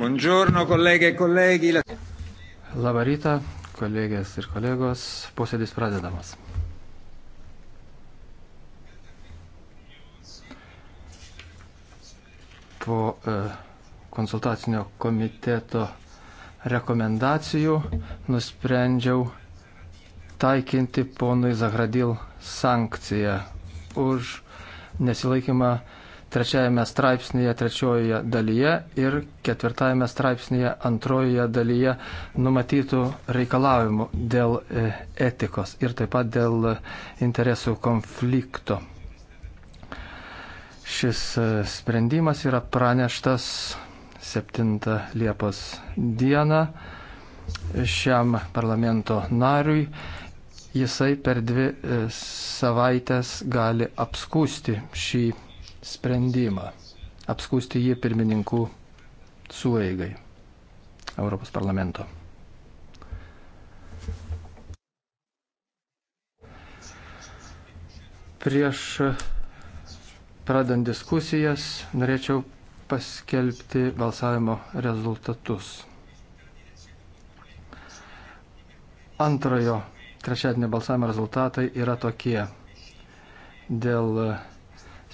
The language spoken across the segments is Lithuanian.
Buongiorno, kolegė, kolegi. E Labą rytą, kolegės ir kolegos. Posėdis pradedamas. Po e, konsultacinio komiteto rekomendacijų nusprendžiau taikinti ponui Zagradil sankciją už nesilaikymą trečiajame straipsnėje trečiojoje dalyje ir ketvirtajame straipsnėje antrojoje dalyje numatytų reikalavimų dėl e, etikos ir taip pat dėl interesų konflikto. Šis e, sprendimas yra praneštas 7 Liepos dieną šiam parlamento nariui jisai per dvi e, savaitės gali apskūsti šį sprendimą, apskūsti jį pirmininkų sueigai Europos parlamento. Prieš pradant diskusijas norėčiau paskelbti balsavimo rezultatus. Antrojo trečiadienio balsavimo rezultatai yra tokie. Dėl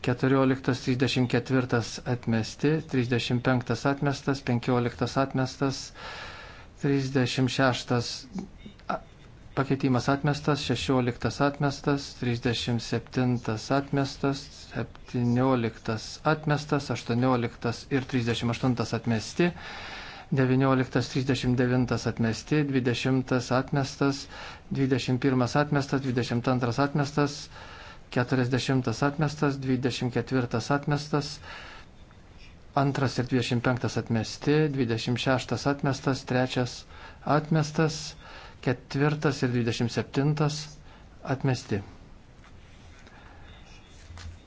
14, 34 atmesti, 35 atmestas, 15 atmestas, 36 pakeitimas atmestas, 16 atmestas, 37 atmestas, 17 atmestas, 18 ir 38 atmesti, 19, 39 atmesti, 20 atmestas, 21 atmestas, 22 atmestas, 40 atmestas, 24 atmestas, 2 ir 25 atmesti, 26 atmestas, 3 atmestas, 4 ir 27 atmesti.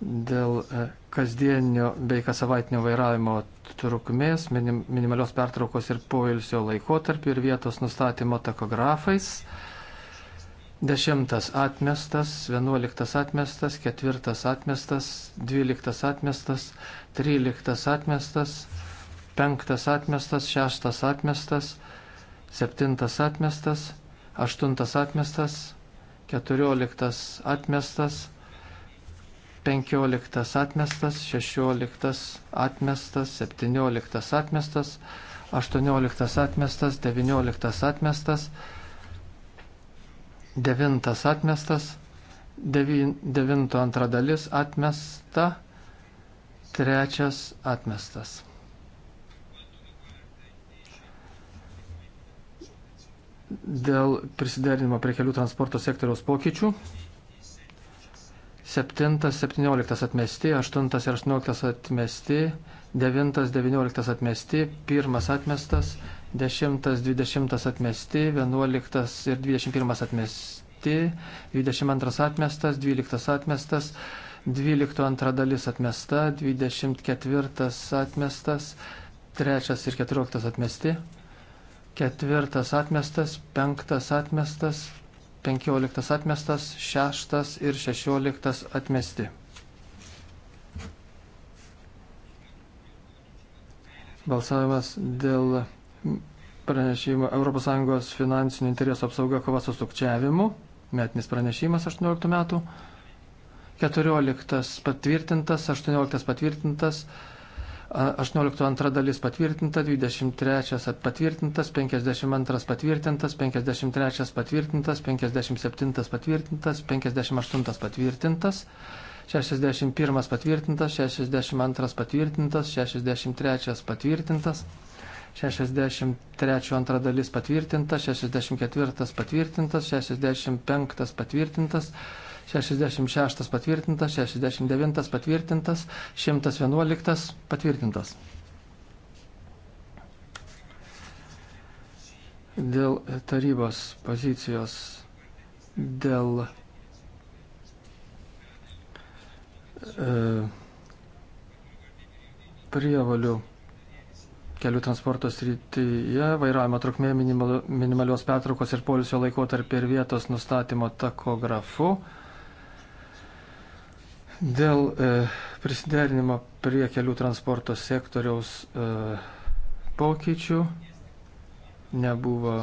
Dėl e, kasdienio bei kasavaitinio vairavimo trukmės, minimalios pertraukos ir poilsio laikotarpį ir vietos nustatymo takografais Dešimtas atmestas, vienuoliktas atmestas, ketvirtas atmestas, dvyliktas atmestas, tryliktas atmestas, penktas atmestas, šeštas atmestas, septintas atmestas, aštuntas atmestas, keturioliktas atmestas, penkioliktas atmestas, šešioliktas atmestas, septynioliktas atmestas, aštuonioliktas atmestas, devynioliktas atmestas. 18 atmestas Devintas atmestas. Devin, devinto antra dalis atmesta. Trečias atmestas. Dėl prisiderinimo prie kelių transporto sektoriaus pokyčių. 7, 17 atmesti, 8 ir 18 atmesti, 9, 19 atmesti, 1 atmestas, 10, 20 atmesti, 11 ir 21 atmesti, 22 atmestas, 12 atmestas, 12 antra dalis atmesta, 24 atmestas, 3 ir 14 atmesti, 4 atmestas, 5 atmestas, 15 atmestas, 6 ir 16 atmesti. Balsavimas dėl pranešimo ES finansinių interesų apsauga kova su sukčiavimu, metinis pranešimas 18 metų, 14 patvirtintas, 18 patvirtintas, 18 antra dalis patvirtinta, 23 patvirtintas, 52 patvirtintas, 53 patvirtintas, 57 patvirtintas, 58 patvirtintas, 61 patvirtintas, 62 patvirtintas, 63 patvirtintas. 63 antra dalis patvirtinta, 64 patvirtintas, 65 patvirtintas, 66 patvirtintas, 69 patvirtintas, 111 patvirtintas. Dėl tarybos pozicijos, dėl e, prievalių kelių transporto srityje, vairavimo trukmė minimalios pertraukos ir polisio laikotarpį ir vietos nustatymo takografu. Dėl e, prisiderinimo prie kelių transporto sektoriaus e, pokyčių nebuvo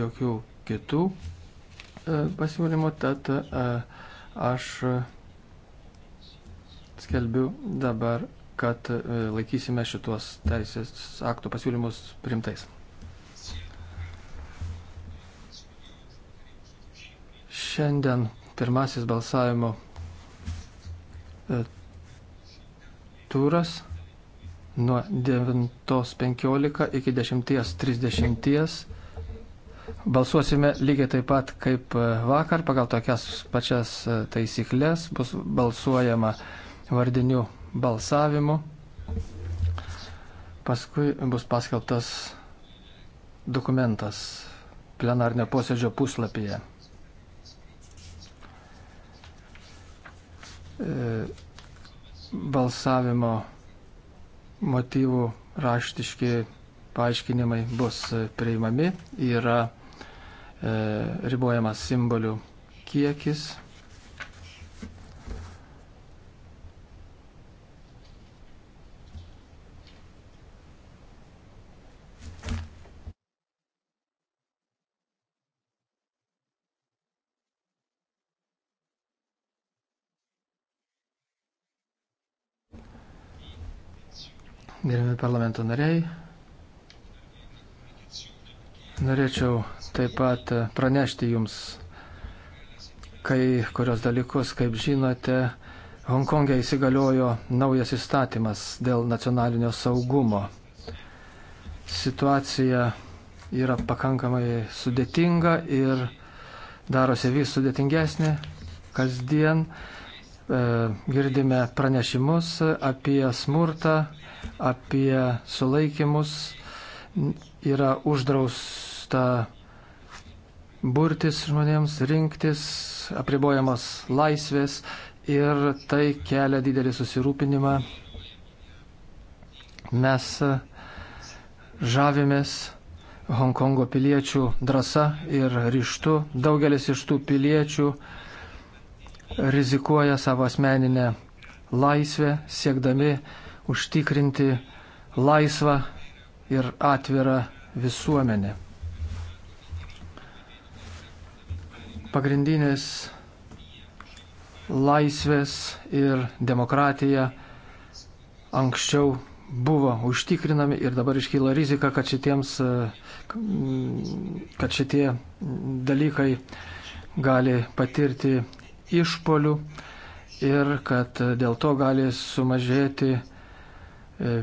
jokių kitų e, pasiūlymų, tad e, aš skelbiu dabar kad e, laikysime šitos teisės aktų pasiūlymus primtais. Šiandien pirmasis balsavimo e, turas nuo 9.15 iki 10.30. Balsuosime lygiai taip pat kaip e, vakar, pagal tokias pačias taisyklės bus balsuojama vardiniu balsavimu. Paskui bus paskelbtas dokumentas plenarnio posėdžio puslapyje. E, balsavimo motyvų raštiški paaiškinimai bus priimami, yra e, ribojamas simbolių kiekis gerbiami parlamento nariai. Norėčiau taip pat pranešti Jums, kai kurios dalykus, kaip žinote, Hongkongė įsigaliojo naujas įstatymas dėl nacionalinio saugumo. Situacija yra pakankamai sudėtinga ir darosi vis sudėtingesnė kasdien. E, girdime pranešimus apie smurtą, apie sulaikimus, yra uždrausta burtis žmonėms, rinktis, apribojamos laisvės ir tai kelia didelį susirūpinimą. Mes žavimės Hongkongo piliečių drąsa ir ryštu. Daugelis iš tų piliečių uh, rizikuoja savo asmeninę laisvę, siekdami užtikrinti laisvą ir atvirą visuomenę. Pagrindinės laisvės ir demokratija anksčiau buvo užtikrinami ir dabar iškyla rizika, kad, šitiems, kad šitie dalykai gali patirti išpolių ir kad dėl to gali sumažėti e,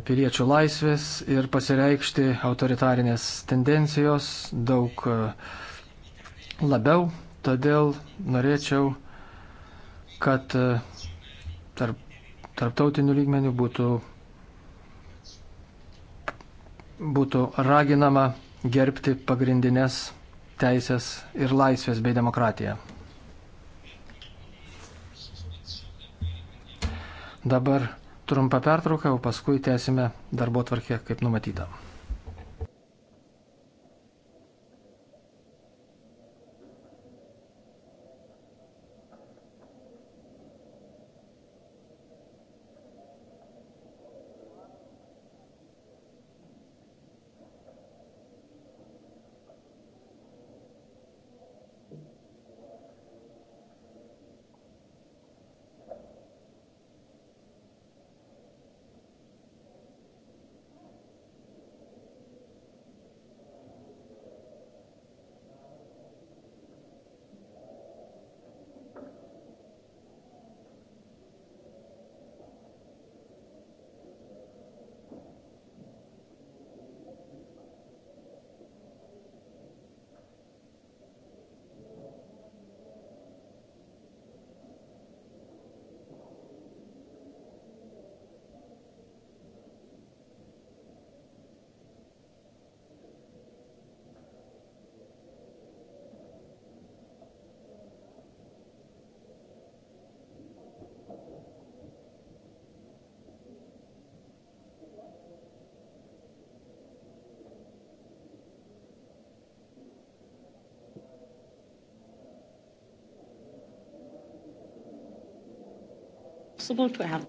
piliečių laisvės ir pasireikšti autoritarinės tendencijos daug e, labiau. Todėl norėčiau, kad e, tarp, tarptautinių lygmenių būtų, būtų raginama gerbti pagrindinės teisės ir laisvės bei demokratiją. Dabar trumpa pertrauka, o paskui tęsime darbo tvarkę kaip numatyta. possible to have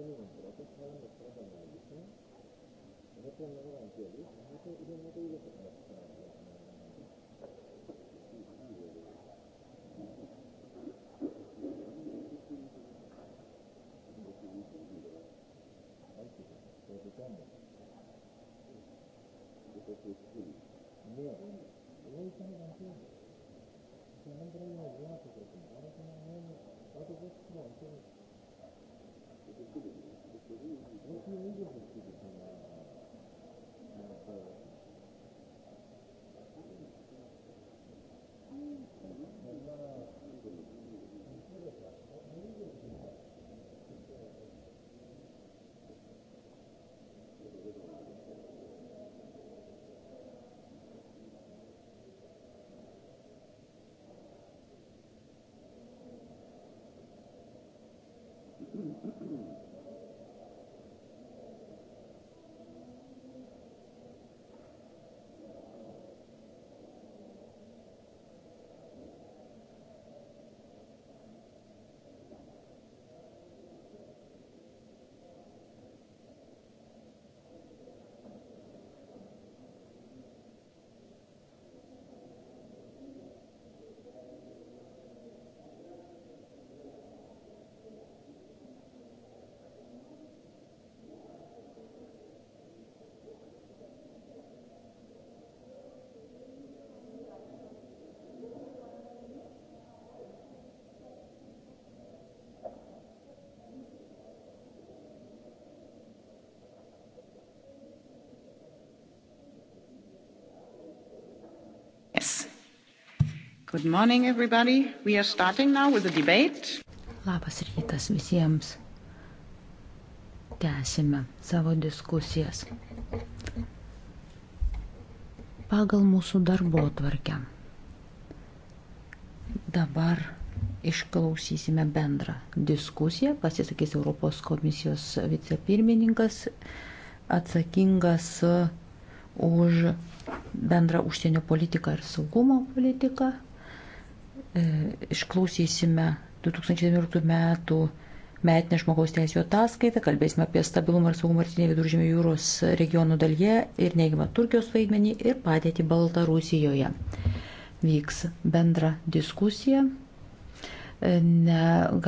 Gracias. Good morning, everybody. We are starting now with the debate. Labas rytas visiems. Tęsime savo diskusijas. Pagal mūsų darbo tvarkę. Dabar išklausysime bendrą diskusiją, pasisakys Europos komisijos vicepirmininkas, atsakingas už bendrą užsienio politiką ir saugumo politiką E, išklausysime 2019 metų metinę žmogaus teisėjų ataskaitą, kalbėsime apie stabilumą ir saugumą artinėje viduržėmio jūros regionų dalyje ir neigiamą Turkijos vaidmenį ir padėtį Baltarusijoje. Vyks bendra diskusija. E,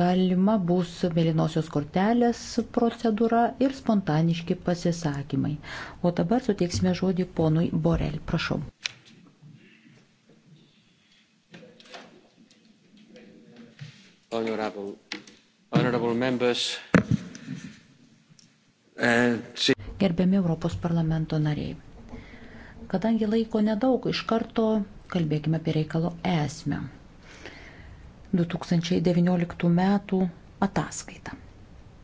Galima bus mėlynosios kortelės procedūra ir spontaniški pasisakymai. O dabar suteiksime žodį ponui Borel. Prašau. honorable, honorable members. Eh, Gerbiami Europos parlamento nariai, kadangi laiko nedaug, iš karto kalbėkime apie reikalo esmę. 2019 m. ataskaita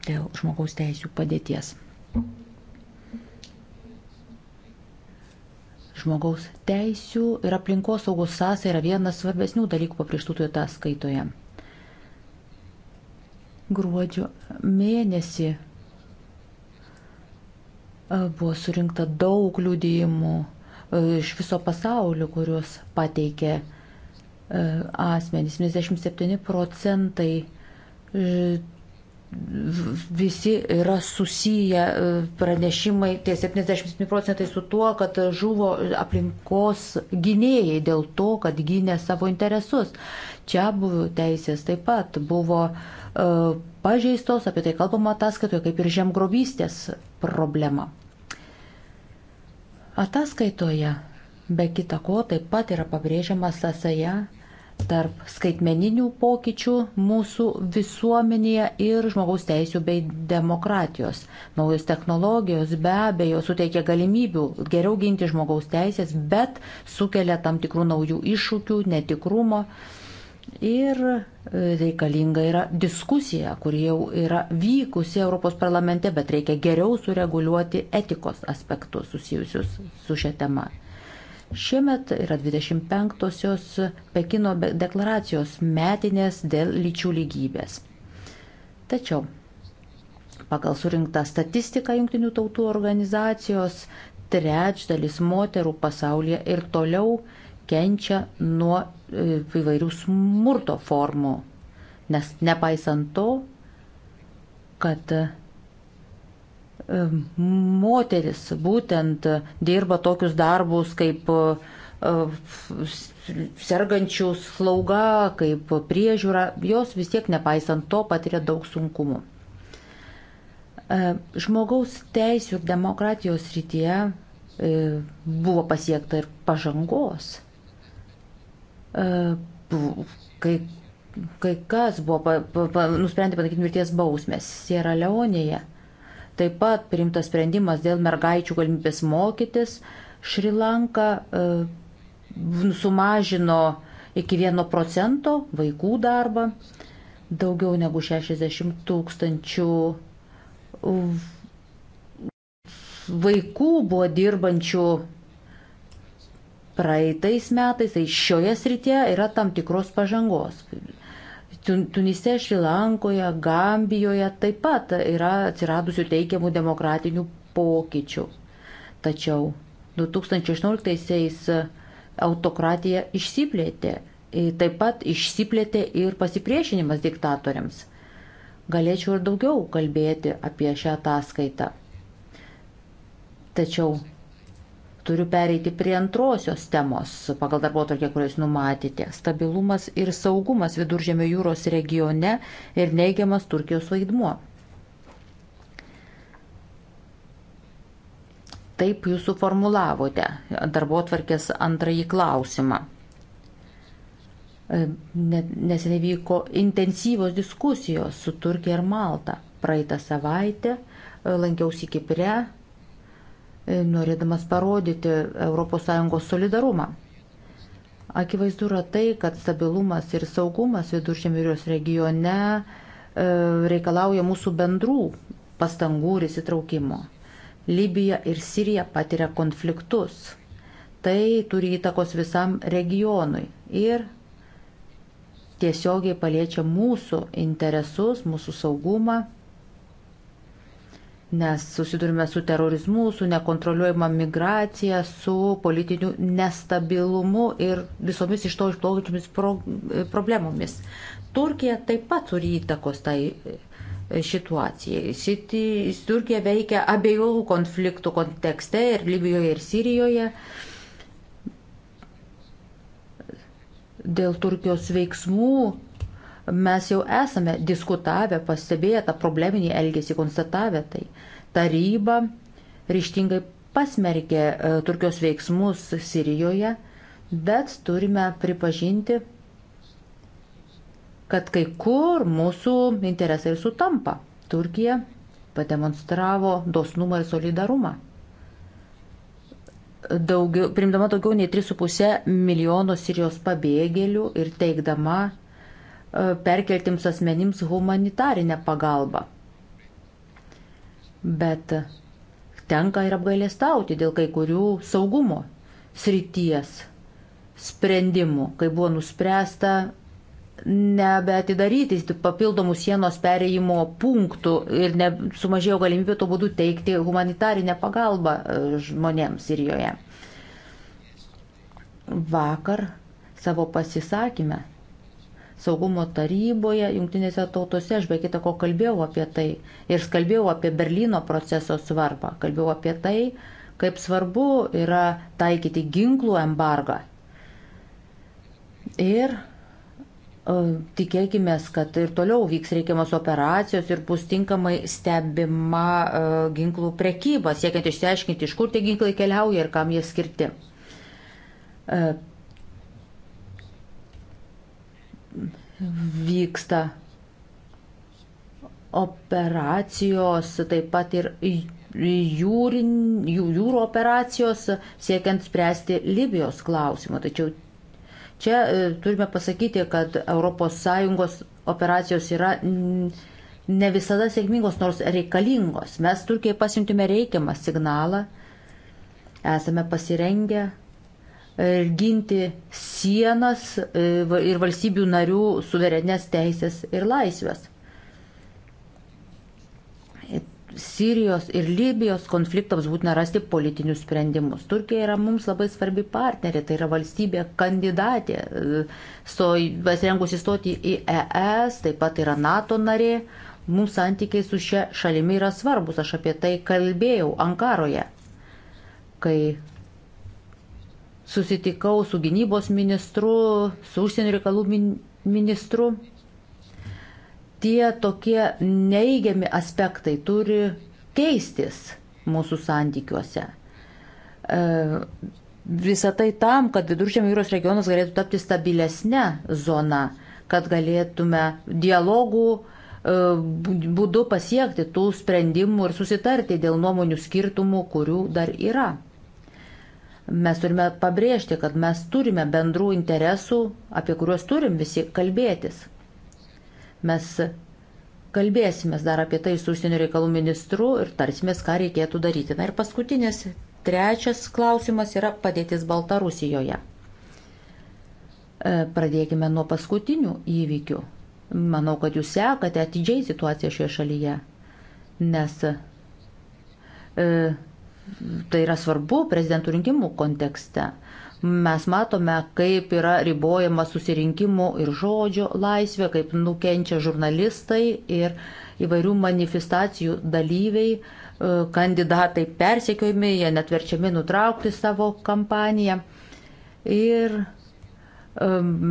dėl žmogaus teisų padėties. Žmogaus teisų ir aplinkosaugos sąsai yra vienas svarbesnių dalykų paprieštų toje ataskaitoje. Gruodžio mėnesį e, buvo surinkta daug liudijimų e, iš viso pasaulio, kuriuos pateikė e, asmenys. 97 procentai visi yra susiję pranešimai, tie 77 procentai su tuo, kad žuvo aplinkos gynėjai dėl to, kad gynė savo interesus. Čia buvo teisės taip pat, buvo uh, E, pažeistos, apie tai kalbama ataskaitoje, kaip ir žemgrobystės problema. Ataskaitoje be kita ko taip pat yra pabrėžiama sąsaja tarp skaitmeninių pokyčių mūsų visuomenėje ir žmogaus teisų bei demokratijos. Naujos technologijos be abejo suteikia galimybių geriau ginti žmogaus teisės, bet sukelia tam tikrų naujų iššūkių, netikrumo. Uh, Ir e, reikalinga yra diskusija, kuri jau yra vykusi Europos parlamente, bet reikia geriau sureguliuoti etikos aspektus susijusius su šia tema. Šiemet yra 25-osios Pekino deklaracijos metinės dėl lyčių lygybės. Tačiau pagal surinktą statistiką Junktinių tautų organizacijos trečdalis moterų pasaulyje ir toliau kenčia nuo e, įvairių smurto formų. Nes nepaisant to, kad e, moteris būtent dirba tokius darbus kaip e, sergančių slauga, kaip priežiūra, jos vis tiek nepaisant to patiria daug sunkumų. Žmogaus teisų ir demokratijos rytyje buvo pasiekta ir pažangos. E, kai, kai kas buvo pa, pa, pa, nusprendė padaryti mirties bausmės Sierra Leonėje. Taip pat priimtas sprendimas dėl mergaičių galimybės mokytis. Šrilanka e, sumažino iki 1 procento vaikų darbą, daugiau negu 60 tūkstančių vaikų buvo dirbančių praeitais metais tai šioje srityje yra tam tikros pažangos. Tunise, Šrilankoje, Gambijoje taip pat yra atsiradusių teikiamų demokratinių pokyčių. Tačiau 2018-aisiais autokratija išsiplėtė, taip pat išsiplėtė ir pasipriešinimas diktatoriams. Galėčiau ir daugiau kalbėti apie šią ataskaitą. Tačiau turiu pereiti prie antrosios temos pagal darbo tokie, kuriais numatėte - stabilumas ir saugumas viduržėmio jūros regione ir neigiamas Turkijos vaidmuo. Taip jūs suformulavote darbo tvarkės antrąjį klausimą. Neseniai vyko intensyvos diskusijos su Turkija ir Malta. Praeitą savaitę lankiausi Kipre, norėdamas parodyti ES solidarumą. Akivaizdu yra tai, kad stabilumas ir saugumas viduržėmirios regione e, reikalauja mūsų bendrų pastangų ir įsitraukimo. Libija ir Sirija patiria konfliktus. Tai turi įtakos visam regionui ir tiesiogiai paliečia mūsų interesus, mūsų saugumą nes susidurime su terorizmu, su nekontroliuojama migracija, su politiniu nestabilumu ir visomis iš to išplaukiančiomis pro, e, problemomis. Turkija taip pat turi įtakos tai e, situacijai. Šitį, Turkija veikia abiejų konfliktų kontekste ir Libijoje ir Sirijoje. Dėl Turkijos veiksmų Mes jau esame diskutavę, pastebėję tą probleminį elgesį, konstatavę tai. Taryba ryštingai pasmerkė e, Turkijos veiksmus Sirijoje, bet turime pripažinti, kad kai kur mūsų interesai sutampa. Turkija pademonstravo dosnumą ir solidarumą. Daugiau, primdama daugiau nei 3,5 milijono Sirijos pabėgėlių ir teikdama E, perkeltims asmenims humanitarinę pagalbą. Bet tenka ir apgailestauti dėl kai kurių saugumo srities sprendimų, kai buvo nuspręsta nebeatidaryti papildomų sienos perėjimo punktų ir ne, sumažėjo galimybė to būdu teikti humanitarinę pagalbą e, žmonėms Sirijoje. Vakar savo pasisakymę saugumo taryboje, jungtinėse tautose, aš be kita ko kalbėjau apie tai ir kalbėjau apie Berlyno proceso svarbą, kalbėjau apie tai, kaip svarbu yra taikyti ginklų embargą. Ir e, tikėkime, kad ir toliau vyks reikiamos operacijos ir bus tinkamai stebima e, ginklų prekyba, siekiant išsiaiškinti, iš kur tie ginklai keliauja ir kam jie skirti. E, vyksta operacijos, taip pat ir jūrin, jūrų operacijos siekiant spręsti Libijos klausimą. Tačiau čia e, turime pasakyti, kad ES operacijos yra ne visada sėkmingos, nors reikalingos. Mes Turkijai pasiuntime reikiamą signalą, esame pasirengę E, ginti sienas e, ir valstybių narių suverenės teisės ir laisvės. E, Sirijos ir Libijos konfliktams būtina rasti politinius sprendimus. Turkija yra mums labai svarbi partnerė, tai yra valstybė kandidatė, pasirengusi stoti į ES, taip pat yra NATO narė. Mums santykiai su šia šalimi yra svarbus, aš apie tai kalbėjau Ankaroje, kai susitikau su gynybos ministru, su užsienio reikalų ministru. Tie tokie neigiami aspektai turi keistis mūsų santykiuose. E, Visą tai tam, kad viduržėmio jūros regionas galėtų tapti stabilesnė zona, kad galėtume dialogų e, būdu pasiekti tų sprendimų ir susitarti dėl nuomonių skirtumų, kurių dar yra. Mes turime pabrėžti, kad mes turime bendrų interesų, apie kuriuos turim visi kalbėtis. Mes kalbėsime dar apie tai su užsienio reikalų ministru ir tarsimės, ką reikėtų daryti. Na ir paskutinis, trečias klausimas yra padėtis Baltarusijoje. E, pradėkime nuo paskutinių įvykių. Manau, kad jūs sekate atidžiai situaciją šioje šalyje, nes e, tai yra svarbu prezidentų rinkimų kontekste. Mes matome, kaip yra ribojama susirinkimų ir žodžio laisvė, kaip nukenčia žurnalistai ir įvairių manifestacijų dalyviai, e, kandidatai persekiojami, jie net verčiami nutraukti savo kampaniją. Ir e,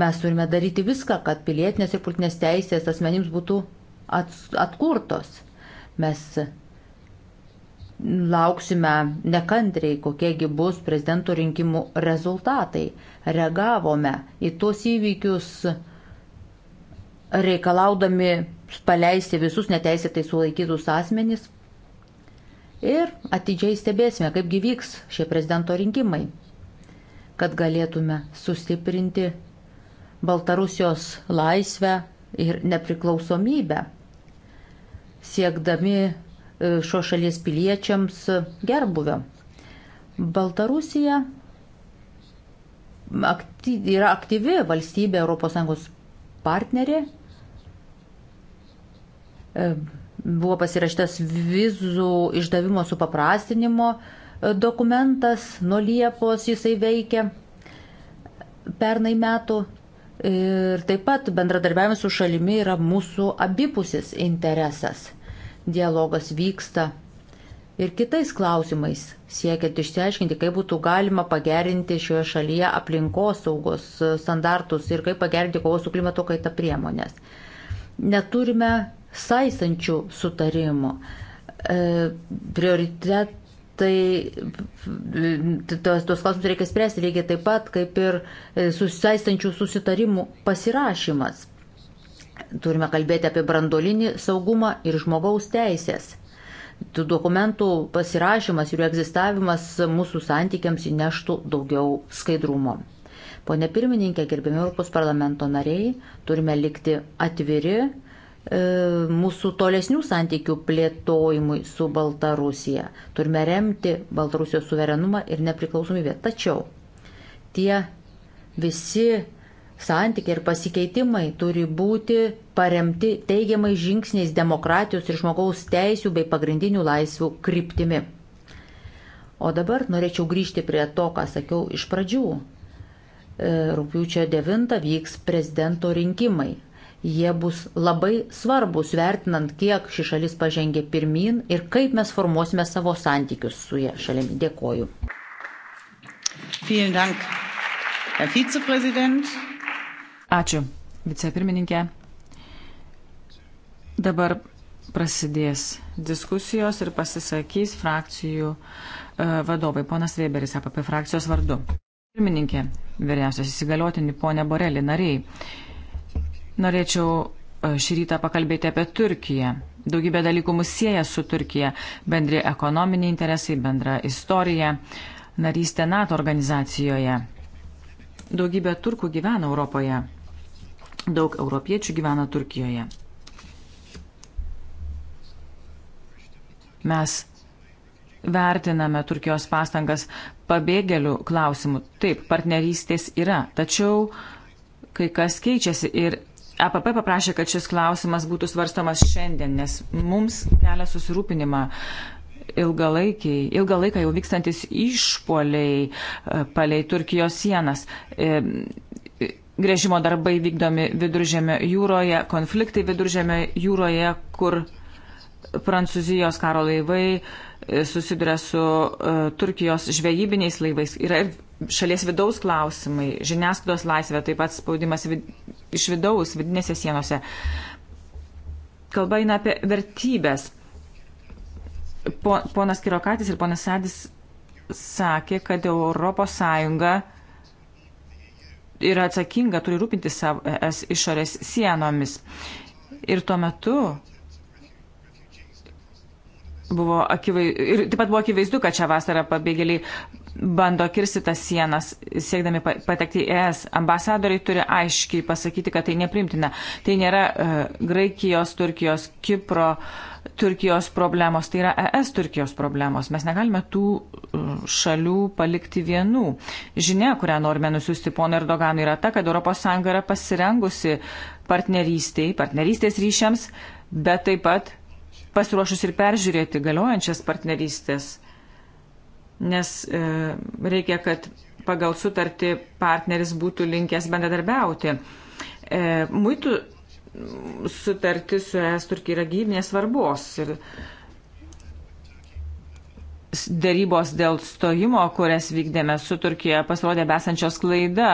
mes turime daryti viską, kad pilietinės ir politinės teisės asmenims būtų atkurtos. Mes lauksime nekantriai, kokiegi bus prezidento rinkimų rezultatai. Reagavome į tuos įvykius, reikalaudami paleisti visus neteisėtai sulaikytus asmenys. Ir atidžiai stebėsime, kaip gyvyks šie prezidento rinkimai, kad galėtume sustiprinti Baltarusijos laisvę ir nepriklausomybę, siekdami šio šalies piliečiams gerbuvio. Baltarusija akty, yra aktyvi valstybė ES partnerė. E, buvo pasirašytas vizų išdavimo supaprastinimo e, dokumentas, nuo Liepos jisai veikia pernai metų. Ir taip pat bendradarbiavimas su šalimi yra mūsų abipusis interesas. Dialogas vyksta ir kitais klausimais, siekiant išsiaiškinti, kaip būtų galima pagerinti šioje šalyje aplinkos saugos standartus ir kaip pagerinti kovos su klimato kaita priemonės. Neturime saisančių sutarimų. E, prioritetai, tos, tos klausimus reikia spręsti, reikia taip pat kaip ir e, susaistančių susitarimų pasirašymas Turime kalbėti apie brandolinį saugumą ir žmogaus teisės. Tų dokumentų pasirašymas ir jų egzistavimas mūsų santykiams įneštų daugiau skaidrumo. Pone pirmininkė, gerbėmi Europos parlamento nariai, turime likti atviri e, mūsų tolesnių santykių plėtojimui su Baltarusija. Turime remti Baltarusijos suverenumą ir nepriklausomybę. Tačiau tie visi santykiai ir pasikeitimai turi būti paremti teigiamais žingsniais demokratijos ir žmogaus teisų bei pagrindinių laisvių kryptimi. O dabar norėčiau grįžti prie to, ką sakiau iš pradžių. E, Rūpiučio 9 vyks prezidento rinkimai. Jie bus labai svarbus, vertinant, kiek ši šalis pažengė pirmin ir kaip mes formuosime savo santykius su jie šalimi. Dėkoju. Vielen Dank, Herr Vizepräsident. Ačiū, vicepirmininkė. Dabar prasidės diskusijos ir pasisakys frakcijų e, vadovai. Ponas Weberis, APP frakcijos vardu. Pirmininkė, vyriausias įsigaliotinį ponę Borelį nariai. Norėčiau e, šį rytą pakalbėti apie Turkiją. Daugybė dalykų mus sieja su Turkija - bendri ekonominiai interesai, bendra istorija, narystė NATO organizacijoje. Daugybė turkų gyvena Europoje Daug europiečių gyvena Turkijoje. Mes vertiname Turkijos pastangas pabėgėlių klausimų. Taip, partnerystės yra, tačiau kai kas keičiasi ir APP e paprašė, kad šis klausimas būtų svarstamas šiandien, nes mums kelia susirūpinimą ilgalaikiai, ilgą laiką jau vykstantis išpoliai e, palei Turkijos sienas. E, grėžimo darbai vykdomi viduržėme jūroje, konfliktai viduržėme jūroje, kur Prancūzijos karo laivai e, susiduria su uh, Turkijos žvejybiniais laivais. Yra ir šalies vidaus klausimai, žiniasklaidos laisvė, taip pat spaudimas vid iš vidaus, vidinėse sienose. Kalba eina apie vertybės. Po, ponas Kirokatis ir ponas Sadis sakė, kad Europos Sąjunga uh, yra atsakinga, turi rūpintis savo es išorės sienomis. Ir tuo metu buvo akivaizdu, ir taip pat buvo akivaizdu, kad šią vasarą pabėgėliai bando kirsti tas sienas, siekdami patekti į ES. Ambasadoriai turi aiškiai pasakyti, kad tai neprimtina. Tai nėra uh, Graikijos, Turkijos, Kipro uh, Turkijos problemos, tai yra ES Turkijos problemos. Mes negalime tų uh, šalių palikti vienų. Žinia, kurią norime nusiųsti pono Erdoganui, yra ta, kad ES yra pasirengusi partnerystiai, partnerystės ryšiams, bet taip pat pasiruošus ir peržiūrėti galiojančias partnerystės. Nes e, reikia, kad pagal sutartį partneris būtų linkęs bendradarbiauti. E, muitų sutartis su ES Turkija yra gyvinės svarbos ir darybos dėl stojimo, kurias vykdėme su Turkija, pasirodė besančios klaida.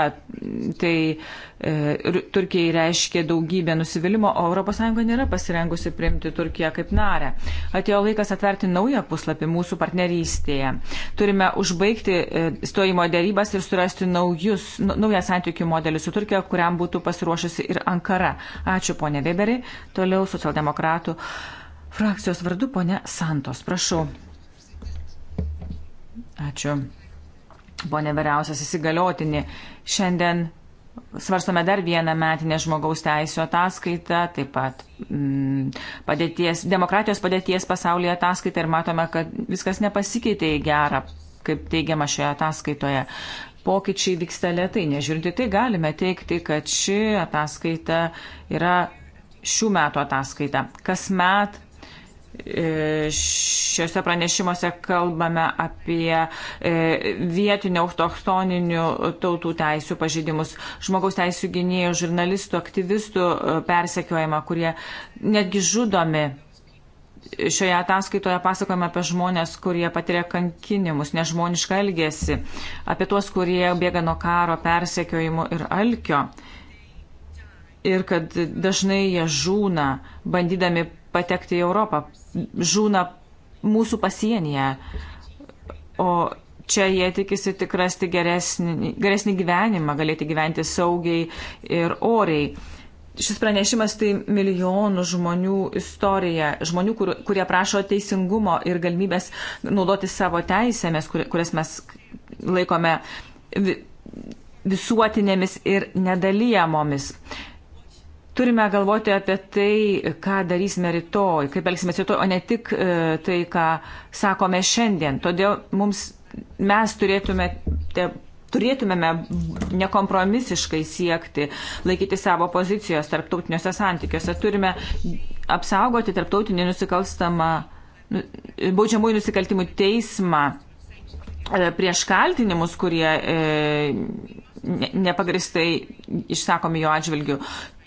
Tai e, Turkijai reiškia daugybę nusivylimų, o ES nėra pasirengusi priimti Turkiją kaip narę. Atėjo laikas atverti naują puslapį mūsų partnerystėje. Turime užbaigti e, stojimo darybas ir surasti naujus, naują santykių modelį su Turkija, kuriam būtų pasiruošusi ir Ankara. Ačiū, ponė Weberi. Toliau socialdemokratų frakcijos vardu, ponė Santos. Prašau. Ačiū. Pone vyriausias įsigaliotinį. Šiandien svarstome dar vieną metinę žmogaus teisų ataskaitą, taip pat mm, padėties, demokratijos padėties pasaulyje ataskaitą ir matome, kad viskas nepasikeitė į gerą, kaip teigiama šioje ataskaitoje. Pokyčiai vyksta lietai, nežiūrinti tai galime teikti, kad ši ataskaita yra šių metų ataskaita. Kasmet E, šiuose pranešimuose kalbame apie e, vietinių autochtoninių tautų teisų pažydimus, žmogaus teisų gynėjų, žurnalistų, aktyvistų e, persekiojimą, kurie netgi žudomi. Šioje ataskaitoje pasakojame apie žmonės, kurie patiria kankinimus, nežmonišką elgesį, apie tuos, kurie bėga nuo karo, persekiojimų ir alkio. Ir kad dažnai jie žūna, bandydami patekti į Europą, žūna mūsų pasienyje, o čia jie tikisi tik rasti geresnį, geresnį gyvenimą, galėti gyventi saugiai ir oriai. Šis pranešimas tai milijonų žmonių istorija, žmonių, kur, kurie prašo teisingumo ir galimybės naudoti savo teisėmis, kur, kurias mes laikome visuotinėmis ir nedalyjamomis. Uh, turime galvoti apie tai, ką darysime rytoj, kaip elgsime rytoj, o ne tik e, tai, ką sakome šiandien. Todėl mums, mes turėtume, te, turėtumėme nekompromisiškai siekti laikyti savo pozicijos tarptautiniuose santykiuose. Turime apsaugoti tarptautinį nusikalstamą, nu, baudžiamųjų nusikaltimų teismą e, prieš kaltinimus, kurie e, nepagristai išsakomi jo atžvilgių.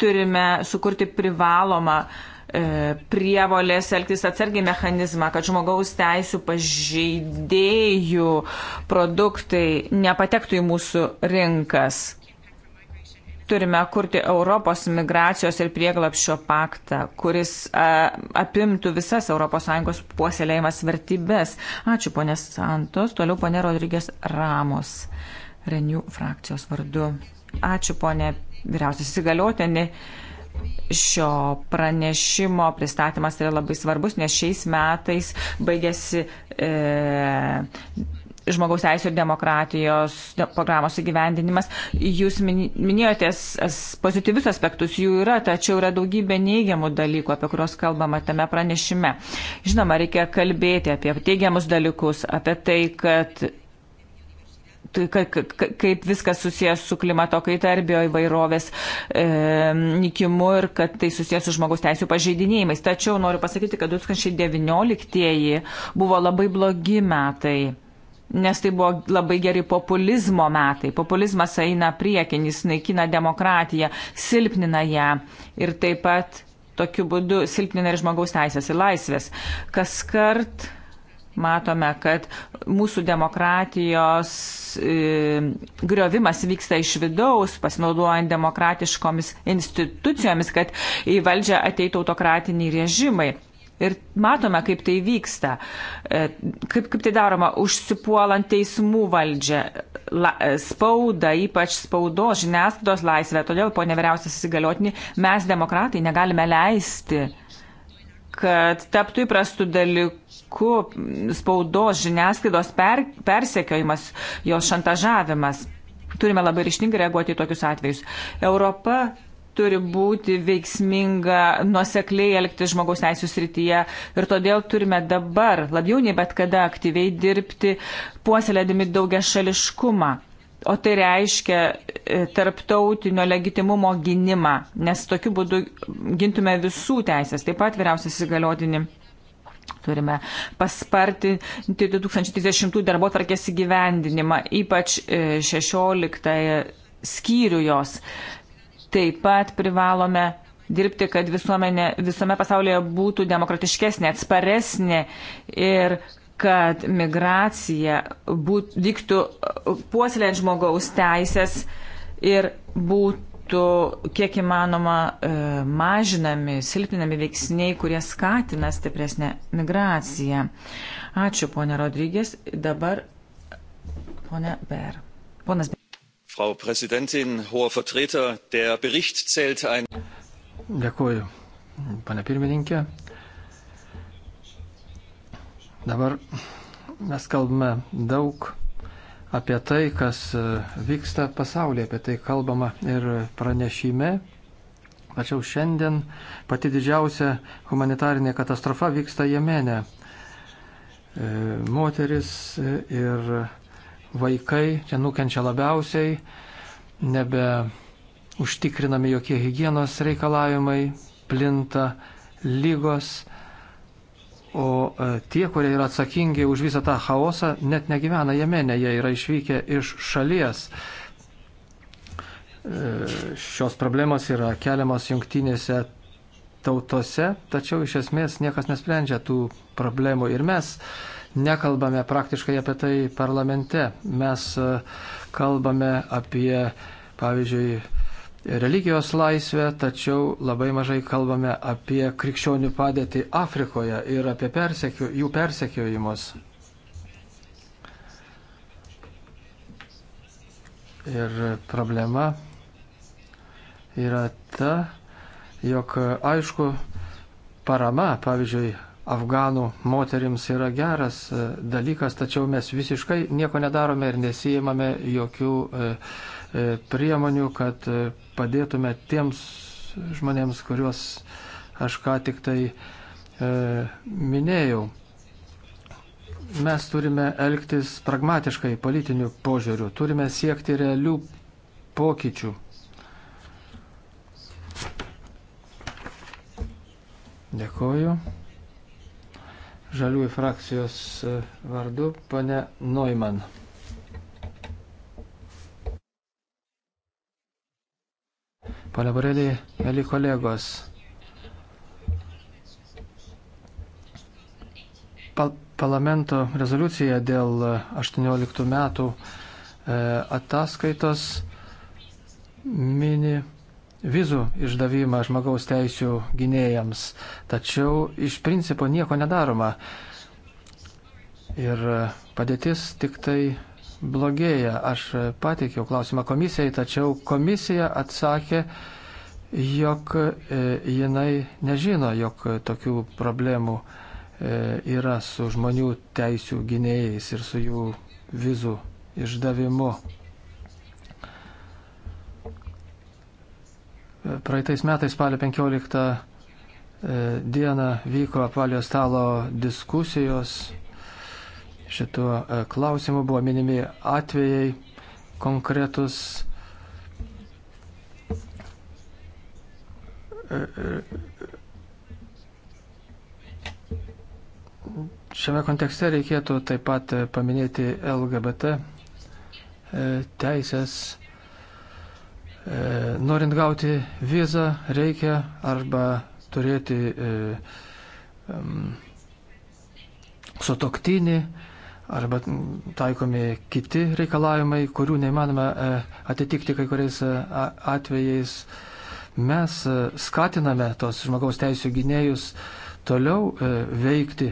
Turime sukurti privalomą e, prievolės elgtis atsargiai mechanizmą, kad žmogaus teisų pažeidėjų produktai nepatektų į mūsų rinkas. Turime kurti Europos migracijos ir prieglapščio paktą, kuris a, apimtų visas ES puoselėjimas vertybės. Ačiū, ponės Santos. Toliau ponė Rodrygės Ramos. Renių frakcijos vardu. Ačiū, ponė vyriausias įsigaliotinė. Šio pranešimo pristatymas yra labai svarbus, nes šiais metais baigėsi e, žmogaus teisų ir demokratijos programos įgyvendinimas. Jūs minėjote pozityvius aspektus, jų yra, tačiau yra daugybė neigiamų dalykų, apie kuriuos kalbama tame pranešime. Žinoma, reikia kalbėti apie teigiamus dalykus, apie tai, kad Tai kaip viskas susijęs su klimato kaita ir bioįvairovės e, nikimu ir kad tai susijęs su žmogaus teisų pažeidinėjimais. Tačiau noriu pasakyti, kad 2019 buvo labai blogi metai. Nes tai buvo labai geri populizmo metai. Populizmas eina priekin, jis naikina demokratiją, silpnina ją ir taip pat tokiu būdu silpnina ir žmogaus teisės ir laisvės. Kas kart matome, kad mūsų demokratijos e, griovimas vyksta iš vidaus, pasinaudojant demokratiškomis institucijomis, kad į valdžią ateitų autokratiniai režimai. Ir matome, kaip tai vyksta, e, kaip, kaip tai daroma, užsipuolant teismų valdžią, la, e, spaudą, ypač spaudos, žiniasklaidos laisvę. Todėl, ponė vyriausias įsigaliotinį, mes demokratai negalime leisti kad taptų įprastų dalykų spaudos žiniasklaidos per, persekiojimas, jo šantažavimas. Turime labai ryštingai reaguoti į tokius atvejus. Europa turi būti veiksminga, nuosekliai elgti žmogaus teisų srityje ir todėl turime dabar labiau nei bet kada aktyviai dirbti, puoselėdami daugia šališkumą o tai reiškia e, tarptautinio legitimumo gynimą, nes tokiu būdu gintume visų teisės, taip pat vyriausias įgaliotinį. Turime paspartinti 2030 darbo tvarkės įgyvendinimą, ypač 16 e, skyrių jos. Taip pat privalome dirbti, kad visuomenė visame pasaulyje būtų demokratiškesnė, atsparesnė ir kad migracija būt, vyktų uh, puoselėjant žmogaus teisės ir būtų kiek įmanoma uh, mažinami, silpninami veiksniai, kurie skatina stipresnę migraciją. Ačiū, ponė Rodrygės. Dabar ponė Ber. Ponas Ber. Frau Präsidentin, hoher Vertreter, der Bericht zählt ein. Dėkuoju, pane pirmininkė. Dabar mes kalbame daug apie tai, kas e, vyksta pasaulyje, apie tai kalbama ir pranešime. Tačiau šiandien pati didžiausia humanitarinė katastrofa vyksta Jemene. E, moteris e, ir vaikai čia nukenčia labiausiai, nebe užtikrinami jokie hygienos reikalavimai, plinta lygos O e, tie, kurie yra atsakingi už visą tą chaosą, net negyvena Jemene, jie yra išvykę iš šalies. E, šios problemos yra keliamos jungtinėse tautose, tačiau iš esmės niekas nesprendžia tų problemų ir mes nekalbame praktiškai apie tai parlamente. Mes e, kalbame apie, pavyzdžiui, religijos laisvę, tačiau labai mažai kalbame apie krikščionių padėtį Afrikoje ir apie persekio, jų persekiojimus. Ir problema yra ta, jog aišku, parama, pavyzdžiui, afganų moterims yra geras e, dalykas, tačiau mes visiškai nieko nedarome ir nesijimame jokių e, e, priemonių, kad padėtume tiems žmonėms, kuriuos aš ką tik tai e, minėjau. Mes turime elgtis pragmatiškai politiniu požiūriu, turime siekti realių pokyčių. Dėkoju. Žaliųjų frakcijos e, vardu, pane Neumann. Pane Borelį, mėly kolegos. Pal parlamento rezoliucija dėl 18 metų e, ataskaitos mini vizų išdavimą žmogaus teisų gynėjams, tačiau iš principo nieko nedaroma. Ir padėtis tik tai blogėja. Aš pateikiau klausimą komisijai, tačiau komisija atsakė, jog e, jinai nežino, jog tokių problemų e, yra su žmonių teisų gynėjais ir su jų vizų išdavimu. Praeitais metais spalio 15 e, dieną vyko apvalio stalo diskusijos šituo e, klausimu. Buvo minimi atvejai konkretus. E, e, šiame kontekste reikėtų taip pat paminėti LGBT teisės. Norint gauti vizą reikia arba turėti sutoktinį arba taikomi kiti reikalavimai, kurių neįmanoma e, atitikti kai kuriais e, atvejais. Mes e, skatiname tos žmogaus teisų gynėjus toliau veikti,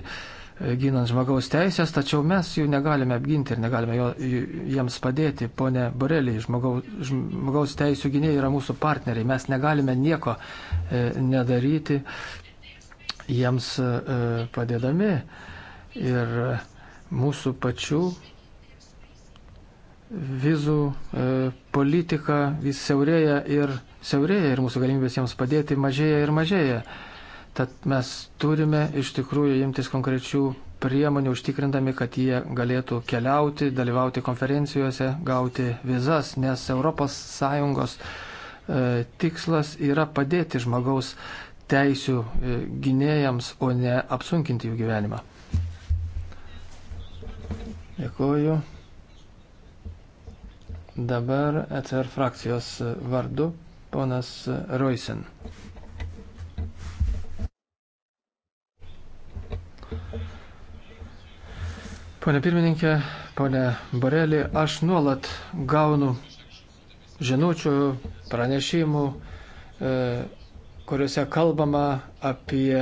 ginant žmogaus teisės, tačiau mes jų negalime apginti ir negalime jo, jiems padėti. Pone Borelį, žmogaus, žmogaus teisų gynėjai yra mūsų partneriai, mes negalime nieko nedaryti jiems padėdami. Ir mūsų pačių vizų e, politika vis siaurėja ir siaurėja ir mūsų galimybės jiems padėti mažėja ir mažėja. Tad mes turime iš tikrųjų imtis konkrečių priemonių užtikrindami, kad jie galėtų keliauti, dalyvauti konferencijose, gauti vizas, nes ES e, tikslas yra padėti žmogaus teisių e, gynėjams, o ne apsunkinti jų gyvenimą. Dėkuoju. Dabar ECR frakcijos vardu ponas Roisen. Pone pirmininkė, pone Borelį, aš nuolat gaunu žinučių, pranešimų, e, kuriuose kalbama apie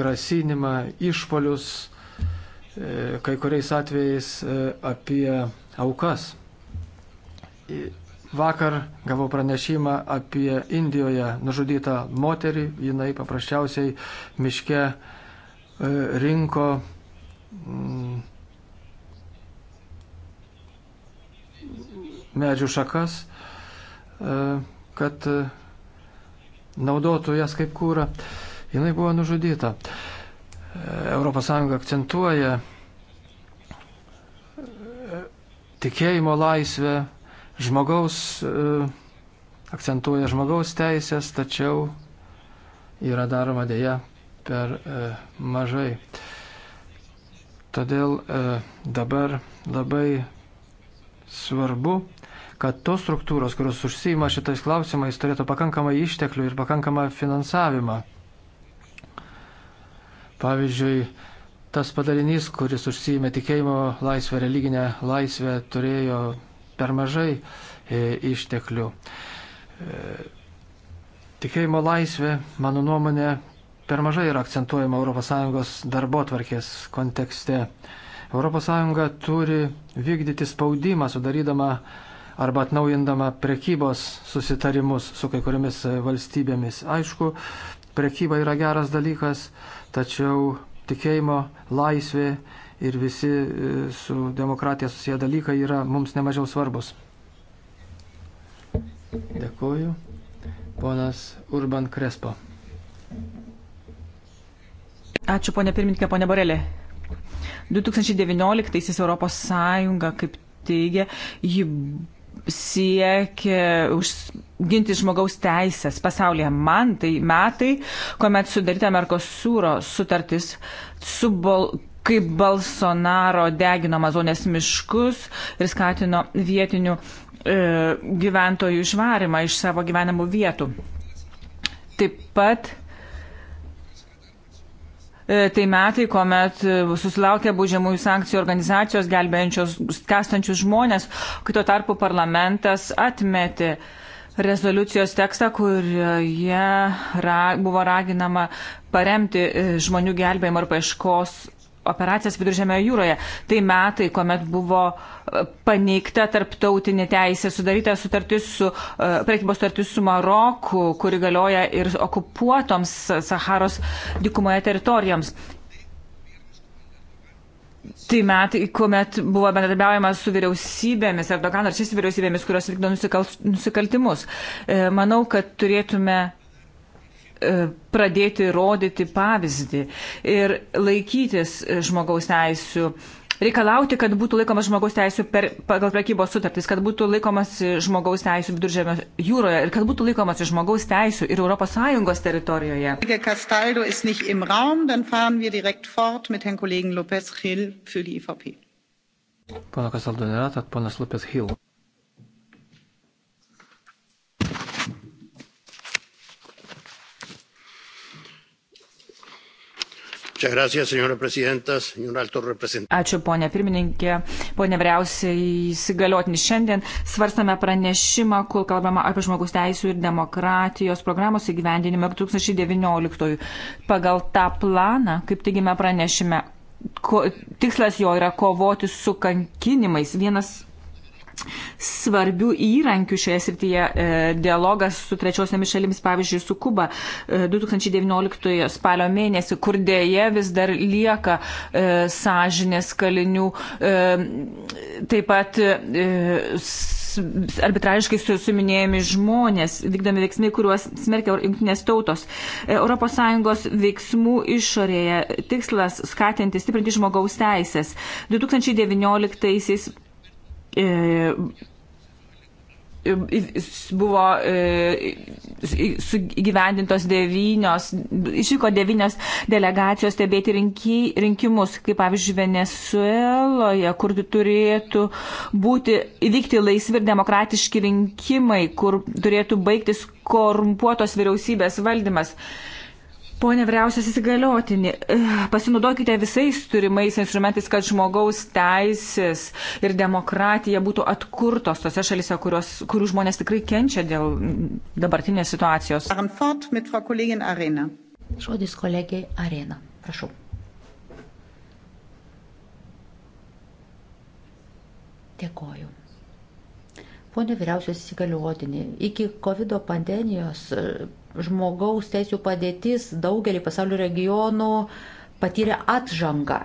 grasinimą, išpolius, E, kai kuriais atvejais e, apie aukas. E, vakar gavau pranešimą apie Indijoje nužudytą moterį, jinai paprasčiausiai miške rinko mm, medžių šakas, kad naudotų jas kaip kūrą. Jis buvo nužudyta. ES akcentuoja e, tikėjimo laisvę, žmogaus, e, akcentuoja žmogaus teisės, tačiau yra daroma dėja per e, mažai. Todėl dabar labai svarbu, kad tos struktūros, kurios užsima šitais klausimais, turėtų pakankamai išteklių ir pakankamą finansavimą. Pavyzdžiui, tas padalinys, kuris užsijėmė tikėjimo laisvę, religinę laisvę, turėjo per mažai e, išteklių. E, tikėjimo laisvė, mano nuomonė, per mažai yra akcentuojama ES darbo tvarkės kontekste. ES turi vykdyti spaudimą, sudarydama arba atnaujindama prekybos susitarimus su kai kuriomis valstybėmis. Aišku, prekyba yra geras dalykas, Tačiau tikėjimo laisvė ir visi e, su demokratija susiję dalykai yra mums nemažiau svarbus. Dėkuoju. Ponas Urban Krespo. Ačiū, ponė pirmininkė, ponė Borelė. 2019-aisiais Europos Sąjunga, kaip teigia, ji siekia už, ginti žmogaus teisės pasaulyje. Man tai metai, kuomet sudaryta Merkosūro sutartis su bol, kaip Balsonaro degino Amazonės miškus ir skatino vietinių e, gyventojų išvarimą iš savo gyvenamų vietų. Taip pat E, tai metai, kuomet e, susilaukia baudžiamųjų sankcijų organizacijos gelbėjančios kastančius žmonės, kai tuo tarpu parlamentas atmetė rezoliucijos tekstą, kurioje ra, buvo raginama paremti e, žmonių gelbėjimo ir paieškos operacijas Viduržėme jūroje. Tai metai, kuomet buvo e, paneigta tarptautinė teisė, sudaryta sutartis su, e, prekybos sutartis su Maroku, kuri galioja ir okupuotoms Saharos dikumoje teritorijoms. Tai metai, kuomet buvo bendradarbiaujama su vyriausybėmis, Erdogan ar šis vyriausybėmis, kurios vykdo nusikal, nusikaltimus. E, manau, kad turėtume E, pradėti rodyti pavyzdį ir laikytis žmogaus teisų reikalauti, kad būtų laikomas žmogaus teisų per, pagal prekybos sutartys, kad būtų laikomas žmogaus teisų viduržėmio jūroje ir kad būtų laikomas žmogaus teisų ir ES teritorijoje. Castaldo ist nicht im Raum, dann fahren wir direkt fort mit Herrn Kollegen Lopez Hill für die IVP. E Pono Castaldo nėra, tad ponas Lopez Hill. Ačiū, ponė pirmininkė, ponė vyriausiai įsigaliotinis. Šiandien svarstame pranešimą, kur kalbama apie žmogus teisų ir demokratijos programos įgyvendinimą 2019. Pagal tą planą, kaip tikime pranešime, ko, tikslas jo yra kovoti su kankinimais. Vienas svarbių įrankių šioje srityje e, - dialogas su trečiosiamis šalimis, pavyzdžiui, su Kuba 2019 e, spalio mėnesį, kur dėje vis dar lieka e, sąžinės kalinių, e, taip pat e, arbitrariškai susiminėjami žmonės, vykdami veiksmai, kuriuos smerkia jungtinės tautos. ES veiksmų išorėje tikslas skatinti, stiprinti žmogaus teisės. 2019 E, e, buvo e, įgyvendintos devynios, išvyko devynios delegacijos stebėti rinky, rinkimus, kaip pavyzdžiui Venezueloje, kur turėtų būti įvykti laisvi ir demokratiški rinkimai, kur turėtų baigtis korumpuotos vyriausybės valdymas. E, Pone vyriausias įsigaliotinį, eh, pasinaudokite visais turimais instrumentais, kad žmogaus teisės ir demokratija būtų atkurtos tose šalise, kurios, kurių žmonės tikrai kenčia dėl dabartinės situacijos. Žodis kolegiai Arena. Prašau. Dėkoju. Pone vyriausias įsigaliotinį, iki COVID pandemijos žmogaus teisų padėtis daugelį pasaulio regionų patyrė atžangą.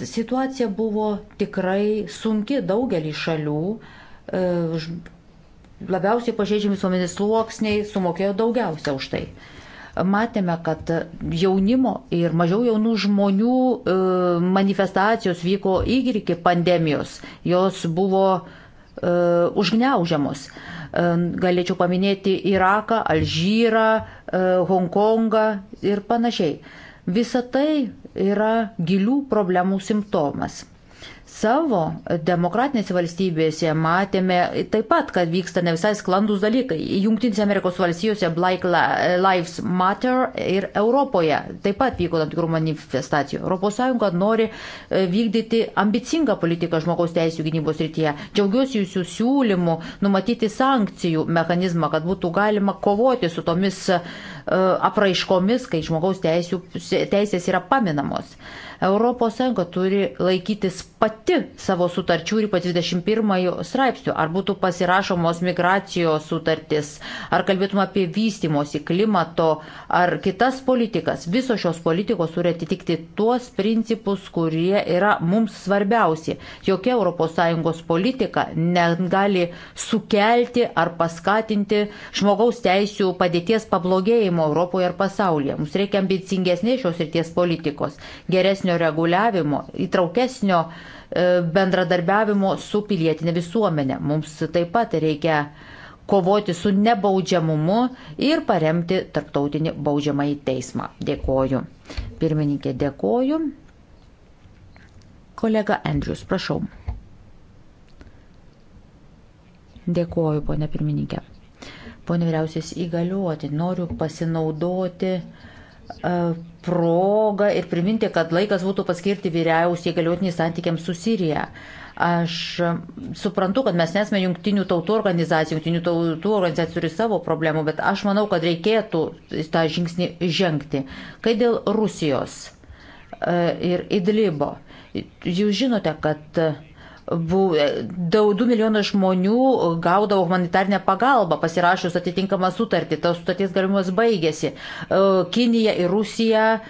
Situacija buvo tikrai sunki daugelį šalių. E, labiausiai pažeidžiami suomenės sluoksniai sumokėjo daugiausia už tai. Matėme, kad jaunimo ir mažiau jaunų žmonių e, manifestacijos vyko įgiriki pandemijos. Jos buvo uh, uh, e, užgneužiamos. Uh, e, galėčiau paminėti Iraką, Alžyrą, uh, Hongkongą ir panašiai. Visa tai yra gilių problemų simptomas savo demokratinėse valstybėse matėme taip pat, kad vyksta ne visai sklandus dalykai. Junktinėse Amerikos valstijose Black Lives Matter ir Europoje taip pat vyko tam tikrų manifestacijų. ES nori e, vykdyti ambicingą politiką žmogaus teisų gynybos rytyje. Džiaugiuosi jūsų siūlymu numatyti sankcijų mechanizmą, kad būtų galima kovoti su tomis e, apraiškomis, kai žmogaus teisų, teisės yra paminamos. Uh, ES turi laikytis pati savo sutarčių ir po 21 straipsnių, ar būtų pasirašomos migracijos sutartis, ar kalbėtum apie vystimosi, klimato ar kitas politikas. Visos šios politikos turi atitikti tuos principus, kurie yra mums svarbiausi. Jokia ES politika negali sukelti ar paskatinti žmogaus teisų padėties pablogėjimo Europoje ar pasaulyje. Mums reikia ambicingesnės šios ir ties politikos, geresnio geresnio reguliavimo, įtraukesnio e, bendradarbiavimo su pilietinė visuomenė. Mums taip pat reikia kovoti su nebaudžiamumu ir paremti tarptautinį baudžiamąjį teismą. Dėkoju. Pirmininkė, dėkoju. Kolega Andrius, prašau. Dėkoju, ponė pirmininkė. Pone vyriausias įgaliuoti, noriu pasinaudoti uh, E, progą ir priminti, kad laikas būtų paskirti vyriausiai galiotiniai santykiams su Sirija. Aš suprantu, kad mes nesame jungtinių tautų organizacijų, jungtinių tautų organizacijų turi savo problemų, bet aš manau, kad reikėtų tą žingsnį žengti. Kai dėl Rusijos e, ir Idlibo, jūs žinote, kad daug 2 milijonai žmonių gaudavo humanitarnę pagalbą pasirašius atitinkamą sutartį. Tos sutartys galimas baigėsi. E, Kinija ir Rusija e,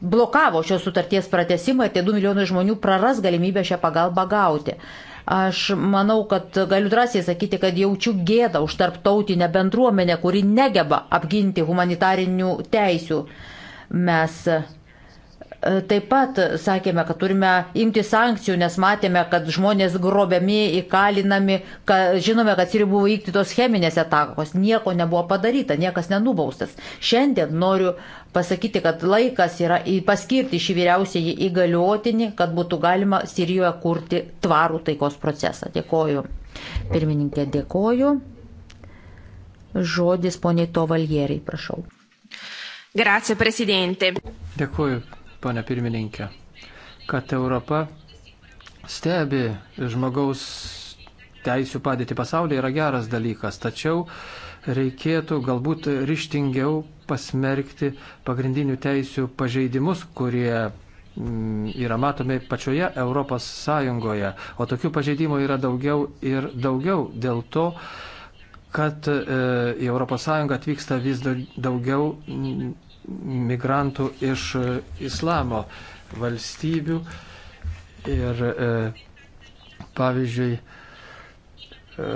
blokavo šios sutarties pratesimą ir tie 2 milijonai žmonių praras galimybę šią pagalbą gauti. Aš manau, kad galiu drąsiai sakyti, kad jaučiu gėdą už tarptautinę bendruomenę, kuri negeba apginti humanitarinių teisių. Mes Taip pat sakėme, kad turime imti sankcijų, nes matėme, kad žmonės grobiami, įkalinami, kad, žinome, kad Sirijoje buvo įktytos cheminės atakos, nieko nebuvo padaryta, niekas nenubaustas. Šiandien noriu pasakyti, kad laikas yra paskirti šį vyriausiąjį įgaliotinį, kad būtų galima Sirijoje kurti tvarų taikos procesą. Dėkoju. Pirmininkė, dėkoju. Žodis poniai Tovaljeriai, prašau. Grazie, prezidentė. Dėkoju, pane pirmininkė, kad Europa stebi žmogaus teisų padėti pasaulyje yra geras dalykas, tačiau reikėtų galbūt ryštingiau pasmerkti pagrindinių teisių pažeidimus, kurie mm, yra matomi pačioje Europos Sąjungoje, o tokių pažeidimų yra daugiau ir daugiau dėl to, kad e, į Europos Sąjungą atvyksta vis daugiau mm, migrantų iš islamo valstybių. Ir e, pavyzdžiui, e,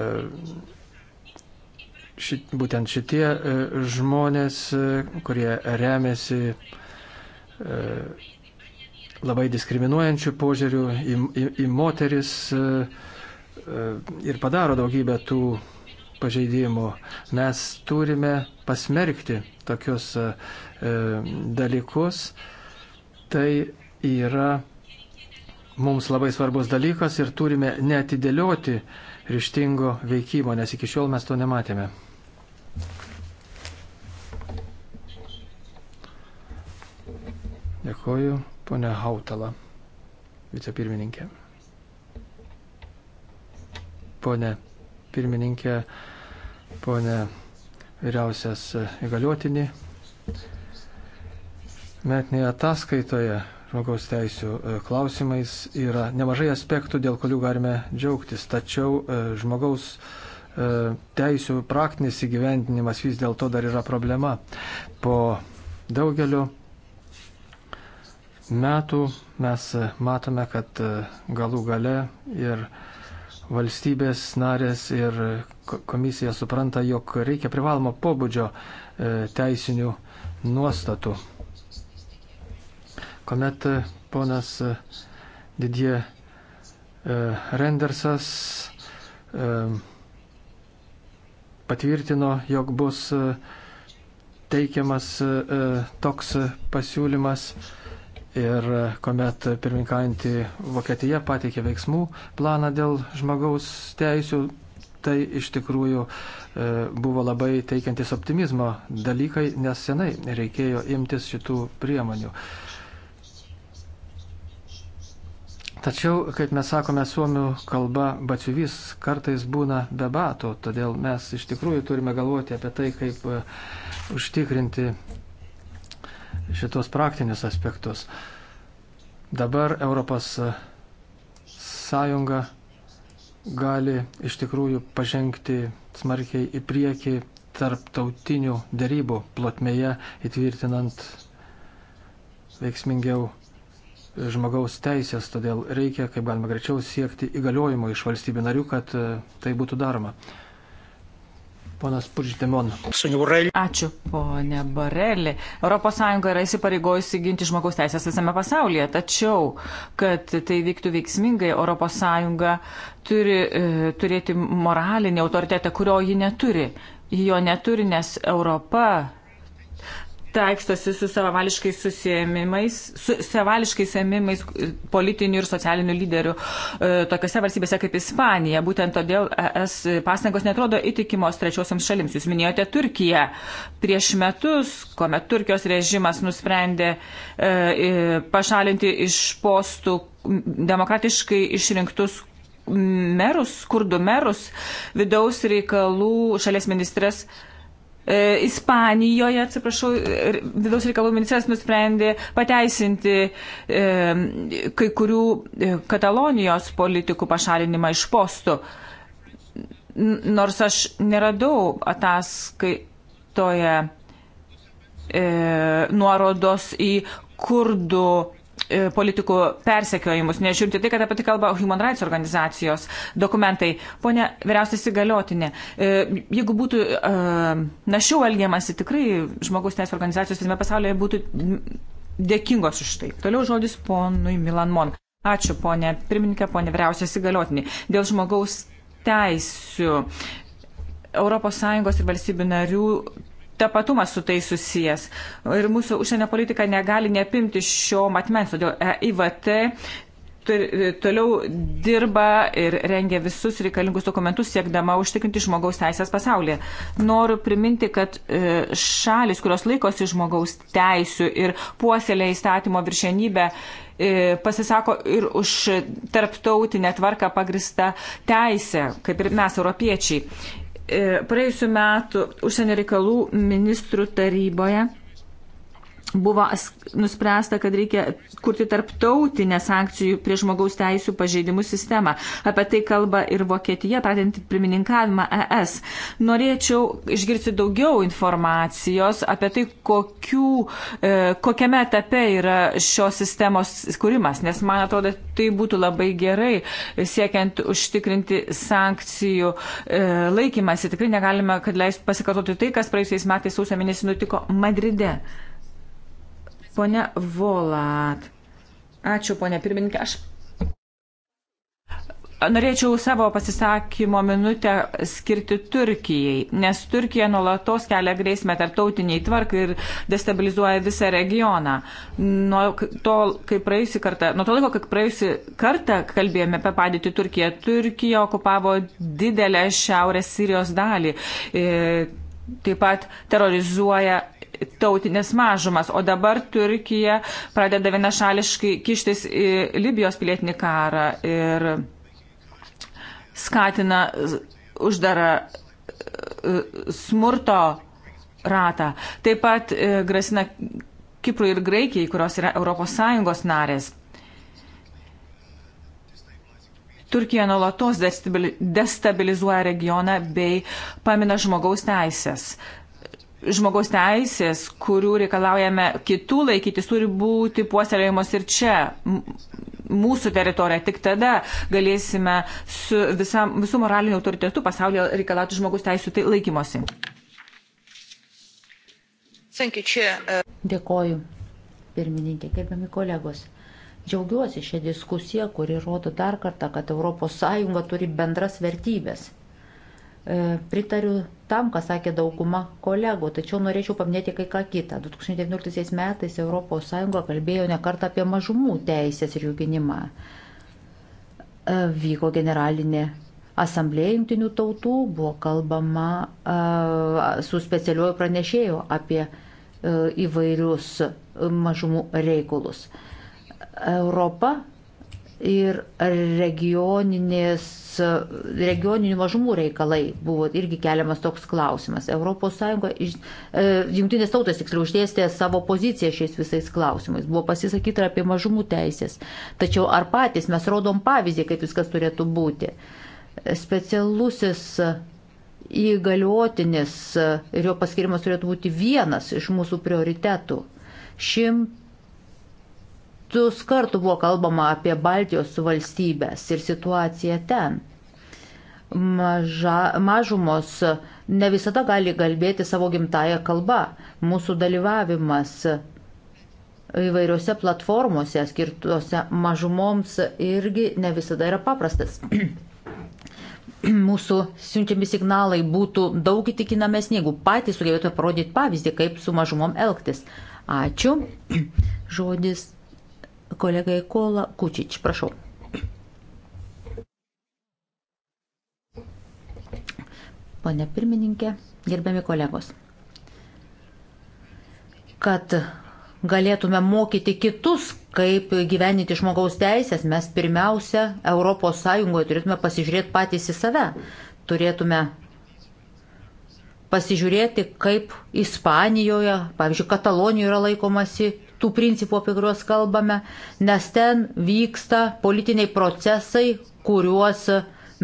šit, būtent šitie e, žmonės, e, kurie remiasi e, labai diskriminuojančių požiūrių į, į, į moteris e, e, ir padaro daugybę tų pažeidimų, mes turime pasmerkti tokius e, E, dalykus, tai yra mums labai svarbus dalykas ir turime neatidėlioti ryštingo veikimo, nes iki šiol mes to nematėme. Dėkoju, ponia Hautala, vicepirmininkė. Pone pirmininkė, pone vyriausias įgaliotinį metinėje ataskaitoje žmogaus teisų e, klausimais yra nemažai aspektų, dėl kurių galime džiaugtis, tačiau e, žmogaus e, teisų praktinis įgyvendinimas vis dėlto dar yra problema. Po daugeliu metų mes matome, kad galų gale ir valstybės narės ir komisija supranta, jog reikia privalomo pobūdžio teisinių nuostatų kuomet e, ponas e, Didie e, Rendersas patvirtino, jog bus teikiamas toks pasiūlymas ir kuomet pirmininkaujantį Vokietiją pateikė veiksmų planą dėl žmogaus teisių, tai iš tikrųjų buvo labai teikiantis optimizmo dalykai, nes senai reikėjo imtis šitų priemonių. Tačiau, kaip mes sakome, suomių kalba bačiuvys kartais būna be bato, todėl mes iš tikrųjų turime galvoti apie tai, kaip e, užtikrinti šitos praktinius aspektus. Dabar Europos e, Sąjunga gali iš tikrųjų pažengti smarkiai į priekį tarptautinių dėrybų plotmėje, įtvirtinant veiksmingiau žmogaus teisės, todėl reikia, kaip galima greičiau, siekti įgaliojimo iš valstybių narių, kad e, tai būtų daroma. Ponas Puždemon. Ačiū, ponė Barelė. ES yra įsipareigojusi ginti žmogaus teisės visame pasaulyje, tačiau, kad tai vyktų veiksmingai, ES turi e, turėti moralinį autoritetą, kurio ji neturi. Ji jo neturi, nes Europa taikstosi su savavališkais susėmimais, su savavališkais ėmimais politinių ir socialinių lyderių e, tokiose valstybėse kaip Ispanija. Būtent todėl es pastangos netrodo įtikimos trečiosiams šalims. Jūs minėjote Turkiją. Prieš metus, kuomet Turkijos režimas nusprendė e, e, pašalinti iš postų demokratiškai išrinktus merus, kurdų merus, vidaus reikalų šalies ministras e, Ispanijoje, atsiprašau, vidaus reikalų ministras nusprendė pateisinti e, kai kurių e, Katalonijos politikų pašalinimą iš postų. Nors aš neradau ataskaitoje e, nuorodos į kurdų E, politikų persekiojimus, nežiūrinti tai, kad apie tai kalba Human Rights organizacijos dokumentai. Pone vyriausias įgaliotinė, e, jeigu būtų e, našiau elgiamasi, tikrai žmogus teisų organizacijos visame pasaulyje būtų dėkingos už tai. Toliau žodis ponui Milan Mon. Ačiū, ponė pirmininkė, ponė vyriausias įgaliotinė. Dėl žmogaus teisių. ES ir valstybių narių tapatumas su tai susijęs. Ir mūsų užsienio politika negali neapimti šio matmens, todėl EIVT toliau dirba ir rengia visus reikalingus dokumentus siekdama užtikrinti žmogaus teisės pasaulyje. Noriu priminti, kad e, šalis, kurios laikosi žmogaus teisų ir puoselė įstatymo viršenybę, e, pasisako ir už tarptautinę tvarką pagristą teisę, kaip ir mes, europiečiai. E, praėjusiu metu užsienio reikalų ministrų taryboje buvo nuspręsta, kad reikia kurti tarptautinę sankcijų prie žmogaus teisų pažeidimų sistemą. Apie tai kalba ir Vokietija, pradinti pirmininkavimą ES. Norėčiau išgirsti daugiau informacijos apie tai, kokių, e, kokiame etape yra šios sistemos skūrimas, nes man atrodo, tai būtų labai gerai siekiant užtikrinti sankcijų e, laikymasi. Tikrai negalime, kad leis pasikartoti tai, kas praėjusiais metais sausio mėnesį nutiko Madride. Pone Volat. Ačiū, ponė pirmininkė. Aš norėčiau savo pasisakymo minutę skirti Turkijai, nes Turkija nuolatos kelia grėsmę tarptautiniai tvarkai ir destabilizuoja visą regioną. Nuo to, kai praėjusi kartą, nuo to laiko, kai praėjusi kartą kalbėjome apie padėtį Turkiją, Turkija okupavo didelę šiaurės Sirijos dalį. E, taip pat terrorizuoja tautinės mažumas, o dabar Turkija pradeda vienašališkai kištis į Libijos pilietinį karą ir skatina uždarą e, smurto ratą. Taip pat e, grasina Kiprui ir Graikijai, kurios yra ES narės. Turkija nuolatos destabilizuoja regioną bei pamina žmogaus teisės žmogaus teisės, kurių reikalaujame kitų laikytis, turi būti puoselėjamos ir čia, mūsų teritorija. Tik tada galėsime su visa, visų moraliniu autoritetu pasaulyje reikalauti žmogaus teisų tai laikymosi. Dėkoju, pirmininkė, gerbiami kolegos. Džiaugiuosi šią diskusiją, kuri rodo dar kartą, kad ES turi bendras vertybės E, pritariu tam, ką sakė dauguma kolegų, tačiau norėčiau paminėti kai ką kitą. 2019 metais ES kalbėjo nekart apie mažumų teisės ir jų gynimą. E, vyko generalinė asamblėje jungtinių tautų, buvo kalbama e, su specialiuoju pranešėju apie įvairius mažumų reikalus. Europa ir regioninių mažumų reikalai buvo irgi keliamas toks klausimas. ES, e, jungtinės tautos tiksliau išdėstė savo poziciją šiais visais klausimais, buvo pasisakyta apie mažumų teisės. Tačiau ar patys mes rodom pavyzdį, kaip viskas turėtų būti? Specialusis įgaliotinis ir jo paskirimas turėtų būti vienas iš mūsų prioritetų. Šimt šimtus kartų buvo kalbama apie Baltijos valstybės ir situaciją ten. Maža, mažumos ne visada gali kalbėti savo gimtają kalbą. Mūsų dalyvavimas įvairiose platformose skirtose mažumoms irgi ne visada yra paprastas. Mūsų siunčiami signalai būtų daug įtikinamesni, jeigu patys sugebėtume parodyti pavyzdį, kaip su mažumom elgtis. Ačiū. Žodis kolegai Kola Kučič. Prašau. Pone pirmininkė, gerbiami kolegos. Kad galėtume mokyti kitus, kaip gyveninti žmogaus teisės, mes pirmiausia ES turėtume pasižiūrėti patys į save. Turėtume pasižiūrėti, kaip Ispanijoje, pavyzdžiui, Katalonijoje yra laikomasi tų principų, apie kuriuos kalbame, nes ten vyksta politiniai procesai, kuriuos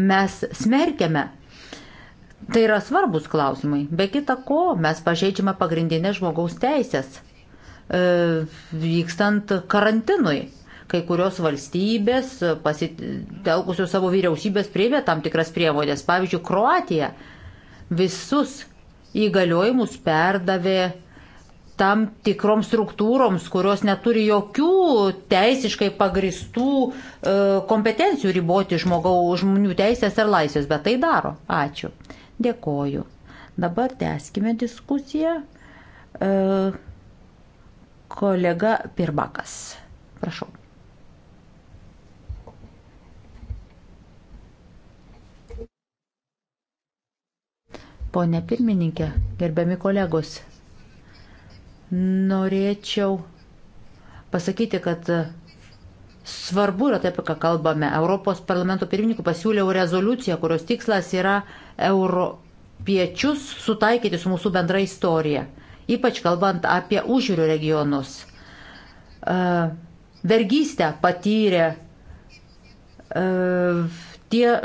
mes smerkiame. Tai yra svarbus klausimai. Be kita ko, mes pažeidžiame pagrindinės žmogaus teisės. E, vykstant karantinui, kai kurios valstybės, pasitelkusios savo vyriausybės, priėmė tam tikras priemonės. Pavyzdžiui, Kroatija visus įgaliojimus perdavė tam tikroms struktūroms, kurios neturi jokių teisiškai pagristų e, kompetencijų riboti žmogaus žmonių teisės ir laisvės, bet tai daro. Ačiū. Dėkoju. Dabar tęskime diskusiją. E, kolega Pirbakas. Prašau. Pone pirmininkė, gerbiami kolegos, Norėčiau pasakyti, kad svarbu yra tai, apie ką kalbame. Europos parlamento pirmininkų pasiūliau rezoliuciją, kurios tikslas yra europiečius sutaikyti su mūsų bendra istorija, ypač kalbant apie užjūrių regionus. E, vergystę patyrė e, tie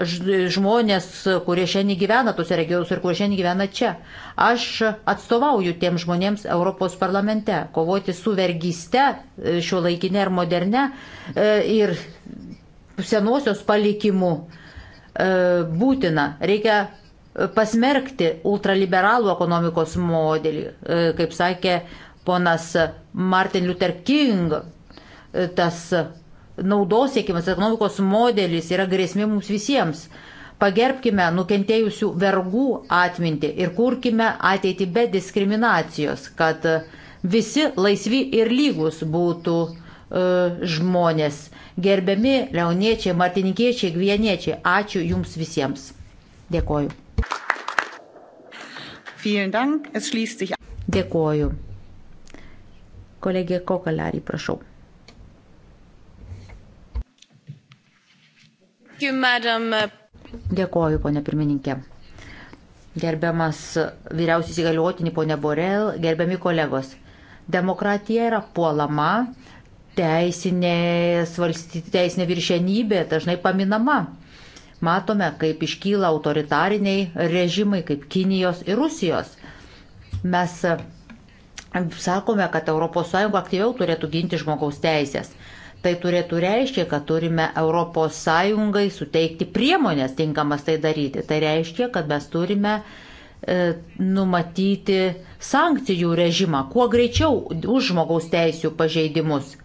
žmonės, kurie šiandien gyvena tose regionuose ir kurie šiandien gyvena čia. Aš atstovauju tiem žmonėms Europos parlamente kovoti su vergyste e, šio laikinė ir moderne e, ir senosios palikimu e, būtina. Reikia pasmerkti ultraliberalų ekonomikos modelį, kaip sakė ponas Martin Luther King, tas naudos siekimas ekonomikos modelis yra grėsmė mums visiems. Pagerbkime nukentėjusių vergų atmintį ir kurkime ateitį be diskriminacijos, kad visi laisvi ir lygus būtų e, žmonės. Gerbiami leoniečiai, martininkiečiai, gvieniečiai, ačiū Jums visiems. Dėkoju. Dėkoju. Kolegė Kokalarį, prašau. You, madam. Dėkoju, ponė pirmininkė. Gerbiamas vyriausias įgaliotinį ponė Borel, gerbiami kolegos. Demokratija yra puolama, teisinė, teisinė viršenybė dažnai paminama. Matome, kaip iškyla autoritariniai režimai kaip Kinijos ir Rusijos. Mes sakome, kad ES aktyviau turėtų ginti žmogaus teisės. Tai turėtų reiškia, kad turime ES suteikti priemonės tinkamas tai daryti. Tai reiškia, kad mes turime e, numatyti sankcijų režimą kuo greičiau už žmogaus teisų pažeidimus. E,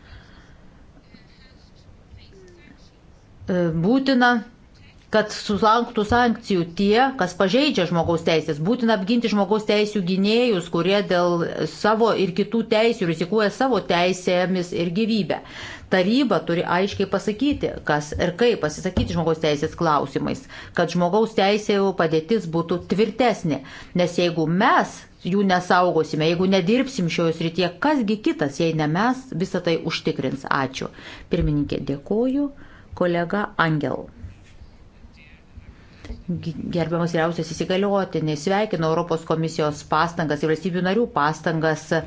būtina kad sulanktų sankcijų tie, kas pažeidžia žmogaus teisės. Būtina apginti žmogaus teisų gynėjus, kurie dėl savo ir kitų teisų rizikuoja savo teisėmis ir gyvybę. Taryba turi aiškiai pasakyti, kas ir kaip pasisakyti žmogaus teisės klausimais, kad žmogaus teisėjų padėtis būtų tvirtesnė. Nes jeigu mes jų nesaugosime, jeigu nedirbsim šioje srityje, kasgi kitas, jei ne mes, visą tai užtikrins. Ačiū. Pirmininkė, dėkoju. Kolega Angel. Gerbiamas vyriausias įsigaliotinį, sveikinu Europos komisijos pastangas ir valstybių narių pastangas e,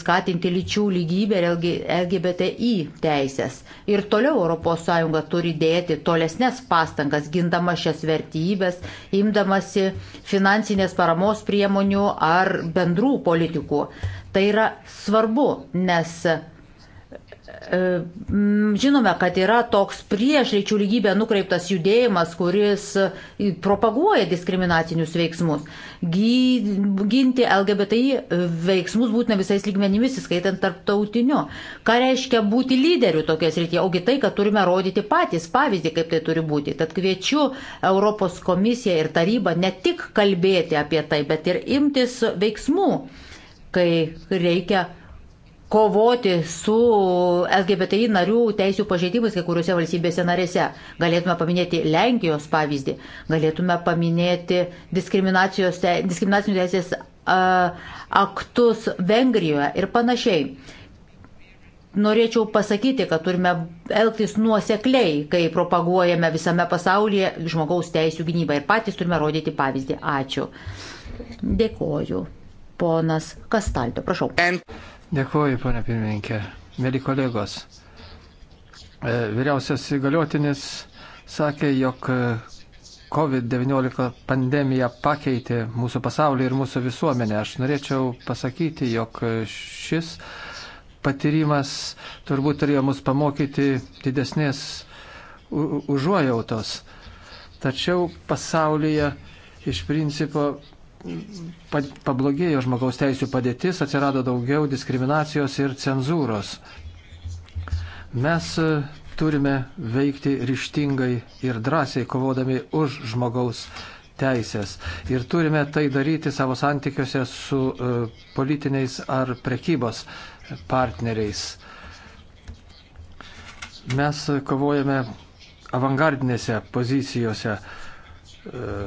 skatinti lyčių lygybę ir LGBTI teisės. Ir toliau ES turi dėti tolesnės pastangas, gindama šias vertybės, imdamasi finansinės paramos priemonių ar bendrų politikų. Tai yra svarbu, nes Žinome, kad yra toks prieš lyčių lygybę nukreiptas judėjimas, kuris e, propaguoja diskriminacinius veiksmus. Ginti LGBTI veiksmus būtina visais lygmenimis, įskaitant tarptautiniu. Ką reiškia būti lyderiu tokie srityje? Ogi tai, kad turime rodyti patys pavyzdį, kaip tai turi būti. Tad kviečiu Europos komisiją ir tarybą ne tik kalbėti apie tai, bet ir imtis veiksmų, kai reikia kovoti su LGBTI narių teisų pažeidimais kai kuriuose valstybėse narėse. Galėtume paminėti Lenkijos pavyzdį, galėtume paminėti diskriminacijos, diskriminacinių teisės aktus Vengrijoje ir panašiai. Norėčiau pasakyti, kad turime elgtis nuosekliai, kai propaguojame visame pasaulyje žmogaus teisų gynybą ir patys turime rodyti pavyzdį. Ačiū. Dėkoju. Ponas Kastaldo, prašau. And... Dėkuoju, ponė pirmininkė. Mėly kolegos, e, vyriausias įgaliotinis sakė, jog e, COVID-19 pandemija pakeitė mūsų pasaulį ir mūsų visuomenę. Aš norėčiau pasakyti, jog e, šis patyrimas turbūt turėjo mus pamokyti didesnės užuojautos. Tačiau pasaulyje iš principo pablogėjo žmogaus teisų padėtis, atsirado daugiau diskriminacijos ir cenzūros. Mes e, turime veikti ryštingai ir drąsiai, kovodami už žmogaus teisės. Ir turime tai daryti savo santykiuose su e, politiniais ar prekybos partneriais. Mes kovojame avangardinėse pozicijose e,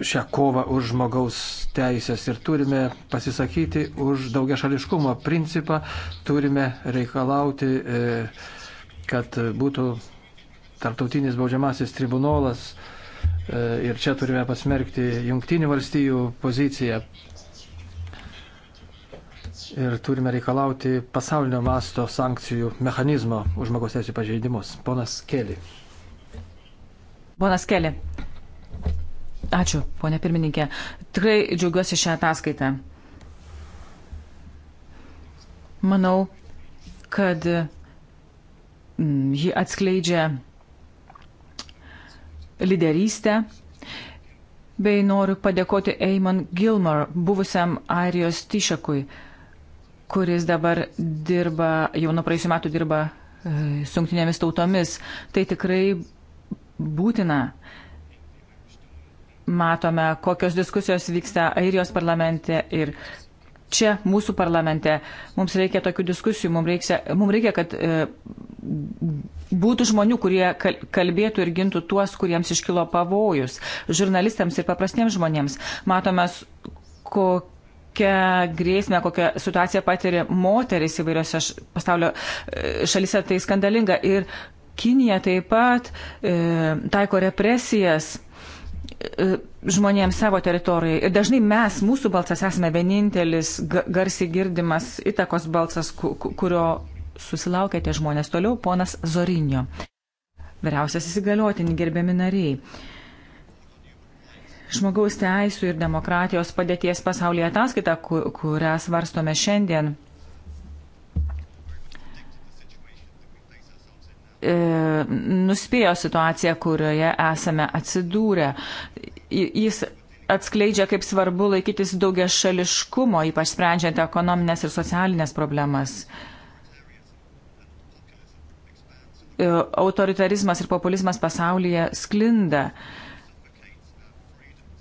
šią kovą už žmogaus teisės ir turime pasisakyti už daugiašališkumo principą, turime reikalauti, e, kad būtų tartautinis baudžiamasis tribunolas e, ir čia turime pasmerkti jungtinių valstybių poziciją. Ir turime reikalauti pasaulinio masto sankcijų mechanizmo už žmogaus teisų pažeidimus. Ponas Keli. Ponas Keli. Ačiū, ponė pirmininkė. Tikrai džiaugiuosi šią ataskaitą. Manau, kad mm, ji atskleidžia lyderystę bei noriu padėkoti Eamon Gilmore, buvusiam Airijos Tyšakui, kuris dabar dirba, jau nuo praėjusiu metu dirba e, sunktinėmis tautomis. Tai tikrai būtina matome, kokios diskusijos vyksta Airijos parlamente ir čia, mūsų parlamente. Mums reikia tokių diskusijų, mums reikia, mums reikia kad e, būtų žmonių, kurie kalbėtų ir gintų tuos, kuriems iškilo pavojus. Žurnalistams ir paprastiems žmonėms. Matome, kokią grėsmę, kokią situaciją patiria moteris įvairiose š, pasaulio e, šalyse, tai skandalinga. Ir Kinija taip pat e, taiko represijas E, žmonėms savo teritorijai. Ir dažnai mes, mūsų balsas, esame vienintelis garsiai girdimas įtakos balsas, kurio susilaukėte žmonės. Toliau ponas Zorinio, vyriausias įsigaliotinį gerbiami nariai. Žmogaus teisų ir demokratijos padėties pasaulyje ataskaita, kurią svarstome šiandien, E, nuspėjo situaciją, kurioje esame atsidūrę. Jis atskleidžia, kaip svarbu laikytis daugia šališkumo, ypač sprendžiant ekonominės ir socialinės problemas. E, autoritarizmas ir populizmas pasaulyje sklinda.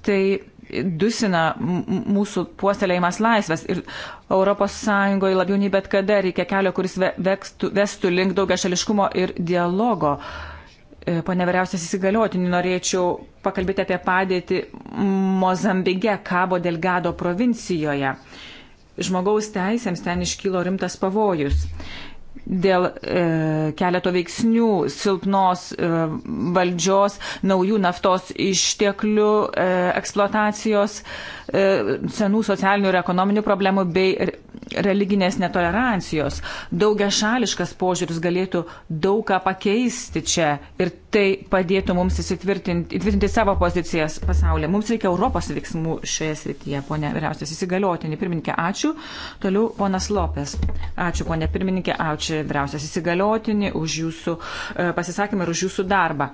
Tai dusina mūsų puoselėjimas laisvės. Ir ES labiau nei bet kada reikia kelio, kuris vestų, vestų link daugia šališkumo ir dialogo. E, Pane vyriausias įsigaliotinį, norėčiau pakalbėti apie padėtį Mozambige, Kabo Delgado provincijoje. Žmogaus teisėms ten iškylo rimtas pavojus dėl e, keleto veiksnių silpnos e, valdžios, naujų naftos išteklių e, eksploatacijos, e, senų socialinių ir ekonominių problemų bei religinės netolerancijos. Daugia šališkas požiūris galėtų daug ką pakeisti čia ir tai padėtų mums įtvirtinti savo pozicijas pasaulyje. Mums reikia Europos veiksmų šioje srityje, ponė vyriausias įsigaliotinį. Pirmininkė, ačiū. Toliau ponas Lopės. Ačiū, ponė pirmininkė, ačiū vyriausias įsigaliotinį, už jūsų e, pasisakymą ir už jūsų darbą.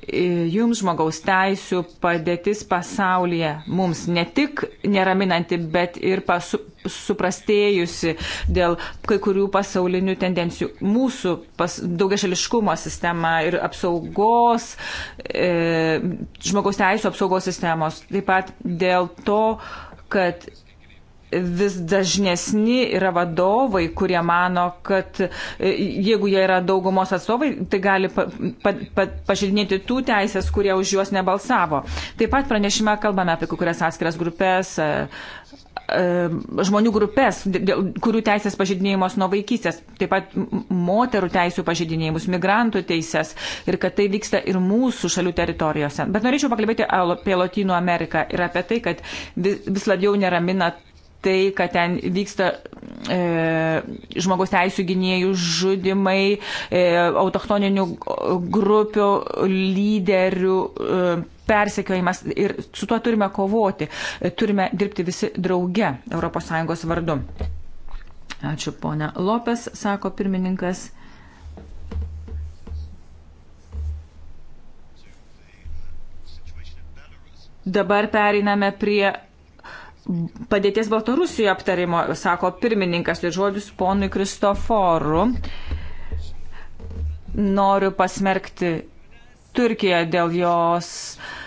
E, jums žmogaus teisų padėtis pasaulyje mums ne tik neraminanti, bet ir pasu, suprastėjusi dėl kai kurių pasaulinių tendencijų. Mūsų pas, daugiašališkumo sistema ir apsaugos, e, žmogaus teisų apsaugos sistemos, taip pat dėl to, kad vis dažnesni yra vadovai, kurie mano, kad e, jeigu jie yra daugumos atstovai, tai gali pa, pa, pa, pažydinėti tų teisės, kurie už juos nebalsavo. Taip pat pranešime kalbame apie kurias atskiras grupės e, e, žmonių grupės, kurių teisės pažydinėjimas nuo vaikystės, taip pat moterų teisų pažydinėjimus, migrantų teises ir kad tai vyksta ir mūsų šalių teritorijose. Bet norėčiau pakalbėti apie Lotynų Ameriką ir apie tai, kad vis labiau neramina tai, kad ten vyksta e, žmogaus teisų gynėjų žudimai, e, autochtoninių grupių lyderių. E, persekiojimas ir su tuo turime kovoti. E, turime dirbti visi drauge ES vardu. Ačiū ponia Lopes, sako pirmininkas. Dabar pereiname prie padėties Baltarusijoje aptarimo, sako pirmininkas, tai žodis ponui Kristoforu. Noriu pasmerkti Turkiją dėl jos uh,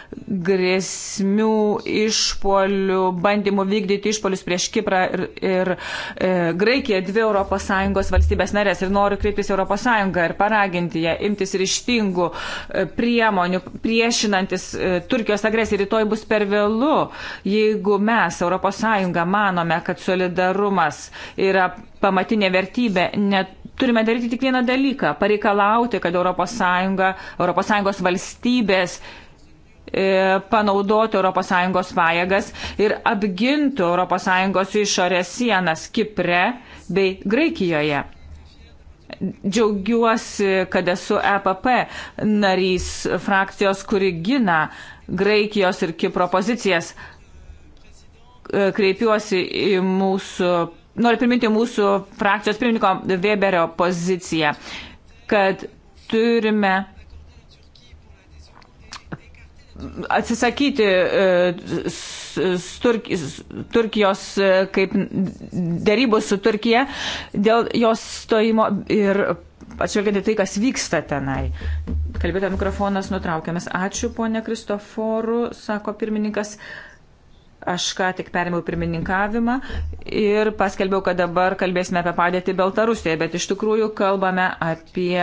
grėsmių išpolių, bandymų vykdyti išpolius prieš Kiprą ir, ir e, Graikiją, dvi ES valstybės narės. Ir noriu kreiptis ES ir paraginti ją imtis ryštingų e, priemonių priešinantis e, Turkijos agresijai. Rytoj bus per vėlu, jeigu mes, ES, manome, kad solidarumas yra pamatinė vertybė. Net turime daryti tik vieną dalyką - pareikalauti, kad ES, ES valstybės E, panaudotų ES pajėgas ir apgintų ES išorės sienas Kipre bei Graikijoje. Džiaugiuosi, kad esu EPP narys frakcijos, kuri gina Graikijos ir Kipro pozicijas. E, kreipiuosi į mūsų, noriu priminti mūsų frakcijos pirmininko Weberio poziciją, kad turime atsisakyti e, Turkijos e, kaip dėrybų su Turkija dėl jos stojimo ir atsižvelgiant į tai, kas vyksta tenai. Kalbėta mikrofonas nutraukiamas. Ačiū, ponė Kristoforu, sako pirmininkas. Aš ką tik perėmiau pirmininkavimą ir paskelbiau, kad dabar kalbėsime apie padėtį Baltarusijoje, bet iš tikrųjų kalbame apie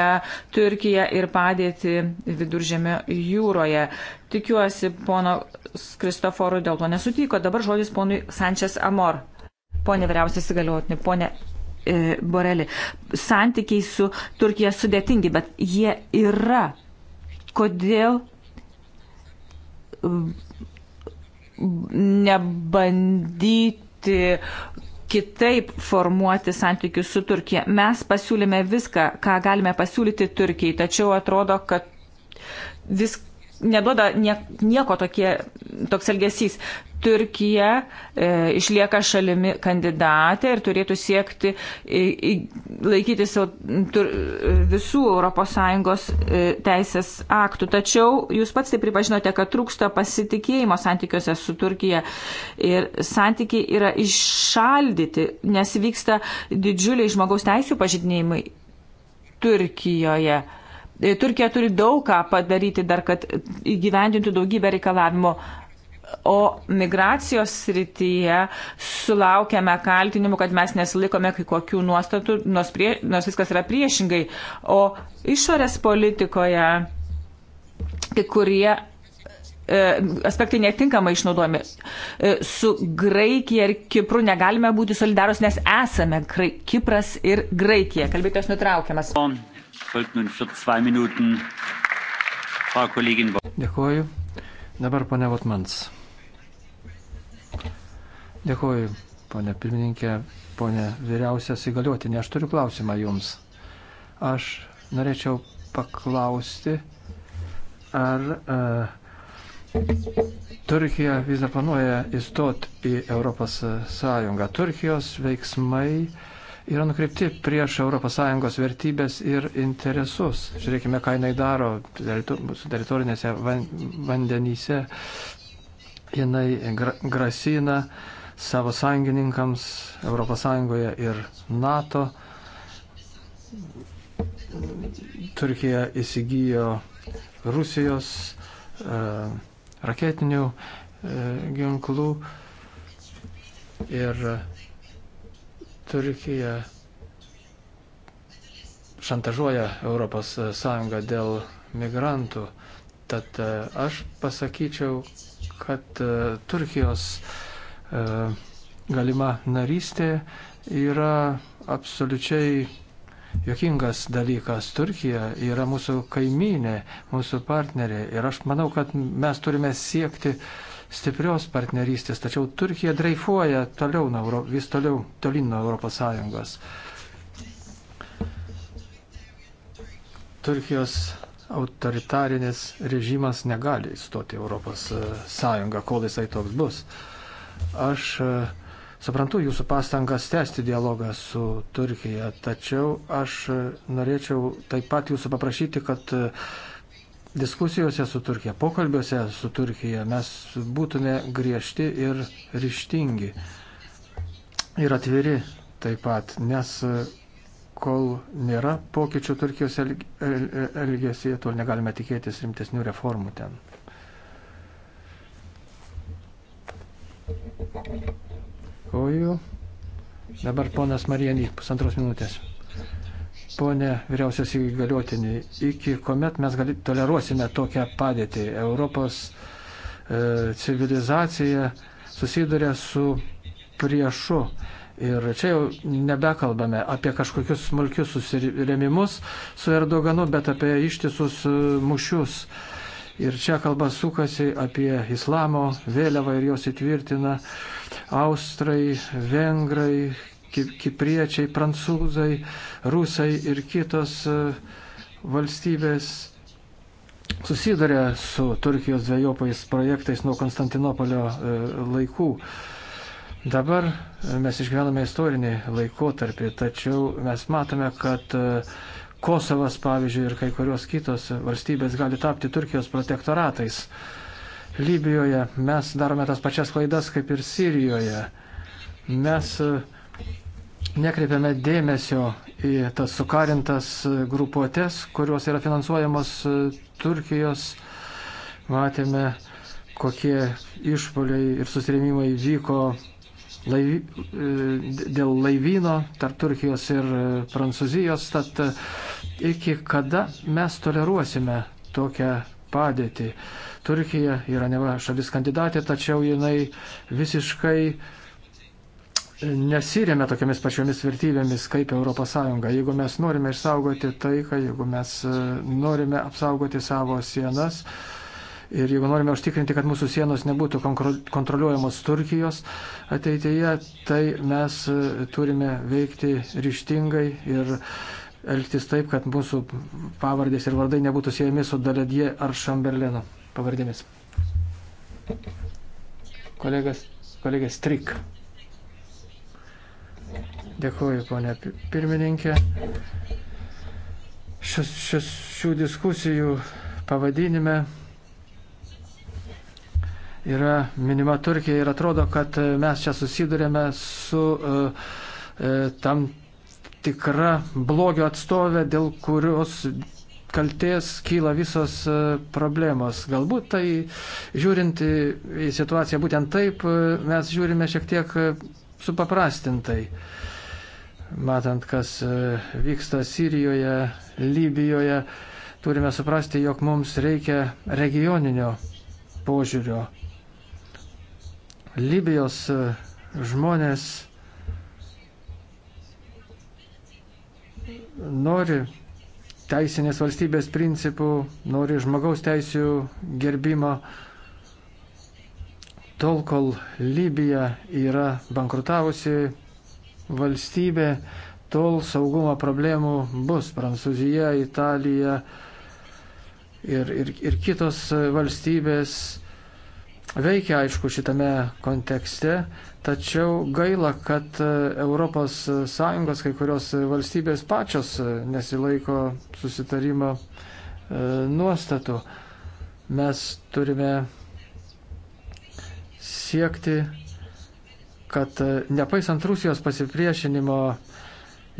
Turkiją ir padėtį viduržėmio jūroje. Tikiuosi, pono Kristoforų dėl to nesutiko. Dabar žodis ponui Sančias Amor. Pone vyriausias įgaliotinį, pone e, Borelį. Santykiai su Turkija sudėtingi, bet jie yra. Kodėl nebandyti kitaip formuoti santykius su Turkija. Mes pasiūlėme viską, ką galime pasiūlyti Turkijai, tačiau atrodo, kad vis, neduoda nieko tokie, toks elgesys. Turkija e, išlieka šalimi kandidatė ir turėtų siekti e, e, laikytis tur, visų ES e, teisės aktų. Tačiau jūs pats tai pripažinote, kad trūksta pasitikėjimo santykiuose su Turkija ir santykiai yra iššaldyti, nes vyksta didžiuliai žmogaus teisų pažydinėjimai Turkijoje. E, E, Turkija turi daug ką padaryti dar, kad įgyvendintų daugybę reikalavimo. O migracijos srityje sulaukėme kaltinimų, kad mes nesilikome kai kokių nuostatų, nors, prie, nors viskas yra priešingai. O išorės politikoje kai kurie e, aspektai netinkamai išnaudojami. E, su Graikija ir Kipru negalime būti solidarus, nes esame Kipras ir Graikija. Kalbėtojas nutraukiamas. Dėkuoju. Dabar ponia Votmans. Dėkuoju, ponia pirmininkė, ponia vyriausias įgaliotinė. Aš turiu klausimą jums. Aš norėčiau paklausti, ar uh, Turkija vis dar planuoja įstoti į Europos Sąjungą. Turkijos veiksmai uh, yra nukreipti prieš ES vertybės ir interesus. Žiūrėkime, ką jinai daro mūsų teritorinėse vandenyse. Jinai grasina savo sąjungininkams ES ir NATO. Turkija įsigijo Rusijos e, raketinių e, ginklų ir Turkija šantažuoja Europos Sąjungą dėl migrantų. Tad e, aš pasakyčiau, kad e, Turkijos e, galima narystė yra absoliučiai jokingas dalykas. Turkija yra mūsų kaiminė, mūsų partnerė. Ir aš manau, kad mes turime siekti uh, stiprios partnerystės, tačiau Turkija dreifuoja toliau nuo, vis toliau tolin nuo Europos Sąjungos. Turkijos autoritarinis režimas negali įstoti Europos e, Sąjungą, kol jisai toks bus. Aš e, suprantu jūsų pastangas tęsti dialogą su Turkija, tačiau aš e, norėčiau taip pat jūsų paprašyti, kad diskusijose su Turkija, pokalbiuose su Turkija mes būtume griežti ir ryštingi ir atviri taip pat, nes kol nėra pokyčių Turkijos elgesyje, tol negalime tikėtis rimtesnių reformų ten. Oju. Dabar ponas Marijanys, pusantros minutės. Pone vyriausias įgaliotinį, iki kuomet mes gali, toleruosime tokią padėtį. Europos e, civilizacija susiduria su priešu. Ir čia jau nebekalbame apie kažkokius smulkius susiremimus su Erdoganu, bet apie ištisus e, mušius. Ir čia kalba sukasi apie islamo vėliavą ir jos įtvirtina Austrai, Vengrai, kipriečiai, prancūzai, rusai ir kitos e, valstybės susiduria su Turkijos dviejopais projektais nuo Konstantinopolio e, laikų. Dabar e, mes išgyvename istorinį laikotarpį, tačiau mes matome, kad Kosovas, pavyzdžiui, ir kai kurios kitos valstybės gali tapti Turkijos protektoratais. Libijoje mes darome tas pačias klaidas kaip ir Sirijoje. Mes uh, nekreipiame dėmesio į tas sukarintas grupuotės, kurios yra finansuojamos e, Turkijos. Matėme, kokie išpoliai ir susirėmimai vyko laivy, e, dėl laivyno tarp Turkijos ir e, Prancūzijos. Tad iki kada mes toleruosime tokią padėtį? Turkija yra neva šalis kandidatė, tačiau jinai visiškai nesirėmė tokiamis pačiomis vertybėmis kaip ES. Jeigu mes norime išsaugoti taiką, jeigu mes e, norime apsaugoti savo sienas ir jeigu norime užtikrinti, kad mūsų sienos nebūtų kontroliuojamos Turkijos ateityje, tai mes e, turime veikti ryštingai ir elgtis taip, kad mūsų pavardės ir vardai nebūtų siejami su Daladie ar Šamberlino pavardėmis. Kolegas, kolegas Strik. Dėkuoju, ponė pirmininkė. Šis, šis, šių diskusijų pavadinime yra minima Turkija ir atrodo, kad e, mes čia susidurėme su uh, uh, tam tikra blogio atstovė, dėl kurios kalties kyla visos problemos. Galbūt tai žiūrint į situaciją būtent taip, mes žiūrime šiek tiek supaprastintai matant, kas e, vyksta Sirijoje, Libijoje, turime suprasti, jog mums reikia regioninio požiūrio. Libijos e, žmonės nori teisinės valstybės principų, nori žmogaus teisų gerbimo. Tol, kol Libija yra bankrutavusi, valstybė, tol saugumo problemų bus. Prancūzija, Italija ir, ir, ir kitos valstybės veikia, aišku, šitame kontekste, tačiau gaila, kad ES kai kurios valstybės pačios nesilaiko susitarimo e, nuostatų. Mes turime siekti kad e, nepaisant Rusijos pasipriešinimo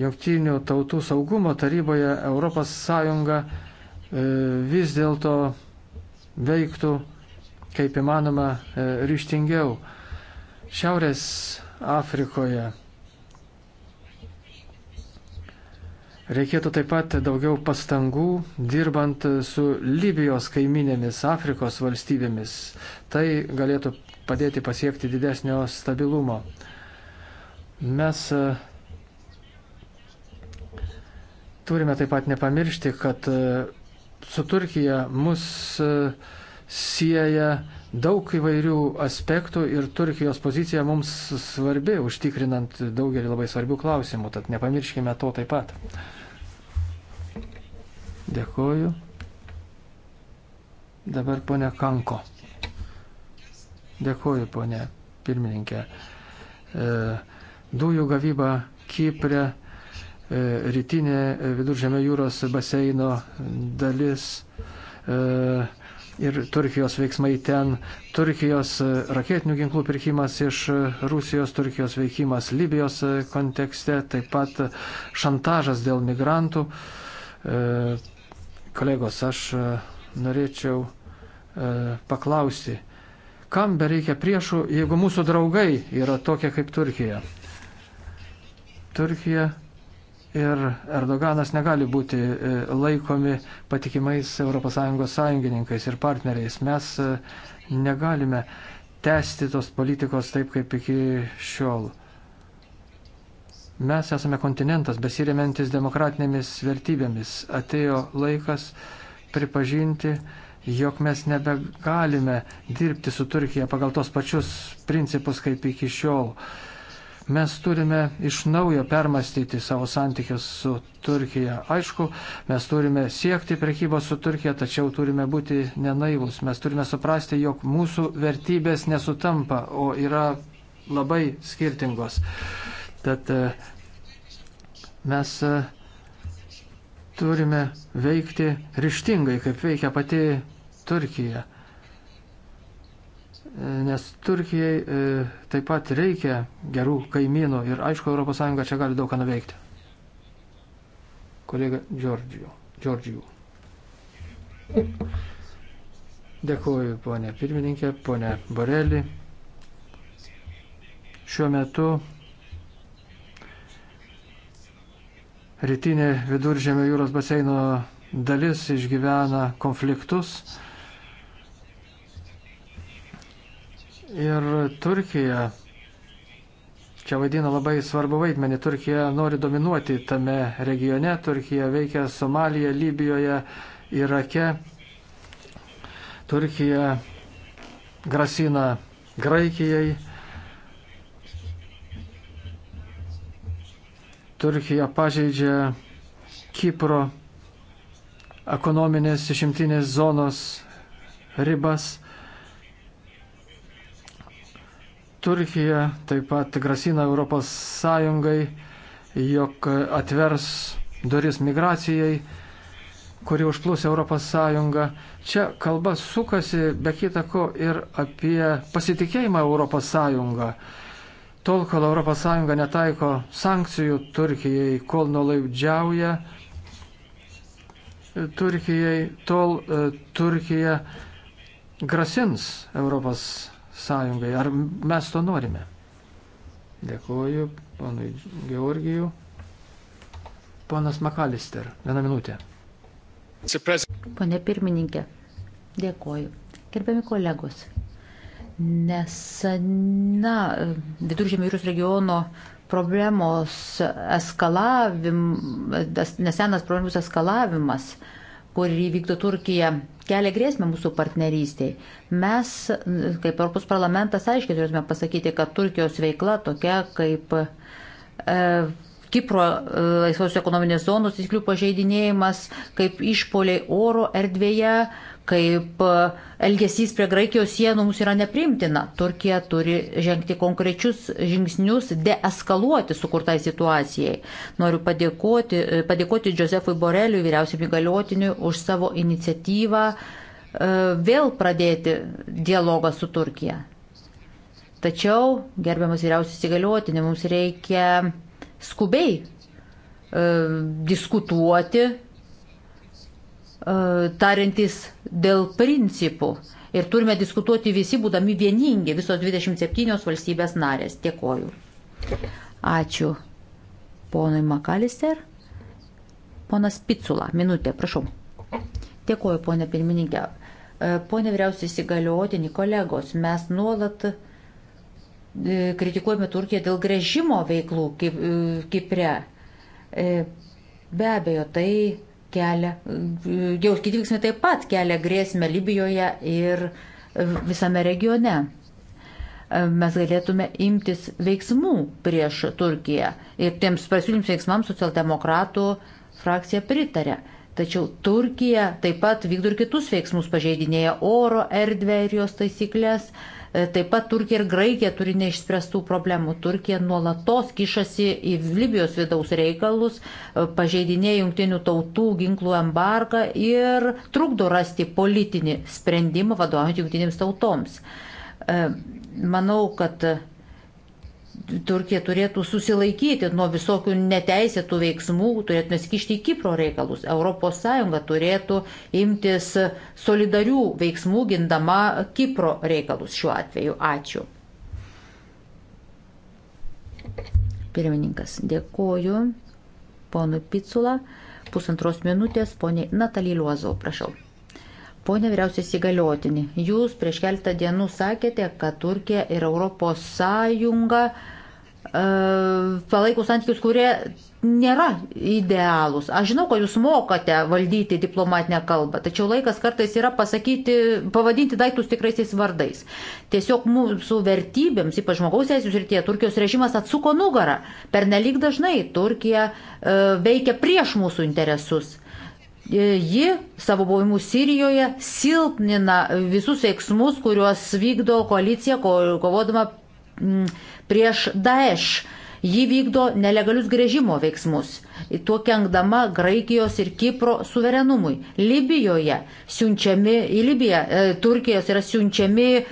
jungtinių tautų saugumo taryboje ES e, vis dėlto veiktų kaip įmanoma e, ryštingiau. Šiaurės Afrikoje reikėtų taip pat daugiau pastangų dirbant su Libijos kaiminėmis Afrikos valstybėmis. Tai galėtų padėti pasiekti didesnio stabilumo. Mes e, turime taip pat nepamiršti, kad e, su Turkija mus e, sieja daug įvairių aspektų ir Turkijos pozicija mums svarbi, užtikrinant daugelį labai svarbių klausimų, tad nepamirškime to taip pat. Dėkoju. Dabar ponia Kanko. Dėkuoju, ponė pirmininkė. E, dujų gavyba Kiprė, e, rytinė e, viduržėmio jūros baseino dalis ir Turkijos veiksmai ten, Turkijos raketinių ginklų pirkimas iš Rusijos, Turkijos veikimas Libijos kontekste, taip pat šantažas dėl migrantų. Kolegos, aš norėčiau paklausti, Kam bereikia priešų, jeigu mūsų draugai yra tokie kaip Turkija? Turkija ir Erdoganas negali būti e, laikomi patikimais ES sąjungininkais ir partneriais. Mes e, negalime tęsti tos politikos taip, kaip iki šiol. Mes esame kontinentas, besiriamentis demokratinėmis vertybėmis. Atėjo laikas pripažinti jog mes nebegalime dirbti su Turkija pagal tos pačius principus kaip iki šiol. Mes turime iš naujo permastyti savo santykius su Turkija. Aišku, mes turime siekti prekybos su Turkija, tačiau turime būti nenaivus. Mes turime suprasti, jog mūsų vertybės nesutampa, o yra labai skirtingos. Tad e, mes e, turime veikti ryštingai, kaip veikia pati Turkija. Nes Turkijai e, taip pat reikia gerų kaimynų ir aišku, ES čia gali daug ką nuveikti. Kolega Džordžijų. Džordžijų. Dėkuoju, ponė pirmininkė, ponė Borelį. Šiuo metu rytinė viduržėmio jūros baseino dalis išgyvena konfliktus. Ir Turkija čia vaidina labai svarbu vaidmenį. Turkija nori dominuoti tame regione. Turkija veikia Somalija, Libijoje, Irake. Turkija grasina Graikijai. Turkija pažeidžia Kipro ekonominės išimtinės zonos ribas. Turkija taip pat grasina Europos Sąjungai, jog atvers duris migracijai, kuri užplūs Europos Sąjungą. Čia kalba sukasi be kita ko ir apie pasitikėjimą Europos Sąjungą. Tol, kol ES netaiko sankcijų Turkijai, kol nolaidžiauja Turkijai, tol e, Turkija grasins ES. Ar mes to norime? Dėkuoju, ponui Georgijų. Ponas Makalister, vieną minutę. Pane pirmininkė, dėkuoju. Gerbiami kolegos, nesena e, viduržėmio jūros regiono problemos eskalavimas, nesenas problemos eskalavimas, kurį vykdo Turkija, kelia grėsmę mūsų partnerystiai. Mes, kaip Europos parlamentas, aiškiai turėtume pasakyti, kad Turkijos veikla tokia kaip e, Kipro e, laisvos ekonominės zonos įsklių pažeidinėjimas, kaip išpoliai oro erdvėje, e, kaip e, elgesys prie Graikijos sienų mums yra neprimtina. Turkija turi žengti konkrečius žingsnius, deeskaluoti sukurtai situacijai. Noriu padėkoti, e, padėkoti Josefui Boreliui, vyriausiam įgaliotiniui, už savo iniciatyvą e, vėl pradėti dialogą su Turkija. Tačiau, gerbiamas vyriausias įgaliotinė, mums reikia skubiai e, diskutuoti E, tariantis dėl principų. Ir turime diskutuoti visi, būdami vieningi, visos 27 valstybės narės. Dėkoju. Ačiū ponui Makalister. Ponas Picula, minutė, prašau. Dėkoju, ponė pirmininkė. E, Pone vyriausiai įsigaliotinį kolegos, mes nuolat e, kritikuojame Turkiją dėl grėžimo veiklų Kipre. Be abejo, tai kelia, jau kiti veiksmai taip pat kelia grėsmę Libijoje ir visame regione. Mes galėtume imtis veiksmų prieš Turkiją ir tiems pasiūlyms veiksmams socialdemokratų frakcija pritarė. Tačiau Turkija taip pat vykdo ir kitus veiksmus, pažeidinėja oro erdvę ir jos taisyklės, uh, E, taip pat Turkija ir Graikija turi neišspręstų problemų. Turkija nuolatos kišasi į Libijos vidaus reikalus, e, pažeidinėja jungtinių tautų ginklų embargą ir trukdo rasti politinį sprendimą vadovaujant jungtinėms tautoms. E, manau, kad Turkija turėtų susilaikyti nuo visokių neteisėtų veiksmų, turėtų nesikišti į Kipro reikalus. ES turėtų imtis solidarių veiksmų gindama Kipro reikalus šiuo atveju. Ačiū. Pirmininkas, dėkoju. Ponu Picula, pusantros minutės, poniai Natalį Luozau, prašau. Pone vyriausias įgaliotinį, jūs prieš keltą dienų sakėte, kad Turkija ir Europos Sąjunga e, palaikų santykius, kurie nėra idealūs. Aš žinau, kad jūs mokate valdyti diplomatinę kalbą, tačiau laikas kartais yra pasakyti, pavadinti daiktus tikraisiais vardais. Tiesiog mūsų vertybėms, ypač žmogaus teisų srityje, Turkijos režimas atsuko nugarą. Per nelik dažnai Turkija e, veikia prieš mūsų interesus E, ji savo buvimu Sirijoje silpnina visus veiksmus, kuriuos vykdo koalicija kovodama prieš Daesh. Ji vykdo nelegalius grėžimo veiksmus, tuo kenkdama Graikijos ir Kipro suverenumui. Libijoje siunčiami, į Libiją e, Turkijos yra siunčiami e,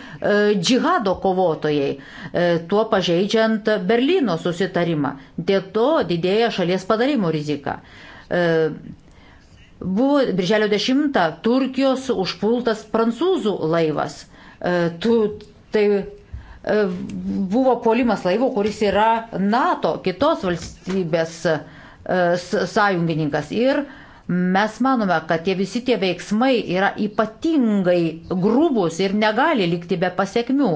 džihado kovotojai, e, tuo pažeidžiant Berlyno susitarimą. Dėl to didėja šalies padarimo rizika. E, Buvo birželio 10 Turkijos užpultas prancūzų laivas. E, tu, tai e, buvo polimas laivo, kuris yra NATO kitos valstybės e, sąjungininkas. Ir uh, Mes manome, kad tie visi tie veiksmai yra ypatingai grūbus ir negali likti be pasiekmių.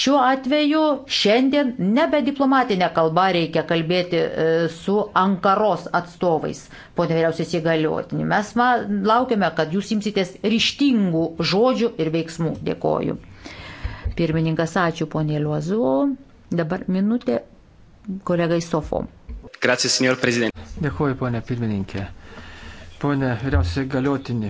Šiuo atveju šiandien nebe diplomatinė kalba reikia kalbėti e, su Ankaros atstovais, ponė vyriausias įgaliotinį. Mes man, laukiame, kad jūs imsitės ryštingų žodžių ir veiksmų. Dėkoju. Pirmininkas, ačiū ponė Liuozu. Dabar minutė kolegai Sofom. Gracias, senor prezidentė. Dėkoju, ponė pirmininkė. Pone vyriausiai galiotinį.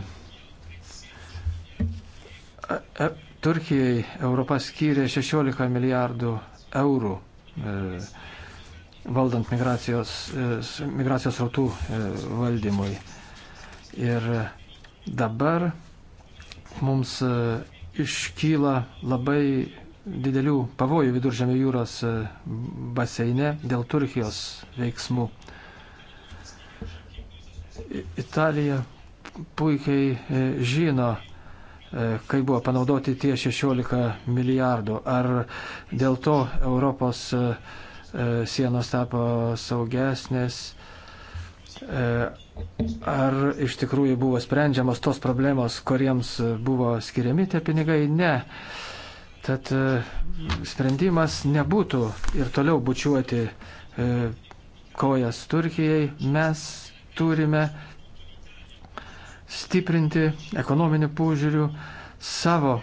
E, e, Turkijai Europa skyrė 16 milijardų eurų e, valdant migracijos, migracijos rautų valdymui. Ir dabar mums iškyla labai didelių pavojų viduržėmio jūros baseine dėl Turkijos veiksmų. Italija puikiai e, žino, e, kai buvo panaudoti tie 16 milijardų. Ar dėl to Europos e, sienos tapo saugesnės? Ar iš tikrųjų buvo sprendžiamos tos problemos, kuriems buvo skiriami tie pinigai? Ne. Tad sprendimas nebūtų ir toliau bučiuoti kojas Turkijai. Mes turime stiprinti ekonominių požiūrių savo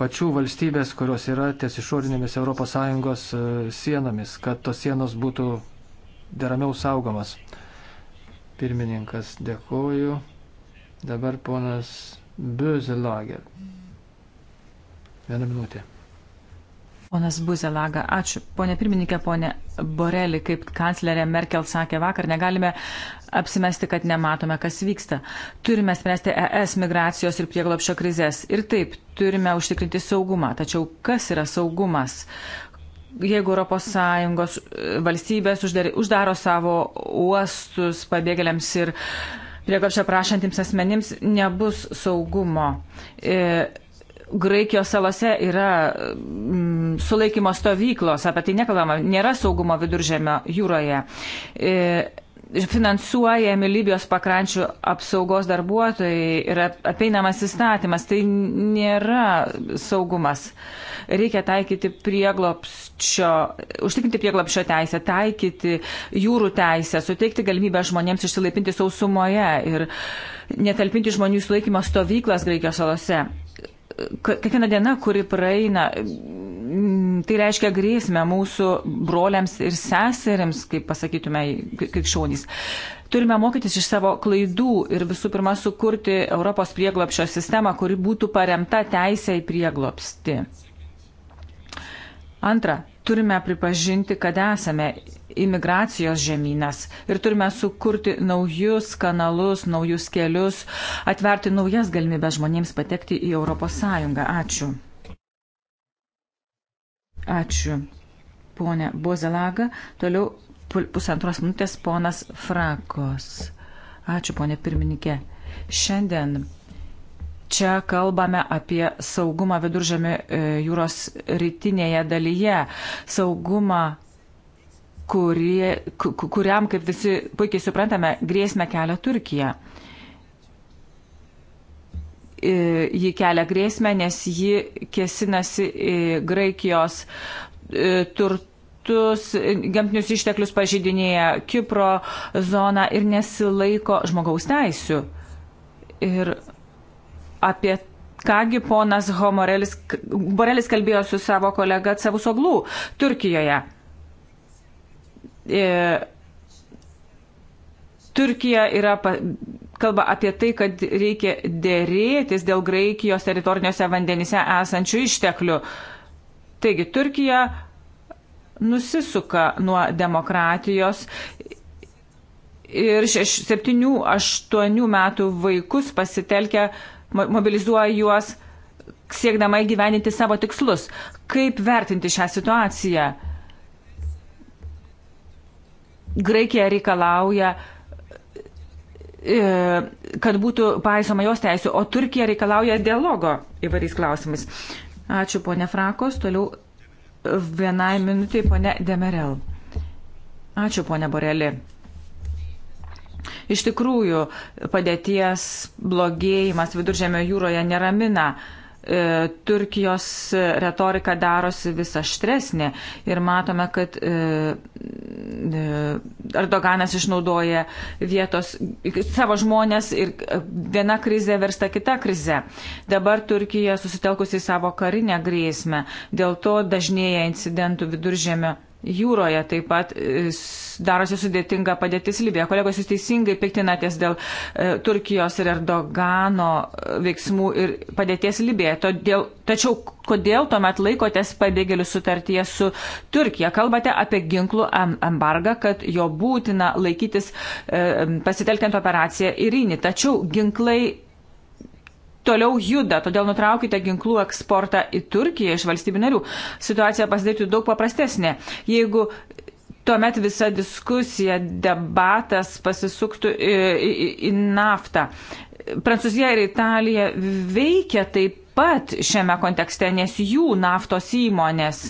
pačių valstybės, kurios yra ties išorinėmis ES e, sienomis, kad tos sienos būtų deramiau saugomas. Pirmininkas, dėkoju. Dabar ponas Buzelager. Vieną minutę. Ponas Buzelaga, ačiū. Pone pirmininkė, pone Borelį, kaip kanclerė Merkel sakė vakar, negalime apsimesti, kad nematome, kas vyksta. Turime spręsti ES migracijos ir prieglopšio krizės. Ir taip, turime užtikrinti saugumą. Tačiau kas yra saugumas? Jeigu ES e, valstybės uždaro savo uostus pabėgėliams ir prieglopšio prašantims asmenims, nebus saugumo. E, Graikijos salose yra mm, sulaikymo stovyklos, apie tai nekalbama, nėra saugumo viduržėmio jūroje. E, finansuojami Libijos pakrančių apsaugos darbuotojai ir apeinamas įstatymas. Tai nėra saugumas. Reikia taikyti prieglopščio, užtikrinti prieglopščio teisę, taikyti jūrų teisę, suteikti galimybę žmonėms išsilaipinti sausumoje ir netalpinti žmonių sulaikymo stovyklas Graikijos salose kiekviena diena, kuri praeina, mm, tai reiškia grėsmę mūsų broliams ir seserims, kaip pasakytume, krikščionys. Turime mokytis iš savo klaidų ir visų pirma sukurti Europos prieglopščio sistemą, kuri būtų paremta teisė į prieglopsti. Antra, turime pripažinti, kad esame imigracijos žemynas ir turime sukurti naujus kanalus, naujus kelius, atverti naujas galimybės žmonėms patekti į ES. Ačiū. Ačiū, ponė Bozelaga. Toliau pusantros minutės ponas Frakos. Ačiū, ponė pirmininkė. Šiandien čia kalbame apie saugumą viduržėmio e, jūros rytinėje dalyje, saugumą kurie, kuriam, kaip visi puikiai suprantame, grėsmę kelia Turkija. E, ji kelia grėsmę, nes ji kėsinasi į Graikijos e, turtus, gamtinius išteklius pažydinėja Kipro zoną ir nesilaiko žmogaus teisių. Ir apie kągi ponas Homorelis Borelis kalbėjo su savo kolega Cavusoglų Turkijoje E, Turkija yra, kalba apie tai, kad reikia dėrėtis dėl Graikijos teritoriniuose vandenyse esančių išteklių. Taigi, Turkija nusisuka nuo demokratijos ir 7-8 metų vaikus pasitelkia, mobilizuoja juos siekdama įgyveninti savo tikslus. Kaip vertinti šią situaciją? Graikija reikalauja e, kad būtų paisoma jos teisų, o Turkija reikalauja dialogo įvairiais klausimais. Ačiū, ponė Frakos. Toliau vienai minutiai, ponė Demerel. Ačiū, ponė Borelė. Iš tikrųjų, padėties blogėjimas viduržėmio jūroje neramina. Uh, E, Turkijos retorika darosi vis aštresnė ir matome, kad e, e, Erdoganas išnaudoja vietos savo žmonės ir viena krizė versta kita krize. Dabar Turkija susitelkusi į savo karinę grėsmę, dėl to dažnėja incidentų viduržėmio jūroje taip pat e, darosi sudėtinga padėtis Libijoje. Kolegos, jūs teisingai piktinatės dėl e, Turkijos ir Erdogano e, veiksmų ir padėties Libijoje. Todėl, tačiau kodėl tuomet laikotės pabėgėlių sutartyje su Turkija? Kalbate apie ginklų embargą, kad jo būtina laikytis e, pasitelkiant operaciją Irinį. Tačiau ginklai toliau juda, todėl nutraukite ginklų eksportą į Turkiją iš valstybių narių. Situacija pasidarytų daug paprastesnė. Jeigu tuomet visa diskusija, debatas pasisuktų į, į, į naftą. Prancūzija ir Italija veikia taip pat šiame kontekste, nes jų naftos įmonės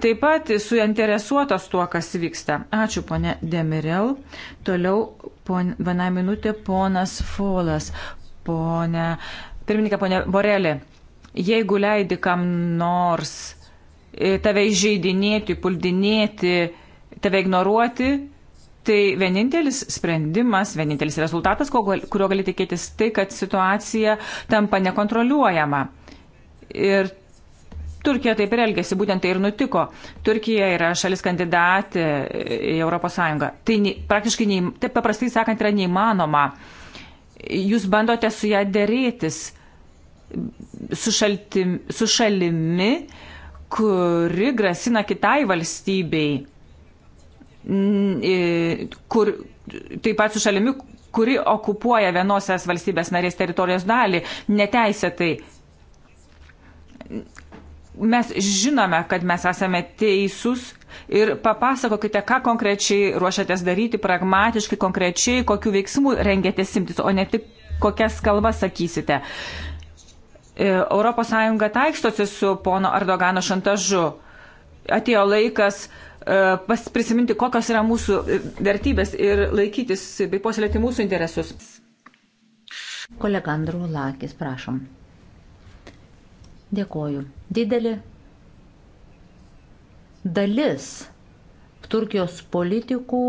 taip pat suinteresuotos tuo, kas vyksta. Ačiū, ponė Demirel. Toliau, pon, viena minutė, ponas Folas. Pone Pirmininkė, ponė Borelė, jeigu leidi kam nors e, tave įžeidinėti, puldinėti, tave ignoruoti, tai vienintelis sprendimas, vienintelis rezultatas, kurio gali tikėtis, tai, kad situacija tampa nekontroliuojama. Ir Turkija taip ir elgėsi, būtent tai ir nutiko. Turkija yra šalis kandidatė į ES. Tai ne, praktiškai, ne, taip paprastai sakant, yra neįmanoma. Jūs bandote su ją dėrėtis su, šaltim, su šalimi, kuri grasina kitai valstybei, kur, taip pat su šalimi, kuri okupuoja vienosios valstybės narės teritorijos dalį neteisėtai. Mes žinome, kad mes esame teisūs ir papasakokite, ką konkrečiai ruošiatės daryti, pragmatiškai, konkrečiai, kokiu veiksmu rengėtės simtis, o ne tik kokias kalbas sakysite. Uh, ES taikstosi su pono Erdogano šantažu. Atėjo laikas e, pas, prisiminti, kokios yra mūsų e, vertybės ir laikytis bei puoselėti mūsų interesus. Kolega Andrų Lakis, prašom. Dėkoju. Didelė dalis Turkijos politikų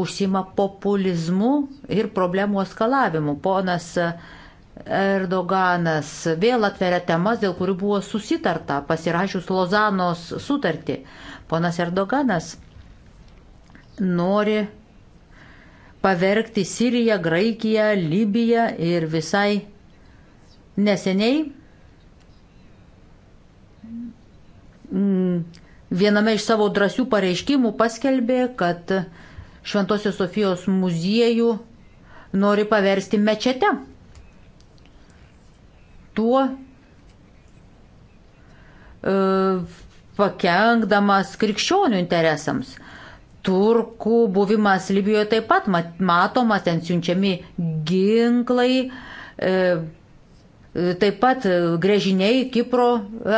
užsima populizmu ir problemų eskalavimu. Ponas uh, Erdoganas vėl atveria temas, dėl kurių buvo susitarta pasirašius Lozanos sutartį. Ponas Erdoganas nori pavergti Siriją, Graikiją, Libiją ir visai neseniai mm, viename iš savo drąsių pareiškimų paskelbė, kad Šventosios Sofijos muziejų nori paversti mečete tuo e, pakengdamas krikščionių interesams. Turkų buvimas Libijoje taip pat matomas, ten siunčiami ginklai, e, e, taip pat grėžiniai Kipro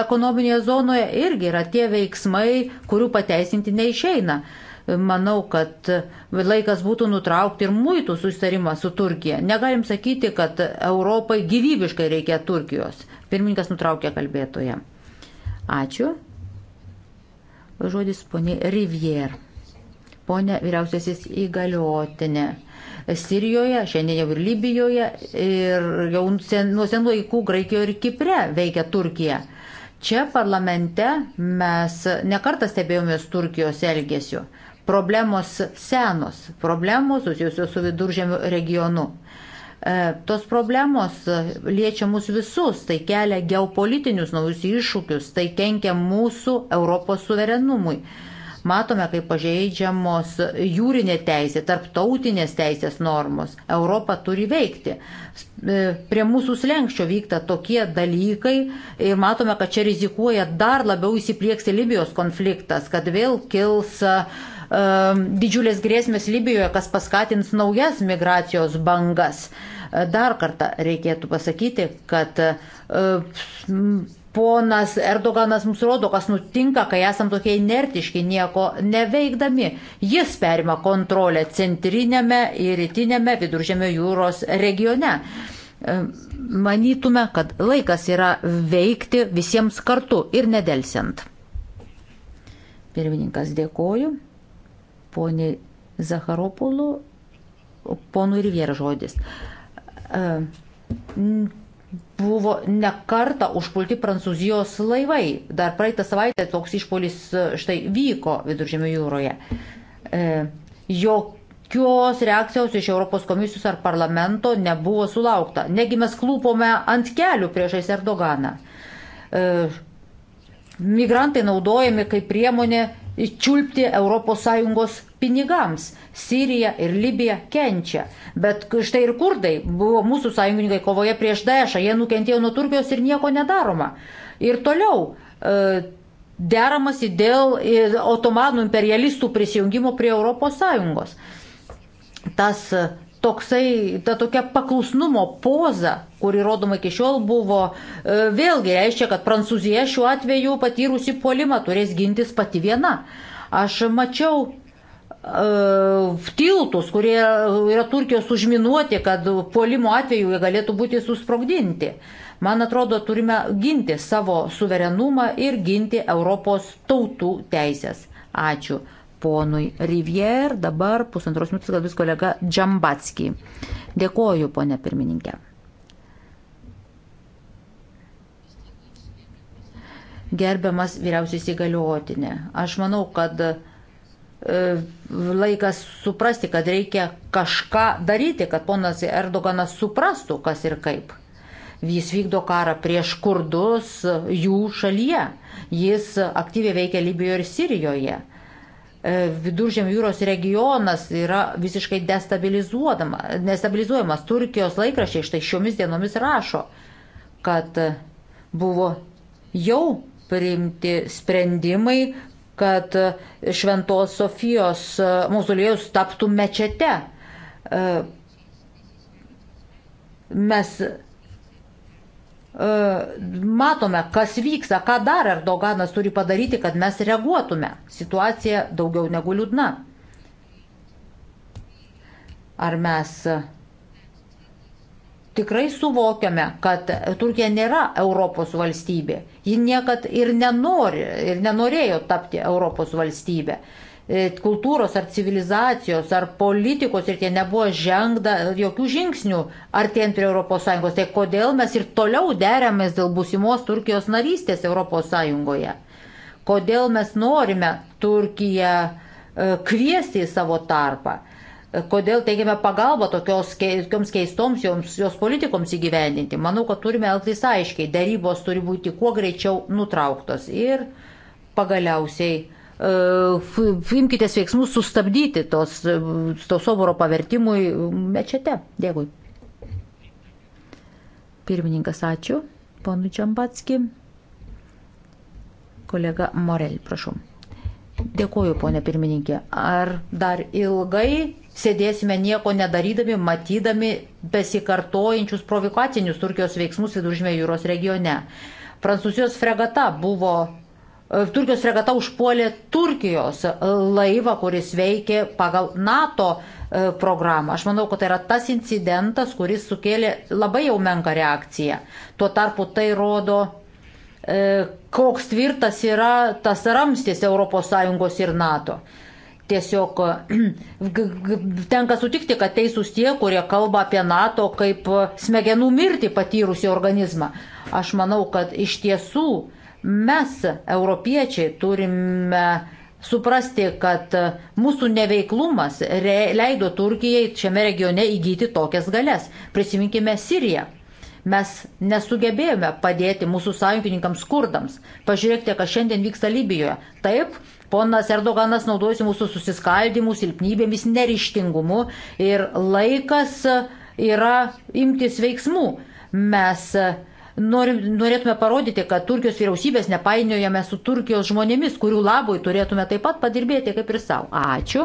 ekonominėje zonoje irgi yra tie veiksmai, kurių pateisinti neišeina manau, kad laikas būtų nutraukti ir muitų susitarimą su Turkija. Negalim sakyti, kad Europai gyvybiškai reikia Turkijos. Pirmininkas nutraukė kalbėtoje. Ačiū. Žodis ponė Rivier. Pone vyriausiasis įgaliotinė. Sirijoje, šiandien jau ir Libijoje, ir jau nuo senų laikų Graikijoje ir Kipre veikia Turkija. Čia parlamente mes nekartą stebėjomės Turkijos elgesiu. Problemos senos, problemos susijusios su viduržėmiu regionu. E, tos problemos e, liečia mus visus, tai kelia geopolitinius naujus iššūkius, tai kenkia mūsų Europos suverenumui matome, kaip pažeidžiamos jūrinė teisė, tarptautinės teisės normos. Europa turi veikti. E, prie mūsų slengščio vyksta tokie dalykai ir matome, kad čia rizikuoja dar labiau įsiplieksti Libijos konfliktas, kad vėl kils Ehm, didžiulės grėsmės Libijoje, kas paskatins naujas migracijos bangas. E, dar kartą reikėtų pasakyti, kad e, ponas Erdoganas mums rodo, kas nutinka, kai esam tokie inertiški, nieko neveikdami. Jis perima kontrolę centrinėme ir rytinėme viduržėmio jūros regione. E, manytume, kad laikas yra veikti visiems kartu ir nedelsiant. Pirmininkas dėkoju poniai Zaharopulų, ponų ir vėra žodis. E, buvo nekarta užpulti prancūzijos laivai. Dar praeitą savaitę toks išpolis e, štai vyko viduržėmio jūroje. E, jokios reakcijos iš Europos komisijos ar parlamento nebuvo sulaukta. Negi mes klūpome ant kelių priešais Erdoganą. Migrantai naudojami kaip priemonė čiulpti ES pinigams. Sirija ir Libija kenčia. Bet štai ir kurdai buvo mūsų sąjungininkai kovoje prieš Daešą, jie nukentėjo nuo Turkijos ir nieko nedaroma. Ir toliau e, deramasi dėl e, otomanų imperialistų prisijungimo prie ES. Tas toksai, ta tokia paklusnumo poza, kuri rodoma iki šiol buvo, e, vėlgi reiškia, kad Prancūzija šiuo atveju patyrusi polimą turės gintis pati viena. Aš mačiau e, tiltus, kurie yra Turkijos užminuoti, kad puolimo atveju jie galėtų būti susprogdinti. Man atrodo, turime ginti savo suverenumą ir ginti Europos tautų teisės. Ačiū ponui Rivier, dabar pusantros minutės kalbės kolega Džambatski. Dėkoju, ponė pirmininkė. Gerbiamas vyriausiais įgaliotinė, aš manau, kad e, laikas suprasti, kad reikia kažką daryti, kad ponas Erdoganas suprastų, kas ir kaip. Jis vykdo karą prieš kurdus jų šalyje. Jis aktyviai veikia Libijoje ir Sirijoje. E, viduržėmio jūros regionas yra visiškai destabilizuojamas. Turkijos laikrašiai štai šiomis dienomis rašo, kad buvo jau priimti sprendimai, kad Šventos Sofijos e, mausolėjus taptų mečete. E, mes E, matome, kas vyksta, ką dar Erdoganas turi padaryti, kad mes reaguotume. Situacija daugiau negu liūdna. Ar mes tikrai suvokiame, kad Turkija nėra Europos valstybė. Ji niekad ir nenori, ir nenorėjo tapti Europos valstybė. E, kultūros ar civilizacijos ar politikos ir tie nebuvo žengda jokių žingsnių artėjant prie ES, tai kodėl mes ir toliau deriamės dėl būsimos Turkijos narystės ES? Kodėl mes norime Turkiją e, kviesti į savo tarpą? E, kodėl teikiame pagalbą tokioms keistoms joms, jos politikoms įgyvendinti? Manau, kad turime elgtis aiškiai. Darybos turi būti kuo greičiau nutrauktos. Ir pagaliausiai imkite veiksmus sustabdyti tos, tos oboro pavertimui mečete. Dėkui. Pirmininkas, ačiū. Ponu Čiambatski. Kolega Morel, prašau. Dėkuoju, ponė pirmininkė. Ar dar ilgai sėdėsime nieko nedarydami, matydami besikartojančius provokacinius Turkijos veiksmus viduržmė jūros regione? Prancūzijos fregata buvo E, Turkijos regata užpuolė Turkijos laivą, kuris veikė pagal NATO e, programą. Aš manau, kad tai yra tas incidentas, kuris sukėlė labai jau menką reakciją. Tuo tarpu tai rodo, e, koks tvirtas yra tas ramstis ES ir NATO. Tiesiog tenka sutikti, kad teisūs tie, kurie kalba apie NATO kaip smegenų mirtį patyrusį organizmą. Aš manau, kad iš tiesų Mes, europiečiai, turime suprasti, kad mūsų neveiklumas leido Turkijai šiame regione įgyti tokias galės. Prisiminkime Siriją. Mes nesugebėjome padėti mūsų sąjungininkams kurdams. Pažiūrėkite, kas šiandien vyksta Libijoje. Taip, ponas Erdoganas naudojasi mūsų susiskaldimu, silpnybėmis, nerištingumu ir laikas yra imtis veiksmų. Mes uh, Norim, norėtume parodyti, kad Turkijos vyriausybės nepainiojame su Turkijos žmonėmis, kurių labui turėtume taip pat padirbėti kaip ir savo. Ačiū.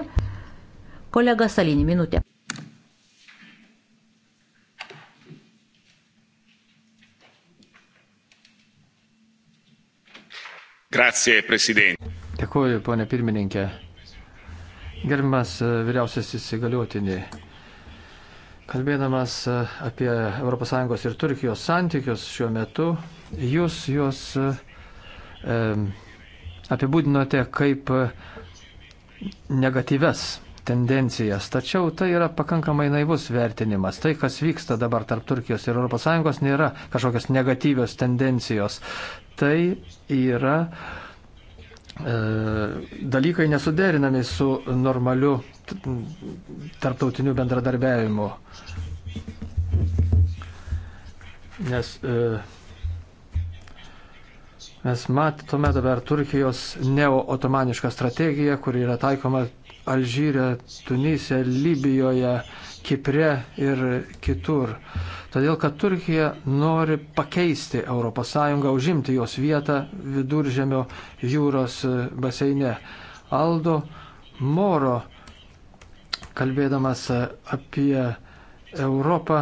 Kolega Salinį, minutė. Grazie, prezidentė. Dėkuoju, ponė pirmininkė. Gerbimas e, vyriausiasis įsigaliotinė. Kalbėdamas e, apie ES ir Turkijos santykius šiuo metu, jūs juos e, apibūdinote kaip e, negatyves tendencijas, tačiau tai yra pakankamai naivus vertinimas. Tai, kas vyksta dabar tarp Turkijos ir ES, nėra kažkokios negatyvios tendencijos. Tai yra E, dalykai nesuderinami su normaliu tarptautiniu bendradarbiavimu. Nes e, mes matome dabar Turkijos neo-otomanišką strategiją, kuri yra taikoma Alžyre, Tunise, Libijoje, Kipre ir kitur. Todėl, kad Turkija nori pakeisti ES, užimti jos vietą viduržemio jūros baseine. Aldo Moro, kalbėdamas apie Europą,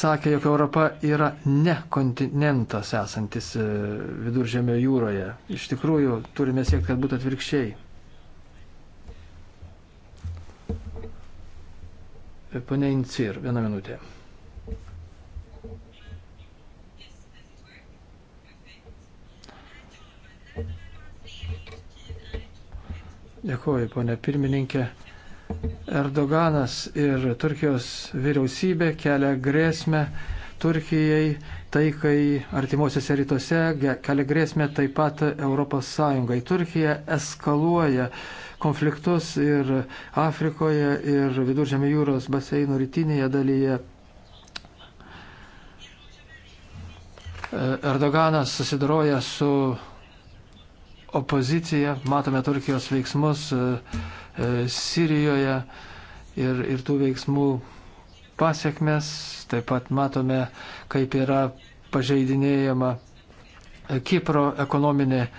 sakė, jog Europa yra ne kontinentas esantis viduržėmio jūroje. Iš tikrųjų, turime siekti, kad būtų atvirkščiai. Pone Incir, vieną minutę. Dėkuoju, ponė pirmininkė. Erdoganas ir Turkijos vyriausybė kelia grėsmę Turkijai, taikai artimuosiuose rytuose, kelia grėsmę taip pat ES. Turkija eskaluoja konfliktus ir Afrikoje, ir Viduržėmio jūros baseino rytinėje dalyje. Erdoganas susidaroja su opozicija, matome Turkijos veiksmus e, e, Sirijoje ir, ir tų veiksmų pasiekmes, taip pat matome, kaip yra pažeidinėjama Kipro ekonominė e,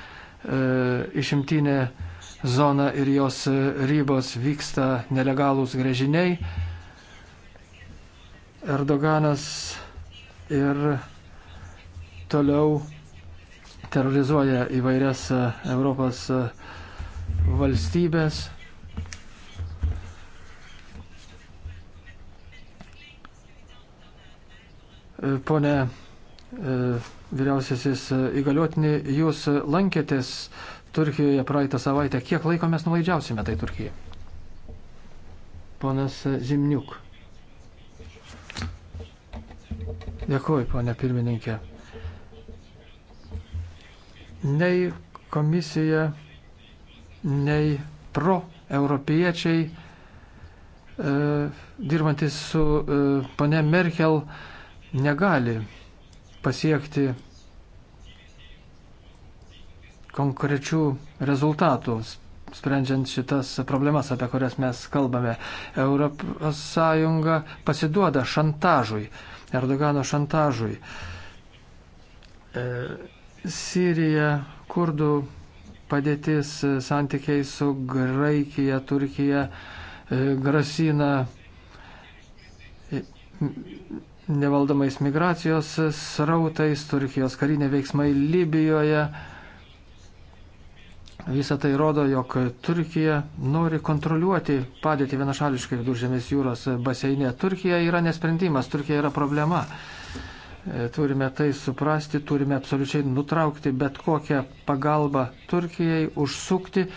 išimtinė zoną ir jos ribos vyksta nelegalūs grėžiniai. Erdoganas ir toliau terrorizuoja įvairias e, Europos e, valstybės. E, pone vyriausiasis įgaliotinį, jūs lankėtės Turkijoje praeitą savaitę. Kiek laiko mes nulaidžiausime tai Turkijai? Ponas Zimniuk. Dėkuoju, ponė pirmininkė. Nei komisija, nei pro-europiečiai e, dirbantis su e, ponė Merkel negali pasiekti konkrečių rezultatų, sprendžiant šitas problemas, apie kurias mes kalbame. ES pasiduoda šantažui, Erdogano šantažui. E, Sirija, kurdų padėtis santykiai su Graikija, Turkija e, grasina nevaldomais migracijos srautais, Turkijos kariniai veiksmai Libijoje Visą tai rodo, jog Turkija nori kontroliuoti padėtį vienašališkai viduržėmės jūros baseine. Turkija yra nesprendimas, Turkija yra problema. E, turime tai suprasti, turime absoliučiai nutraukti bet kokią pagalbą Turkijai, užsukti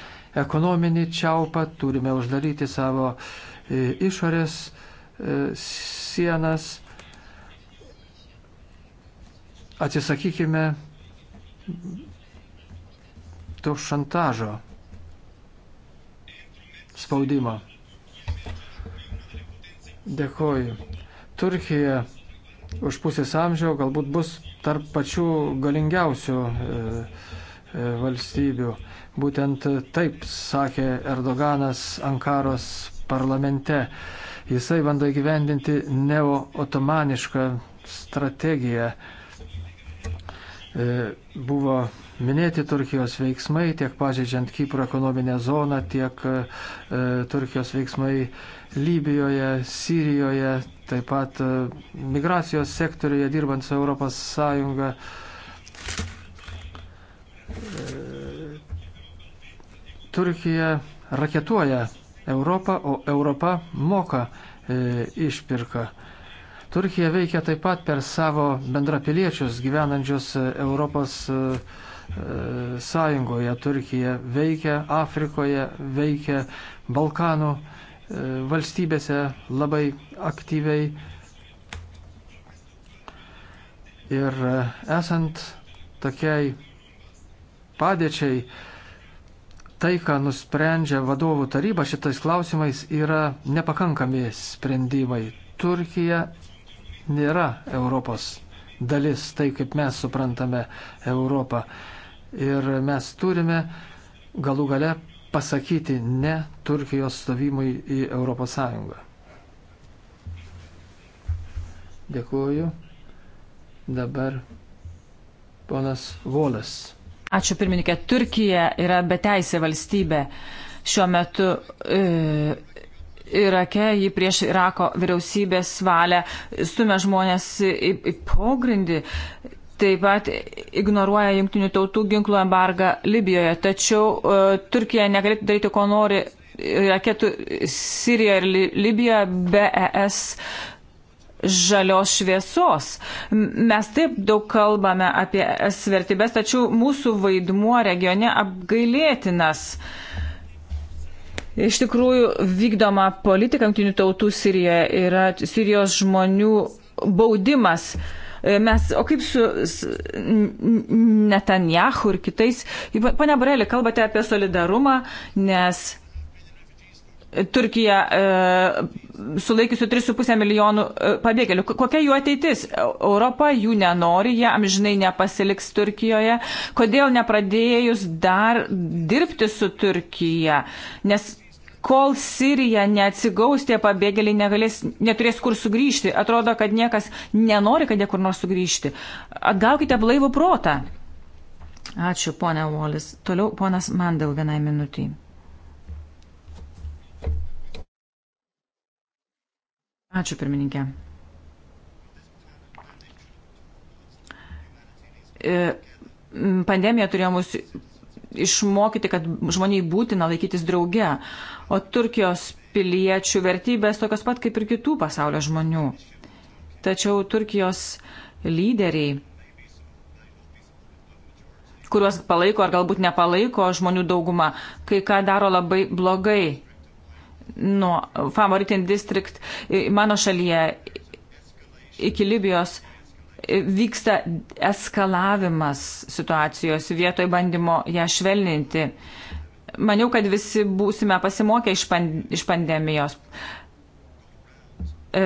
ekonominį čiaupą, turime uždaryti savo e, išorės e, sienas. Atsisakykime to šantažo, spaudimo. Dėkoju. Turkija už pusės amžiaus galbūt bus tarp pačių galingiausių e, e, valstybių. Būtent taip sakė Erdoganas Ankaros parlamente. Jisai bando įgyvendinti neo-otomanišką strategiją. E, buvo Minėti Turkijos veiksmai, tiek pažeidžiant Kipro ekonominę zoną, tiek e, Turkijos veiksmai Libijoje, Sirijoje, taip pat e, migracijos sektoriuje dirbant su Europos Sąjunga. E, Turkija raketuoja Europą, o Europa moka e, išpirką. Turkija veikia taip pat per savo bendrapiliečius gyvenančius e, Europos e, sąjungoje. Turkija veikia Afrikoje, veikia Balkanų e, valstybėse labai aktyviai. Ir e, esant tokiai padėčiai, tai, ką nusprendžia vadovų taryba šitais klausimais, yra nepakankami sprendimai. Turkija nėra Europos dalis, tai kaip mes suprantame Europą ir mes turime galų gale pasakyti ne Turkijos stovimui į ES. Dėkuoju. Dabar ponas Volas. Ačiū pirmininkė. Turkija yra beteisė valstybė. Šiuo metu e, Irake jį prieš Irako vyriausybės valią stumia žmonės į, į pogrindį taip pat ignoruoja jungtinių tautų ginklų embargą Libijoje. Tačiau uh, Turkija negalėtų daryti, ko nori e, raketų Sirijoje ir Li Libijoje be ES žalios šviesos. Mes taip daug kalbame apie ES vertybės, tačiau mūsų vaidmuo regione apgailėtinas. Iš tikrųjų, vykdoma politika jungtinių tautų Sirijoje yra Sirijos žmonių baudimas. Uh, E, mes, o kaip su Netanjahu ir kitais? Pane Borelį, kalbate apie solidarumą, nes Turkija e, sulaikiusių 3,5 milijonų e, pabėgėlių. Kokia jų ateitis? E, Europa jų nenori, jie amžinai nepasiliks Turkijoje. Kodėl nepradėjus dar dirbti su Turkija? Nes kol Sirija neatsigaus, tie pabėgėliai negalės, neturės kur sugrįžti. Atrodo, kad niekas nenori, kad jie kur nors sugrįžti. Atgaukite blaivų protą. Ačiū, ponia Volis. Toliau ponas Mandel vienai minutiai. Ačiū, pirmininkė. E, pandemija turėjo mus išmokyti, kad žmoniai būtina laikytis drauge. Uh, o Turkijos piliečių vertybės tokios pat kaip ir kitų pasaulio žmonių. Tačiau Turkijos lyderiai, kuriuos palaiko ar galbūt nepalaiko žmonių dauguma, kai ką daro labai blogai. Nuo Favoritin District mano šalyje iki Libijos vyksta eskalavimas situacijos vietoj bandymo ją švelninti. Maniau, kad visi būsime pasimokę iš, pand iš pandemijos. E,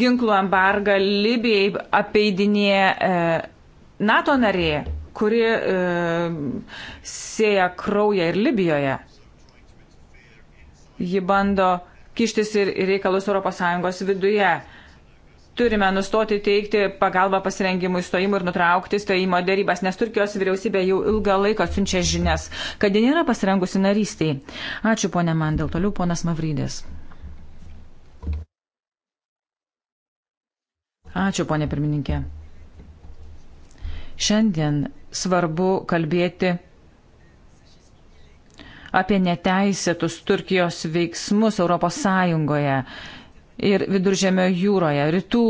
ginklų embargą Libijai apeidinė e, NATO narė, kuri e, sėja kraują ir Libijoje. Ji bando kištis ir reikalus ES viduje. E, turime nustoti teikti pagalbą pasirengimui stojimui ir nutraukti stojimo dėrybas, nes Turkijos vyriausybė jau ilgą laiką siunčia žinias, kad ji nėra pasirengusi narystiai. Ačiū ponė Mandel, toliau ponas Mavrydės. Ačiū ponė pirmininkė. Šiandien svarbu kalbėti apie neteisėtus Turkijos veiksmus Europos Sąjungoje ir viduržėmio jūroje, rytų,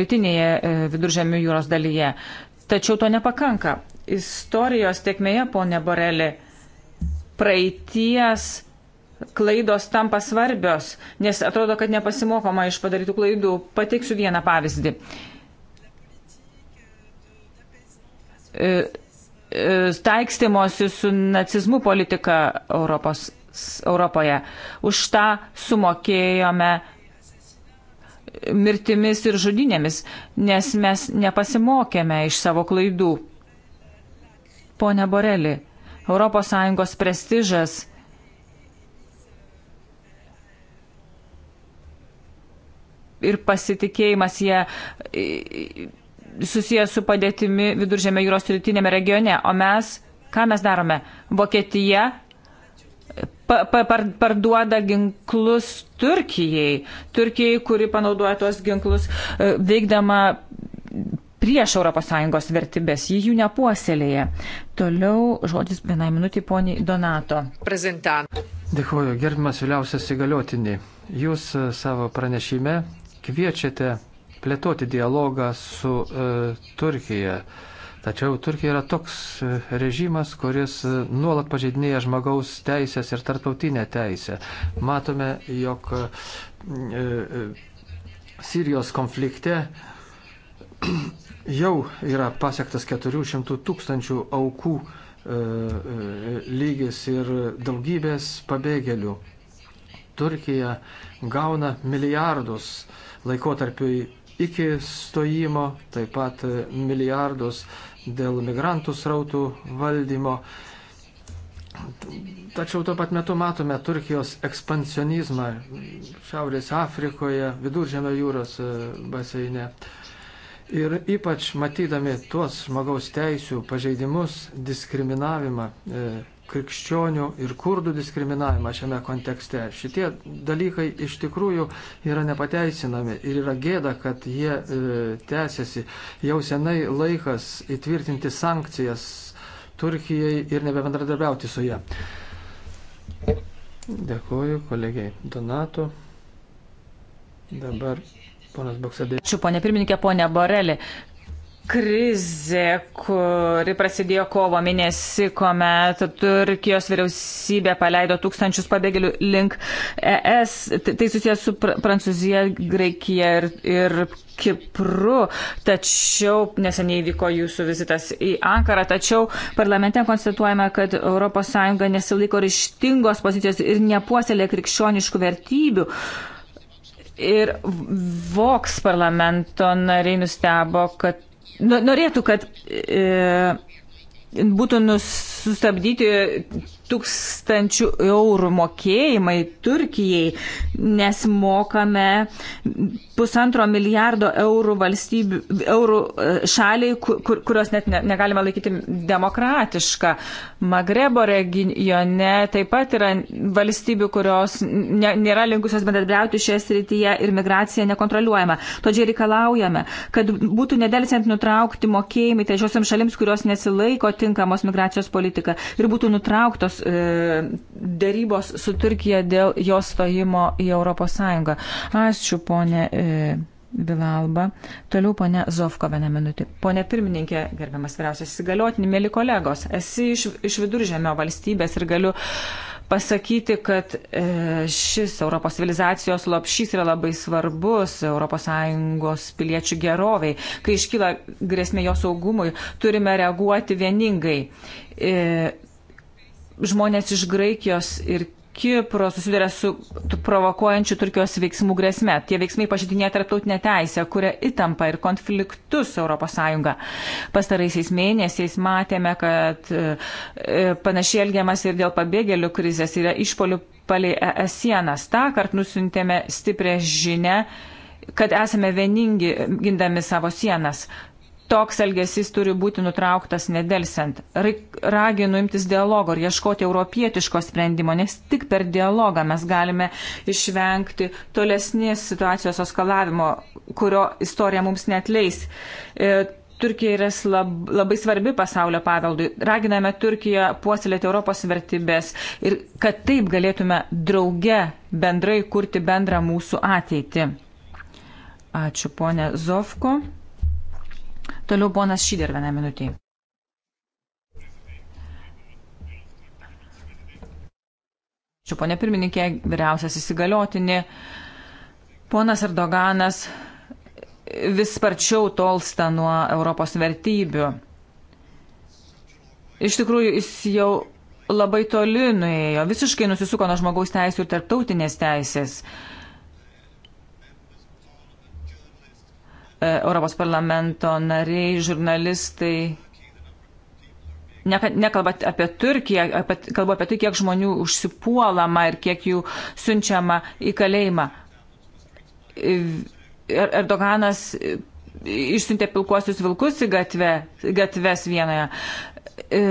rytinėje e, viduržėmio jūros dalyje. Tačiau to nepakanka. Istorijos tiekmėje, ponė Borelė, praeities klaidos tampa svarbios, nes atrodo, kad nepasimokoma iš padarytų klaidų. Pateiksiu vieną pavyzdį. E, e, taikstymosi su nacizmu politika Europos, Europoje. Už tą sumokėjome mirtimis ir žudinėmis, nes mes nepasimokėme iš savo klaidų. Pone Boreli, ES prestižas ir pasitikėjimas jie susijęs su padėtimi viduržėme jūros rytinėme regione, o mes, ką mes darome? Vokietija pa, pa, par, parduoda ginklus Turkijai. Turkijai, kuri panaudoja tuos ginklus e, veikdama prieš ES vertybės, ji jų nepuoselėja. Toliau žodis vienai minutį poniai Donato. Prezentant. Dėkuoju, gerbimas vyliausias įgaliotinį. Jūs e, savo pranešime kviečiate plėtoti dialogą su e, Turkija. E, Tačiau Turkija yra toks e, režimas, kuris e, nuolat pažeidinėja žmogaus teisės ir tartautinę teisę. Matome, jog e, Sirijos konflikte jau yra pasiektas 400 tūkstančių aukų lygis ir daugybės pabėgėlių. Turkija gauna milijardus laikotarpiui iki stojimo, taip pat milijardus dėl migrantų srautų valdymo. Tačiau tuo pat metu matome Turkijos ekspansionizmą Šiaurės Afrikoje, Viduržėmio jūros e, baseine. Ir ypač matydami tuos žmogaus teisų pažeidimus, diskriminavimą e, krikščionių ir kurdų diskriminavimą šiame kontekste. Šitie dalykai iš tikrųjų yra nepateisinami ir yra gėda, kad jie e, tęsiasi. Jau senai laikas įtvirtinti sankcijas Turkijai ir nebebendradarbiauti su ją. Dėkuoju kolegiai Donato. Dabar ponas Boksadė. Ačiū, ponė pirmininkė, ponė Borelė krizė, kuri prasidėjo kovo mėnesį, kuomet Turkijos vyriausybė paleido tūkstančius pabėgėlių link ES. Tai, tai susijęs su Prancūzija, Graikija ir, ir Kipru. Tačiau neseniai vyko jūsų vizitas į Ankarą. Tačiau parlamente konstatuojame, kad ES nesilaiko ryštingos pozicijos ir nepuoselė krikščioniškų vertybių. Ir Vox parlamento nariai nustebo, kad norėtų, kad e, būtų sustabdyti tūkstančių eurų mokėjimai Turkijai, nes mokame pusantro milijardo eurų, valstybių, eurų e, šaliai, kur, kurios net ne, negalime laikyti demokratišką. Magrebo regione taip pat yra valstybių, kurios ne, nėra linkusios bendradarbiauti šioje srityje ir migracija nekontroliuojama. Todžiai reikalaujame, kad būtų nedelsiant nutraukti mokėjimai trečiosiam šalims, kurios nesilaiko tinkamos migracijos politiką ir būtų nutrauktos bus e, dėrybos su Turkija dėl jos stojimo į ES. Ačiū, ponė. E, Bilalba. Toliau ponė Zovko vieną minutį. Pone pirmininkė, gerbiamas vyriausias įsigaliotinį, mėly kolegos, esi iš, iš viduržėmio valstybės ir galiu pasakyti, kad e, šis Europos civilizacijos lopšys yra labai svarbus ES piliečių geroviai. Kai iškyla grėsmė jo saugumui, turime reaguoti vieningai. E, žmonės iš Graikijos ir Kipro susiduria su provokuojančiu Turkijos veiksmų grėsme. Tie veiksmai pažydinėja tarptautinę teisę, kuria įtampa ir konfliktus ES. Pastaraisiais mėnesiais matėme, kad e, e, panašiai elgiamas ir dėl pabėgėlių krizės yra išpolių palei ES e sienas. Ta kart nusintėme stiprią žinę kad esame vieningi gindami savo sienas toks elgesys turi būti nutrauktas nedelsiant. Raginu imtis dialogo ir ieškoti europietiško sprendimo, nes tik per dialogą mes galime išvengti tolesnės situacijos oskalavimo, kurio istorija mums net leis. E, Turkija yra slab, labai svarbi pasaulio paveldui. Raginame Turkiją puoselėti Europos vertybės ir kad taip galėtume drauge bendrai kurti bendrą mūsų ateitį. Ačiū, ponė Zovko. Toliau ponas Šyder vieną minutį. Čia ponė pirmininkė, vyriausias įsigaliotinė. Ponas Erdoganas vis sparčiau tolsta nuo Europos vertybių. Iš tikrųjų, jis jau labai toli nuėjo, visiškai nusisuko nuo žmogaus teisų ir tarptautinės teisės. teisės E, Europos parlamento nariai, žurnalistai. Nekalba apie Turkiją, apie, kalba apie tai, kiek žmonių užsipuolama ir kiek jų siunčiama į kalėjimą. E, er, Erdoganas išsiuntė pilkuosius vilkus į gatvę, gatves vienoje. E,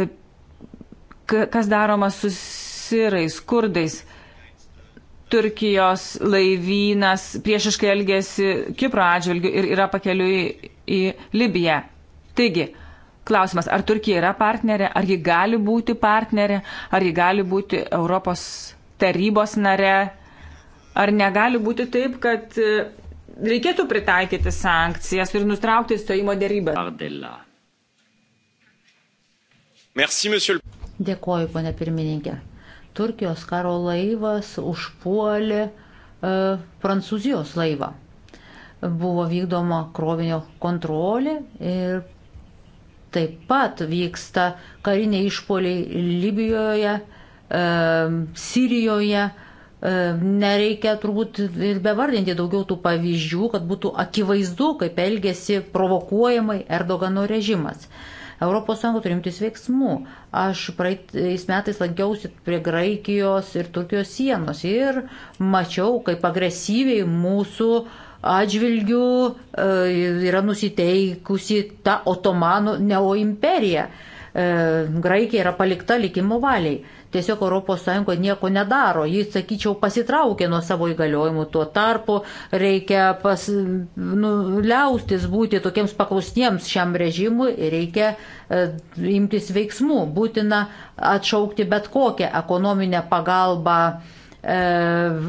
kas daroma su sirais, kurdais? Turkijos laivynas priešiškai elgėsi Kipro atžvilgiu ir yra pakeliui į Libiją. Taigi, klausimas, ar Turkija yra partnerė, ar ji gali būti partnerė, ar ji gali būti Europos tarybos nare, ar negali būti taip, kad e, reikėtų pritaikyti sankcijas ir nutraukti įstojimo dėrybą. Dėkuoju, ponė pirmininkė. Turkijos karo laivas užpuolė e, Prancūzijos laivą. Buvo vykdoma krovinio kontrolė ir taip pat vyksta kariniai išpoliai Libijoje, e, Sirijoje. E, nereikia turbūt ir bevardinti daugiau tų pavyzdžių, kad būtų akivaizdu, kaip elgesi provokuojamai Erdogano režimas. E, ES turimtis veiksmų. Aš praeitais metais lankiausi prie Graikijos ir Turkijos sienos ir mačiau, kaip agresyviai mūsų atžvilgių e, yra nusiteikusi ta otomanų neoimperija. E, Graikija yra palikta likimo valiai tiesiog ES nieko nedaro. Jis, sakyčiau, pasitraukė nuo savo įgaliojimų. Tuo tarpu reikia pas, nu, liaustis būti tokiems paklusniems šiam režimui ir reikia e, imtis veiksmų. Būtina atšaukti bet kokią ekonominę pagalbą. E,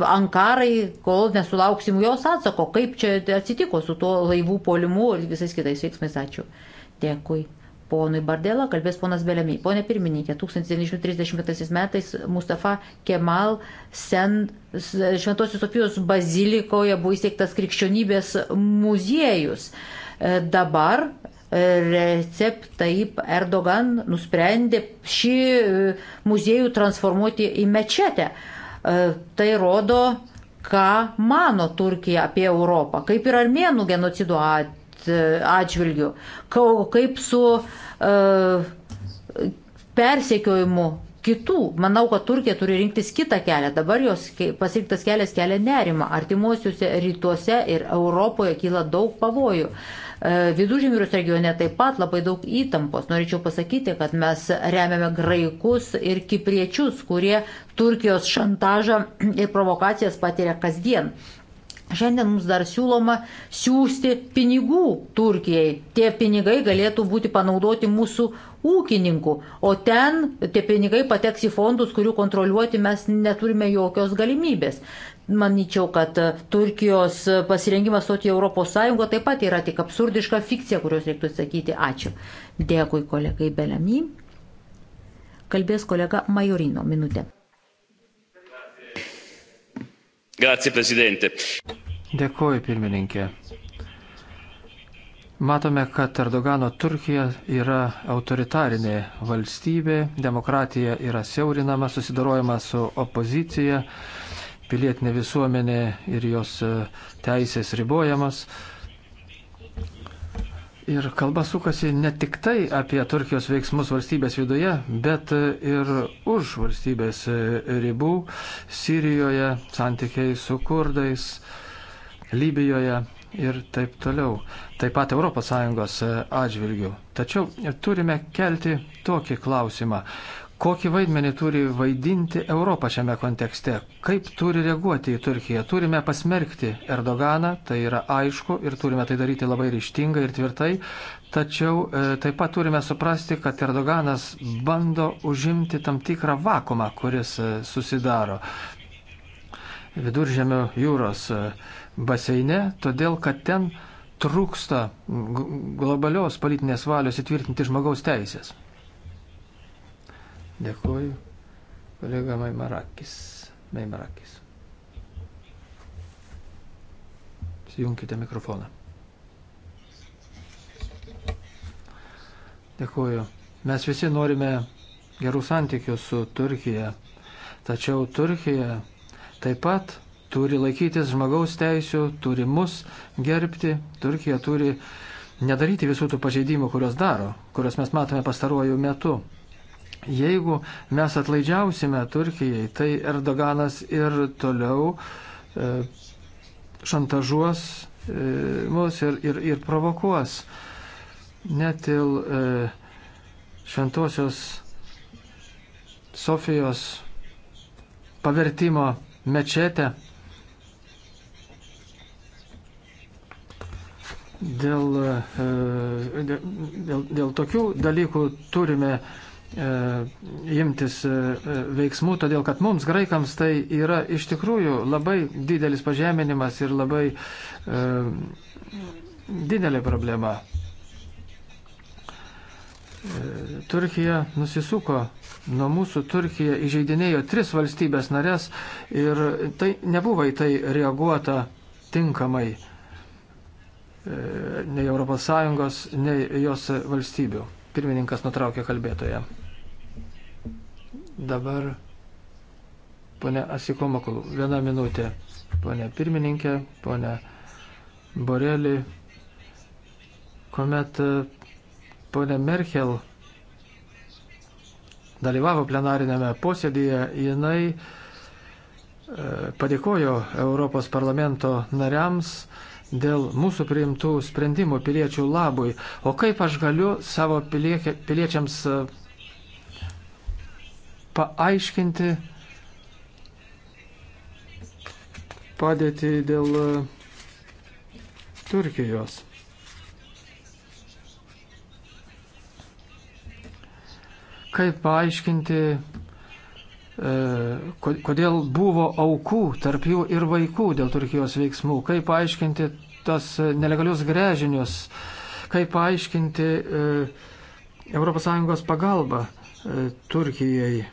Ankarai, kol nesulauksim jos atsako, kaip čia atsitiko su tuo laivų polimu ir visais kitais veiksmais. Ačiū. Dėkui ponui Bardela, kalbės ponas Belemi. Pone pirmininkė, 1935 metais Mustafa Kemal Sen Šventosios Sofijos bazilikoje buvo įsteigtas krikščionybės muziejus. E, dabar e, Recep Taip Erdogan nusprendė šį e, muziejų transformuoti į mečetę. Tai rodo, ką mano Turkija apie Europą, kaip ir armėnų genocido atveju E, atžvilgių, kaip su e, persekiojimu kitų. Manau, kad Turkija turi rinktis kitą kelią. Dabar jos pasirinktas kelias kelia nerima. Artimuosiuose rytuose ir Europoje kyla daug pavojų. E, Vidužymirius regione taip pat labai daug įtampos. Norėčiau pasakyti, kad mes remiame graikus ir kipriečius, kurie Turkijos šantažą ir provokacijas patiria kasdien. Šiandien mums dar siūloma siūsti pinigų Turkijai. Tie pinigai galėtų būti panaudoti mūsų ūkininkų, o ten tie pinigai pateks į fondus, kurių kontroliuoti mes neturime jokios galimybės. Manyčiau, kad Turkijos pasirengimas stoti į ES taip pat yra tik absurdiška fikcija, kurios reiktų sakyti ačiū. Dėkui kolegai Belemy. Kalbės kolega Majorino minutė. Grazie Presidente. Dėkuoju, pirmininkė. Matome, kad Erdogano Turkija yra autoritarinė valstybė, demokratija yra siaurinama, susidarojama su opozicija, pilietinė visuomenė ir jos e, teisės ribojamas. Ir kalba sukasi ne tik tai apie Turkijos veiksmus valstybės viduje, bet e, ir už valstybės e, ribų Sirijoje, santykiai su kurdais, uh, Libijoje ir taip toliau, taip pat ES atžvilgių. Tačiau turime kelti tokį klausimą. Kokį vaidmenį turi vaidinti Europą šiame kontekste? Kaip turi reaguoti į Turkiją? Turime pasmerkti Erdoganą, tai yra aišku, ir turime tai daryti labai ryštingai ir tvirtai, tačiau e, taip pat turime suprasti, kad Erdoganas bando užimti tam tikrą vakumą, kuris e, susidaro viduržėmio jūros. E, baseine, todėl kad ten trūksta globalios politinės valios įtvirtinti žmogaus teisės. Dėkuoju, kolega Maimarakis. Maimarakis. Įjunkite mikrofoną. Dėkuoju. Mes visi norime gerų santykių su Turkija. Tačiau Turkija taip pat turi laikytis žmogaus teisių, turi mus gerbti, Turkija turi nedaryti visų tų pažeidimų, kurios daro, kurios mes matome pastaruoju metu. Jeigu mes atlaidžiausime Turkijai, tai Erdoganas ir toliau e, šantažuos e, mus ir, ir, ir provokuos. Net il e, šventosios Sofijos pavertimo mečetę dėl, e, dėl, dėl tokių dalykų turime e, imtis e, e, veiksmų, todėl kad mums, graikams, tai yra iš tikrųjų labai didelis pažeminimas ir labai e, didelė problema. E, Turkija nusisuko nuo mūsų, Turkija įžeidinėjo tris valstybės narės ir tai nebuvo į tai reaguota tinkamai nei ES, nei jos valstybių. Pirmininkas nutraukė kalbėtoje. Dabar ponė Asikomakulų. Viena minutė. Pone pirmininkė, pone Borelį. Komet ponė Merkel dalyvavo plenarinėme posėdėje, jinai e, padėkojo Europos parlamento nariams, dėl mūsų priimtų sprendimų piliečių labui. O kaip aš galiu savo piliekė, piliečiams e, paaiškinti padėtį dėl e, Turkijos? Kaip paaiškinti E, kodėl buvo aukų, tarp jų ir vaikų dėl Turkijos veiksmų, kaip paaiškinti tas nelegalius grežinius, kaip paaiškinti ES pagalbą e, Turkijai.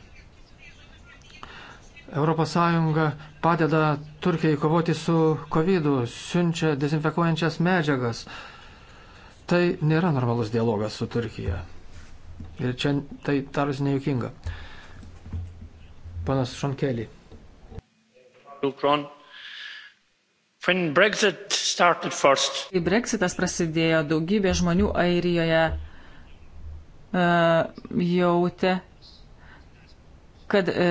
ES padeda Turkijai kovoti su COVID, siunčia dezinfekuojančias medžiagas. Tai nėra normalus dialogas su Turkija. Ir čia tai tarsi nejukinga. Panas Šonkelį. Brexit Kai Brexitas prasidėjo, daugybė žmonių Airijoje uh, jautė, kad uh,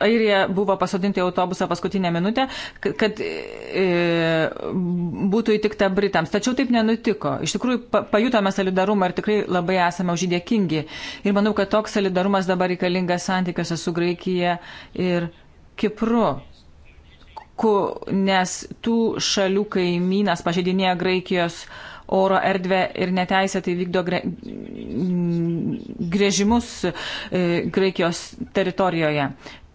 Airija buvo pasodinti autobusą paskutinę minutę, kad e, būtų įtikta Britams. Tačiau taip nenutiko. Iš tikrųjų, pa, pajutome solidarumą ir tikrai labai esame už jį dėkingi. Ir manau, kad toks solidarumas dabar reikalingas santykiuose su Graikija ir Kipru. Ku, nes tų šalių kaimynas pažeidinėja Graikijos oro erdvę ir neteisėtai vykdo gre, grėžimus e, Graikijos teritorijoje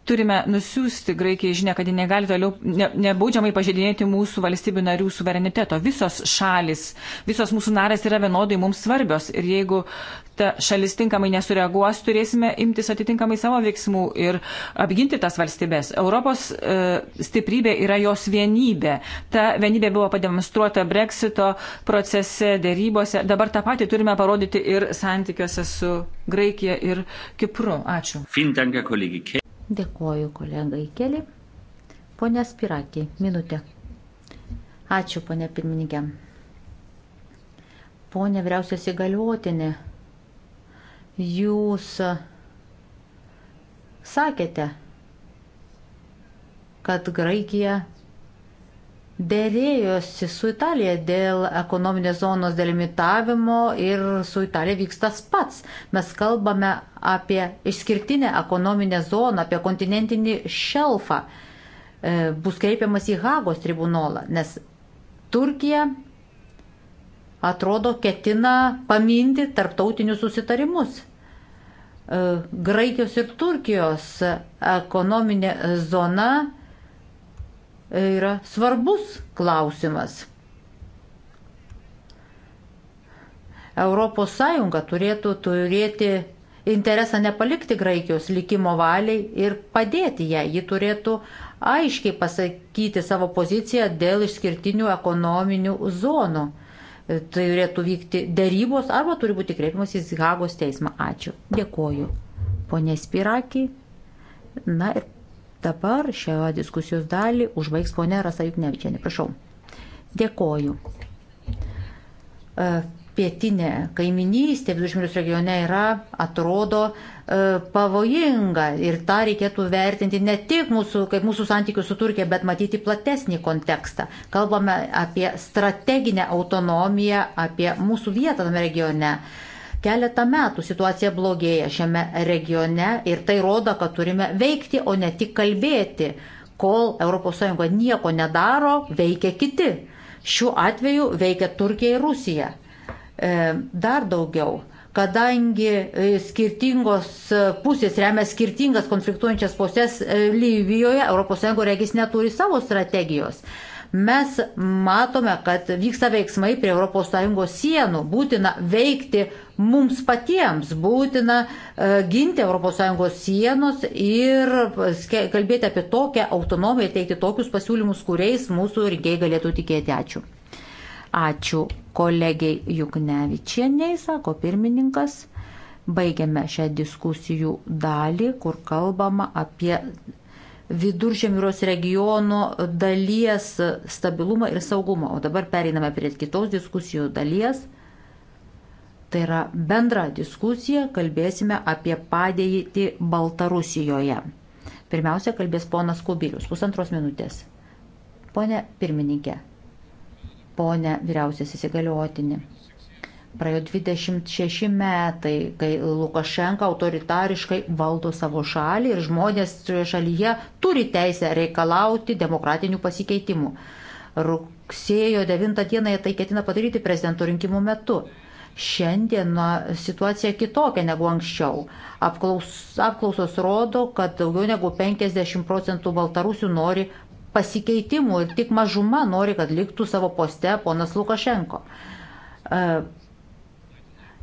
turime nusiųsti Graikijai žinę, kad ji negali toliau ne, nebaudžiamai pažeidinėti mūsų valstybių narių suvereniteto. Visos šalis, visos mūsų narės yra vienodai mums svarbios ir jeigu ta šalis tinkamai nesureaguos, turėsime imtis atitinkamai savo veiksmų ir apginti tas valstybės. Europos e, stiprybė yra jos vienybė. Ta vienybė buvo pademonstruota Brexito procese, dėrybose. Dabar tą patį turime parodyti ir santykiuose su Graikija ir Kipru. Ačiū. Fin, danke, Dėkoju kolegai Keli. Pone Spirakį, minutė. Ačiū, ponė pirmininkė. Pone vyriausias įgaliotinė, jūs sakėte, kad Graikija dėrėjosi su Italija dėl ekonominės zonos delimitavimo ir su Italija vyksta tas pats. Mes kalbame apie išskirtinę ekonominę zoną, apie kontinentinį šelfą. E, bus kreipiamas į Hagos tribunolą, nes Turkija atrodo ketina paminti tarptautinius susitarimus. E, Graikijos ir Turkijos ekonominė zona yra svarbus klausimas. ES turėtų turėti interesą nepalikti Graikijos likimo valiai ir padėti ją. Ji turėtų aiškiai pasakyti savo poziciją dėl išskirtinių ekonominių zonų. Tai turėtų vykti dėrybos arba turi būti kreipimas į Hagos teismą. Ačiū. Dėkoju. Pone Spirakiai. Na ir Dabar šią diskusijos dalį užbaigs ponė Rasa Juknevičianė. Prašau. Dėkoju. E, pietinė kaiminystė Vidužmirius regione yra, atrodo, e, pavojinga ir tą reikėtų vertinti ne tik mūsų, kaip mūsų santykių su Turkija, bet matyti platesnį kontekstą. Kalbame apie strateginę autonomiją, apie mūsų vietą tame regione. Keletą metų situacija blogėja šiame regione ir tai rodo, kad turime veikti, o ne tik kalbėti. Kol ES nieko nedaro, veikia kiti. Šiuo atveju veikia Turkija ir Rusija. E, dar daugiau kadangi e, skirtingos pusės remia skirtingas konfliktuojančias pusės e, Libijoje, ES regis neturi savo strategijos. Mes matome, kad vyksta veiksmai prie ES sienų. Būtina veikti mums patiems, būtina e, ginti ES sienos ir kalbėti apie tokią autonomiją, teikti tokius pasiūlymus, kuriais mūsų rinkėjai galėtų tikėti. Ačiū. Ačiū kolegiai Juknevičieniai, sako pirmininkas. Baigiame šią diskusijų dalį, kur kalbama apie viduržėmiros regiono dalies stabilumą ir saugumą. O dabar pereiname prie kitos diskusijų dalies. Tai yra bendra diskusija, kalbėsime apie padėtį Baltarusijoje. Pirmiausia, kalbės ponas Kubilius, pusantros minutės. Pone pirmininkė, pone vyriausias įsigaliotinė, Praėjo 26 metai, kai Lukašenka autoritariškai valdo savo šalį ir žmonės šioje šalyje turi teisę reikalauti demokratinių pasikeitimų. Rugsėjo 9 dieną jie tai ketina padaryti prezidentų rinkimų metu. Šiandien situacija kitokia negu anksčiau. Apklaus, apklausos rodo, kad daugiau negu 50 procentų baltarusių nori pasikeitimų ir tik mažuma nori, kad liktų savo poste ponas Lukašenko. Uh,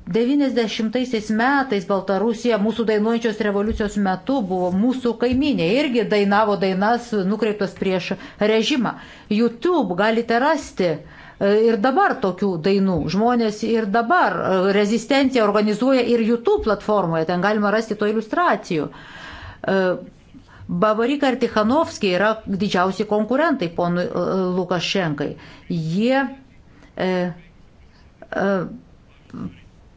90 metais Baltarusija mūsų dainuojančios revoliucijos metu buvo mūsų kaiminė, irgi dainavo dainas nukreiptos prieš režimą. YouTube galite rasti e, ir dabar tokių dainų. Žmonės ir dabar e, rezistenciją organizuoja ir YouTube platformoje, ten galima rasti to iliustracijų. E, Bavarika ir Tikhanovskiai yra didžiausi konkurentai ponui Lukašenkai. Jie e, e,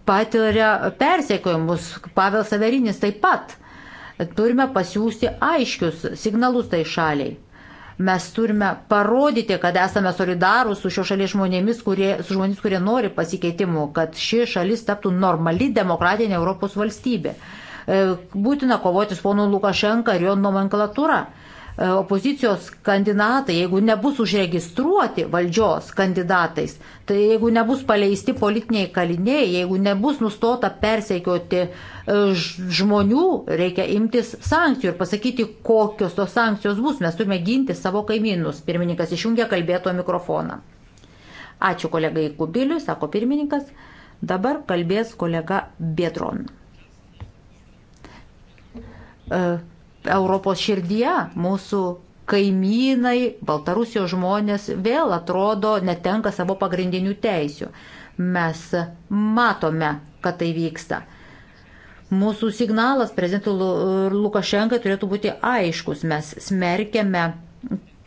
patiria persekiojimus. Pavel Severinis taip pat. Turime pasiūsti aiškius signalus tai šaliai. Mes turime parodyti, kad esame solidarūs su šio šalies žmonėmis, kurie, su žmonėmis, kurie nori pasikeitimų, kad ši šalis taptų normali demokratinė Europos valstybė. E, būtina kovoti su ponu Lukašenka ir jo nomenklatūra. E, opozicijos kandidatai, jeigu nebus užregistruoti valdžios kandidatais, tai jeigu nebus paleisti politiniai kaliniai, jeigu nebus nustota persiekioti e, žmonių, reikia imtis sankcijų ir pasakyti, kokios tos sankcijos bus. Mes turime ginti savo kaimynus. Pirmininkas išjungia kalbėto mikrofoną. Ačiū kolegai Kubiliui, sako pirmininkas. Dabar kalbės kolega Biedron. Uh Europos širdie mūsų kaimynai, Baltarusijos žmonės vėl atrodo netenka savo pagrindinių teisių. Mes matome, kad tai vyksta. Mūsų signalas prezidentui Lukašenkai turėtų būti aiškus. Mes smerkiame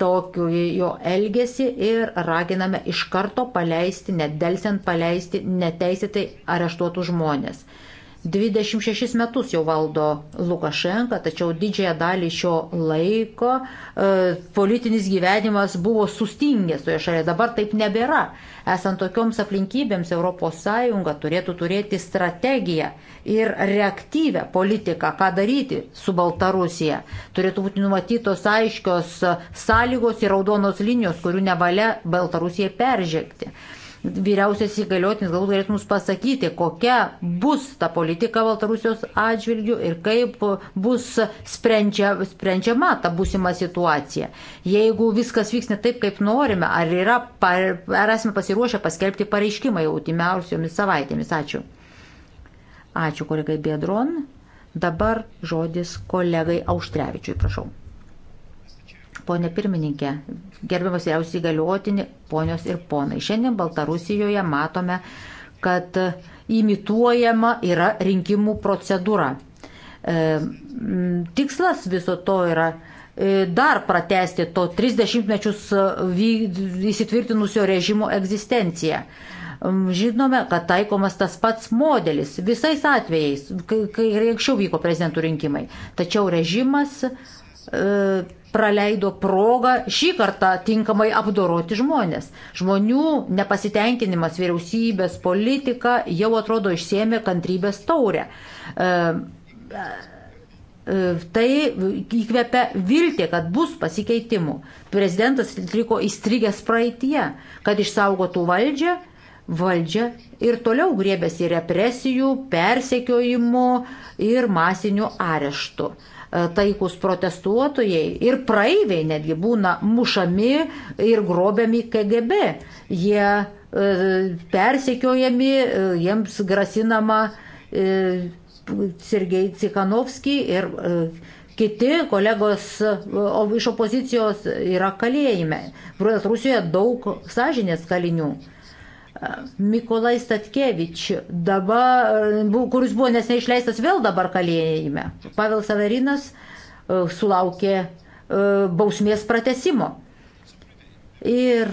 tokiu jo elgesį ir raginame iš karto paleisti, nedelsiant paleisti neteisėtai areštuotų žmonės. 26 metus jau valdo Lukašenka, tačiau didžiąją dalį šio laiko e, politinis gyvenimas buvo sustingęs toje šalyje. Dabar taip nebėra. Esant tokioms aplinkybėms ES turėtų turėti strategiją ir reaktyvę politiką, ką daryti su Baltarusija. Turėtų būti numatytos aiškios sąlygos ir raudonos linijos, kurių nevalia Baltarusijai peržengti vyriausias įgaliotinis galbūt galėtų mums pasakyti, kokia bus ta politika Baltarusijos atžvilgių ir kaip bus sprendžia, sprendžiama ta būsima situacija. Jeigu viskas vyks ne taip, kaip norime, ar, yra, ar esame pasiruošę paskelbti pareiškimą jau timiausiomis savaitėmis. Ačiū. Ačiū kolegai Biedron. Dabar žodis kolegai Auštrevičiui, prašau. Pone pirmininkė, gerbiamas jausiai galiotini, ponios ir ponai. Šiandien Baltarusijoje matome, kad imituojama yra rinkimų procedūra. E, tikslas viso to yra e, dar pratesti to 30 mečius įsitvirtinusio režimo egzistenciją žinome, kad taikomas tas pats modelis visais atvejais, kai, kai anksčiau vyko prezidentų rinkimai. Tačiau režimas e, praleido progą šį kartą tinkamai apdoroti žmonės. Žmonių nepasitenkinimas vyriausybės politika jau atrodo išsiemė kantrybės taurę. E, e, tai įkvepia viltį, kad bus pasikeitimų. Prezidentas liko įstrigęs praeitie, kad išsaugotų valdžią valdžia ir toliau griebėsi represijų, persekiojimų ir masinių areštų taikus protestuotojai ir praeiviai netgi būna mušami ir grobiami KGB. Jie e, persekiojami, e, jiems grasinama e, Sergei Cikanovski ir e, kiti kolegos e, iš opozicijos yra kalėjime. Rusijoje daug sąžinės kalinių. Mikolai Statkevič, dabar, e, kuris buvo nesnei išleistas vėl dabar kalėjime. Pavel Saverinas e, sulaukė e, bausmės pratesimo. Ir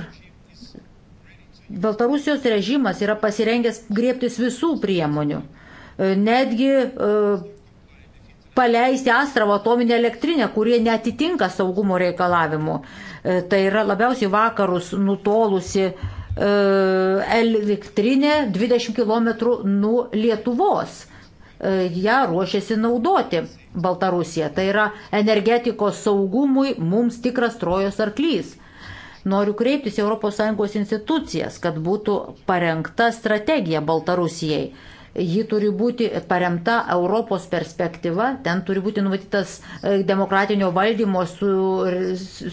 Baltarusijos režimas yra pasirengęs griebtis visų priemonių. Netgi paleisti Astravo atominę elektrinę, kurie netitinka saugumo reikalavimų. Tai yra labiausiai vakarus nutolusi uh, E, elektrinė 20 km nuo Lietuvos. E, ja ruošiasi naudoti Baltarusija. Tai yra energetikos saugumui mums tikras trojos arklys. Noriu kreiptis ES institucijas, kad būtų parengta strategija Baltarusijai ji turi būti paremta Europos perspektyva, ten turi būti numatytas e, demokratinio valdymo su,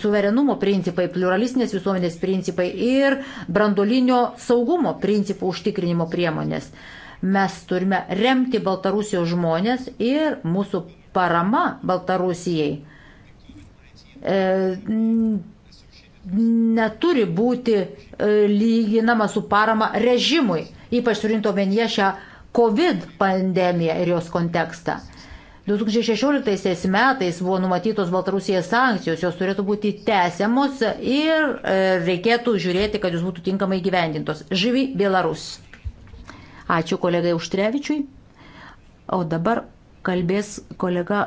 suverenumo principai, pluralistinės visuomenės principai ir brandolinio saugumo principų užtikrinimo priemonės. Mes turime remti Baltarusijos žmonės ir mūsų parama Baltarusijai. E, neturi būti e, lyginama su parama režimui, ypač turint omenyje šią COVID pandemiją ir jos kontekstą. 2016 metais buvo numatytos Baltarusijai sankcijos, jos turėtų būti tęsiamos ir e, reikėtų žiūrėti, kad jos būtų tinkamai gyvendintos. Žyvi Belarus. Ačiū kolegai Užtrevičiui. O dabar kalbės kolega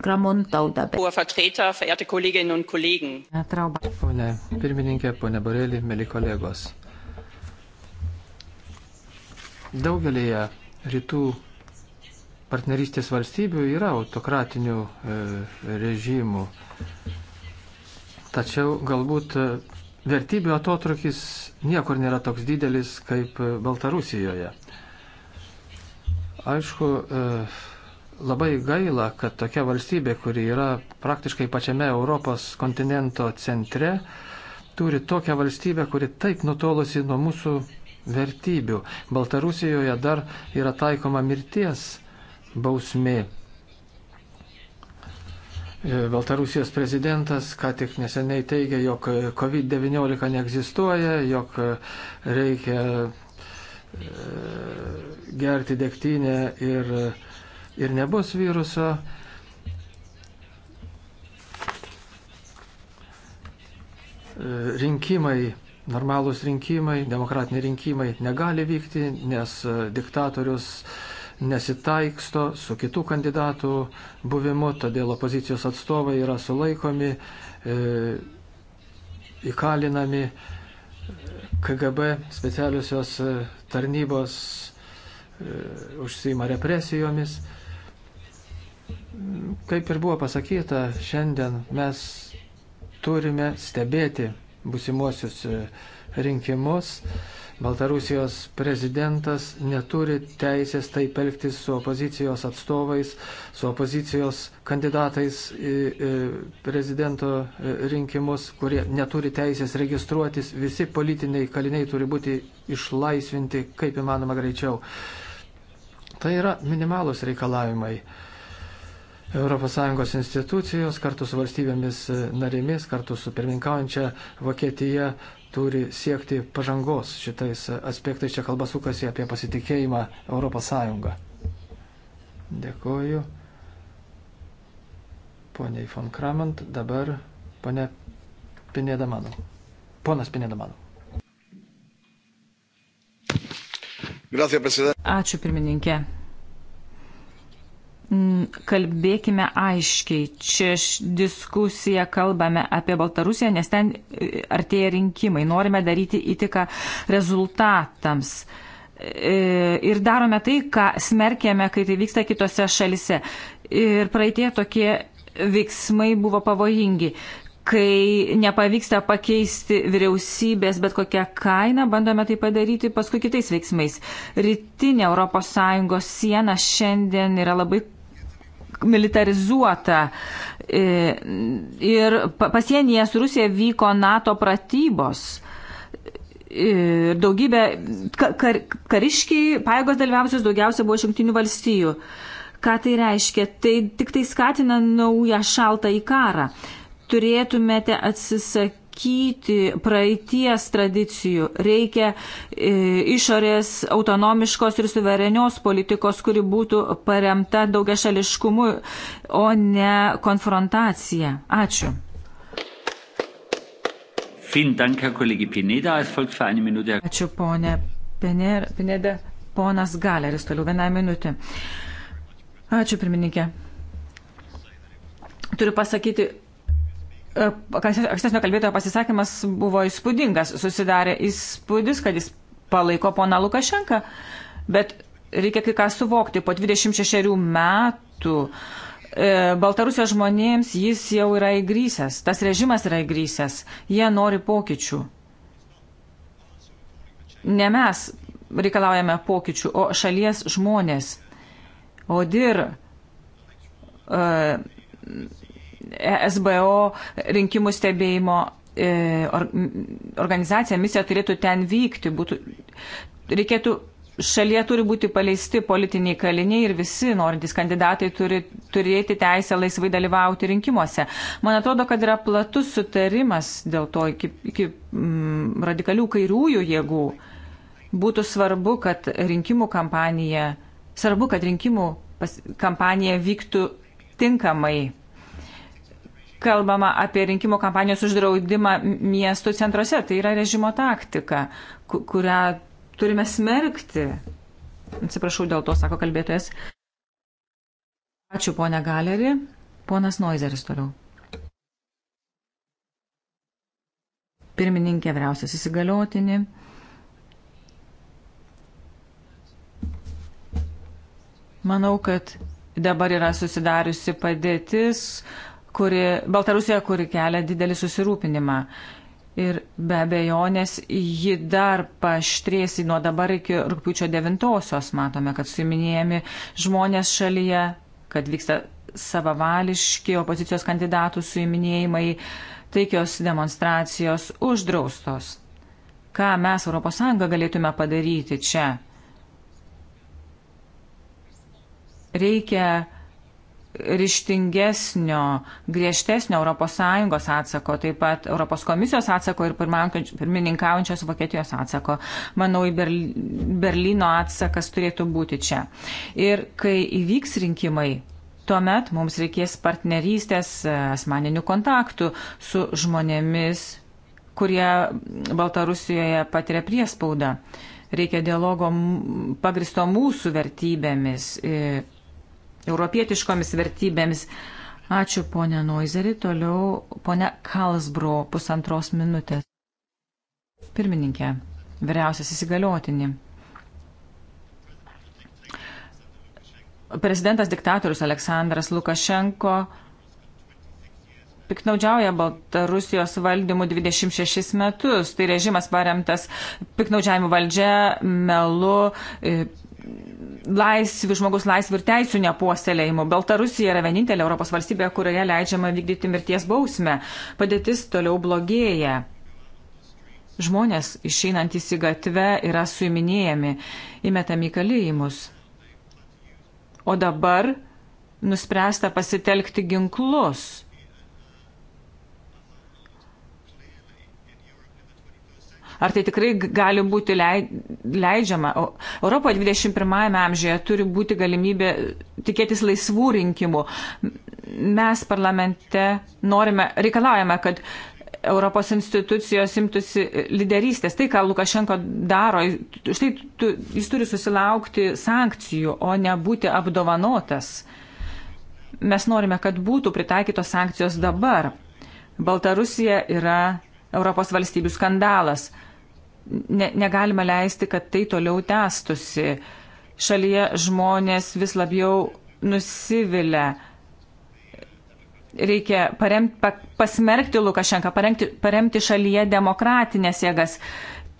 Kramon Tauta. Pone pirmininkė, pone Borelį, mėly kolegos. Daugelėje rytų partnerystės valstybių yra autokratinių e, režimų. Tačiau galbūt e, vertybių atotrukis niekur nėra toks didelis kaip Baltarusijoje. Aišku, e, labai gaila, kad tokia valstybė, kuri yra praktiškai pačiame Europos kontinento centre, turi tokią valstybę, kuri taip nutolusi nuo mūsų vertybių. Baltarusijoje dar yra taikoma mirties bausmė. E, Baltarusijos prezidentas ką tik neseniai teigia, jog COVID-19 neegzistuoja, jog reikia e, gerti degtinę ir, ir nebus viruso. E, rinkimai normalūs rinkimai, demokratiniai rinkimai negali vykti, nes e, diktatorius nesitaiksto su kitų kandidatų buvimu, todėl opozicijos atstovai yra sulaikomi, e, įkalinami. KGB specialiosios e, tarnybos užsima represijomis. Kaip ir buvo pasakyta, šiandien mes turime stebėti busimuosius e, rinkimus. Baltarusijos prezidentas neturi teisės taip elgtis su opozicijos atstovais, su opozicijos kandidatais į e, prezidento e, rinkimus, kurie neturi teisės registruotis. Visi politiniai kaliniai turi būti išlaisvinti kaip įmanoma greičiau. Tai yra minimalus reikalavimai. ES institucijos kartu su valstybėmis e, narėmis, kartu su pirmininkaujančia Vokietija turi siekti pažangos šitais aspektais. Čia kalba sukasi apie pasitikėjimą ES. Dėkoju. Pone von Kramant, dabar pone Pinėdamano. Ponas Pinėdamano. Ačiū pirmininkė. Mm, kalbėkime aiškiai. Čia diskusiją kalbame apie Baltarusiją, nes ten e, artėja rinkimai. Norime daryti įtiką rezultatams. E, ir darome tai, ką smerkėme, kai tai vyksta kitose šalise. Ir praeitie tokie veiksmai buvo pavojingi. Kai nepavyksta pakeisti vyriausybės bet kokią kainą, bandome tai padaryti paskui kitais veiksmais. Rytinė ES siena šiandien yra labai militarizuota. E, ir pasienyje su Rusija vyko NATO pratybos. Ir e, daugybė kar, kariškiai, paėgos dalyvavusios daugiausia buvo iš jungtinių valstijų. Ką tai reiškia? Tai tik tai skatina naują šaltą į karą. Turėtumėte atsisakyti atsisakyti praeities tradicijų, reikia e, išorės autonomiškos ir suverenios politikos, kuri būtų paremta daugia šališkumu, o ne konfrontacija. Ačiū. Ačiū ponė Pineda. Ponas Galeris, toliau vieną minutę. Ačiū, pirmininkė. Turiu pasakyti, E, ankstesnio kalbėtojo pasisakymas buvo įspūdingas, susidarė įspūdis, kad jis palaiko poną Lukašenką, bet reikia kai ką suvokti, po 26 metų e, Baltarusijos žmonėms jis jau yra įgrysęs, tas režimas yra įgrysęs, jie nori pokyčių. Ne mes reikalaujame pokyčių, o šalies žmonės. O dir uh, e, SBO rinkimų stebėjimo e, organizacija, misija turėtų ten vykti. Būtų, reikėtų, šalyje turi būti paleisti politiniai kaliniai ir visi norintys kandidatai turi turėti teisę laisvai dalyvauti rinkimuose. Man atrodo, kad yra platus sutarimas dėl to iki, iki mm, radikalių kairiųjų jėgų. Būtų svarbu, kad rinkimų kampanija, svarbu, kad rinkimų pas, kampanija vyktų tinkamai kalbama apie rinkimų kampanijos uždraudimą miestų centruose. Tai yra režimo taktika, kurią turime smerkti. Atsiprašau dėl to, sako kalbėtojas. Ačiū, ponia Galeri. Ponas Noizeris toliau. Pirmininkė vyriausias įsigaliotinį. Manau, kad dabar yra susidariusi padėtis, kuri, Baltarusija, kuri kelia didelį susirūpinimą. Ir be abejonės ji dar paštrėsi nuo dabar iki rūpiučio 9-osios. Matome, kad suiminėjami žmonės šalyje, kad vyksta savavališki opozicijos kandidatų suiminėjimai, taikios demonstracijos uždraustos. Ką mes ES galėtume padaryti čia? Reikia ryštingesnio, griežtesnio ES atsako, taip pat ES atsako ir pirmininkaujančios Vokietijos atsako. Manau, Berlyno atsakas turėtų būti čia. Ir kai įvyks rinkimai, tuomet mums reikės partnerystės, asmeninių kontaktų su žmonėmis, kurie Baltarusijoje patiria priespaudą. Reikia dialogo pagristo mūsų vertybėmis europietiškomis vertybėmis. Ačiū ponia Noizerį, toliau ponia Kalsbro pusantros minutės. Pirmininkė, vyriausias įsigaliotinį. Prezidentas diktatorius Aleksandras Lukašenko piknaudžiauja Baltarusijos valdymu 26 metus. Tai režimas paremtas piknaudžiavimu valdžia, melu, e, laisvių, žmogus laisvių ir teisų nepuoselėjimo. Baltarusija yra vienintelė Europos valstybė, kurioje leidžiama vykdyti mirties bausmę. Padėtis toliau blogėja. Žmonės išeinantys į gatvę yra suiminėjami, įmetami į kalėjimus. O dabar nuspręsta pasitelkti ginklus Ar tai tikrai gali būti leidžiama? O Europoje 21 amžiuje turi būti galimybė tikėtis laisvų rinkimų. Mes parlamente norime, reikalaujame, kad Europos institucijos imtųsi lyderystės. Tai, ką Lukašenko daro, štai tu, jis turi susilaukti sankcijų, o ne būti apdovanotas. Mes norime, kad būtų pritaikytos sankcijos dabar. Baltarusija yra Europos valstybių skandalas ne, negalima leisti, kad tai toliau tęstusi. Šalyje žmonės vis labiau nusivilia. Reikia paremti, pa, pasmerkti Lukašenką, paremti, paremti šalyje demokratinės jėgas.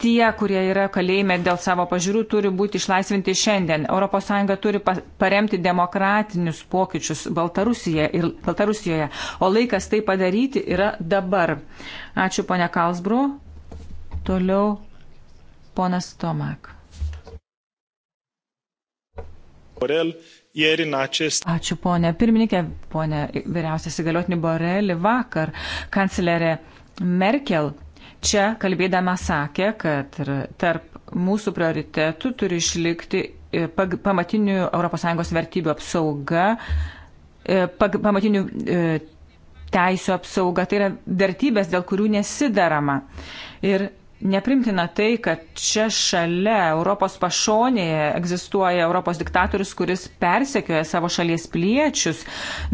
Tie, kurie yra kalėjime dėl savo pažiūrų, turi būti išlaisvinti šiandien. ES turi pa, paremti demokratinius pokyčius Baltarusijoje, ir, Baltarusijoje, o laikas tai padaryti yra dabar. Ačiū, ponia Kalsbro. Toliau Ponas Tomak. Borel, ieri în acest. Ačiū, ponė pirmininkė, ponė vyriausias įgaliotinį Borelį. Vakar kanclerė Merkel čia kalbėdama sakė, kad tarp mūsų prioritetų turi išlikti e, pamatinių ES vertybių apsauga, e, pamatinių e, teisų apsauga. Tai yra vertybės, dėl kurių nesidarama. Ir Neprimtina tai, kad čia šalia Europos pašonėje egzistuoja Europos diktatorius, kuris persekioja savo šalies piliečius,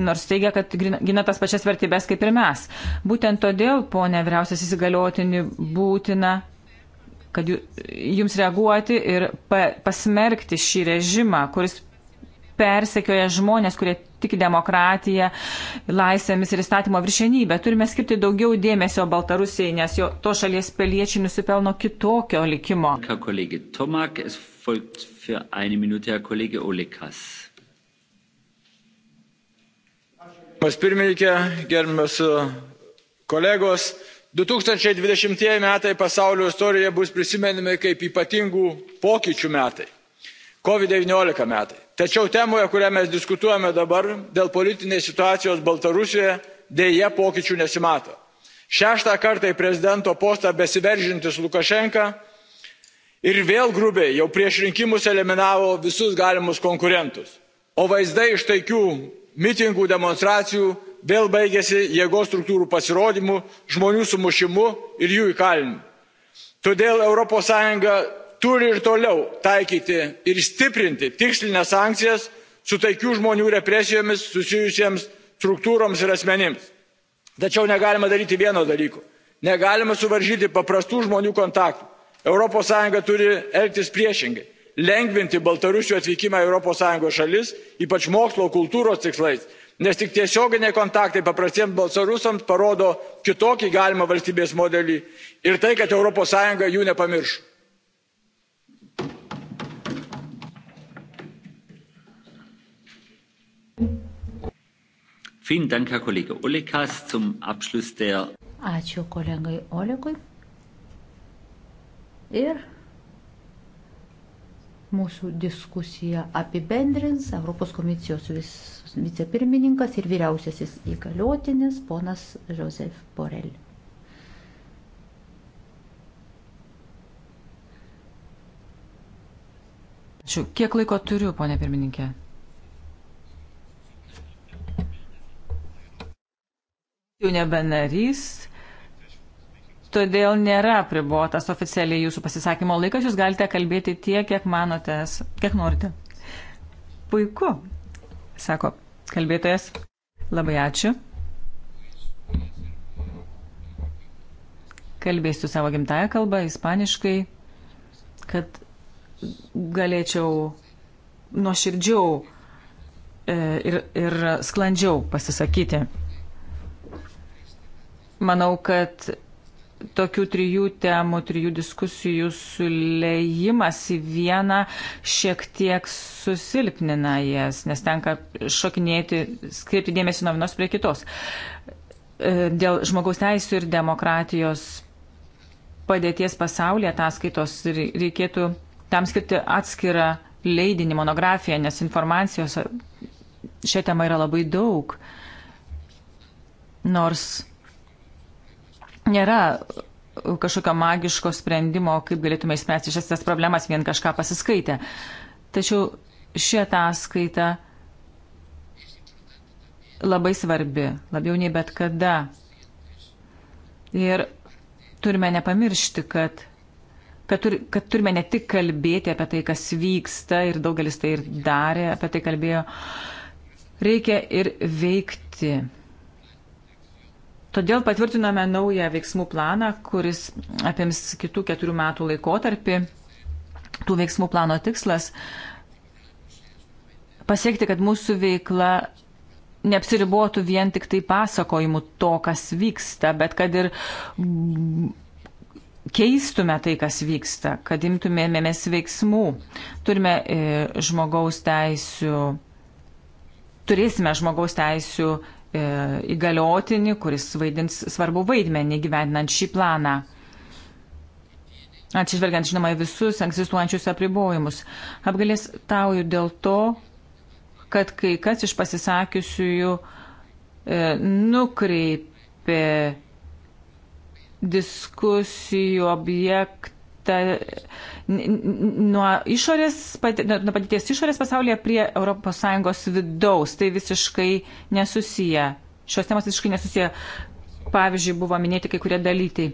nors teigia, kad gina tas pačias vertybės kaip ir mes. Būtent todėl, ponė vyriausias įsigaliotini, būtina, kad jums reaguoti ir pasmerkti šį režimą, kuris persekioja žmonės, kurie tiki demokratiją, laisvėmis ir įstatymo viršenybę. Turime skirti daugiau dėmesio Baltarusijai, nes jo to šalies piliečiai nusipelno kitokio likimo. Tomak, minutę, Mas pirmininkė, gerbiamas e, kolegos, 2020 metai pasaulio istorijoje bus prisimenami kaip ypatingų pokyčių metai. COVID-19 metai Tačiau temoje, kurią mes diskutuojame dabar, dėl politinės situacijos Baltarusijoje, dėja pokyčių nesimato. Šeštą kartą į prezidento postą besiveržintis Lukašenka ir vėl grubiai jau prieš rinkimus eliminavo visus galimus konkurentus. O vaizdai iš taikių mitingų, demonstracijų vėl baigėsi jėgos struktūrų pasirodymu, žmonių sumušimu ir jų įkalinimu. Todėl ES turi ir toliau taikyti ir stiprinti tikslinės sankcijas su taikių žmonių represijomis susijusiems struktūroms ir asmenims. Tačiau negalima daryti vieno dalyko. Negalima suvaržyti paprastų žmonių kontaktų. ES turi elgtis priešingai - lengvinti Baltarusių atvykimą į ES šalis, ypač mokslo kultūros tikslais, nes tik tiesioginiai kontaktai paprastiems baltarusams parodo kitokį galimą valstybės modelį ir tai, kad ES jų nepamirš. Dank, Herr Kollege Olekas, zum Abschluss der. Ačiū kolegai Olegui. Ir mūsų diskusiją apibendrins Europos komisijos vicepirmininkas ir vyriausiasis įgaliotinis ponas Josef Borel. Ačiū. Kiek laiko turiu, ponė pirmininkė? jau nebenarys, todėl nėra pribuotas oficialiai jūsų pasisakymo laikas, jūs galite kalbėti tiek, kiek manote, kiek norite. Puiku, sako kalbėtojas. Labai ačiū. Kalbėsiu savo gimtają kalbą, ispaniškai, kad galėčiau nuoširdžiau e, ir, ir sklandžiau pasisakyti. Manau, kad tokių trijų temų, trijų diskusijų suleimas į vieną šiek tiek susilpnina jas, nes tenka šokinėti, skirti dėmesį nuo vienos prie kitos. E, dėl žmogaus teisų ir demokratijos padėties pasaulyje ataskaitos reikėtų tam skirti atskirą leidinį, monografiją, nes informacijos šią temą yra labai daug. Nors nėra uh, kažkokio magiško sprendimo, kaip galėtume išspręsti šias tas problemas vien kažką pasiskaitę. Tačiau ši ataskaita labai svarbi, labiau nei bet kada. Ir turime nepamiršti, kad, kad, tur, kad turime ne tik kalbėti apie tai, kas vyksta, ir daugelis tai ir darė, apie tai kalbėjo, reikia ir veikti. Todėl patvirtinome naują veiksmų planą, kuris apims kitų keturių metų laikotarpį. Tų veiksmų plano tikslas - pasiekti, kad mūsų veikla neapsiribotų vien tik tai pasakojimu to, kas vyksta, bet kad ir keistume tai, kas vyksta, kad imtumėmės veiksmų. Turime e, žmogaus teisų, turėsime žmogaus teisų E, įgaliotinį, kuris vaidins svarbu vaidmenį gyvendinant šį planą. Atsižvelgiant, žinoma, visus egzistuojančius apribojimus. Apgalės tau ir dėl to, kad kai kas iš pasisakiusiųjų e, nukreipė diskusijų objektą ta, nuo, išorės, nuo padėties išorės pasaulyje prie ES vidaus. Tai visiškai nesusiję. Šios temos visiškai nesusiję. Pavyzdžiui, buvo minėti kai kurie dalykai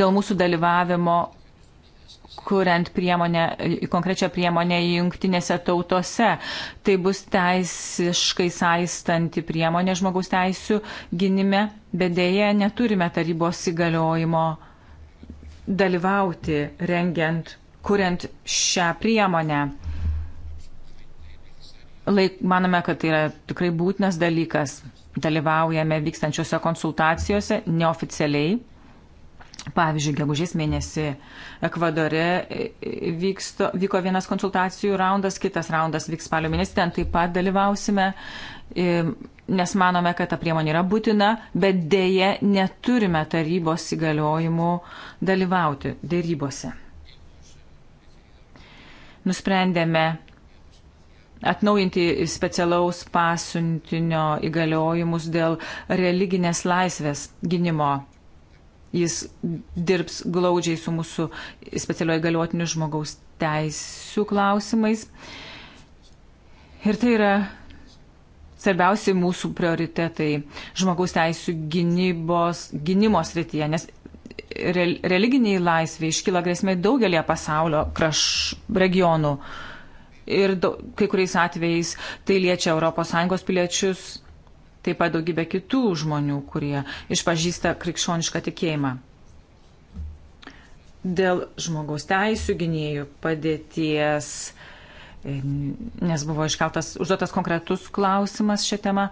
dėl mūsų dalyvavimo kuriant priemonę, konkrečią priemonę jungtinėse tautose. Tai bus teisiškai saistanti priemonė žmogaus teisų gynime, bet dėje neturime tarybos įgaliojimo dalyvauti rengiant, kuriant šią priemonę. Laik, manome, kad tai yra tikrai būtinas dalykas. Dalyvaujame vykstančiose konsultacijose neoficialiai. Pavyzdžiui, gegužės mėnesį Ekvadore vyksto, vyko vienas konsultacijų raundas, kitas raundas vyks spalio mėnesį, ten taip pat dalyvausime nes manome, kad ta priemonė yra būtina, bet dėje neturime tarybos įgaliojimų dalyvauti dėrybose. Nusprendėme atnaujinti specialaus pasiuntinio įgaliojimus dėl religinės laisvės gynimo. Jis dirbs glaudžiai su mūsų specialioje galiotiniu žmogaus teisų klausimais. Ir tai yra svarbiausi mūsų prioritetai žmogaus teisų gynybos, gynimos rytyje, nes religiniai laisvė iškyla grėsmė daugelie pasaulio kraš regionų. Ir daug, kai kuriais atvejais tai liečia ES piliečius, taip pat daugybė kitų žmonių, kurie išpažįsta krikščionišką tikėjimą. Dėl žmogaus teisų gynėjų padėties nes buvo iškeltas, užduotas konkretus klausimas šią temą.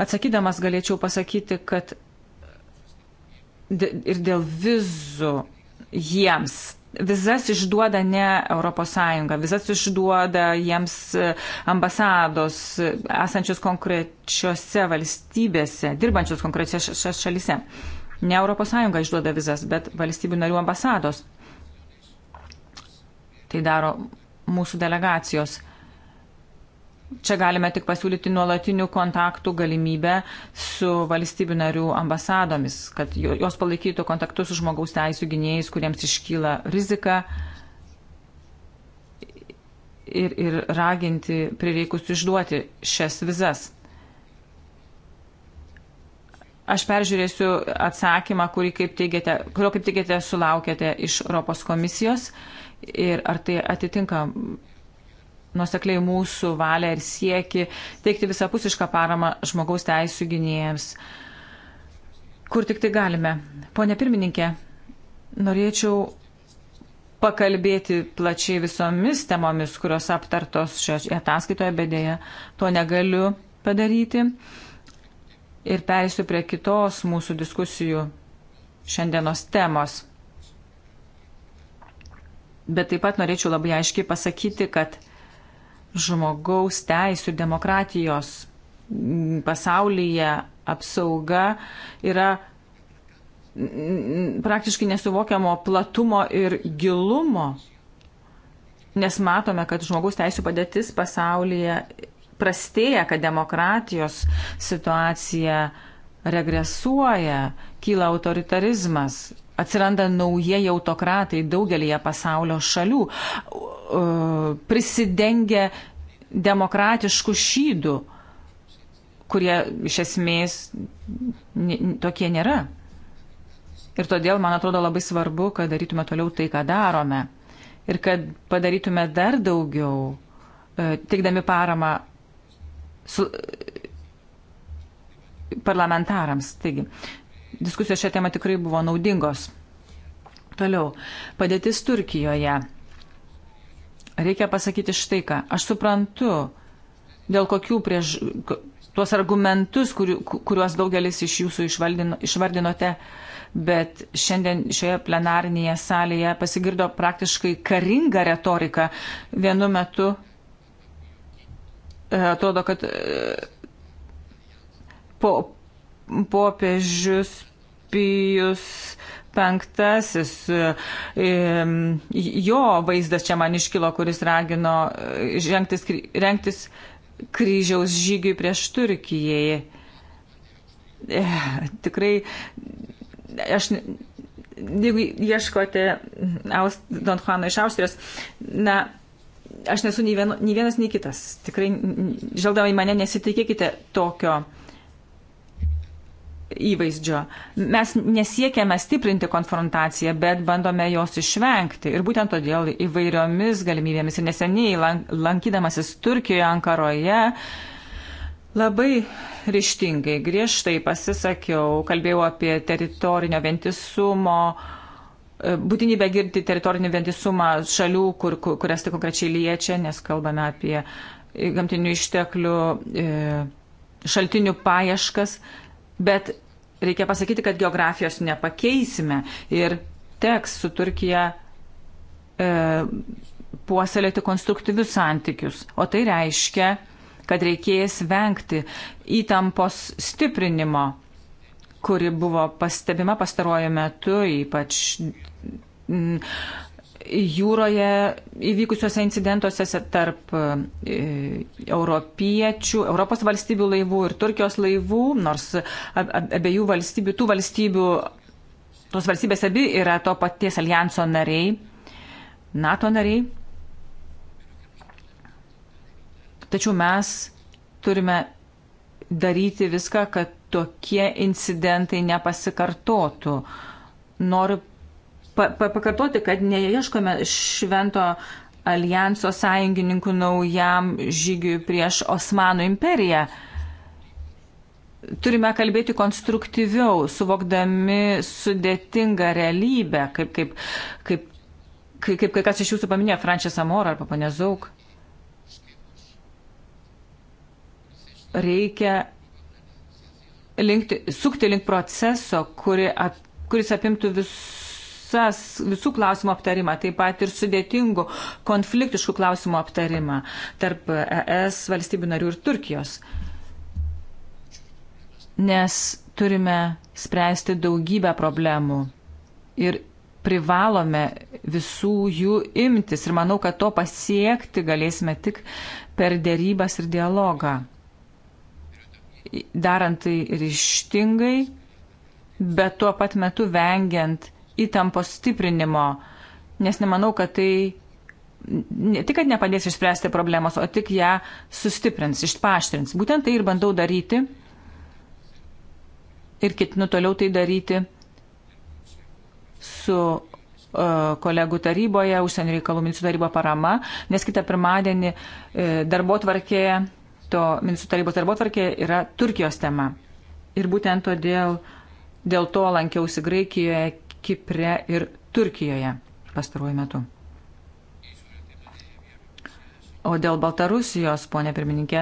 Atsakydamas galėčiau pasakyti, kad ir dėl vizų jiems. Vizas išduoda ne ES, vizas išduoda jiems e, ambasados e, esančios konkrečiose valstybėse, dirbančios konkrečiose šalise. Ne ES išduoda vizas, bet valstybių narių ambasados. Tai daro mūsų delegacijos. Čia galime tik pasiūlyti nuolatinių kontaktų galimybę su valstybių narių ambasadomis, kad jos palaikytų kontaktus su žmogaus teisų gynėjais, kuriems iškyla rizika ir, ir raginti prireikus išduoti šias vizas. Aš peržiūrėsiu atsakymą, kurį, kaip teigiate, kurio, kaip teigiate, sulaukėte iš Europos komisijos. Uh, ir ar tai atitinka nusekliai mūsų valią ir sieki teikti visapusišką paramą žmogaus teisų gynėjams, kur tik tai galime. Pone pirmininkė, norėčiau pakalbėti plačiai visomis temomis, kurios aptartos šioje ataskaitoje, bet dėja to negaliu padaryti. Ir perėsiu prie kitos mūsų diskusijų šiandienos temos. Bet taip pat norėčiau labai aiškiai pasakyti, kad žmogaus teisų ir demokratijos pasaulyje apsauga yra praktiškai nesuvokiamo platumo ir gilumo, nes matome, kad žmogaus teisų padėtis pasaulyje prastėja, kad demokratijos situacija regresuoja, kyla autoritarizmas, atsiranda naujieji autokratai daugelįje pasaulio šalių, e, prisidengia demokratiškų šydų, kurie iš esmės tokie nėra. Ir todėl, man atrodo, labai svarbu, kad darytume toliau tai, ką darome. Ir kad padarytume dar daugiau, e, teikdami paramą su, e, parlamentarams. Taigi, diskusijos šią temą tikrai buvo naudingos. Toliau, padėtis Turkijoje. Reikia pasakyti štai ką. Aš suprantu, dėl kokių priež... tuos argumentus, kuriu, kuriuos daugelis iš jūsų išvaldino, išvardinote, bet šiandien šioje plenarnėje salėje pasigirdo praktiškai karinga retorika. Vienu metu e, atrodo, kad e, po, popiežius Pijus penktasis, jo vaizdas čia man iškilo, kuris ragino e, žengtis, rengtis kryžiaus žygiui prieš Turkijai. E, tikrai, aš, jeigu ieškote Don Juano iš Austrijos, na, aš nesu nei, vieno, nei vienas, nei kitas. Tikrai, žaldavai mane, nesitikėkite tokio uh, įvaizdžio. Mes nesiekiame stiprinti konfrontaciją, bet bandome jos išvengti. Ir būtent todėl įvairiomis galimybėmis ir neseniai lankydamasis Turkijoje, Ankaroje, labai ryštingai, griežtai pasisakiau, kalbėjau apie teritorinio vientisumo, e, būtinybę girti teritorinį vientisumą šalių, kur, kur, kurias tai konkrečiai liečia, nes kalbame apie gamtinių išteklių e, šaltinių paieškas Bet reikia pasakyti, kad geografijos nepakeisime ir teks su Turkija e, puoselėti konstruktyvius santykius. O tai reiškia, kad reikės vengti įtampos stiprinimo, kuri buvo pastebima pastaruoju metu, ypač. Mm, jūroje įvykusiuose incidentuose tarp e, europiečių, Europos valstybių laivų ir Turkijos laivų, nors abiejų valstybių, tų valstybių, tos valstybės abi yra to paties alijanso nariai, NATO nariai. Tačiau mes turime daryti viską, kad tokie incidentai nepasikartotų. Noriu pa, pa, pakartoti, kad neieškome švento alijanso sąjungininkų naujam žygiui prieš Osmanų imperiją. Turime kalbėti konstruktyviau, suvokdami sudėtingą realybę, kaip, kaip, kaip, kaip, kaip kai kas iš jūsų paminėjo, Frančias Amora arba pane Zauk. Reikia linkti, sukti link proceso, kuri ap, kuris apimtų visus visas, visų klausimų aptarimą, taip pat ir sudėtingų konfliktiškų klausimų aptarimą tarp ES valstybių narių ir Turkijos. Nes turime spręsti daugybę problemų ir privalome visų jų imtis. Ir manau, kad to pasiekti galėsime tik per dėrybas ir dialogą. Darant tai ryštingai, bet tuo pat metu vengiant įtampos stiprinimo, nes nemanau, kad tai ne tik, kad nepadės išspręsti problemos, o tik ją sustiprins, išpaštrins. Būtent tai ir bandau daryti ir ketinu toliau tai daryti su e, kolegų taryboje, užsienio reikalų ministrų tarybo parama, nes kitą pirmadienį e, darbo tvarkėje, to ministrų tarybos darbo tvarkėje yra Turkijos tema. Ir būtent todėl dėl to lankiausi Graikijoje, Kipre ir Turkijoje pastaruoju metu. O dėl Baltarusijos, ponė pirmininkė,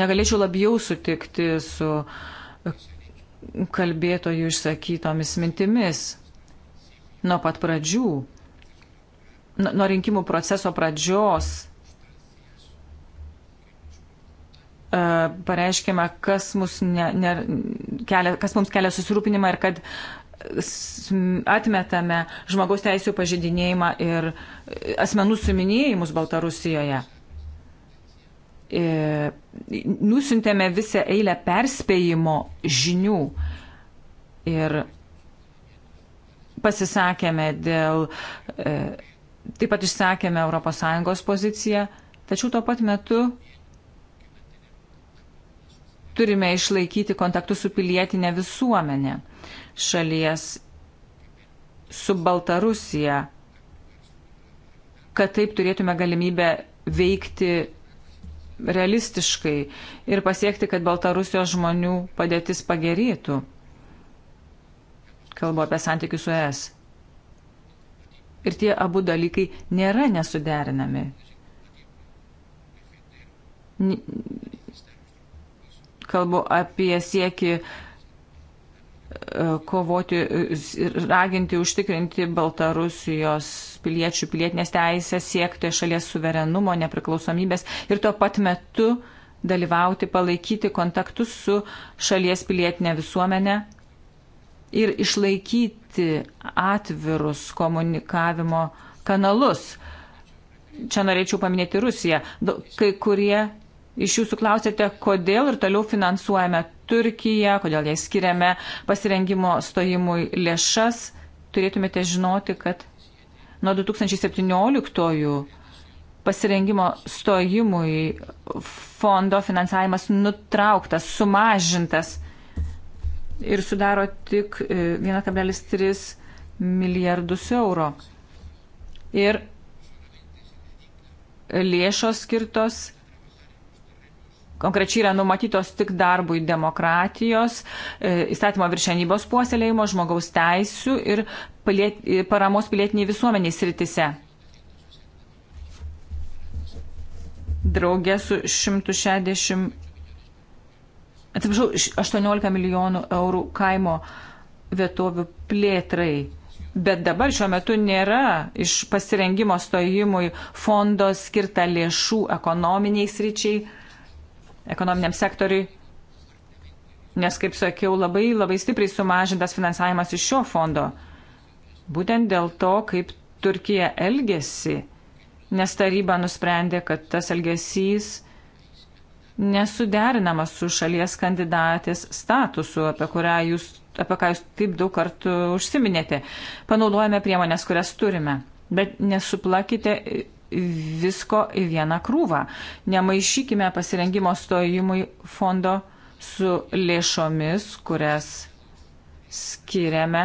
negalėčiau labiau sutikti su kalbėtojų išsakytomis mintimis. Nuo pat pradžių, nuo rinkimų proceso pradžios E, pareiškime, kas, mus ne, ne, kelia, kas mums kelia susirūpinimą ir kad atmetame žmogaus teisų pažydinėjimą ir asmenų suminėjimus Baltarusijoje. E, nusintėme visą eilę perspėjimo žinių ir pasisakėme dėl, e, taip pat išsakėme ES poziciją, tačiau tuo pat metu turime išlaikyti kontaktus su pilietinė visuomenė šalies, su Baltarusija, kad taip turėtume galimybę veikti realistiškai ir pasiekti, kad Baltarusijos žmonių padėtis pagerėtų. Kalbu apie santykius su ES. Ir tie abu dalykai nėra nesuderinami. Kalbu apie sieki e, kovoti ir raginti užtikrinti Baltarusijos piliečių pilietinės teisės, siekti šalies suverenumo, nepriklausomybės ir tuo pat metu dalyvauti, palaikyti kontaktus su šalies pilietinė visuomenė ir išlaikyti atvirus komunikavimo kanalus. Čia norėčiau paminėti Rusiją. Kai kurie Iš jūsų klausėte, kodėl ir toliau finansuojame Turkiją, kodėl jai skiriame pasirengimo stojimui lėšas. Turėtumėte žinoti, kad nuo 2017 pasirengimo stojimui fondo finansavimas nutrauktas, sumažintas ir sudaro tik 1,3 e, milijardus eurų. Ir lėšos skirtos Konkrečiai yra numatytos tik darbui demokratijos, e, įstatymo viršenybos puoselėjimo, žmogaus teisų ir piliet, e, paramos pilietiniai visuomeniai sritise. Draugė su 160, atsiprašau, 18 milijonų eurų kaimo vietovių plėtrai. Bet dabar šiuo metu nėra iš pasirengimo stojimui fondo skirta lėšų ekonominiai sričiai ekonominiam sektoriui, nes, kaip sakiau, labai, labai stipriai sumažintas finansavimas iš šio fondo. Būtent dėl to, kaip Turkija elgesi, nes taryba nusprendė, kad tas elgesys nesuderinamas su šalies kandidatės statusu, apie, jūs, apie ką jūs taip daug kartų užsiminėte. Panaudojame priemonės, kurias turime, bet nesuplakite visko į vieną krūvą. Nemaišykime pasirengimo stojimui fondo su lėšomis, kurias skiriame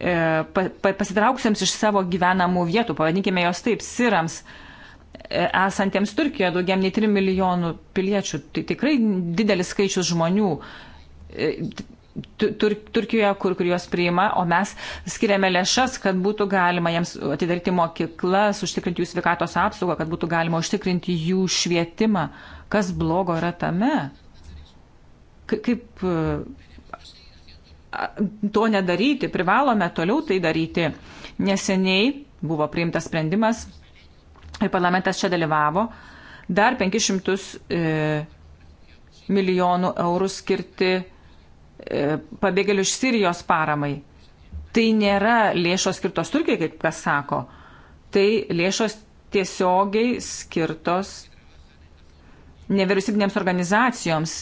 e, pasitrauksiams iš savo gyvenamų vietų, pavadinkime jos taip, sirams, e, esantiems Turkijoje daugiau nei 3 milijonų piliečių, tai tikrai didelis skaičius žmonių e, Tur, Turkijoje, kur, kur juos priima, o mes skiriame lėšas, kad būtų galima jiems atidaryti mokyklas, užtikrinti jų sveikatos apsaugą, kad būtų galima užtikrinti jų švietimą. Kas blogo yra tame? Kaip to nedaryti, privalome toliau tai daryti. Neseniai buvo priimtas sprendimas ir parlamentas čia dalyvavo. Dar 500 e, milijonų eurų skirti E, pabėgėlių iš Sirijos paramai. Tai nėra lėšos skirtos Turkijai, kaip kas sako. Tai lėšos tiesiogiai skirtos nevyriausybinėms organizacijoms,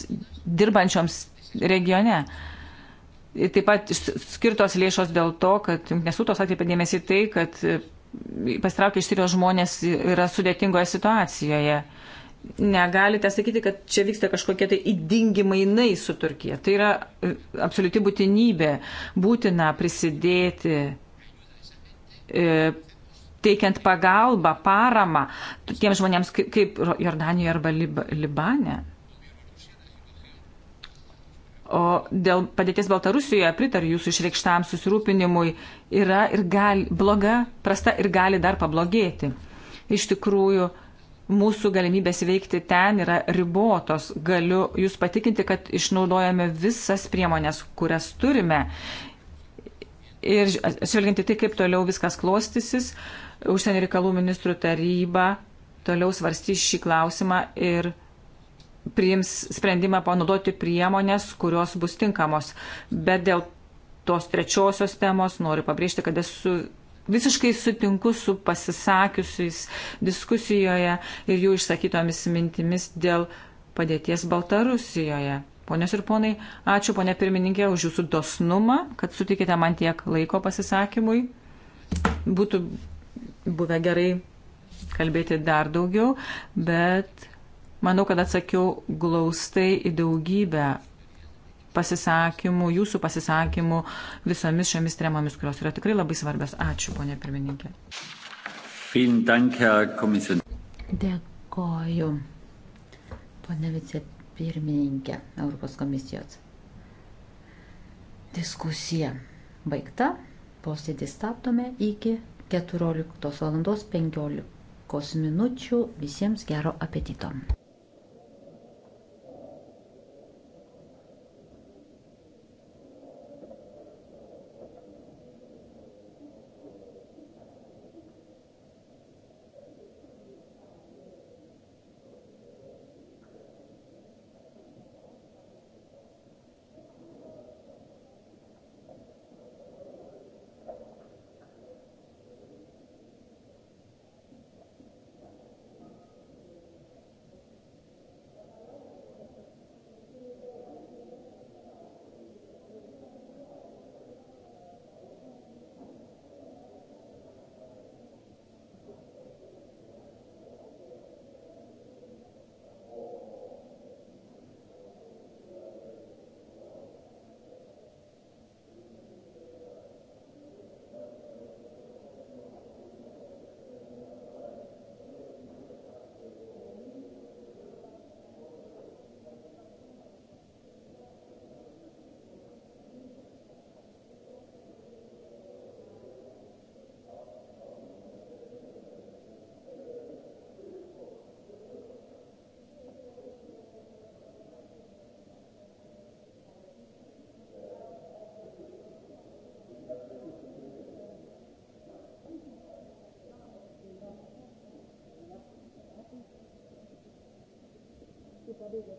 dirbančioms regione. Ir taip pat skirtos lėšos dėl to, kad nesutos atkreipė dėmesį tai, kad e, pasitraukia iš Sirijos žmonės yra sudėtingoje situacijoje negalite sakyti, kad čia vyksta kažkokie tai įdingi mainai su Turkija. Tai yra e, absoliuti būtinybė, būtina prisidėti e, teikiant pagalbą, paramą tiems žmonėms kaip, kaip Jordanijoje arba Lib Libane. O dėl padėties Baltarusijoje pritariu jūsų išreikštam susirūpinimui yra ir gali, bloga, prasta ir gali dar pablogėti. Iš tikrųjų, mūsų galimybės veikti ten yra ribotos. Galiu Jūs patikinti, kad išnaudojame visas priemonės, kurias turime. Ir žvelgiant į tai, kaip toliau viskas klostysis, užsienio reikalų ministrų taryba toliau svarstys šį klausimą ir priims sprendimą panaudoti priemonės, kurios bus tinkamos. Bet dėl tos trečiosios temos noriu pabrėžti, kad esu visiškai sutinku su pasisakiusiais diskusijoje ir jų išsakytomis mintimis dėl padėties Baltarusijoje. Ponios ir ponai, ačiū ponė pirmininkė už jūsų dosnumą, kad sutikite man tiek laiko pasisakymui. Būtų buvę gerai kalbėti dar daugiau, bet manau, kad atsakiau glaustai į daugybę pasisakymų, jūsų pasisakymų visomis šiomis temomis, kurios yra tikrai labai svarbios. Ačiū, ponė pirmininkė. Dėkoju, ponė vicepirmininkė Europos komisijos. Diskusija baigta, posėdį stabdome iki 14.15 min. Visiems gero apetito. labai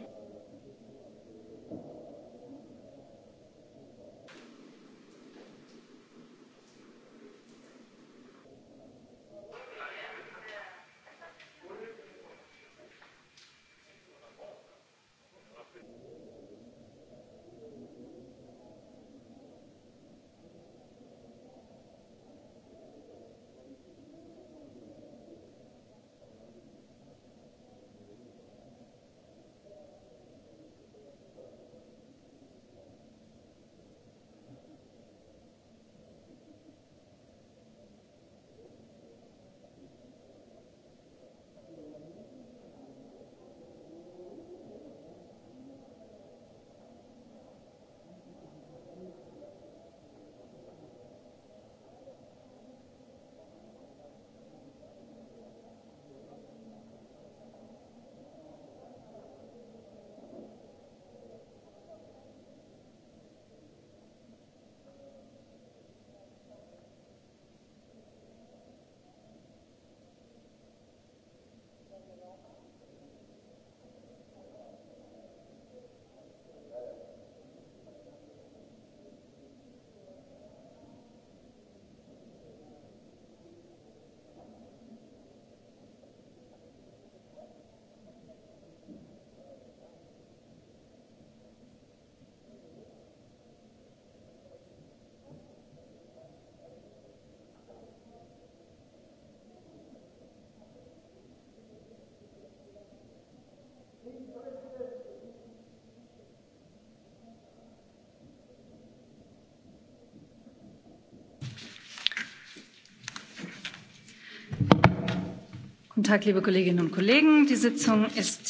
Tag, liebe Kolleginnen und Kollegen. Die Sitzung ist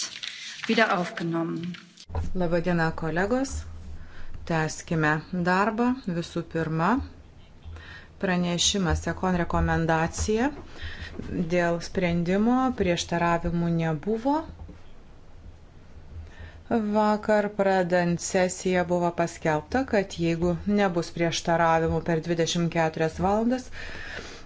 wieder aufgenommen. Labadiena, kolegos. Tęskime darbą. Visų pirma, pranešimas Ekon rekomendacija. Dėl sprendimo prieštaravimų nebuvo. Vakar pradant sesiją buvo paskelbta, kad jeigu nebus prieštaravimų per 24 valandas,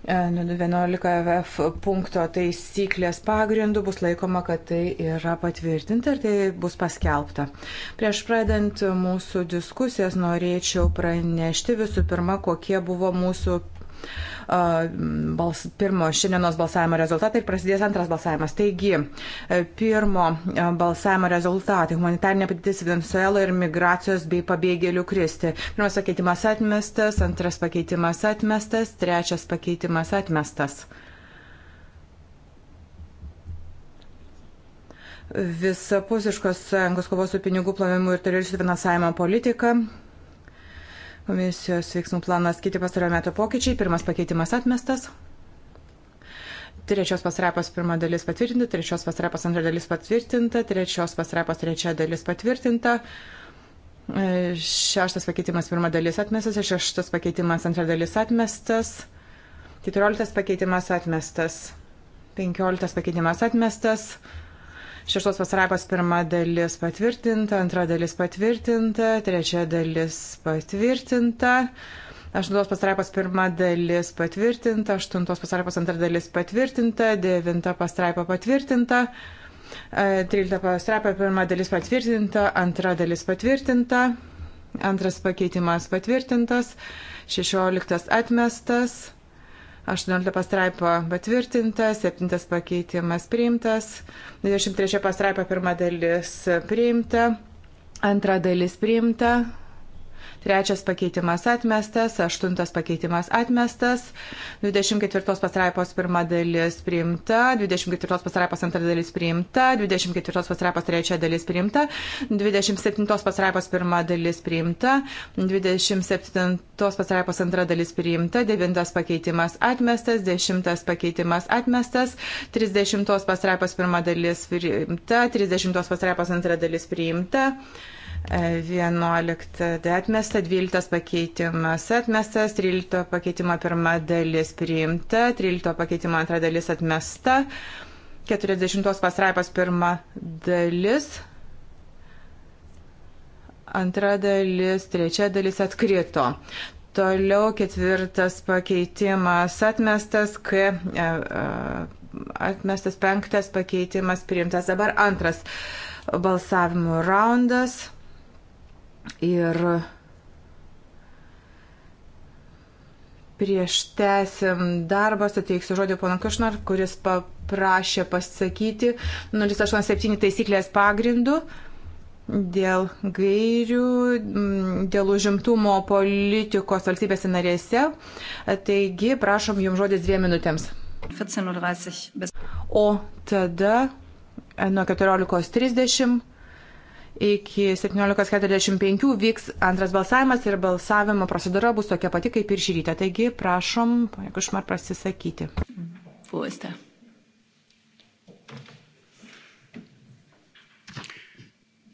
11F punkto taisyklės pagrindų bus laikoma, kad tai yra patvirtinta ir tai bus paskelbta. Prieš pradant mūsų diskusijas norėčiau pranešti visų pirma, kokie buvo mūsų bals, pirmo šiandienos balsavimo rezultatai ir prasidės antras balsavimas. Taigi, e, pirmo e, balsavimo rezultatai - humanitarinė padėtis Venezuela ir migracijos bei pabėgėlių kristi. Pirmas pakeitimas atmestas, antras pakeitimas atmestas, trečias pakeitimas atmestas. Visapusiškos sąjungos kovos su pinigų plovimu ir teroristų finansavimo politika Komisijos veiksmų planas kiti pastarojo metų pokyčiai. Pirmas pakeitimas atmestas. Trečios pasrapos pirma dalis patvirtinta, trečios pasrapos antra dalis patvirtinta, trečios pasrapos trečia dalis patvirtinta. E, šeštas pakeitimas pirma dalis atmestas, šeštas pakeitimas antra dalis atmestas, keturioliktas pakeitimas atmestas, penkioliktas pakeitimas atmestas. 15 Šeštos pasraipos pirma dalis patvirtinta, antra dalis patvirtinta, trečia dalis patvirtinta. Aštuntos pastraipos pirma dalis patvirtinta, aštuntos pastraipos antra dalis patvirtinta, devinta pastraipa patvirtinta, e, trylikta pastraipa pirma dalis patvirtinta, antra dalis patvirtinta, antras pakeitimas patvirtintas, šešioliktas atmestas, 18 pastraipa patvirtinta, 7 pakeitimas priimtas, 23 pastraipa pirma dalis priimta, antra dalis priimta, Trečias pakeitimas atmestas, aštuntas pakeitimas atmestas, 24 pasraipos pirma dalis priimta, 24 pasraipos antra dalis priimta, 24 pasraipos trečia dalis priimta, 27 pasraipos pirma dalis priimta, 27 pasraipos antra dalis priimta, 9 pakeitimas atmestas, 10 pakeitimas atmestas, 30 pasraipos pirma dalis priimta, 30 pasraipos antra dalis priimta. 11 atmesta, 12 pakeitimas atmestas, 13 pakeitimo pirma dalis priimta, 13 pakeitimo antra dalis atmesta, 40 pasraipos pirma dalis, antra dalis, trečia dalis atkrito. Toliau ketvirtas pakeitimas atmestas, kai e, e, atmestas penktas pakeitimas priimtas. Dabar antras balsavimo raundas. Ir prieš tęsim darbą, suteiksiu žodį pono Kašnar, kuris paprašė pasakyti 087 taisyklės pagrindų dėl gairių, mm, dėl užimtumo politikos valstybėse narėse. Taigi, prašom jums žodis dviem minutėms. O tada e, nuo 14.30 iki 17.45 vyks antras balsavimas ir balsavimo procedūra bus tokia pati kaip ir šį rytą. Taigi prašom, ponia Kušmar, prasisakyti. Puosta.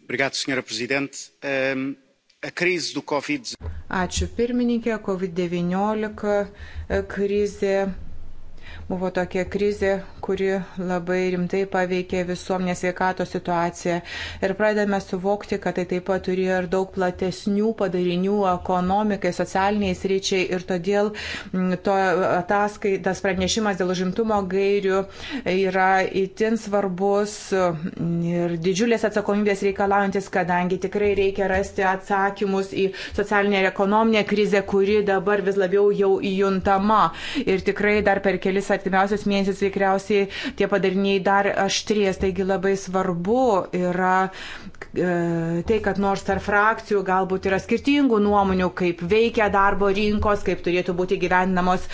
Obrigado, senhora Presidente. Um, a crise do Covid-19. Ačiū pirmininkė, COVID-19 e, krizė Buvo tokia krizė, kuri labai rimtai paveikė visuomenės veikato situaciją. Ir pradedame suvokti, kad tai taip pat turėjo ir daug platesnių padarinių ekonomikai, socialiniai sričiai. Ir todėl mm, to ataskai, tas pranešimas dėl žimtumo gairių yra itin svarbus ir didžiulės atsakomybės reikalaujantis, kadangi tikrai reikia rasti atsakymus į socialinę ir ekonominę krizę, kuri dabar vis labiau jau įjuntama. Ir tikrai dar per kelis atėjimus artimiausius mėnesius tikriausiai tie padariniai dar aštrės, taigi labai svarbu yra E, tai, kad nors tarp frakcijų galbūt yra skirtingų nuomonių, kaip veikia darbo rinkos, kaip turėtų būti gyvenamos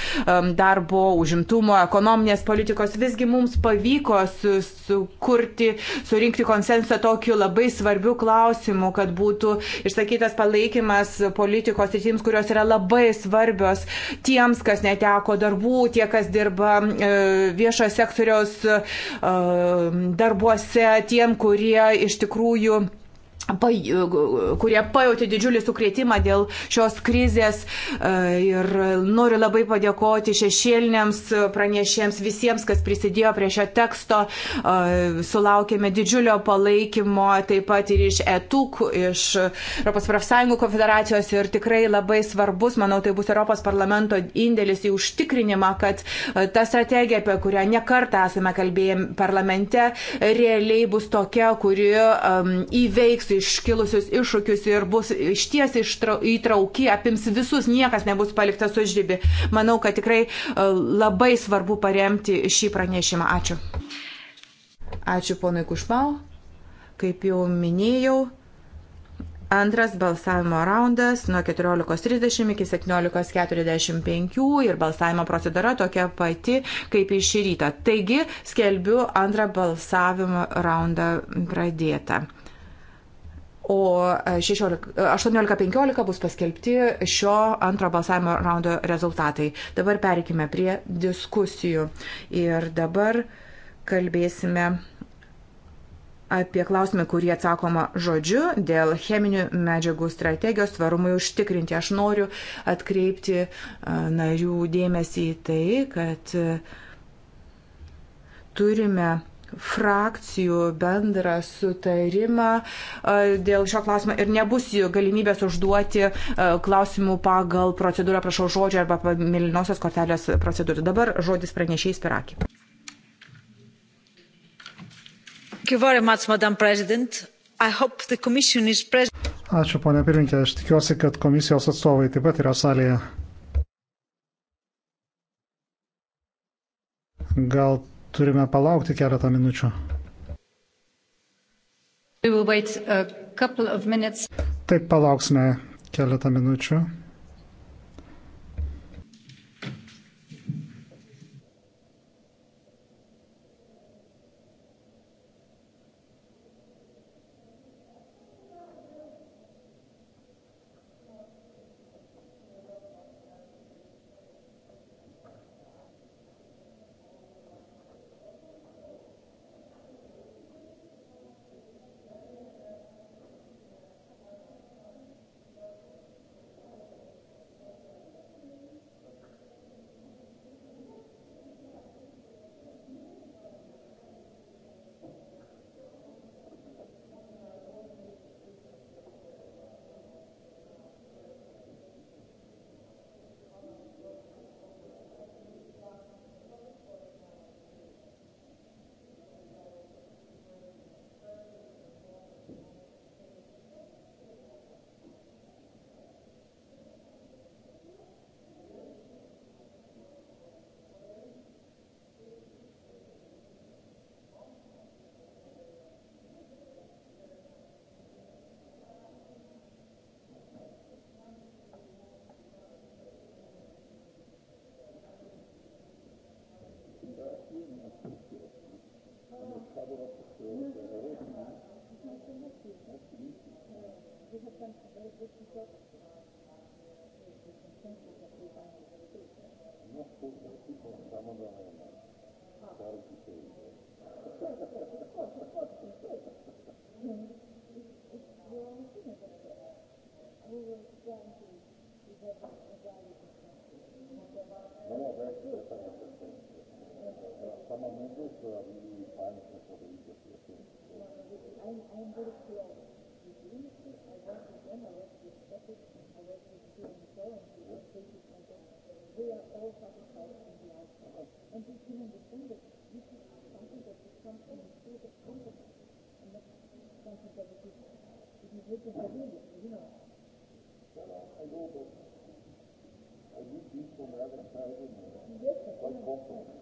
darbo, užimtumo, ekonominės politikos, visgi mums pavyko sukurti, surinkti konsensusą tokiu labai svarbiu klausimu, kad būtų išsakytas palaikymas politikos rytims, kurios yra labai svarbios tiems, kas neteko darbų, tie, kas dirba e, viešo sektoriaus e, darbuose, tiem, kurie iš tikrųjų kurie pajutė didžiulį sukrėtimą dėl šios krizės e, ir noriu labai padėkoti šešėliniams pranešėjams visiems, kas prisidėjo prie šio teksto. E, sulaukėme didžiulio palaikymo taip pat ir iš ETUK, iš Europos profsąjungų konfederacijos ir tikrai labai svarbus, manau, tai bus Europos parlamento indėlis į užtikrinimą, kad e, ta strategija, apie kurią nekartą esame kalbėję parlamente, realiai bus tokia, kuri um, įveiks iškilusius iššūkius ir bus išties įtrauki, apims visus, niekas nebus paliktas uždybi. Manau, kad tikrai e, labai svarbu paremti šį pranešimą. Ačiū. Ačiū ponui Kušmau. Kaip jau minėjau, Antras balsavimo raundas nuo 14.30 iki 17.45 ir balsavimo procedūra tokia pati kaip iš ryto. Taigi skelbiu antrą balsavimo raundą pradėtą o 18.15 e, e, bus paskelbti šio antro balsavimo raundo rezultatai. Dabar pereikime prie diskusijų. Ir dabar kalbėsime apie klausimą, kurį atsakoma žodžiu dėl cheminių medžiagų strategijos tvarumui užtikrinti. Aš noriu atkreipti e, narių dėmesį į tai, kad turime frakcijų bendrą sutarimą e, dėl šio klausimo ir nebus galimybės užduoti e, klausimų pagal procedūrą, prašau, žodžio arba mėlynosios kortelės procedūrą. Dabar žodis pranešiai spirakį. Ačiū, ponia pirminkė. Aš tikiuosi, kad komisijos atstovai taip pat yra salėje. Gal turime palaukti keletą minučių. Taip, palauksime keletą minučių. būtų pabėgęs, žinoma. I go, but I did this from the other side, you know, like Boston.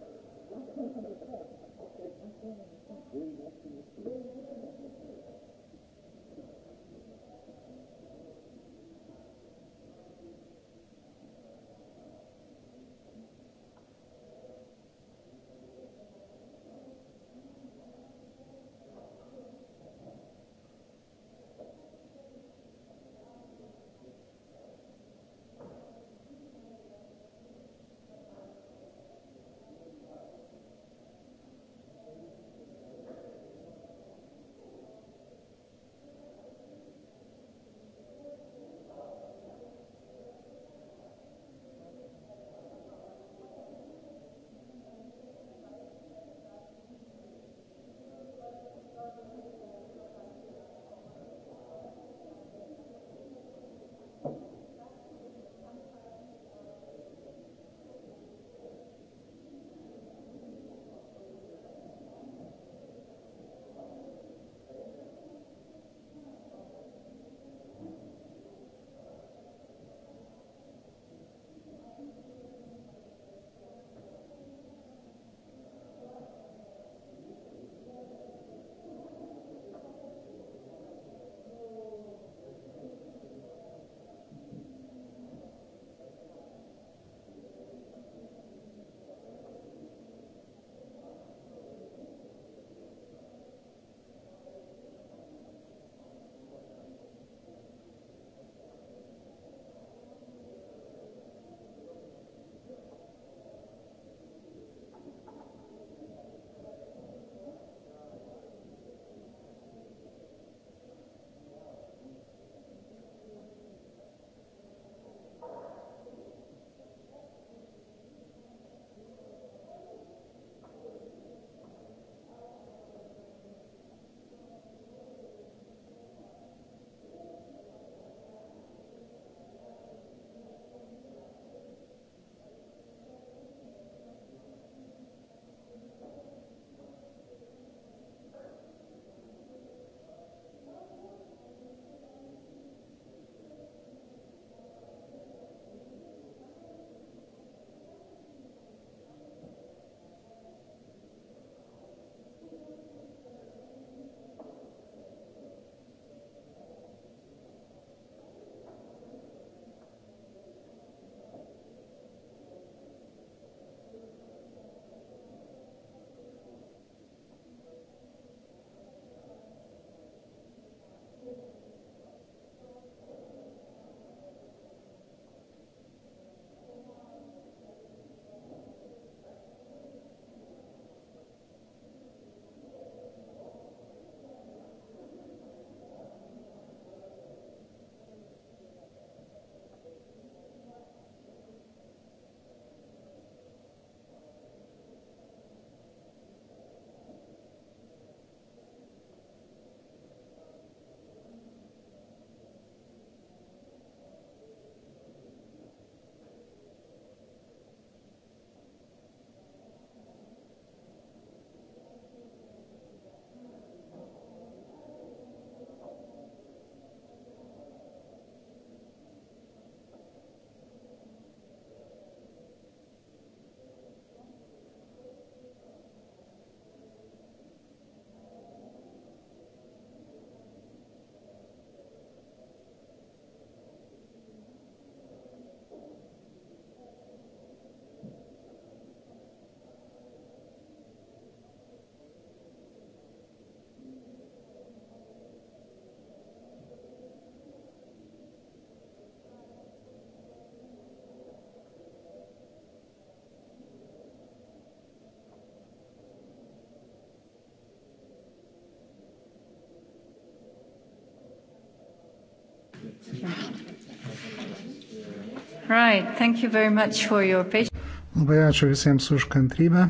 Right. Thank you very much for your patience. Labai ačiū visiems už kantrybę.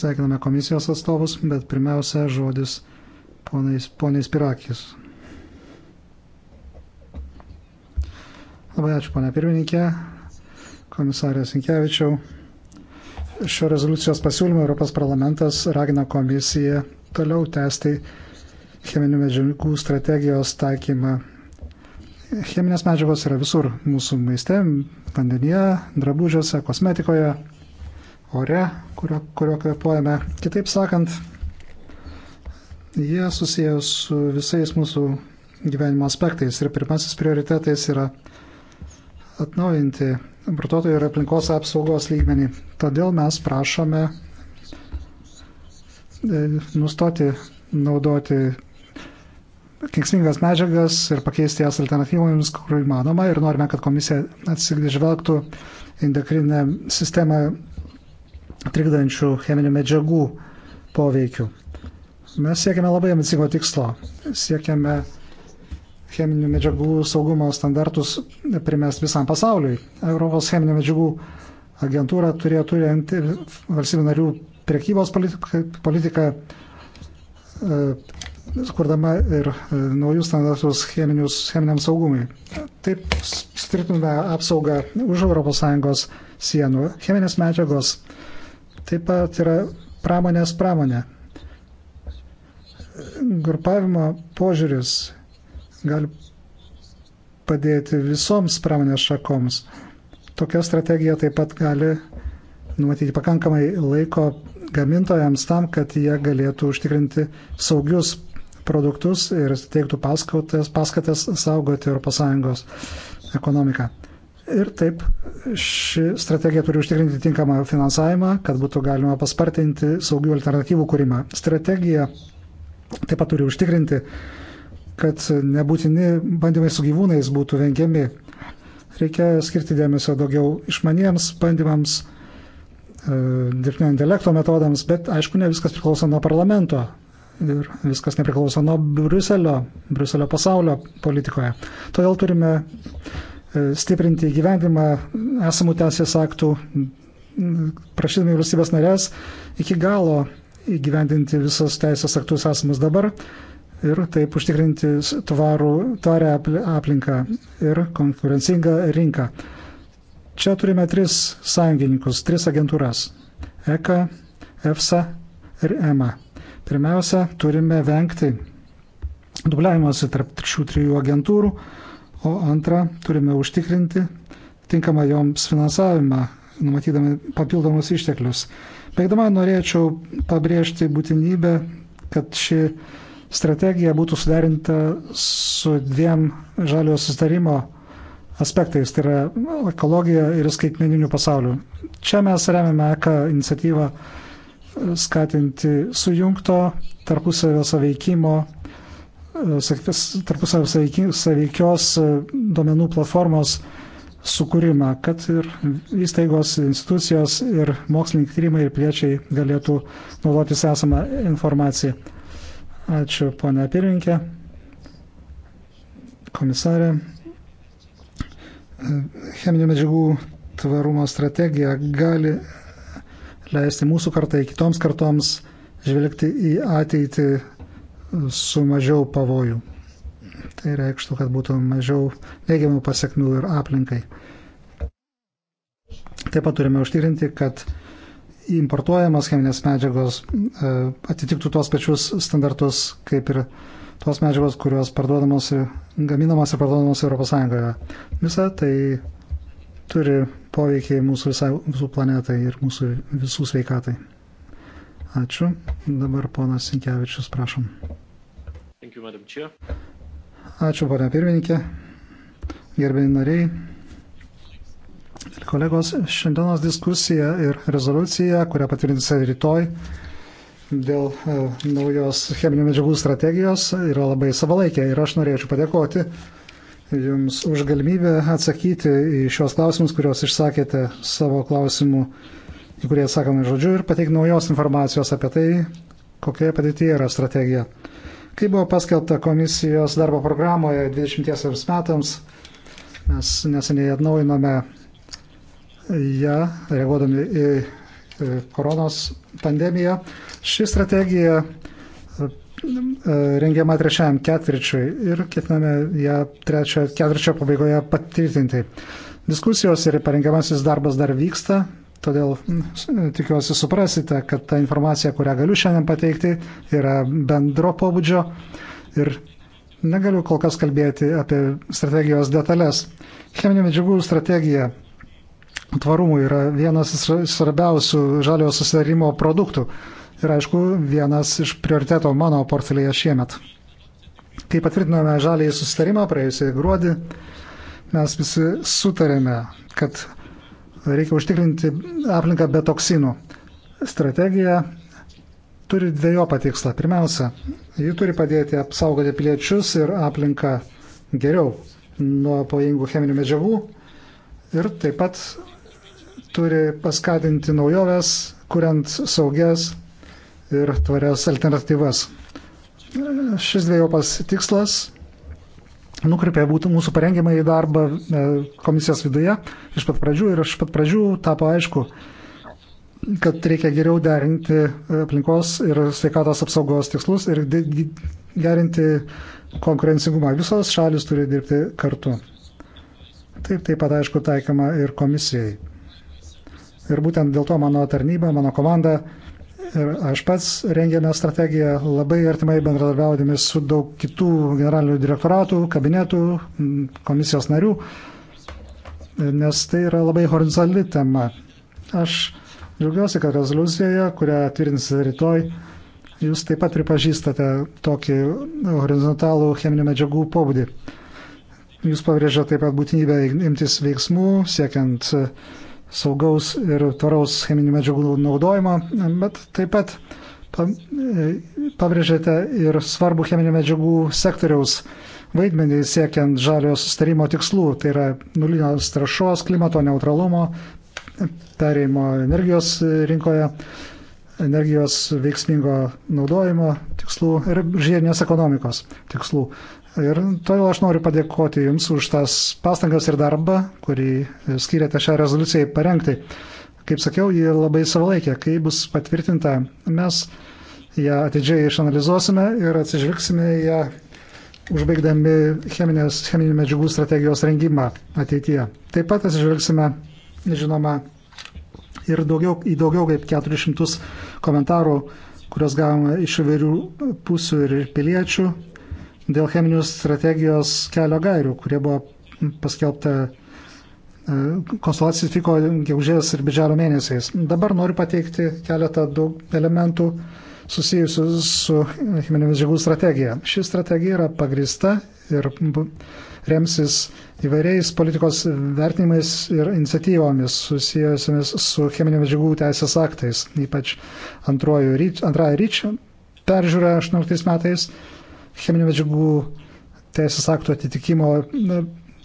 Sveikiname komisijos atstovus, bet pirmiausia žodis ponais, ponais Pirakis. Labai ačiū, ponia pirmininkė, komisarė Sinkevičiau. Šio rezoliucijos pasiūlymo Europos parlamentas ragina komisiją toliau tęsti cheminių medžiagų strategijos taikymą Cheminės medžiagos yra visur mūsų maiste, vandenyje, drabužiuose, kosmetikoje, ore, kurio, kurio kvepuojame. Kitaip sakant, jie susijęs su visais mūsų gyvenimo aspektais. Ir pirmasis prioritetais yra atnaujinti vartotojų ir aplinkos apsaugos lygmenį. Todėl mes prašome e, nustoti naudoti kenksmingas medžiagas ir pakeisti jas alternatyvomis, kur įmanoma. Ir norime, kad komisija atsižvelgtų endokrinę sistemą trikdančių cheminių medžiagų poveikių. Mes siekiame labai ambicingo tikslo. Siekiame cheminių medžiagų saugumo standartus primest visam pasauliui. Europos cheminių medžiagų agentūra turėtų rengti valstybių narių priekybos politiką, politiką e, skurdama ir e, naujus standartus cheminiam saugumui. Taip stiprintume apsaugą už ES sienų. Cheminės medžiagos taip pat yra pramonės pramonė. Grupavimo požiūris gali padėti visoms pramonės šakoms. Tokia strategija taip pat gali numatyti pakankamai laiko gamintojams tam, kad jie galėtų užtikrinti saugius produktus ir teiktų paskatas, paskatas saugoti ES ekonomiką. Ir taip ši strategija turi užtikrinti tinkamą finansavimą, kad būtų galima paspartinti saugių alternatyvų kūrimą. Strategija taip pat turi užtikrinti, kad nebūtini bandymai su gyvūnais būtų vengiami. Reikia skirti dėmesio daugiau išmaniems bandymams, e, dirbtinio intelekto metodams, bet aišku, ne viskas priklauso nuo parlamento ir viskas nepriklauso nuo Bruselio, Bruselio pasaulio politikoje. Todėl turime e, stiprinti gyvendimą esamų teisės aktų, prašydami valstybės narės iki galo įgyvendinti visus teisės aktus esamus dabar ir taip užtikrinti tvarų, tvarę aplinką ir konkurencingą rinką. Čia turime tris sąjungininkus, tris agentūras - ECA, EFSA ir EMA. Pirmiausia, turime vengti dubliavimuose tarp šių trijų agentūrų, o antra, turime užtikrinti tinkamą joms finansavimą, numatydami papildomus išteklius. Baigdama norėčiau pabrėžti būtinybę, kad ši strategija būtų suderinta su dviem žaliojo sustarimo aspektais, tai yra ekologija ir skaitmeninių pasaulių. Čia mes remiame ECA iniciatyvą skatinti sujungto tarpusavio saveikimo, tarpusavio saveikios e, duomenų platformos sukūrimą, kad ir įstaigos, institucijos ir mokslininkai tyrimai ir pliečiai galėtų naudotis esamą informaciją. Ačiū, ponia pirminkė, komisarė. Cheminių medžiagų tvarumo strategija gali leisti mūsų kartai, kitoms kartoms žvelgti į ateitį su mažiau pavojų. Tai reikštų, kad būtų mažiau neigiamų pasiekmių ir aplinkai. Taip pat turime užtikrinti, kad importuojamos cheminės medžiagos e, atitiktų tuos pačius standartus, kaip ir tos medžiagos, kurios parduodamos, gaminamos ir parduodamos ES. Visa tai turi poveikį mūsų, visai, mūsų planetai ir mūsų visų sveikatai. Ačiū. Dabar ponas Sinkevičius, prašom. You, Ačiū, ponia pirmininkė. Gerbėjai nariai. Ir kolegos, šiandienos diskusija ir rezoliucija, kurią patvirtinsite rytoj dėl e, naujos cheminių medžiagų strategijos, yra labai savalaikė. Ir aš norėčiau padėkoti uh, Jums už galimybę atsakyti į šios klausimus, kuriuos išsakėte savo klausimų, į kurie atsakome žodžiu ir pateikti naujos informacijos apie tai, kokioje padėtyje yra strategija. Kai buvo paskelbta komisijos darbo programoje 20 metams, mes neseniai atnaujinome ją, reaguodami į e, koronos pandemiją. Ši strategija rengiama trečiajam ketvirčiui ir ketiname ją trečio ketvirčio pabaigoje patvirtinti. Diskusijos ir parengiamasis darbas dar vyksta, todėl tikiuosi suprasite, kad ta informacija, kurią galiu šiandien pateikti, yra bendro pobūdžio ir negaliu kol kas kalbėti apie strategijos detalės. Cheminių medžiagų strategija tvarumui yra vienas svarbiausių žaliojo susidarimo produktų ir aišku, vienas iš prioriteto mano portfelėje šiemet. Kai patvirtinome žalį susitarimą praėjusiai gruodį, mes visi sutarėme, kad reikia užtikrinti aplinką be toksinų. Strategija turi dviejopą tikslą. Pirmiausia, ji turi padėti apsaugoti piliečius ir aplinką geriau nuo pavojingų cheminių medžiagų ir taip pat turi paskatinti naujoves, kuriant saugias ir tvarias alternatyvas. Šis dviejopas tikslas nukreipė būtų mūsų parengimą į darbą e, komisijos viduje iš pat pradžių ir iš pat pradžių tapo aišku, kad reikia geriau derinti aplinkos ir sveikatos apsaugos tikslus ir gerinti konkurencingumą. Visos šalis turi dirbti kartu. Taip, taip pat aišku taikoma ir komisijai. Ir būtent dėl to mano tarnyba, mano komanda ir aš pats rengėme strategiją labai artimai bendradarbiaudami su daug kitų generalinių direktoratų, kabinetų, komisijos narių, nes tai yra labai horizontali tema. Aš džiaugiuosi, kad rezoliucijoje, kurią tvirtinsite rytoj, jūs taip pat pripažįstate tokį horizontalų cheminių medžiagų pobūdį. Jūs pabrėžėte taip pat būtinybę imtis veiksmų, siekiant uh, saugaus ir tvaraus cheminių medžiagų naudojimo, bet taip pat e, pabrėžėte ir svarbų cheminių medžiagų sektoriaus vaidmenį siekiant žaliojo sustarimo tikslų, tai yra nulinės trašos, klimato neutralumo, pereimo energijos rinkoje, energijos veiksmingo naudojimo tikslų ir žiedinės ekonomikos tikslų. Ir todėl aš noriu padėkoti Jums už tas pastangas ir darbą, kurį skiriate šią rezoliuciją parengti. Kaip sakiau, ji labai savalaikė. Kai bus patvirtinta, mes ją atidžiai išanalizuosime ir atsižvelgsime ją užbaigdami cheminės, cheminių medžiagų strategijos rengimą ateityje. Taip pat atsižvelgsime, žinoma, ir daugiau, į daugiau kaip 400 komentarų, kuriuos gavome iš įvairių pusių ir piliečių, dėl cheminių strategijos kelio gairių, kurie buvo paskelbta e, konsultacijos vyko gegužės ir birželio mėnesiais. Dabar noriu pateikti keletą daug elementų susijusių su cheminių medžiagų strategija. Ši strategija yra pagrista ir remsis įvairiais politikos vertinimais ir iniciatyvomis susijusiamis su cheminių medžiagų teisės aktais, ypač antrąją ryč peržiūrą 18 metais cheminių medžiagų teisės aktų atitikimo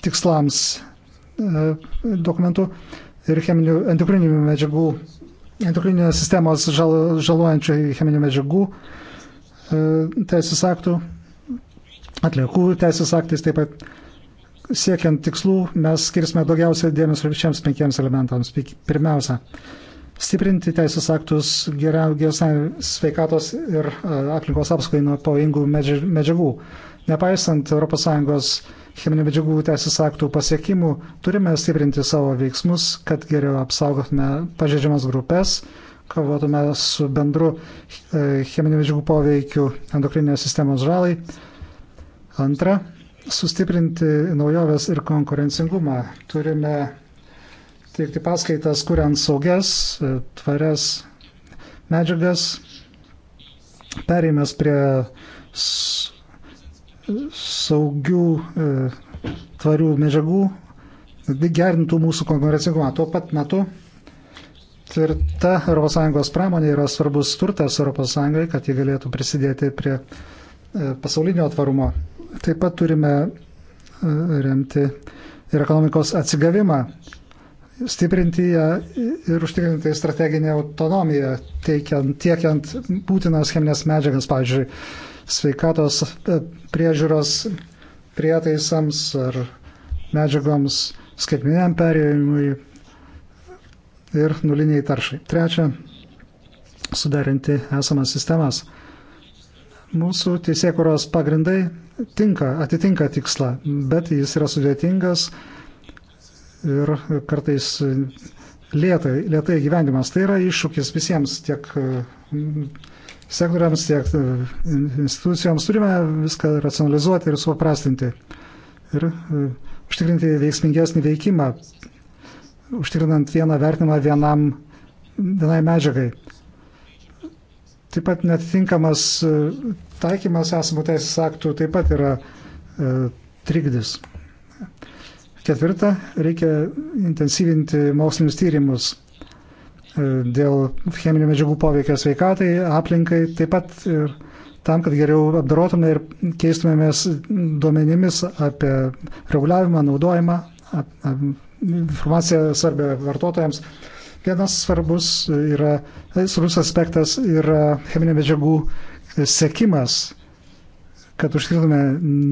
tikslams dokumentų ir cheminių endokrininių medžiagų, endokrininės sistemos žal, žalojančių cheminių medžiagų e, teisės aktų, atliekų teisės aktais taip pat siekiant tikslų mes skirsime daugiausiai dėmesio šiems penkiems elementams. Pirmiausia, stiprinti teisės aktus geriausiai sveikatos ir e, aplinkos apsaugai nuo pavojingų medžiagų. Nepaisant ES cheminių medžiagų teisės aktų pasiekimų, turime stiprinti savo veiksmus, kad geriau apsaugotume pažeidžiamas grupės, kovotume su bendru e, cheminių medžiagų poveikiu endokrininės sistemos žalai. Antra, sustiprinti naujoves ir konkurencingumą. Turime teikti paskaitas, kuriant saugias, tvarias medžiagas. Perėmės prie saugių, e, tvarių medžiagų, gerintų mūsų konkurencingumą. Tuo pat metu tvirta ES pramonė yra svarbus turtas ES, kad jie galėtų prisidėti prie e, pasaulinio tvarumo. Taip pat turime e, remti ir ekonomikos atsigavimą stiprinti ją ir užtikrinti strateginę autonomiją, teikiant, tiekiant būtinas cheminės medžiagas, pavyzdžiui, sveikatos e, priežiūros prietaisams ar medžiagoms skaitminiam perėjimui ir nuliniai taršai. Trečia, suderinti esamas sistemas. Mūsų teisėkuros pagrindai tinka, atitinka tikslą, bet jis yra sudėtingas ir kartais lėtai, lėtai gyvendimas. Tai yra iššūkis visiems tiek mm, sektoriams, tiek e, institucijoms. Turime viską racionalizuoti ir supaprastinti. Ir e, užtikrinti veiksmingesnį veikimą, užtikrinant vieną vertinimą vienam, vienai medžiagai. Taip pat netitinkamas e, taikymas esamų teisės aktų taip pat yra e, trikdis. Ketvirta, reikia intensyvinti mokslinius tyrimus e, dėl cheminių medžiagų poveikio sveikatai, aplinkai, taip pat ir tam, kad geriau apdarotume ir keistumėmės duomenimis apie reguliavimą, naudojimą, ap, ap, informaciją svarbę vartotojams. Vienas svarbus, yra, svarbus aspektas yra cheminių medžiagų sekimas kad užtikrintume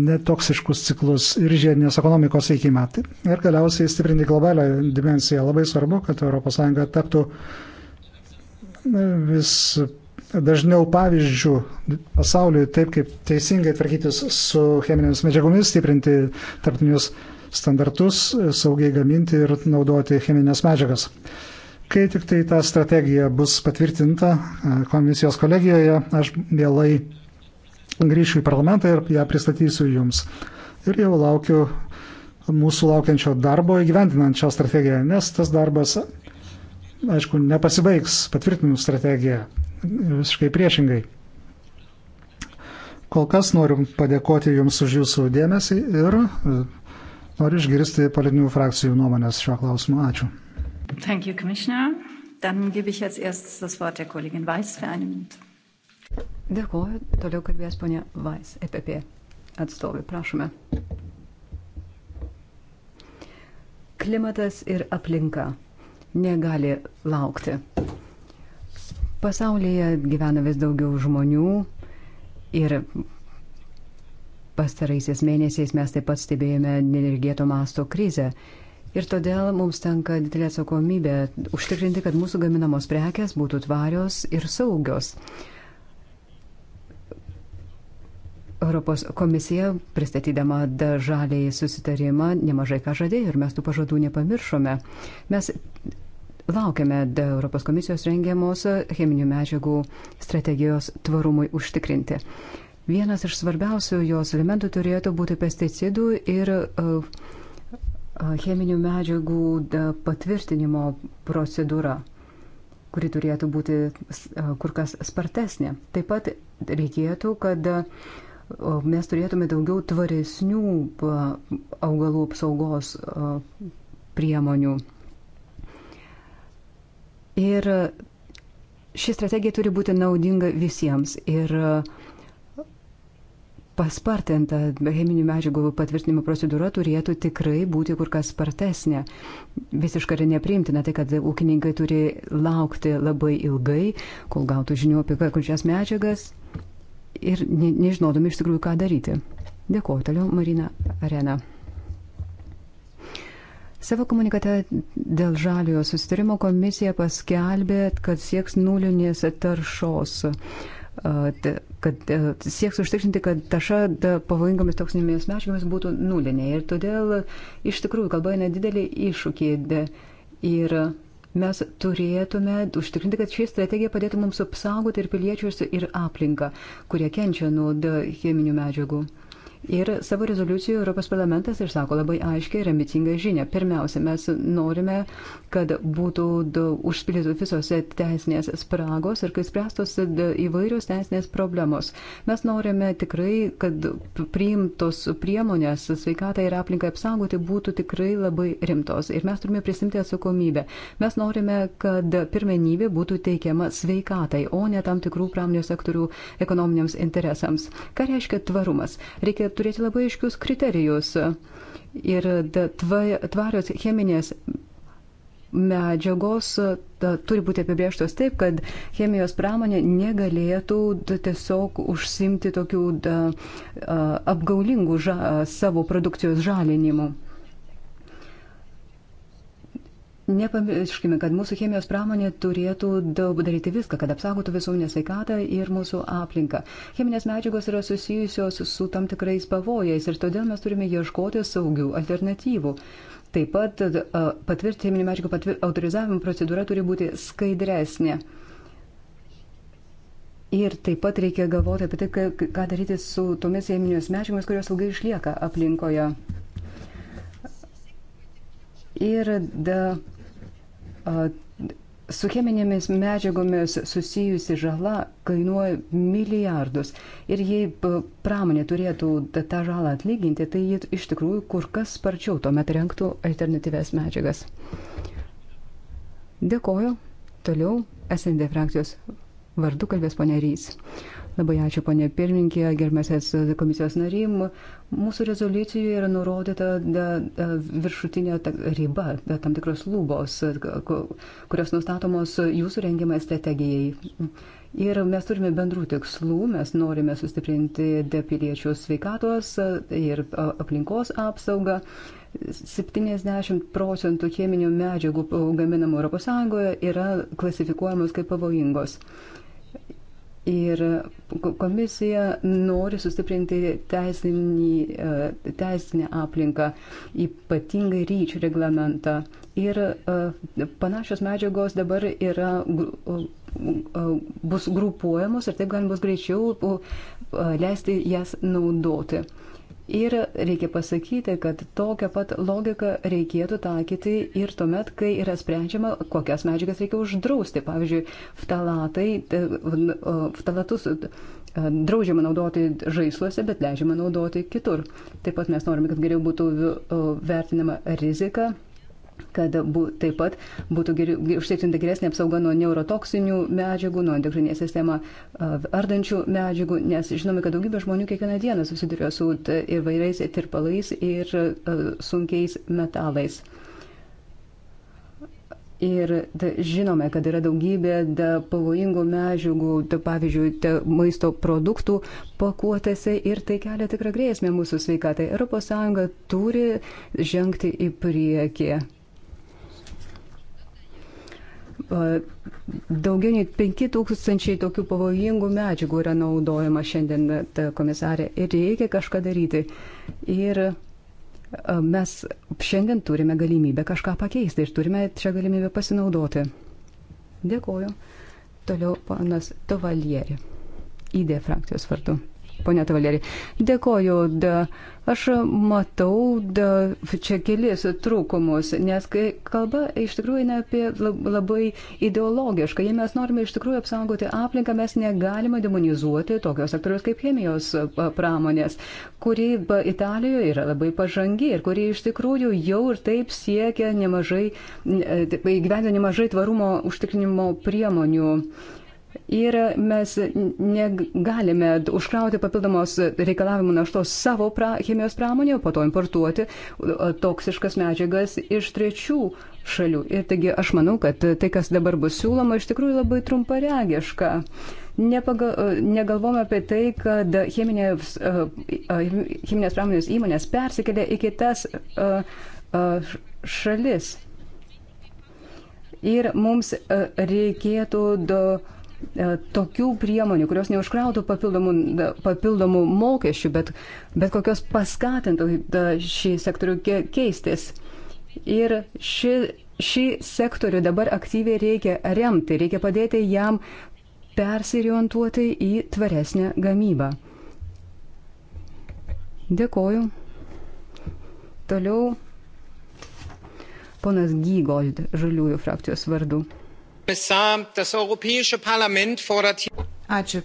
netoksiškus ciklus ir žiedinės ekonomikos veikimą. Tai ir galiausiai stiprinti globalią dimensiją. Labai svarbu, kad ES taptų vis dažniau pavyzdžių pasauliui, taip kaip teisingai tvarkytis su cheminėmis medžiagomis, stiprinti tarptinius standartus, saugiai gaminti ir naudoti cheminės medžiagas. Kai tik tai ta strategija bus patvirtinta komisijos kolegijoje, aš vėlai grįšiu į parlamentą ir ją pristatysiu jums. Ir jau laukiu mūsų laukiančio darbo įgyvendinant šią strategiją, nes tas darbas, aišku, nepasibaigs patvirtinus strategiją. Visiškai priešingai. Kol kas noriu padėkoti Jums už Jūsų dėmesį ir e, noriu išgirsti politinių frakcijų nuomonės šiuo klausimu. Ačiū. Thank you, Commissioner. Dann gebe ich als erstes das Wort der Kollegin Weiß für eine Minute. Dėkuoju, toliau kalbės ponė Vais, EPP atstovai, prašome. Klimatas ir aplinka negali laukti. Pasaulyje gyvena vis daugiau žmonių ir pastaraisiais mėnesiais mes taip pat stebėjome neregėto masto krizę. Ir todėl mums tenka didelė atsakomybė užtikrinti, kad mūsų gaminamos prekes būtų tvarios ir saugios. Europos komisija, pristatydama žaliai susitarimą, nemažai ką žadėjo ir mes tų pažadų nepamiršome. Mes laukiame Europos komisijos rengiamos cheminių medžiagų strategijos tvarumui užtikrinti. Vienas iš svarbiausių jos elementų turėtų būti pesticidų ir cheminių medžiagų patvirtinimo procedūra, kuri turėtų būti kur kas spartesnė. Taip pat reikėtų, kad mes turėtume daugiau tvaresnių augalų apsaugos priemonių. Ir ši strategija turi būti naudinga visiems. Ir paspartinta cheminių medžiagų patvirtinimo procedūra turėtų tikrai būti kur kas spartesnė. Visiškai yra nepriimtina tai, kad ūkininkai turi laukti labai ilgai, kol gautų žinių apie kokias medžiagas ir ne, nežinodami iš tikrųjų, ką daryti. Dėkuoju toliau, Marina Arena. Savo komunikate dėl žaliojo susitarimo komisija paskelbė, kad sieks nulinės taršos kad e, sieks užtikrinti, kad taša pavojingomis toksinėmis medžiagomis būtų nulinė. Ir todėl iš tikrųjų kalba eina didelį iššūkį. Ir mes turėtume užtikrinti, kad ši strategija padėtų mums apsaugoti ir piliečius, ir aplinką, kurie kenčia nuo cheminių medžiagų. Ir savo rezoliucijoje Europos parlamentas išsako labai aiškiai ir ambicingą žinę. Pirmiausia, mes norime, kad būtų užpildytų visos teisinės spragos ir kai spręstos įvairios teisinės problemos. Mes norime tikrai, kad priimtos priemonės sveikatai ir aplinkai apsaugoti būtų tikrai labai rimtos. Ir mes turime prisimti atsakomybę. Mes norime, kad pirmenybė būtų teikiama sveikatai, o ne tam tikrų pramonės sektorių ekonominiams interesams. Ką reiškia tvarumas? Reikia turėti labai aiškius kriterijus. Ir tvarios cheminės medžiagos ta, turi būti apibrieštos taip, kad chemijos pramonė negalėtų da, tiesiog užsimti tokių da, apgaulingų ža, savo produkcijos žalinimu. Nepamirškime, kad mūsų chemijos pramonė turėtų daryti viską, kad apsaugotų visuomenės sveikatą ir mūsų aplinką. Cheminės medžiagos yra susijusios su tam tikrais pavojais ir todėl mes turime ieškoti saugių alternatyvų. Taip pat e, patvirtinti cheminių medžiagų patvir... autorizavimo procedūra turi būti skaidresnė. Ir taip pat reikia galvoti apie tai, ką daryti su tomis cheminėmis medžiagomis, kurios ilgai išlieka aplinkoje. Ir da, Su cheminėmis medžiagomis susijusi žala kainuoja milijardus ir jei pramonė turėtų tą žalą atlyginti, tai ji iš tikrųjų kur kas sparčiau tuomet renktų alternatyves medžiagas. Dėkoju. Toliau SND frakcijos vardu kalbės ponerys. Labai ačiū, ponė pirmininkė, gerbiamasis komisijos narim. Mūsų rezoliucijoje yra nurodyta viršutinė riba, tam tikros lubos, kurios nustatomos jūsų rengimai strategijai. Ir mes turime bendrų tikslų, mes norime sustiprinti piliečių sveikatos ir aplinkos apsaugą. 70 procentų cheminių medžiagų gaminamų ES yra klasifikuojamos kaip pavojingos. Ir komisija nori sustiprinti teisinį, e, teisinę aplinką, ypatingai ryčių reglamentą. Ir e, panašios medžiagos dabar yra, e, bus grupuojamos ir taip galima bus greičiau leisti jas naudoti. Ir reikia pasakyti, kad tokią pat logiką reikėtų taikyti ir tuomet, kai yra sprendžiama, kokias medžiagas reikia uždrausti. Pavyzdžiui, ftalatai, ftalatus e, draudžiama naudoti žaisluose, bet leidžiama naudoti kitur. Taip pat mes norime, kad geriau būtų vertinama rizika kad bu, taip pat būtų geri, užtikrinta geresnė apsauga nuo neurotoksinių medžiagų, nuo endokrininę sistemą ardančių medžiagų, nes žinome, kad daugybė žmonių kiekvieną dieną susiduria su įvairiais tirpalais ir sunkiais metalais. Ir da, žinome, kad yra daugybė da, pavojingų medžiagų, da, pavyzdžiui, da, maisto produktų pakuotėse ir tai kelia tikrą grėsmę mūsų sveikatai. ES turi žengti į priekį daugiau nei 5000 tokių pavojingų medžiagų yra naudojama šiandien, ta komisarė, ir reikia kažką daryti. Ir mes šiandien turime galimybę kažką pakeisti ir turime šią galimybę pasinaudoti. Dėkoju. Toliau panas Tovalieri, ID frakcijos vardu ponė Tavalerį. Dėkoju. Da, aš matau da, čia kelis trūkumus, nes kai kalba iš tikrųjų eina apie labai ideologišką. Jei mes norime iš tikrųjų apsaugoti aplinką, mes negalime demonizuoti tokios sektoriaus kaip chemijos pramonės, kuri Italijoje yra labai pažangi ir kuri iš tikrųjų jau ir taip siekia nemažai, e, įgyvendina nemažai tvarumo užtikrinimo priemonių. Ir mes negalime užkrauti papildomos reikalavimų naštos savo pra, chemijos pramonėje, po to importuoti toksiškas medžiagas iš trečių šalių. Ir taigi aš manau, kad tai, kas dabar bus siūloma, iš tikrųjų labai trumparegiška. Nepaga, negalvome apie tai, kad cheminės, cheminės pramonės įmonės persikėlė į kitas šalis. Ir mums e, reikėtų do, uh, E, tokių priemonių, kurios neužkrautų papildomų, papildomų mokesčių, bet, bet kokios paskatintų šį sektorių keistis. Ir ši, šį sektorių dabar aktyviai reikia remti, reikia padėti jam persiriorientuoti į tvaresnę gamybą. Dėkoju. Toliau ponas Gygold žaliųjų frakcijos vardu. Ačiū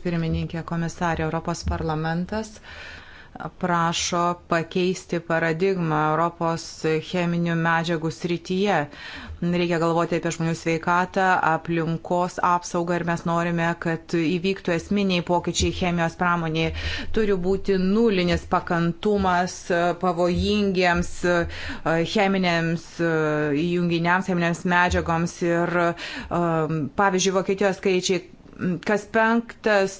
pirmininkė komisarė. Europos parlamentas prašo pakeisti paradigmą Europos cheminių medžiagų srityje. Reikia galvoti apie žmonių sveikatą, aplinkos apsaugą ir mes norime, kad įvyktų esminiai pokyčiai chemijos pramonėje. Turi būti nulinis pakantumas pavojingiems e, cheminėms e, junginiams, cheminėms medžiagoms. Ir e, pavyzdžiui, Vokietijos skaičiai, kas penktas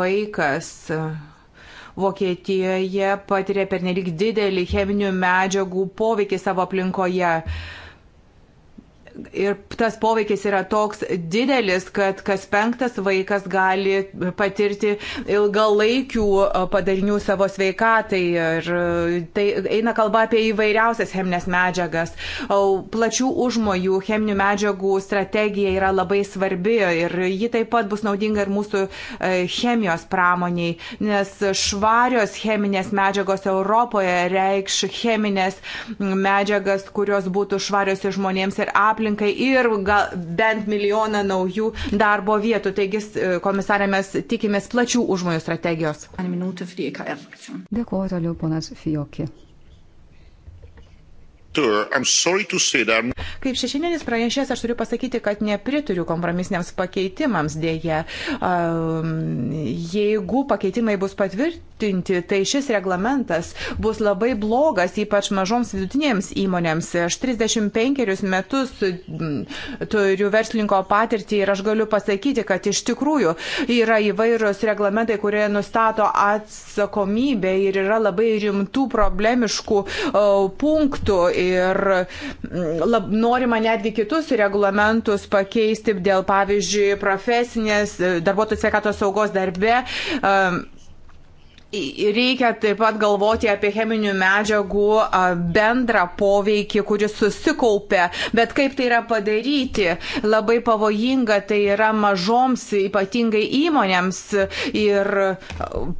vaikas Vokietijoje patiria pernelyg didelį cheminių medžiagų poveikį savo aplinkoje. Uh, Ir tas poveikis yra toks didelis, kad kas penktas vaikas gali patirti ilgalaikių e, padarinių savo sveikatai. Ir e, tai eina kalba apie įvairiausias cheminės medžiagas. Plačių užmojų cheminių medžiagų strategija yra labai svarbi ir ji taip pat bus naudinga ir mūsų e, chemijos pramoniai, nes švarios cheminės medžiagos Europoje reikš cheminės medžiagas, kurios būtų švarios ir žmonėms ir aplinkai aplinkai ir gal, bent milijoną naujų darbo vietų. Taigi, e, komisarė, mes tikimės plačių užmojų strategijos. Dėkuoju toliau, ponas Fijoki. Kaip šešinėlis pranešės, aš turiu pasakyti, kad neprituriu kompromisiniams pakeitimams dėje. Jeigu pakeitimai bus patvirtinti, tai šis reglamentas bus labai blogas, ypač mažoms vidutinėms įmonėms. Aš 35 metus turiu verslininko patirtį ir aš galiu pasakyti, kad iš tikrųjų yra įvairios reglamentai, kurie nustato atsakomybę ir yra labai rimtų problemiškų punktų ir mm, lab, norima netgi kitus reglamentus pakeisti dėl, pavyzdžiui, profesinės e, darbuotojų sveikatos saugos darbe. Um, Reikia taip pat galvoti apie cheminių medžiagų bendrą poveikį, kuris susikaupia, bet kaip tai yra padaryti, labai pavojinga tai yra mažoms, ypatingai įmonėms. Ir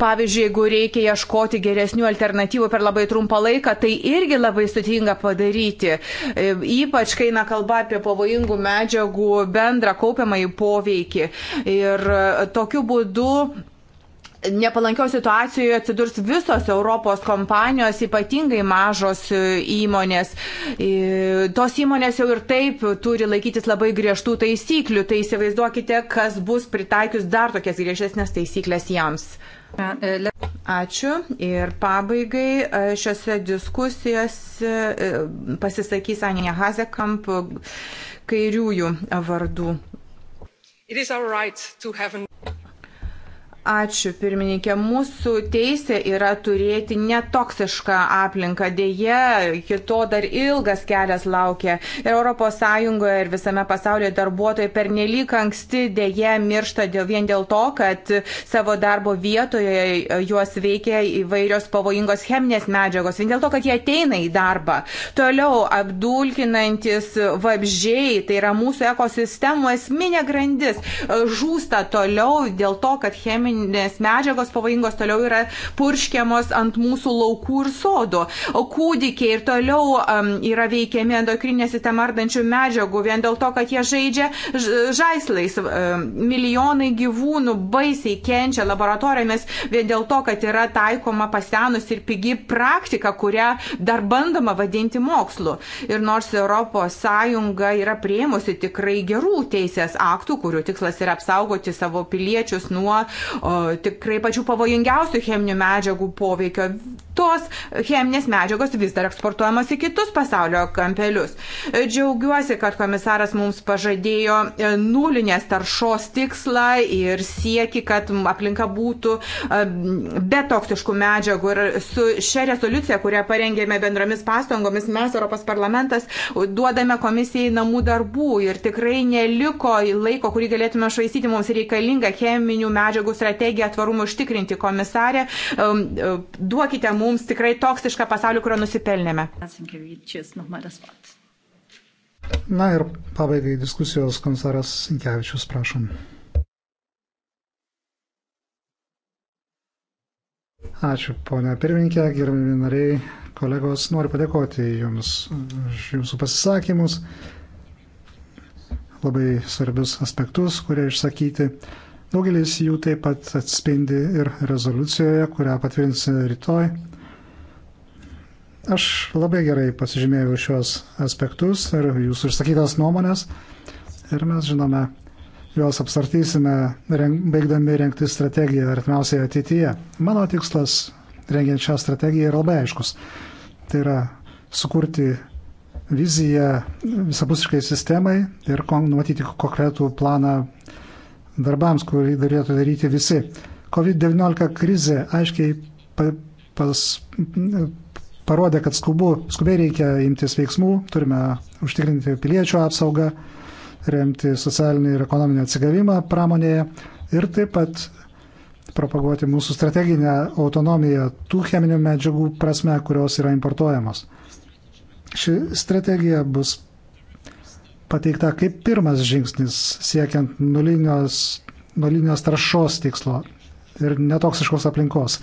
pavyzdžiui, jeigu reikia ieškoti geresnių alternatyvų per labai trumpą laiką, tai irgi labai sutinga padaryti. E, ypač, kai eina kalba apie pavojingų medžiagų bendrą kaupiamąjį poveikį. Ir tokiu būdu nepalankioje situacijoje atsidurs visos Europos kompanijos, ypatingai mažos e, įmonės. E, tos įmonės jau ir taip turi laikytis labai griežtų taisyklių, tai įsivaizduokite, kas bus pritaikius dar tokias griežtesnės taisyklės jiems. Ačiū. Ir pabaigai e, šiose diskusijose pasisakys Anija Hazekamp kairiųjų vardų. It is our right to have an Ačiū, pirmininkė. Mūsų teisė yra turėti netoksišką aplinką. Deja, iki to dar ilgas kelias laukia. Ir ES ir visame pasaulyje darbuotojai per nelik anksti deja miršta dėl, vien dėl to, kad savo darbo vietoje juos veikia įvairios pavojingos cheminės medžiagos, vien dėl to, kad jie ateina į darbą. Toliau, apdulkinantis vabžiai, tai yra mūsų ekosistemų esminė grandis, žūsta toliau dėl to, kad cheminė cheminės medžiagos pavojingos toliau yra purškiamos ant mūsų laukų ir sodų. O kūdikiai ir toliau um, yra veikiami endokrinė sistema ardančių medžiagų vien dėl to, kad jie žaidžia žaislais. Um, milijonai gyvūnų baisiai kenčia laboratorijomis vien dėl to, kad yra taikoma pasenus ir pigi praktika, kurią dar bandoma vadinti mokslu. Ir nors ES yra prieimusi tikrai gerų teisės aktų, kurių tikslas yra apsaugoti savo piliečius nuo o, tikrai pačių pavojingiausių cheminių medžiagų poveikio. Tos cheminės medžiagos vis dar eksportuojamos į kitus pasaulio kampelius. Džiaugiuosi, kad komisaras mums pažadėjo e, nulinės taršos tikslą ir sieki, kad aplinka būtų e, be toksiškų medžiagų. Ir su šia rezoliucija, kurią parengėme bendromis pastangomis, mes, Europos parlamentas, duodame komisijai namų darbų ir tikrai neliko laiko, kurį galėtume švaistyti mums reikalinga cheminių medžiagų strategija strategiją tvarumui užtikrinti, komisarė. Um, um, duokite mums tikrai toksišką pasaulį, kurio nusipelnėme. Na ir pabaigai diskusijos komisaras Sinkevičius, prašom. Ačiū, ponia pirmininkė, gerbimi nariai, kolegos, noriu padėkoti Jums už Jūsų pasisakymus, labai svarbius aspektus, kurie išsakyti. Daugelis jų taip pat atspindi ir rezoliucijoje, kurią patvirtinsime rytoj. Aš labai gerai pasižymėjau šios aspektus ir jūsų išsakytas nuomonės. Ir mes žinome, juos apsartysime, renk, baigdami renkti strategiją artimiausiai ateityje. Mano tikslas rengiant šią strategiją yra labai aiškus. Tai yra sukurti viziją visapusiškai sistemai ir numatyti konkretų planą darbams, kurį turėtų daryti visi. COVID-19 krizė aiškiai pa, pas, parodė, kad skubu, skubiai reikia imtis veiksmų, turime užtikrinti piliečių apsaugą, remti socialinį ir ekonominį atsigavimą pramonėje ir taip pat propaguoti mūsų strateginę autonomiją tų cheminių medžiagų prasme, kurios yra importuojamos. Ši strategija bus pateikta kaip pirmas žingsnis siekiant nulinios, nulinios taršos tikslo ir netoksiškos aplinkos e,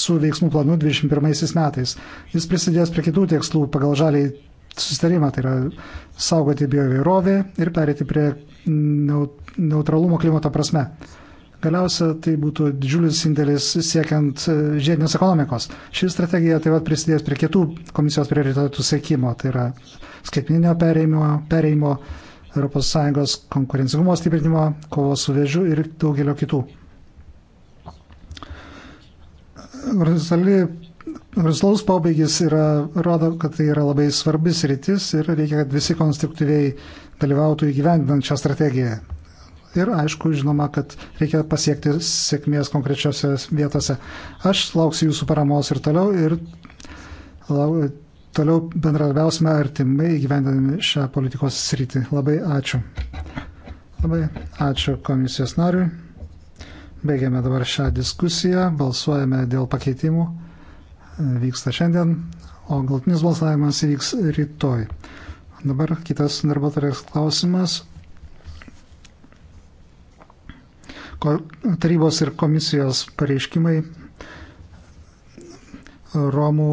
su veiksmų planu 21 metais. Jis prisidės prie kitų tikslų pagal žaliai susitarimą, tai yra saugoti bioįvairovę ir perėti prie neutralumo klimato prasme. Galiausia, tai būtų didžiulis indėlis siekiant e, žiedinės ekonomikos. Ši strategija taip pat prisidės prie kitų komisijos prioritetų sėkimo, tai yra skaitminio pereimo, pereimo ES konkurencingumo stiprinimo, kovos su vėžiu ir daugelio kitų. Ruslaus pabaigis yra, rodo, kad tai yra labai svarbis rytis ir reikia, kad visi konstruktyviai dalyvautų įgyvendinant šią strategiją. Ir aišku, žinoma, kad reikia pasiekti sėkmės konkrečiose vietose. Aš lauksiu jūsų paramos ir toliau ir lau, toliau bendradarbiausime artimai įgyvendinami šią politikos sritį. Labai ačiū. Labai ačiū komisijos nariui. Baigiame dabar šią diskusiją, balsuojame dėl pakeitimų. Vyksta šiandien, o galtinis balsavimas įvyks rytoj. Dabar kitas darbo tarės klausimas tarybos ir komisijos pareiškimai Romų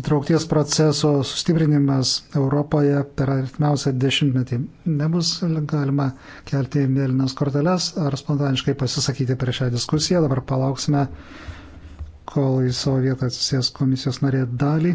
įtraukties proceso sustiprinimas Europoje per artimiausią dešimtmetį. Nebus galima kelti mėlynas korteles ar spontaniškai pasisakyti prieš šią diskusiją. Dabar palauksime, kol į savo vietą atsisės komisijos narė dalį.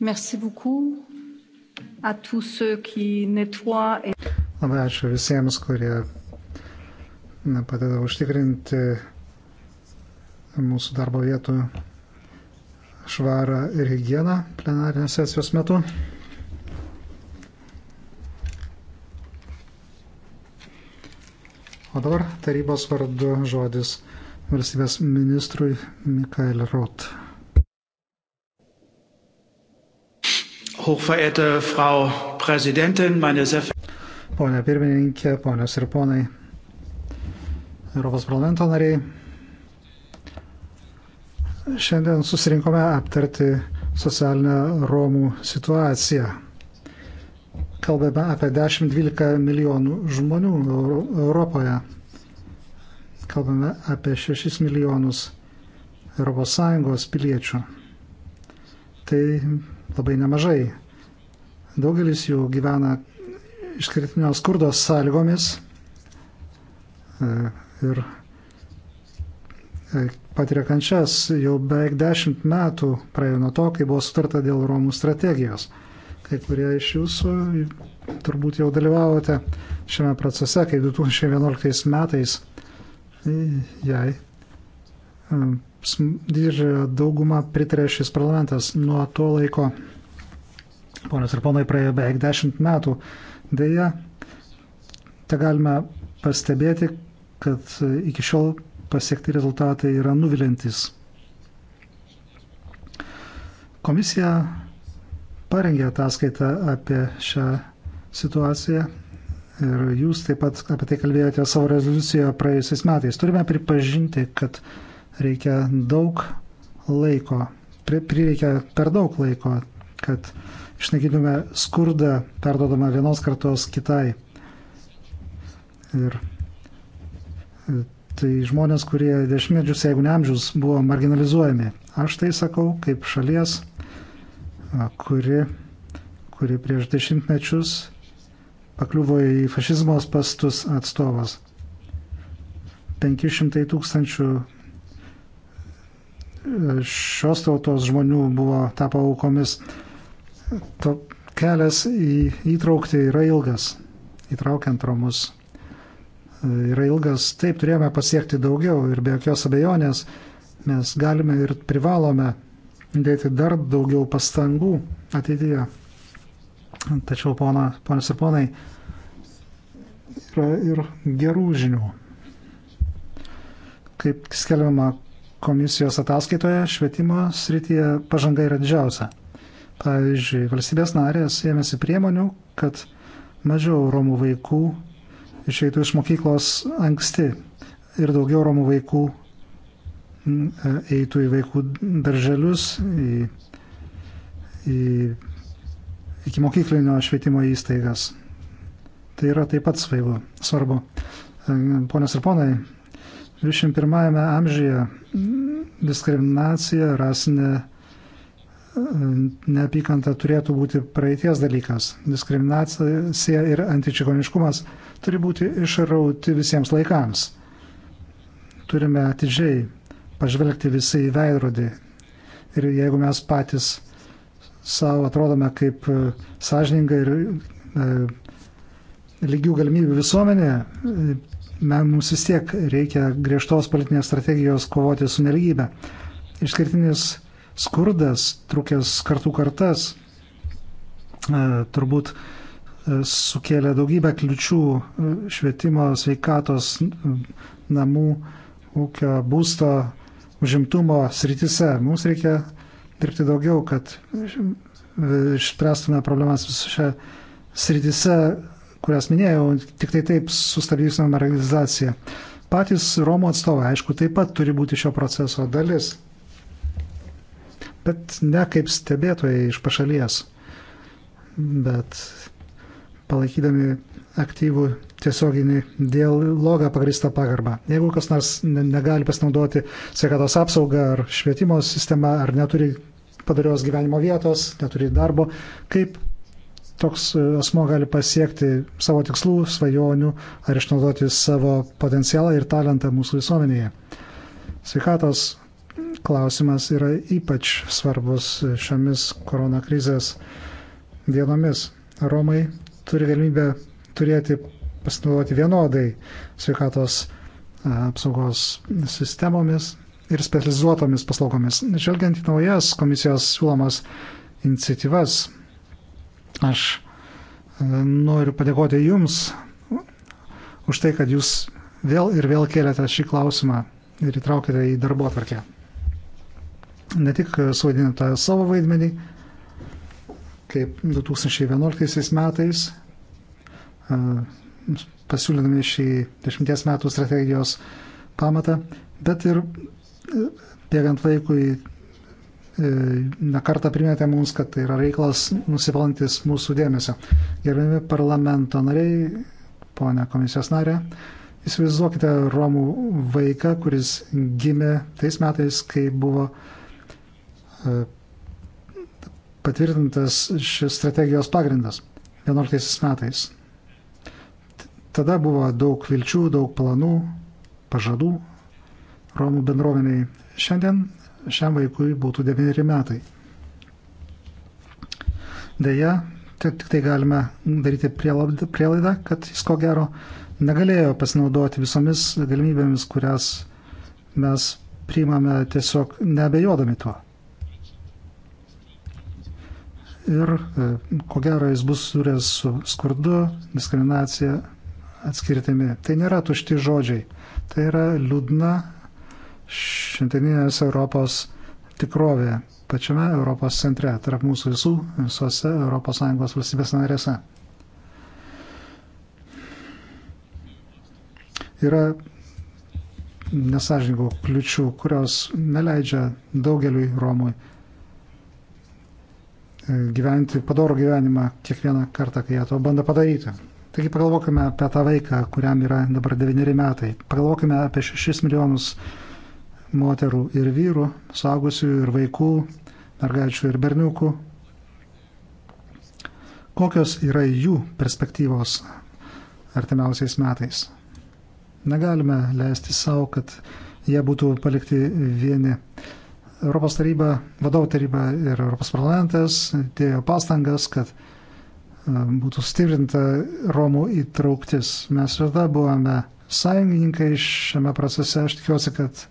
Merci beaucoup à tous ceux qui nettoient. Et... Labai ačiū visiems, kurie na, padeda užtikrinti mūsų darbo vietų švarą ir higieną plenarinės sesijos metu. O dabar tarybos vardu žodis valstybės ministrui Mikael Roth. hochverehrte Frau Präsidentin, meine sehr Pone pirmininkė, ponios ir ponai, Europos parlamento nariai. Šiandien susirinkome aptarti socialinę Romų situaciją. Kalbame apie 10-12 milijonų žmonių Europoje. Kalbame apie 6 milijonus ES piliečių. Tai labai nemažai. Daugelis jų gyvena išskirtinio skurdo sąlygomis e, ir e, patiria kančias jau beveik dešimt metų praėjo nuo to, kai buvo sutarta dėl Romų strategijos. Kai kurie iš jūsų turbūt jau dalyvavote šiame procese, kai 2011 metais jai didžiąją daugumą pritarė šis parlamentas. Nuo to laiko, ponios ir ponai, praėjo beveik dešimt metų. Deja, te galime pastebėti, kad iki šiol pasiekti rezultatai yra nuvilintis. Komisija parengė ataskaitą apie šią situaciją ir jūs taip pat apie tai kalbėjote savo rezoliucijoje praėjusiais metais. Turime pripažinti, kad reikia daug laiko, prireikia per daug laiko, kad išnaikintume skurdą, perdodama vienos kartos kitai. Ir e, tai žmonės, kurie dešimtmečius, jeigu ne amžius, buvo marginalizuojami. Aš tai sakau kaip šalies, kuri, kuri prieš dešimtmečius pakliuvo į fašizmo spastus atstovas. 500 tūkstančių šios tautos žmonių buvo tapo aukomis. To kelias į įtraukti yra ilgas, įtraukiant romus e, yra ilgas. Taip turėjome pasiekti daugiau ir be jokios abejonės mes galime ir privalome dėti dar daugiau pastangų ateityje. Tačiau, pona, ponas ir ponai, yra ir gerų žinių. Kaip skelbiama komisijos ataskaitoje švietimo srityje pažanga yra didžiausia. Pavyzdžiui, valstybės narės ėmėsi priemonių, kad mažiau romų vaikų išeitų iš mokyklos anksti ir daugiau romų vaikų e, eitų į vaikų darželius, į, į iki mokyklinio švietimo įstaigas. Tai yra taip pat svaibu, svarbu. E, ponios ir ponai, 21 amžiuje diskriminacija, rasinė e, neapykanta turėtų būti praeities dalykas. Diskriminacija ir antičigoniškumas turi būti išrauti visiems laikams. Turime atidžiai pažvelgti visi į veidrodį. Ir jeigu mes patys savo atrodome kaip e, sąžininga ir e, lygių galimybių visuomenė, mums vis tiek reikia griežtos politinės strategijos kovoti su neligybė. Išskirtinis skurdas, trukęs kartų kartas, e, turbūt e, sukėlė daugybę kliučių e, švietimo, sveikatos, namų, ūkio, būsto, užimtumo srityse. Mums reikia dirbti daugiau, kad išspręstume problemas visose srityse kurias minėjau, tik tai taip sustabdysime marginalizaciją. Patys Romų atstovai, aišku, taip pat turi būti šio proceso dalis, bet ne kaip stebėtojai iš pašalies, bet palaikydami aktyvų tiesioginį dialogą pagristą pagarbą. Jeigu kas nors negali pasinaudoti sveikatos apsaugą ar švietimo sistemą, ar neturi padarios gyvenimo vietos, neturi darbo, kaip toks e, asmo gali pasiekti savo tikslų, svajonių ar išnaudoti savo potencialą ir talentą mūsų visuomenėje. Sveikatos klausimas yra ypač svarbus šiomis korona krizės dienomis. Romai turi galimybę turėti pasinaudoti vienodai sveikatos e, apsaugos sistemomis ir specializuotomis paslaugomis. Žvelgiant į naujas komisijos siūlomas iniciatyvas, Aš e, noriu padėkoti Jums už tai, kad Jūs vėl ir vėl kėlėte šį klausimą ir įtraukėte į darbo atvarkę. Ne tik suvaidinate savo vaidmenį, kaip 2011 metais e, pasiūlydami šį 10 metų strategijos pamatą, bet ir e, bėgant laikui E, nekartą primėtė mums, kad tai yra reikalas nusivalantis mūsų dėmesio. Gerbiami parlamento nariai, ponia komisijos narė, įsivaizduokite Romų vaiką, kuris gimė tais metais, kai buvo e, patvirtintas šis strategijos pagrindas 11 metais. Tada buvo daug vilčių, daug planų, pažadų Romų bendruomeniai. Šiandien šiam vaikui būtų 9 metai. Deja, tik tai galime daryti prielaidą, kad jis ko gero negalėjo pasinaudoti visomis galimybėmis, kurias mes priimame tiesiog nebejodami tuo. Ir e, ko gero jis bus surės su skurdu, diskriminacija, atskirtimi. Tai nėra tušti žodžiai. Tai yra liūdna šiandieninės Europos tikrovė pačiame Europos centre, tarp mūsų visų, visose ES valstybės narėse. Yra nesažininkų kliučių, kurios neleidžia daugeliui Romui e, gyventi padorų gyvenimą kiekvieną kartą, kai jie to bando padaryti. Taigi pagalvokime apie tą vaiką, kuriam yra dabar devyneri metai. Pagalvokime apie 6 milijonus moterų ir vyrų, saugusių ir vaikų, mergaičių ir berniukų. Kokios yra jų perspektyvos artimiausiais metais? Negalime leisti savo, kad jie būtų palikti vieni. Europos taryba, vadovų taryba ir Europos parlamentas dėjo pastangas, kad e, būtų stiprinta Romų įtrauktis. Mes visada buvome sąjungininkai šiame procese. Aš tikiuosi, kad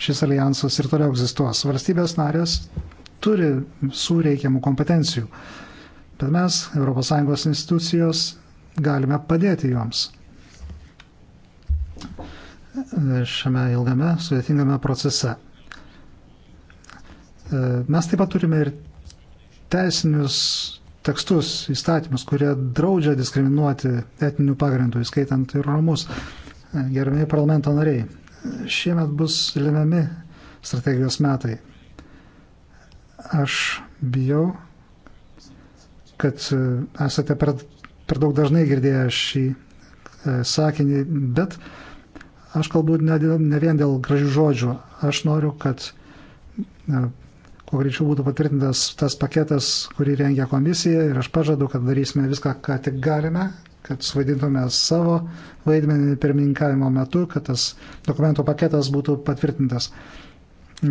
šis alijansas ir toliau egzistuos. Valstybės narės turi visų reikiamų kompetencijų, bet mes, ES institucijos, galime padėti joms šiame ilgame, sudėtingame procese. E, mes taip pat turime ir teisinius tekstus, įstatymus, kurie draudžia diskriminuoti etninių pagrindų, įskaitant ir romus. E, Gerbėjai parlamento nariai, šiemet bus lemiami strategijos metai. Aš bijau, kad e, esate per, per daug dažnai girdėję šį e, sakinį, bet aš kalbu ne, ne vien dėl gražių žodžių. Aš noriu, kad e, kuo greičiau būtų patvirtintas tas paketas, kurį rengia komisija ir aš pažadu, kad darysime viską, ką tik galime, kad suvaidintume savo vaidmenį pirmininkavimo metu, kad tas dokumentų paketas būtų patvirtintas.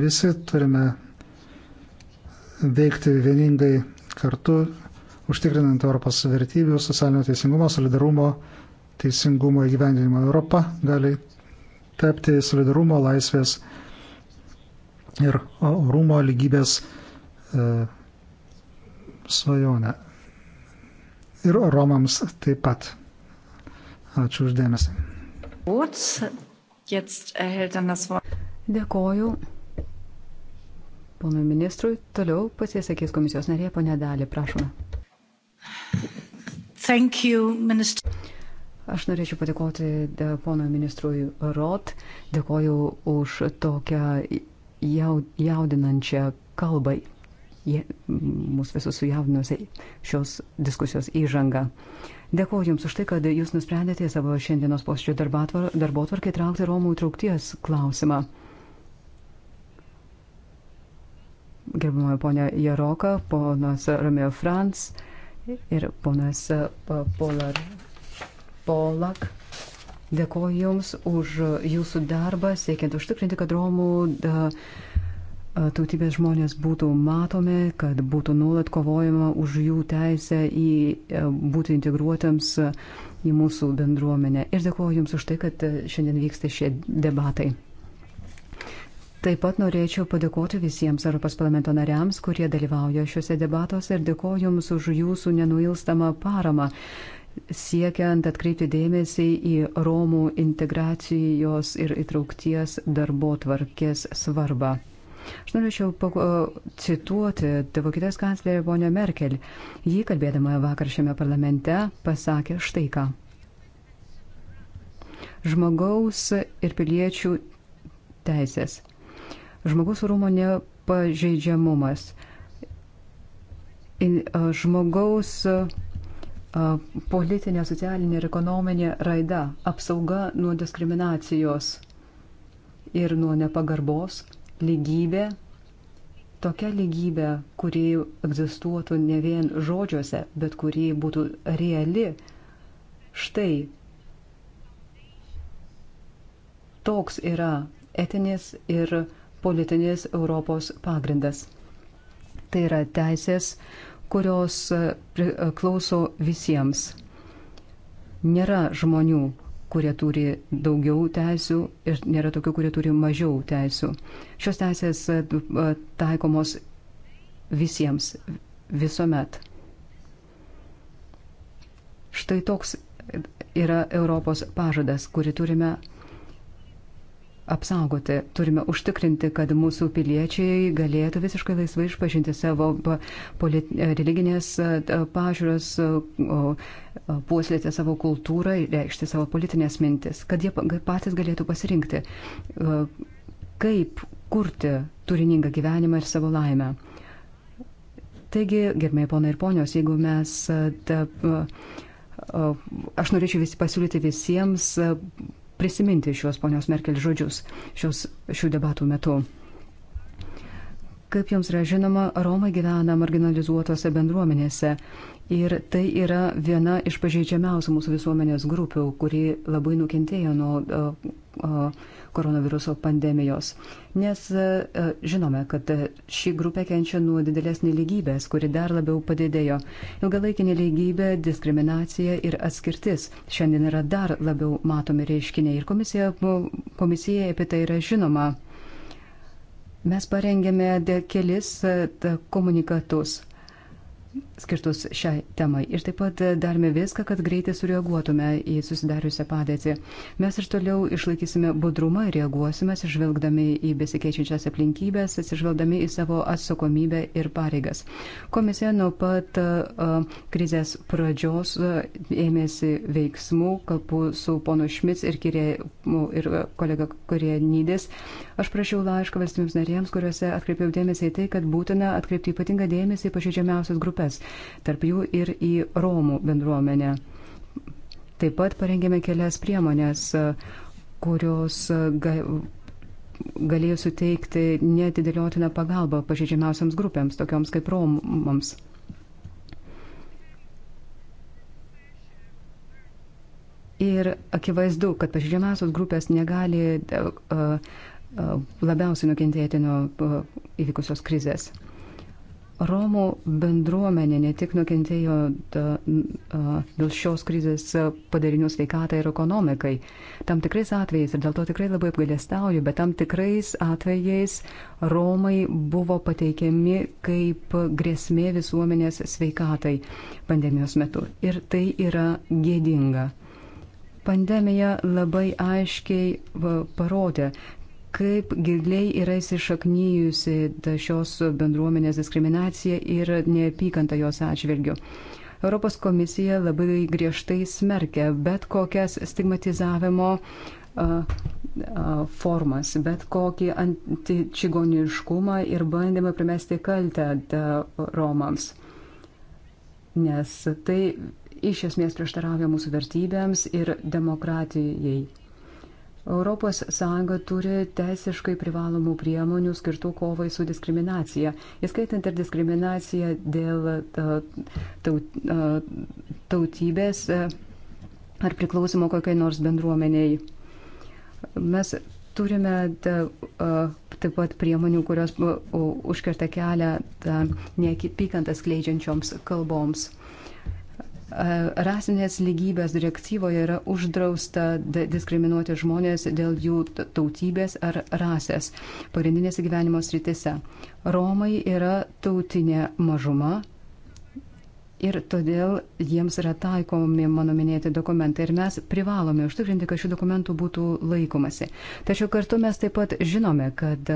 Visi turime veikti vieningai kartu, užtikrinant Europos vertybių, socialinio teisingumo, solidarumo, teisingumo įgyvendinimo. Europa gali tapti solidarumo, laisvės ir orumo lygybės e, svajonę ir Romams taip pat. Ačiū uždėmesi. Dėkoju. Ponui ministrui toliau pasisakys komisijos narė ponė Dalį, prašome. Thank you, minister. Aš norėčiau padėkoti e, ponui ministrui Rot, dėkoju už tokią jaudinančią kalbai jie, mūsų mm, visus sujaudinusi šios diskusijos įžanga. Dėkuoju Jums už tai, kad Jūs nusprendėte savo šiandienos posčio darbo tvarkį traukti Romų įtraukties klausimą. Gerbiamoji ponia Jaroka, ponas Romeo Franz ir ponas e, Polar Polak. Dėkuoju Jums už Jūsų darbą, siekiant užtikrinti, kad Romų da, e, uh, tautybės žmonės būtų matomi, kad būtų nuolat kovojama už jų teisę į e, būti integruotams e, į mūsų bendruomenę. Ir dėkuoju Jums už tai, kad e, šiandien vyksta šie debatai. Taip pat norėčiau padėkoti visiems Europos parlamento nariams, kurie dalyvauja šiuose debatuose ir dėkoju Jums už Jūsų nenuilstamą paramą siekiant atkreipti dėmesį į Romų integracijos ir įtraukties darbo tvarkės svarbą. Aš norėčiau cituoti Vokietijos kanclerį ponę Merkel. Ji, kalbėdama vakar šiame parlamente, pasakė štai ką. Žmogaus ir piliečių teisės. Žmogaus rūmo nepažeidžiamumas. Žmogaus politinė, socialinė ir ekonominė raida, apsauga nuo diskriminacijos ir nuo nepagarbos lygybė, tokia lygybė, kuri egzistuotų ne vien žodžiuose, bet kuri būtų reali. Štai toks yra etinis ir politinis Europos pagrindas. Tai yra teisės, kurios klauso visiems. Nėra žmonių, kurie turi daugiau teisų ir nėra tokių, kurie turi mažiau teisų. Šios teisės e, e, taikomos visiems visuomet. Štai toks yra Europos pažadas, kurį turime apsaugoti. Turime užtikrinti, kad mūsų piliečiai galėtų visiškai laisvai išpažinti savo polit, religinės pažiūros, puoslėti savo kultūrą, reikšti savo politinės mintis, kad jie patys galėtų pasirinkti, kaip kurti turiningą gyvenimą ir savo laimę. Taigi, gerbėjai ponai ir ponios, jeigu mes, ta, aš norėčiau vis, pasiūlyti visiems prisiminti šios ponios Merkel žodžius šios, šių debatų metu. Kaip jums yra žinoma, Roma gyvena marginalizuotose bendruomenėse ir tai yra viena iš pažeidžiamiausių mūsų visuomenės grupių, kuri labai nukentėjo nuo o, o, koronaviruso pandemijos, nes e, e, žinome, kad e, ši grupė kenčia nuo didelės neligybės, kuri dar labiau padidėjo. Ilgalaikė neligybė, diskriminacija ir atskirtis šiandien yra dar labiau matomi reiškiniai ir komisija, komisija apie tai yra žinoma. Mes parengėme kelis komunikatus skirtus šiai temai. Ir taip pat darome viską, kad greitai sureaguotume į susidariusią padėtį. Mes ir toliau išlaikysime budrumą ir reaguosime, atsižvelgdami į besikeičiančias aplinkybės, atsižvelgdami į savo atsakomybę ir pareigas. Komisija nuo pat uh, krizės pradžios uh, ėmėsi veiksmų, kapu su ponu Šmits ir, kirė, uh, ir kolega Kurienydės. Aš prašiau laišką valstybėms narėms, kuriuose atkreipiau dėmesį į tai, kad būtina atkreipti ypatingą dėmesį į pažeidžiamiausias grupės tarp jų ir į Romų bendruomenę. Taip pat parengėme kelias priemonės, e, kurios e, ga, galėjo suteikti netideliotiną pagalbą pažeidžiamiausiams grupėms, tokioms kaip Romams. Ir akivaizdu, kad pažeidžiamiausios grupės negali uh, uh, labiausiai nukentėti nuo uh, įvykusios krizės. Uh, Romų bendruomenė ne tik nukentėjo dėl šios krizės padarinių sveikatai ir ekonomikai. Tam tikrais atvejais, ir dėl to tikrai labai apgailestauju, bet tam tikrais atvejais Romai buvo pateikiami kaip grėsmė visuomenės sveikatai pandemijos metu. Ir tai yra gėdinga. Pandemija labai aiškiai parodė, kaip giliai yra įsišaknyjusi šios bendruomenės diskriminacija ir neapykanta jos atžvilgiu. Europos komisija labai griežtai smerkia bet kokias stigmatizavimo formas, bet kokį antičigoniškumą ir bandymą primesti kaltę Romams. Nes tai iš esmės prieštarauja mūsų vertybėms ir demokratijai. ES turi teisiškai privalomų priemonių skirtų kovai su diskriminacija, įskaitant ir diskriminaciją dėl e, e, tautybės e, ar priklausimo kokiai nors bendruomeniai. Mes turime taip pat priemonių, kurios užkerta kelią neapykantą skleidžiančioms kalboms rasinės lygybės direktyvoje yra uždrausta diskriminuoti žmonės dėl jų tautybės ar rasės pagrindinėse gyvenimo sritise. Romai yra tautinė mažuma. Ir todėl jiems yra taikomi mano minėti dokumentai ir mes privalome užtikrinti, kad šių dokumentų būtų laikomasi. Tačiau kartu mes taip pat žinome, kad,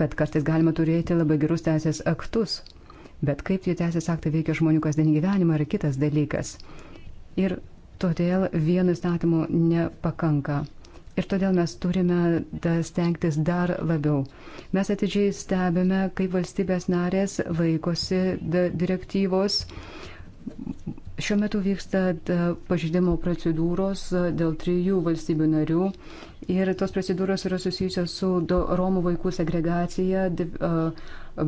kad kartais galima turėti labai gerus teisės aktus, bet kaip tie teisės aktai veikia žmonių kasdienį gyvenimą yra kitas dalykas. Ir todėl vieno įstatymo nepakanka. Ir todėl mes turime stengtis dar labiau. Mes atidžiai stebime, kaip valstybės narės laikosi direktyvos Šiuo metu vyksta e, pažydimo procedūros e, dėl trijų valstybių narių ir tos procedūros yra susijusios su Romų vaikų segregacija e,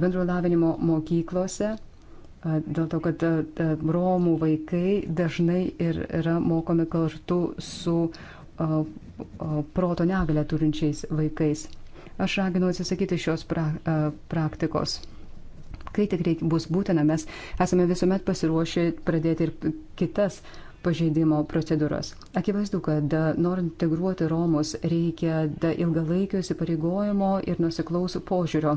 bendro lavinimo mokyklose, dėl to, kad Romų vaikai dažnai ir yra mokomi kartu su proto negalę turinčiais vaikais. Aš raginu atsisakyti šios pra, praktikos kai tik reik, bus būtina, mes esame visuomet pasiruošę pradėti ir kitas pažeidimo procedūras. Akivaizdu, kad e, norint integruoti Romus reikia ilgalaikio įsipareigojimo ir nusiklausų požiūrio.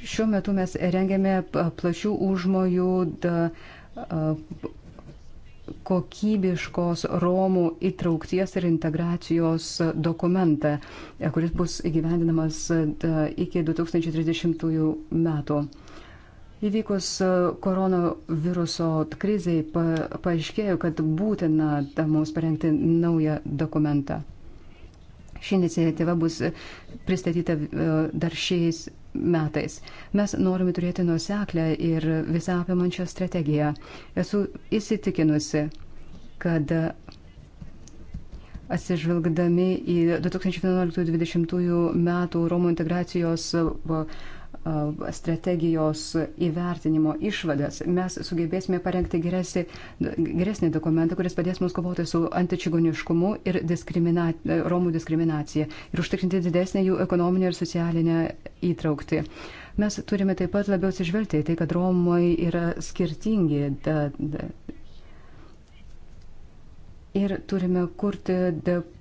Šiuo metu mes rengiame plačių užmojų da, kokybiškos Romų įtraukties ir integracijos dokumentą, kuris bus įgyvendinamas e, iki 2030 metų. Įvykus koronaviruso krizai pa, paaiškėjo, kad būtina mums parengti naują dokumentą. Ši iniciatyva bus pristatyta e, dar šiais metais. Mes norime turėti nuseklę ir visą apimančią strategiją. Esu įsitikinusi, kad atsižvelgdami į 2011-2020 metų Romų integracijos strategijos įvertinimo išvadas, mes sugebėsime parengti geresnį, geresnį dokumentą, kuris padės mums kovoti su antičigoniškumu ir diskrimina, Romų diskriminacija ir užtikrinti didesnį jų ekonominę ir socialinę įtraukti. Mes turime taip pat labiau atsižvelgti į tai, kad Romai yra skirtingi. Da, da, Ir turime kurti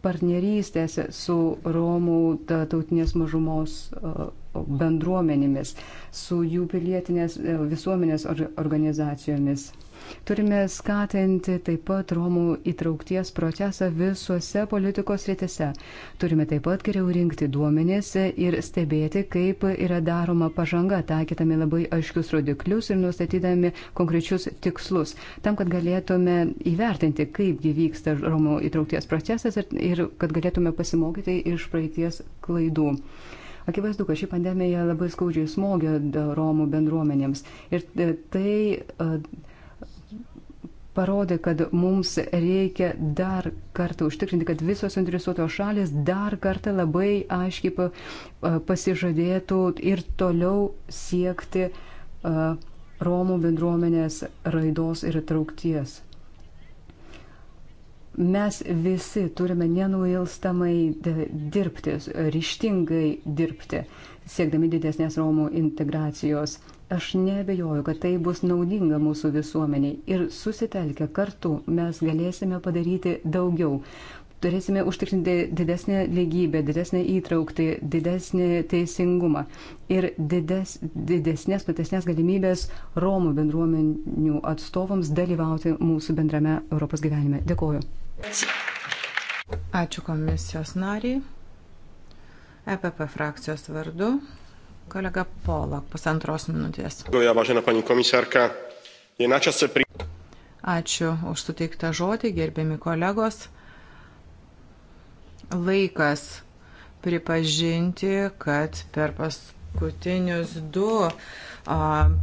partnerystės su Romų tautinės mažumos bendruomenėmis, su jų pilietinės e, visuomenės organizacijomis. Turime skatinti taip pat Romų įtraukties procesą visuose politikos rytise. Turime taip pat geriau rinkti duomenys ir stebėti, kaip yra daroma pažanga, taikydami labai aiškius rodiklius ir nustatydami konkrečius tikslus, tam, kad galėtume įvertinti, kaipgi vyksta Romų įtraukties procesas ir, ir kad galėtume pasimokyti iš praeities klaidų. Akivaizdu, kad ši pandemija labai skaudžiai smogė Romų bendruomenėms. Ir e, tai e, parodė, kad mums reikia dar kartą užtikrinti, kad visos interesuotos šalis dar kartą labai aiškiai pasižadėtų ir toliau siekti Romų bendruomenės raidos ir traukties. Mes visi turime nenuilstamai dirbti, ryštingai dirbti, siekdami didesnės Romų integracijos Aš nebejoju, kad tai bus naudinga mūsų visuomeniai ir susitelkę kartu mes galėsime padaryti daugiau. Turėsime užtikrinti didesnę lygybę, didesnę įtraukti, didesnį teisingumą ir dides, didesnės, platesnės galimybės Romų bendruomenių atstovams dalyvauti mūsų bendrame Europos gyvenime. Dėkoju. Ačiū komisijos nariai. EPP frakcijos vardu Kolega Polak, pusantros minutės. Ačiū už suteiktą žodį, gerbiami kolegos. Laikas pripažinti, kad per paskutinius du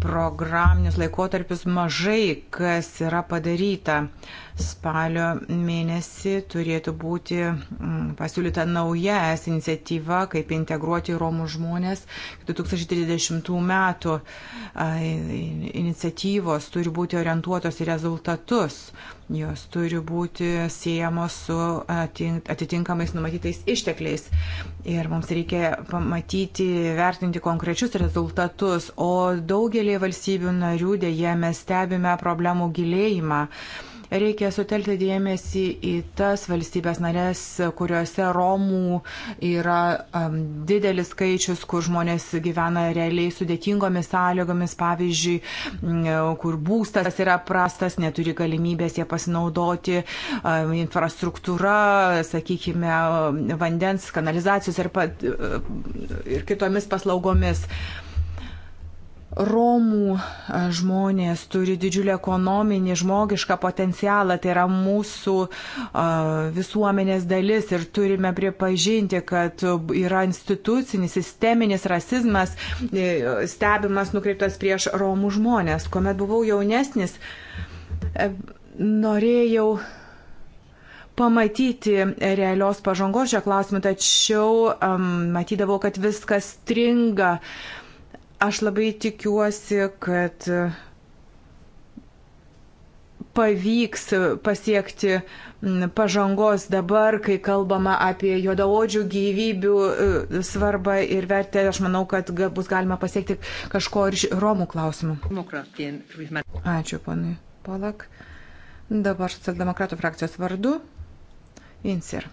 programinius laikotarpius mažai kas yra padaryta. Uh, Spalio mėnesį turėtų būti mm, pasiūlyta nauja es iniciatyva, kaip integruoti Romų žmonės 2030 metų. Iniciatyvos turi būti orientuotos į rezultatus, jos turi būti siejamos su atitinkamais numatytais ištekliais. Ir mums reikia pamatyti, vertinti konkrečius rezultatus, o daugelį valstybių narių dėje mes stebime problemų gilėjimą. Reikia sutelkti dėmesį į tas valstybės narės, kuriuose Romų yra um, didelis skaičius, kur žmonės gyvena realiai sudėtingomis sąlygomis, pavyzdžiui, kur būstas yra prastas, neturi galimybės jie pasinaudoti, um, infrastruktūra, sakykime, vandens, kanalizacijos ir, pat, e, ir kitomis paslaugomis. Um, Romų žmonės turi didžiulį ekonominį, žmogišką potencialą, tai yra mūsų visuomenės dalis ir turime pripažinti, kad yra institucinis, sisteminis rasizmas e, stebimas nukreiptas prieš Romų žmonės. Kuomet buvau jaunesnis, e, norėjau pamatyti realios pažangos šią klausimą, tačiau um, matydavau, kad viskas stringa, Aš labai tikiuosi, kad pavyks pasiekti mm, pažangos dabar, kai kalbama apie juodaodžių gyvybių e, svarbą ir vertę. Aš manau, kad bus galima pasiekti kažko ir Romų klausimų. Ačiū, ponui Polak. Dabar socialdemokratų frakcijos vardu. Insir.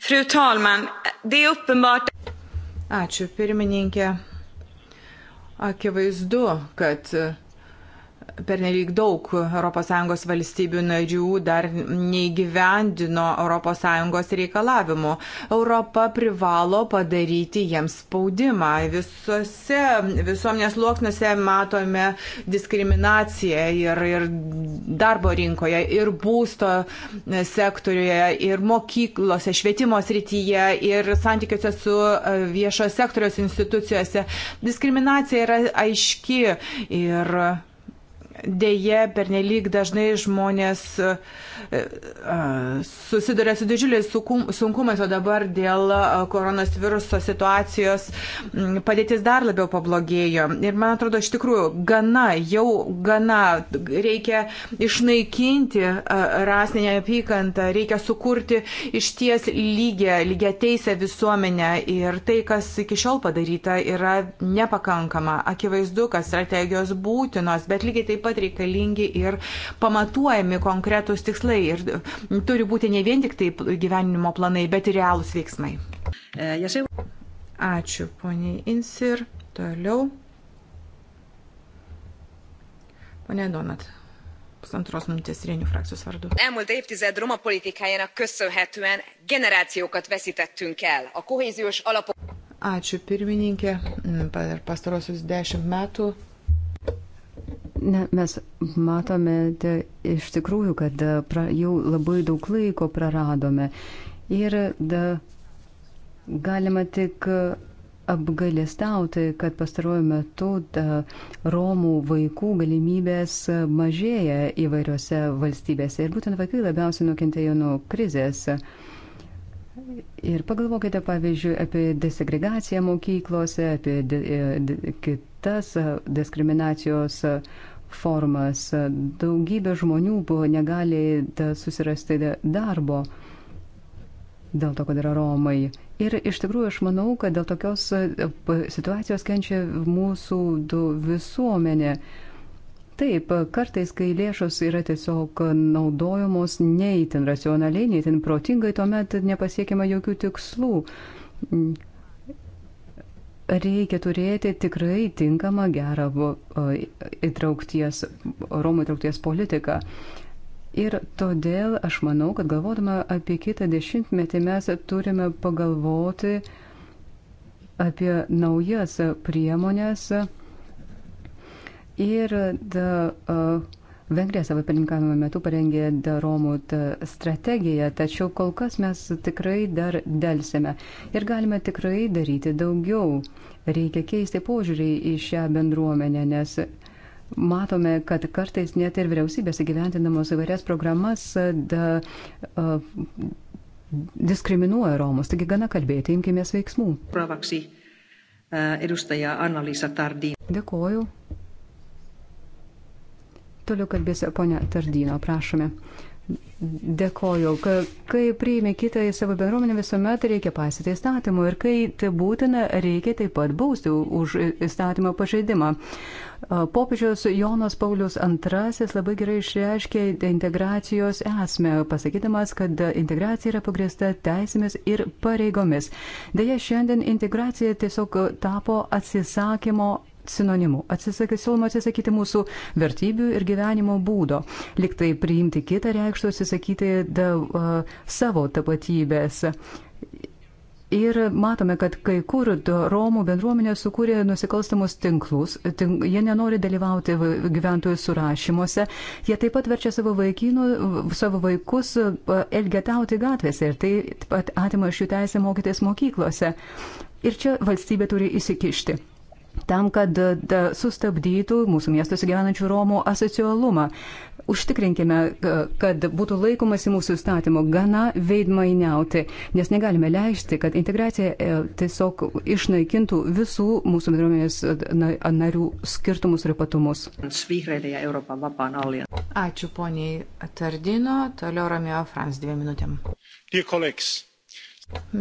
Fru talman, det är uppenbart. Ačiū, pirmininkė. Akivaizdu, kad pernelyg daug ES valstybių narių dar neįgyvendino ES reikalavimų. Europa privalo padaryti jiems spaudimą. Visose visuomenės sluoksniuose matome diskriminaciją ir, ir darbo rinkoje, ir būsto sektoriuje, ir mokyklose, švietimo srityje, ir santykiuose su e, viešo sektoriaus institucijose. Diskriminacija yra aiški ir Deja, pernelyg dažnai žmonės e, e, susiduria su didžiuliais sunkumais, o dabar dėl e, koronos viruso situacijos padėtis dar labiau pablogėjo. Ir man atrodo, iš tikrųjų, gana, jau gana, reikia išnaikinti rasinę apykantą, reikia sukurti iš ties lygę, lygę teisę visuomenę. Ir tai, kas iki šiol padaryta, yra nepakankama. Akivaizdu, kad strategijos būtinos, bet lygiai taip pat pat reikalingi ir pamatuojami konkretūs tikslai. Ir turi būti ne vien tik tai gyvenimo planai, bet ir realūs veiksmai. E, Ačiū, poniai Insir. Toliau. Pone Donat pusantros minutės Rėnių frakcijos vardu. Elmúlt évtized roma politikájának köszönhetően generációkat veszítettünk el. A kohéziós alapok. Ačiū pirmininkė. Per pastarosius dešimt metų Ne, mes matome de, iš tikrųjų, kad de, pra, jau labai daug laiko praradome ir de, galima tik e, apgailestauti, kad pastaruoju metu da, Romų vaikų galimybės e, mažėja įvairiose valstybėse ir būtent vaikai labiausiai nukentėjo nuo krizės. Ir pagalvokite, pavyzdžiui, apie desegregaciją mokyklose, apie di, e, di, kitas diskriminacijos uh, formas. Daugybė žmonių buvo negali susirasti darbo dėl to, kad yra Romai. Ir iš tikrųjų aš manau, kad dėl tokios e, situacijos kenčia mūsų visuomenė. Taip, kartais, kai lėšos yra tiesiog naudojamos neįtin racionaliai, neįtin protingai, tuomet nepasiekima jokių tikslų reikia turėti tikrai tinkamą gerą įtraukties, Romų įtraukties politiką. Ir todėl aš manau, kad galvodama apie kitą dešimtmetį mes turime pagalvoti apie naujas priemonės ir da, uh, Vengrija savo pirmininkavimo metu parengė Romų strategiją, tačiau kol kas mes tikrai dar dėlsime ir galime tikrai daryti daugiau. Reikia keisti požiūrį į šią bendruomenę, nes matome, kad kartais net ir vyriausybės įgyventinamos įvairias programas da, a, diskriminuoja Romus. Taigi gana kalbėti, imkime veiksmų. Pravaksi, edustaja Annalisa Tardin. Dėkoju. Toliau kalbės ponia Tardino, prašome. Dėkoju, kad kai priimi kitą į savo bendruomenę, visuomet reikia pasitį įstatymų ir kai tai būtina, reikia taip pat bausti už įstatymo pažeidimą. Popiežius Jonas Paulius II labai gerai išreiškė integracijos esmę, pasakydamas, kad integracija yra pagrėsta teisėmis ir pareigomis. Deja, šiandien integracija tiesiog tapo atsisakymo sinonimų. Atsisakė, siūloma atsisakyti mūsų vertybių ir gyvenimo būdo. Liktai priimti kitą reikštų atsisakyti da, uh, savo tapatybės. Ir matome, kad kai kur Romų bendruomenė sukūrė nusikalstamus tinklus, tink, jie nenori dalyvauti gyventojų surašymuose, jie taip pat verčia savo, vaikinų, savo vaikus elgetauti gatvėse ir taip pat atima iš jų teisę mokytis mokyklose. Ir čia valstybė turi įsikišti tam, kad e, sustabdytų mūsų miestuose gyvenančių Romų asocialumą. Užtikrinkime, e, kad būtų laikomasi mūsų įstatymo gana veidmainiauti, nes negalime leisti, kad integracija e, tiesiog išnaikintų visų mūsų bendruomenės narių skirtumus ir ypatumus. Ačiū poniai Tardino, toliau Romeo Frans dviem minutėm. Dear colleagues,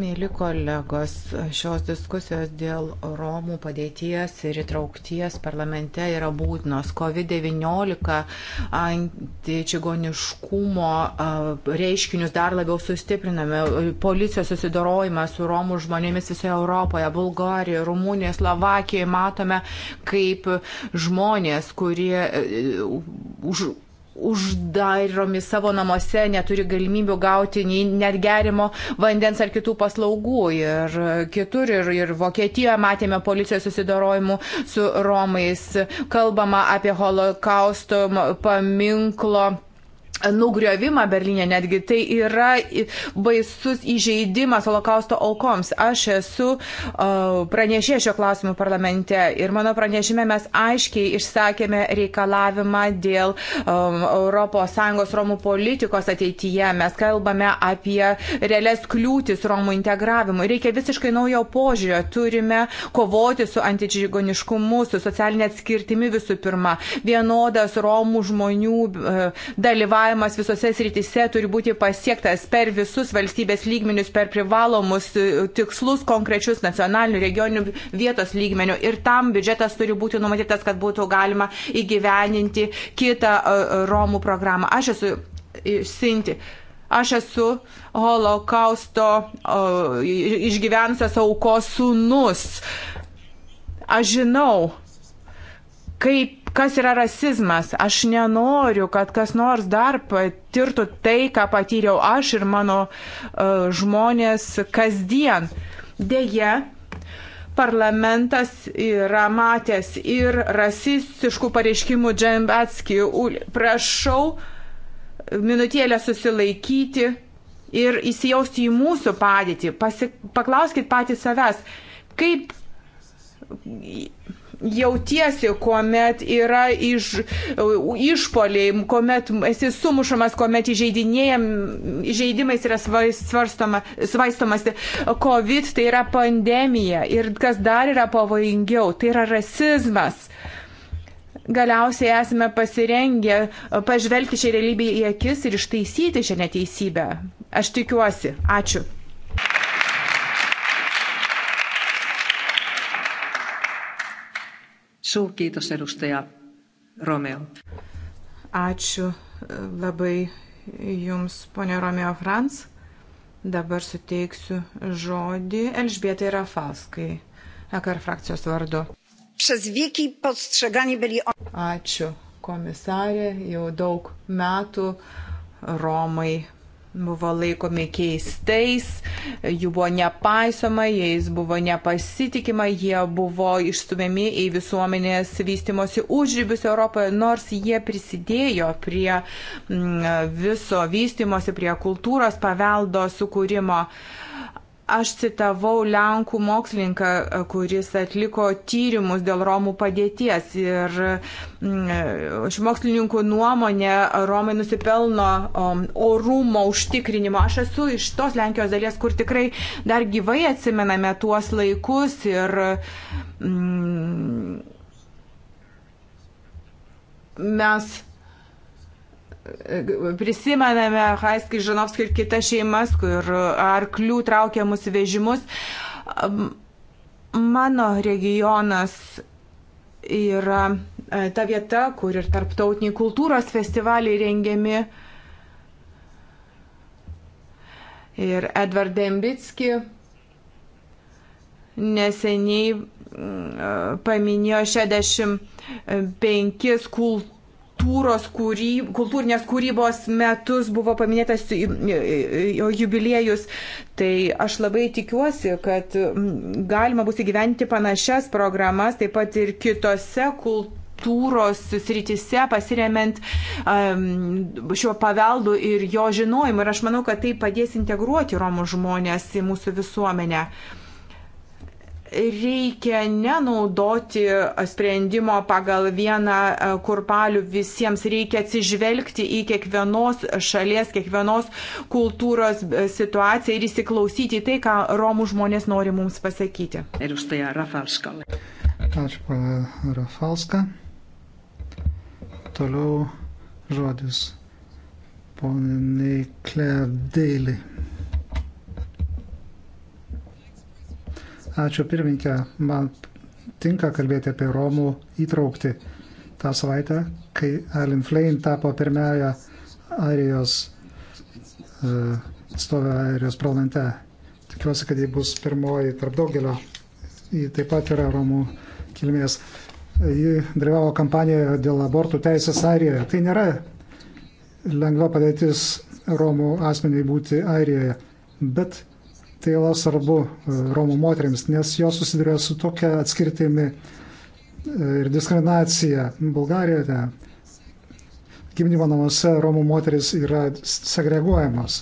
Mėly kolegos, šios diskusijos dėl Romų padėties ir įtraukties parlamente yra būtinos. COVID-19 antičigoniškumo reiškinius dar labiau sustipriname. Policijos susidorojimą su Romų žmonėmis visoje Europoje, Bulgarijoje, Rumunijoje, Slovakijoje matome, kaip žmonės, kurie e, už uždaromi savo namuose, neturi galimybių gauti nei net gerimo vandens ar kitų paslaugų. Ir kitur, ir, ir Vokietijoje matėme policijos susidorojimų su Romais. Kalbama apie holokausto paminklo nugriovimą Berlyne netgi. Tai yra baisus įžeidimas holokausto aukoms. Aš esu pranešė šio klausimu parlamente ir mano pranešime mes aiškiai išsakėme reikalavimą dėl ES Romų politikos ateityje. Mes kalbame apie realias kliūtis Romų integravimui. Reikia visiškai naujo požiūrio. Turime kovoti su antičigoniškumu, su socialinė atskirtimi visų pirma. Vienodas Romų žmonių e, dalyvavimas dalyvavimas visose srityse turi būti pasiektas per visus valstybės lygmenius, per privalomus e, tikslus konkrečius nacionalinių, regioninių, vietos lygmenių. Ir tam biudžetas turi būti numatytas, kad būtų galima įgyveninti kitą e, Romų programą. Aš esu išsinti. E, aš esu holokausto išgyventas aukos sunus. Aš žinau, kaip kas yra rasizmas. Aš nenoriu, kad kas nors dar patirtų tai, ką patyriau aš ir mano uh, žmonės kasdien. Deja, parlamentas yra matęs ir rasistiškų pareiškimų Džembatski. Prašau minutėlę susilaikyti ir įsijausti į mūsų padėtį. Pasi, paklauskit patys savęs, kaip jautiesi, kuomet yra iš, išpoliai, kuomet esi sumušamas, kuomet įžeidimais yra svarstoma, svaistomasi. COVID tai yra pandemija ir kas dar yra pavojingiau, tai yra rasizmas galiausiai esame pasirengę pažvelgti šią realybę į akis ir ištaisyti šią neteisybę. Aš tikiuosi. Ačiū. Suur kiitos edustaja Romeo. Ačiū labai Jums, ponė Romeo Franz. Dabar suteiksiu žodį Elžbietai Rafalskai, EKR frakcijos vardu. Ačiū, komisarė, jau daug metų Romai buvo laikomi keistais, jų buvo nepaisoma, jais buvo nepasitikima, jie buvo išstumiami į visuomenės vystimosi užrybius Europoje, nors jie prisidėjo prie mm, viso vystimosi, prie kultūros paveldo sukūrimo. Uh, Aš citavau Lenkų mokslininką, kuris atliko tyrimus dėl Romų padėties ir mm, šių mokslininkų nuomonė Romai nusipelno um, orumo užtikrinimo. Aš esu iš tos Lenkijos dalies, kur tikrai dar gyvai atsimename tuos laikus ir mm, mes prisimename Haiskį Žanovskį ir kitas šeimas, kur arklių traukiamus vežimus. Mano regionas yra e, ta vieta, kur ir tarptautiniai kultūros festivaliai rengiami. Ir Edvard Dembitski neseniai mm, e, paminėjo 65 kultūros kultūros, kūryb, kultūrinės kūrybos metus buvo paminėtas jo jubiliejus. Tai aš labai tikiuosi, kad galima bus įgyventi panašias programas, taip pat ir kitose kultūros sritise pasiremiant um, šiuo paveldu ir jo žinojimu. Ir aš manau, kad tai padės integruoti Romų žmonės į mūsų visuomenę. Uh, reikia nenaudoti sprendimo pagal vieną e, kurpalių visiems, reikia atsižvelgti į kiekvienos šalies, kiekvienos kultūros e, situaciją ir įsiklausyti į tai, ką Romų žmonės nori mums pasakyti. Ir už tai Rafalska. Ačiū, pana Rafalska. Toliau žodis poniai Kler Daily. Ačiū pirminkė, man tinka kalbėti apie Romų įtraukti tą savaitę, kai Alin Flame tapo pirmąją Airijos e, atstovę Airijos parlamente. Tikiuosi, kad ji bus pirmoji tarp daugelio. Ji taip pat yra Romų kilmės. Ji dalyvavo kampanijoje dėl abortų teisės Airijoje. Tai nėra lengva padėtis Romų asmeniai būti Airijoje, bet tai yra svarbu e, Romų moteriams, nes jos susiduria su tokia atskirtimi e, ir diskriminacija Bulgarijoje. Gimdymo namuose Romų moteris yra segreguojamos.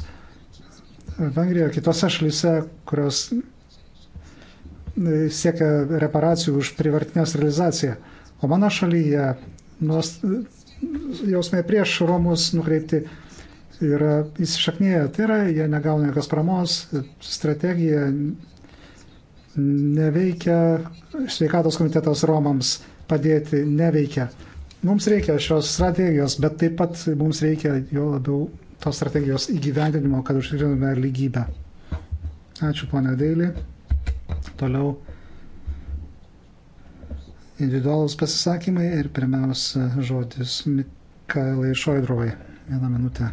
Vengrijoje, kitose šalyse, kurios e, siekia reparacijų už privartinės realizaciją. O mano šalyje nuos, jausmė prieš Romus nukreipti yra įsišaknyje, tai yra, jie negauna jokios pramos, strategija neveikia, sveikatos komitetas Romams padėti neveikia. Mums reikia šios strategijos, bet taip pat mums reikia jo labiau tos strategijos įgyvendinimo, kad užtikrintume lygybę. Ačiū, ponia Dailį. Toliau individualus pasisakymai ir pirmiausia žodis Mikaelai Šoidrovai. Vieną minutę.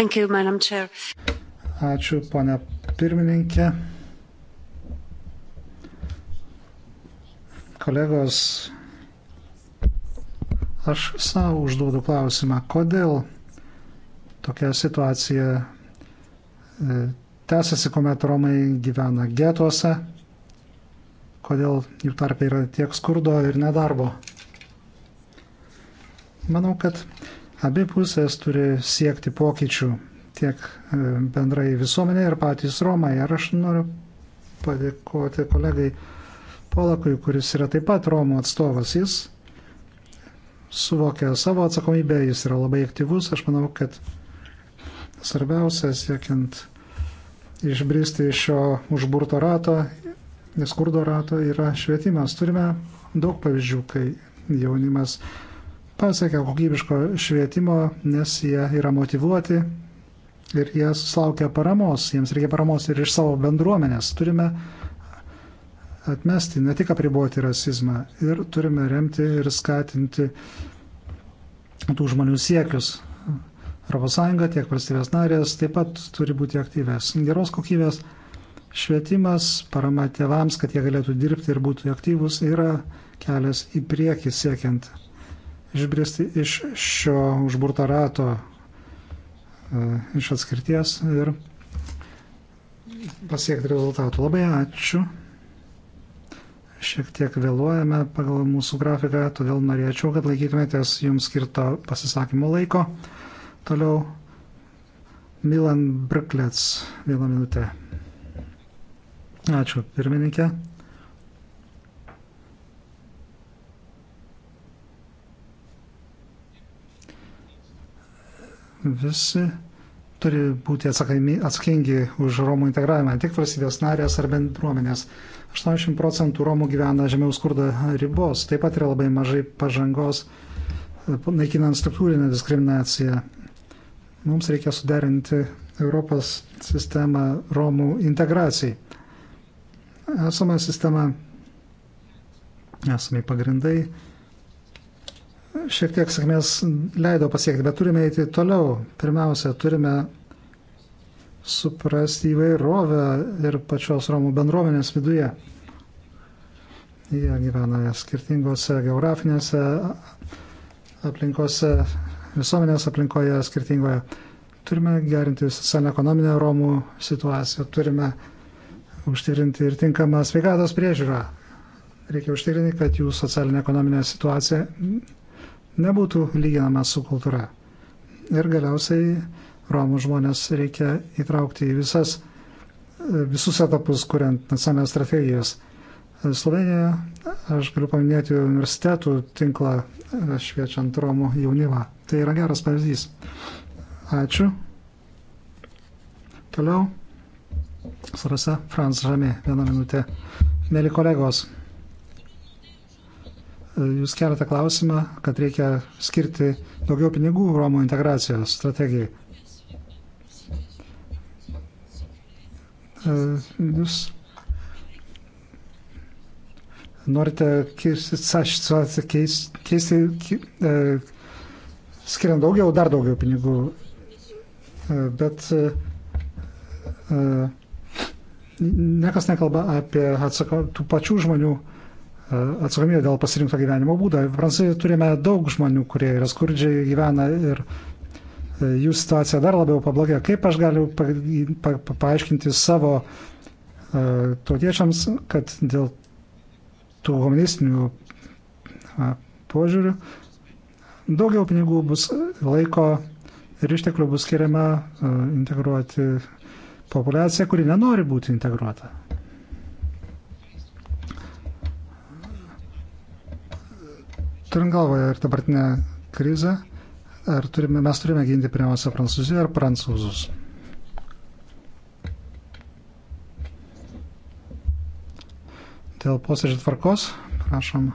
You, Ačiū, ponia pirmininkė. Kolegos, aš savo užduodu klausimą, kodėl tokia situacija e, tęsiasi, kuomet Romai gyvena getuose, kodėl jų tarpe yra tiek skurdo ir nedarbo. Manau, kad Abi pusės turi siekti pokyčių tiek e, bendrai visuomenė ir patys Romai. Ir aš noriu padėkoti kolegai Polakui, kuris yra taip pat Romų atstovas. Jis suvokia savo atsakomybę, jis yra labai aktyvus. Aš manau, kad svarbiausia siekiant išbristi iš šio užburto rato, skurdo rato yra švietimas. Turime daug pavyzdžių, kai jaunimas pasiekia kokybiško švietimo, nes jie yra motivuoti ir jie susilaukia paramos, jiems reikia paramos ir iš savo bendruomenės. Turime atmesti, ne tik apriboti rasizmą ir turime remti ir skatinti tų žmonių siekius. ES tiek valstybės narės taip pat turi būti aktyvės. Geros kokybės švietimas, parama tėvams, kad jie galėtų dirbti ir būtų aktyvus, yra kelias į priekį siekiant išbristi iš šio užburto rato, e, iš atskirties ir pasiekti rezultatų. Labai ačiū. Šiek tiek vėluojame pagal mūsų grafiką, todėl norėčiau, kad laikytumėtės jums skirto pasisakymo laiko. Toliau Milan Brklets, vieną minutę. Ačiū, pirmininkė. visi turi būti atsakingi už Romų integravimą, ne tik valstybės narės ar bendruomenės. 80 procentų Romų gyvena žemiau skurdo ribos, taip pat yra labai mažai pažangos e, naikinant struktūrinę diskriminaciją. Mums reikia suderinti Europos sistemą Romų integracijai. Esama sistema, esami pagrindai šiek tiek sėkmės leido pasiekti, bet turime eiti toliau. Pirmiausia, turime suprasti įvairovę ir pačios Romų bendruomenės viduje. Jie gyvena skirtingose geografinėse aplinkose, visuomenės aplinkoje skirtingoje. Turime gerinti socialinę ekonominę Romų situaciją, turime užtikrinti ir tinkamą sveikatos priežiūrą. Reikia užtikrinti, kad jų socialinė ekonominė situacija nebūtų lyginama su kultūra. Ir galiausiai Romų žmonės reikia įtraukti į visas, visus etapus, kuriant nacionalinės strategijas. Slovenijoje aš galiu paminėti universitetų tinklą e, šviečiant Romų jaunimą. Tai yra geras pavyzdys. Ačiū. Toliau. Sarasa Frans Žami, vieną minutę. Mėly kolegos, Jūs keletą klausimą, kad reikia skirti daugiau pinigų Romų integracijos strategijai. E, jūs norite keisti, keisti, e, skiriant daugiau, dar daugiau pinigų. E, bet niekas nekalba apie atsako, tų pačių žmonių E, atsakomybę dėl pasirinkto gyvenimo būdo. Prancūzijoje turime daug žmonių, kurie yra skurdžiai gyvena ir e, jų situacija dar labiau pablogė. Kaip aš galiu pa, pa, pa, paaiškinti savo uh, tautiečiams, kad dėl tų humanistinių uh, požiūrių daugiau pinigų bus laiko ir išteklių bus skiriama uh, integruoti populiaciją, kuri nenori būti integruota. Turint galvoje ir dabartinę krizę, ar turime, mes turime ginti pirmiausia Prancūziją ar prancūzus? Dėl posėdžio tvarkos, prašom.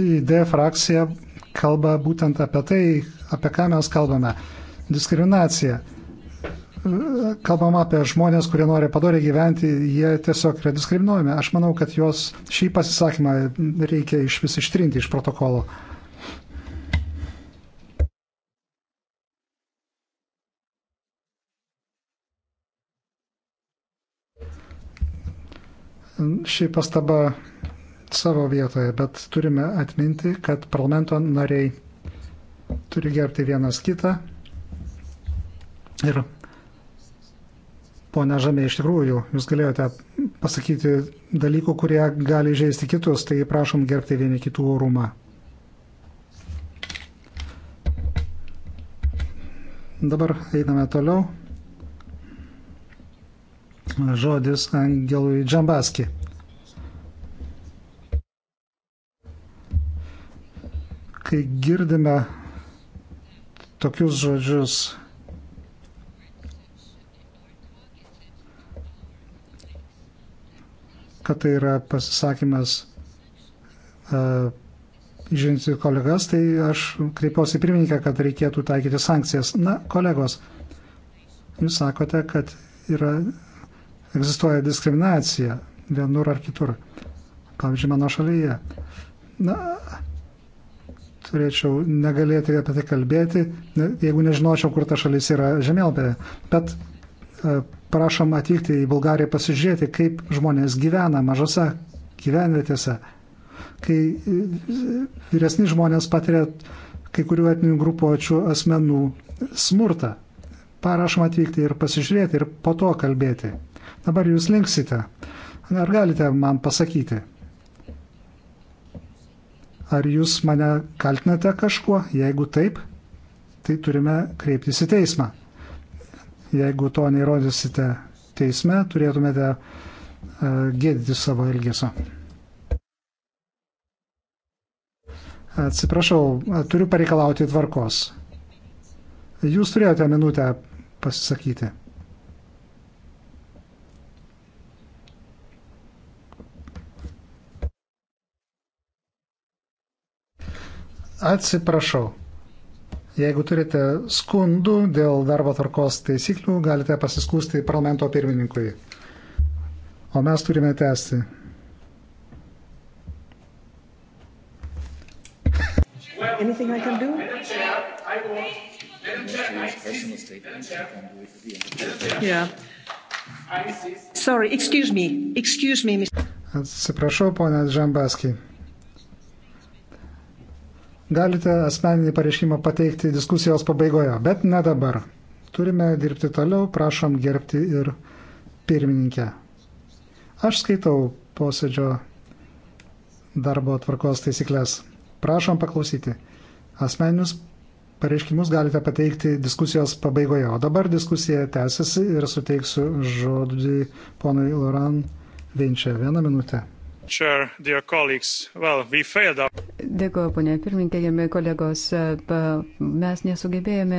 ID frakcija kalba būtent apie tai, apie ką mes kalbame. Diskriminacija kalbam apie žmonės, kurie nori padoriai gyventi, jie tiesiog yra diskriminuojami. Aš manau, kad juos šį pasisakymą reikia iš vis ištrinti iš protokolo. Ši pastaba savo vietoje, bet turime atminti, kad parlamento nariai turi gerbti vienas kitą ir Pone Žemė, iš tikrųjų, jūs galėjote pasakyti dalykų, kurie gali žaisti kitus, tai prašom gerbti vieni kitų orumą. Dabar einame toliau. Žodis Angelui Džambaski. Kai girdime tokius žodžius kad tai yra pasisakymas uh, e, žingsnių kolegas, tai aš kreipiausi pirmininkę, kad reikėtų taikyti sankcijas. Na, kolegos, jūs sakote, kad yra, egzistuoja diskriminacija vienur ar kitur. Pavyzdžiui, mano šalyje. Na, turėčiau negalėti apie tai kalbėti, jeigu nežinočiau, kur ta šalis yra žemėlapėje. Bet uh, prašom atvykti į Bulgariją pasižiūrėti, kaip žmonės gyvena mažose gyvenvietėse, kai e, vyresni žmonės patiria kai kurių etinių grupuočių asmenų smurtą. Parašom atvykti ir pasižiūrėti ir po to kalbėti. Dabar jūs linksite. Ar galite man pasakyti? Ar jūs mane kaltinate kažkuo? Jeigu taip, tai turime kreiptis į teismą. Jeigu to neįrodysite teisme, turėtumėte e, gėdyti savo elgesio. Atsiprašau, turiu pareikalauti tvarkos. Jūs turėjote minutę pasisakyti. Atsiprašau. Jeigu turite skundų dėl darbo tvarkos taisyklių, galite pasiskūsti parlamento pirmininkui. O mes turime tęsti. Anything I can do? Yeah. Sorry, excuse me. Excuse me, Mr. Atsiprašau, ponas Žambaski. Galite asmeninį pareiškimą pateikti diskusijos pabaigoje, bet ne dabar. Turime dirbti toliau, prašom gerbti ir pirmininkę. Aš skaitau posėdžio darbo tvarkos taisyklės. Prašom paklausyti. Asmeninius pareiškimus galite pateikti diskusijos pabaigoje, o dabar diskusija tęsiasi ir suteiksiu žodį ponui Loran Vinčia. Vieną minutę. Well, we Dėkuoju, ponė pirmininkė, jame kolegos, mes nesugebėjome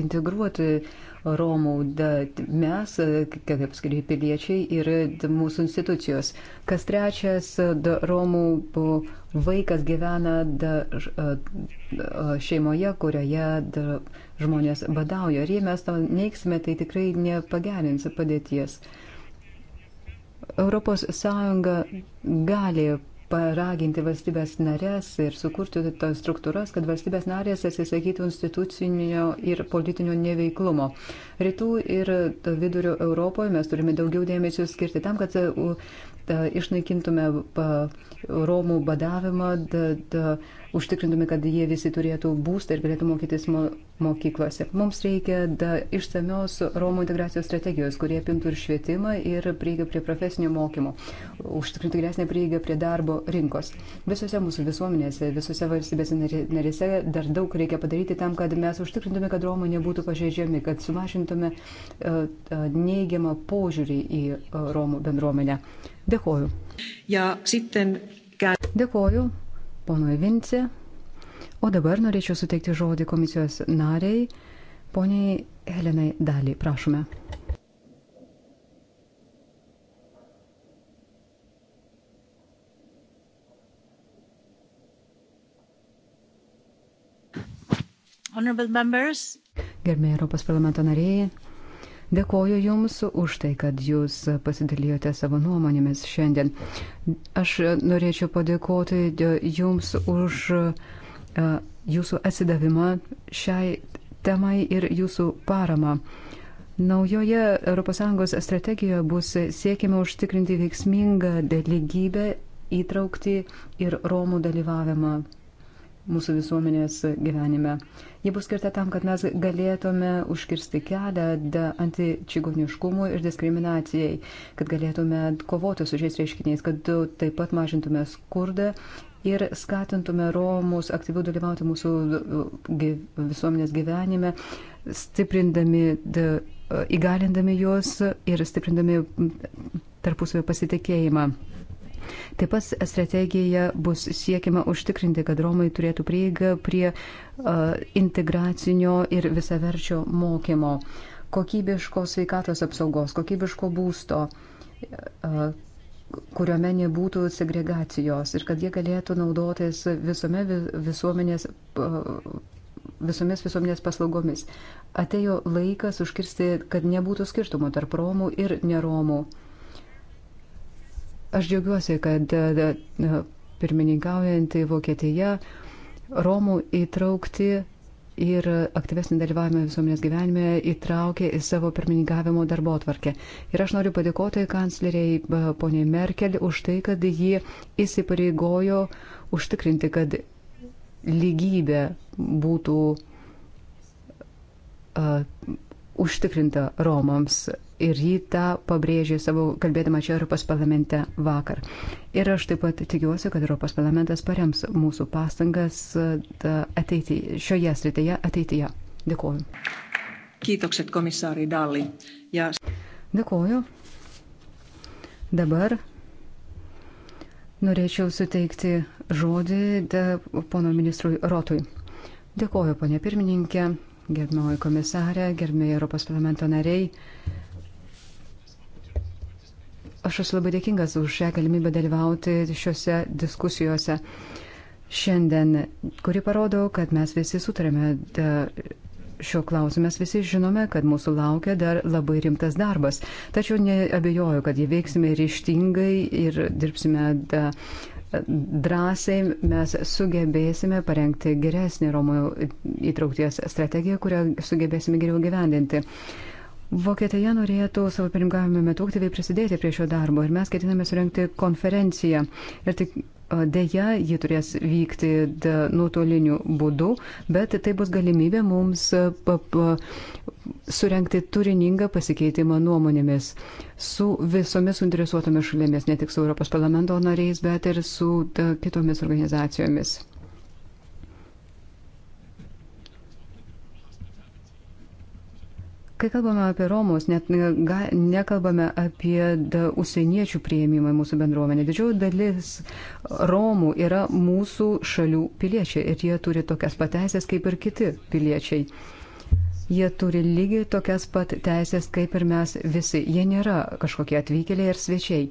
integruoti Romų, mes, kaip apskritai piliečiai ir mūsų institucijos. Kas trečias Romų vaikas gyvena šeimoje, kurioje žmonės badauja. Ir jei mes to neiksime, tai tikrai nepagerins padėties. ES gali paraginti valstybės narės ir sukurti tas struktūras, kad valstybės narės atsisakytų institucinio ir politinio neveiklumo. Rytų ir vidurio Europoje mes turime daugiau dėmesio skirti tam, kad uh, išnaikintume Romų badavimą, užtikrintume, kad jie visi turėtų būstą ir galėtų mokytis mo mokyklose. Mums reikia da, išsamios Romų integracijos strategijos, kurie apimtų ir švietimą, ir prieigą prie profesinio mokymo, užtikrintų geresnę prieigą prie darbo rinkos. Visose mūsų visuomenėse, visose valstybėse narėse dar daug reikia padaryti tam, kad mes užtikrintume, kad Romų nebūtų pažeidžiami, kad sumažintume uh, uh, neigiamą požiūrį į uh, Romų bendruomenę. Dėkoju. Ja, sitten... Dėkoju ponui Vinci. O dabar norėčiau suteikti žodį komisijos nariai, poniai Helenai Daliai. Prašome. Gerbėjai Europos parlamento nariai, Dėkoju Jums už tai, kad Jūs pasidalijote savo nuomonėmis šiandien. Aš norėčiau padėkoti Jums už e, Jūsų atsidavimą šiai temai ir Jūsų paramą. Naujoje ES strategijoje bus siekiama užtikrinti veiksmingą lygybę, įtraukti ir Romų dalyvavimą mūsų visuomenės gyvenime. Ji bus skirta tam, kad mes galėtume užkirsti kelią antičigoniškumui ir diskriminacijai, kad galėtume kovoti su šiais reiškiniais, kad taip pat mažintume skurdą ir skatintume Romus aktyviau dalyvauti mūsų uh, visuomenės gyvenime, stiprindami, uh, įgalindami juos ir stiprindami mm, tarpusavio pasitikėjimą. Taip pat strategija bus siekiama užtikrinti, kad Romai turėtų prieigą prie uh, integracinio ir visaverčio mokymo, kokybiško sveikatos apsaugos, kokybiško būsto. Uh, kuriuome nebūtų segregacijos ir kad jie galėtų naudotis visome visuomenės, visomis visuomenės paslaugomis. Atėjo laikas užkirsti, kad nebūtų skirtumų tarp Romų ir neromų. Aš džiaugiuosi, kad e, e, pirmininkaujantį Vokietiją Romų įtraukti ir aktyvesnį dalyvavimą visuomenės gyvenime įtraukė į savo pirmininkavimo darbo atvarkę. Ir aš noriu padėkoti kancleriai e, poniai Merkel už tai, kad ji įsipareigojo užtikrinti, kad lygybė būtų uh, užtikrinta Romams ir jį tą pabrėžė savo kalbėdama čia Europos parlamente vakar. Ir aš taip pat tikiuosi, kad Europos parlamentas parems mūsų pastangas ateityje, šioje srityje ateityje. Dėkuoju. Kiitokset komisaari Dalli. Ja... Dėkuoju. Dabar norėčiau suteikti žodį de, pono ministrui Rotui. Dėkuoju, ponė pirmininkė, gerbimoji komisarė, gerbimoji Europos parlamento nariai. Aš esu labai dėkingas už šią galimybę dalyvauti šiuose diskusijuose šiandien, kuri parodo, kad mes visi sutarėme šio klausimu. Mes visi žinome, kad mūsų laukia dar labai rimtas darbas. Tačiau neabejoju, kad jį veiksime ryštingai ir dirbsime da, drąsiai. Mes sugebėsime parengti geresnį Romų įtraukties strategiją, kurią sugebėsime geriau gyvendinti. Vokietija norėtų savo pirmgavimo metu aktyviai prisidėti prie šio darbo ir mes ketiname surinkti konferenciją. Ir tik dėja, ji turės vykti nuotoliniu būdu, bet tai bus galimybė mums e, surenkti turiningą pasikeitimą nuomonėmis su visomis suinteresuotomis šalėmis, ne tik su Europos parlamento nariais, bet ir su kitomis organizacijomis. Kai kalbame apie Romus, net ga, nekalbame apie da, užsieniečių prieimimą į mūsų bendruomenę. Didžioji dalis Romų yra mūsų šalių piliečiai ir jie turi tokias pat teisės kaip ir kiti piliečiai. Jie turi lygiai tokias pat teisės kaip ir mes visi. Jie nėra kažkokie atvykėliai ar svečiai.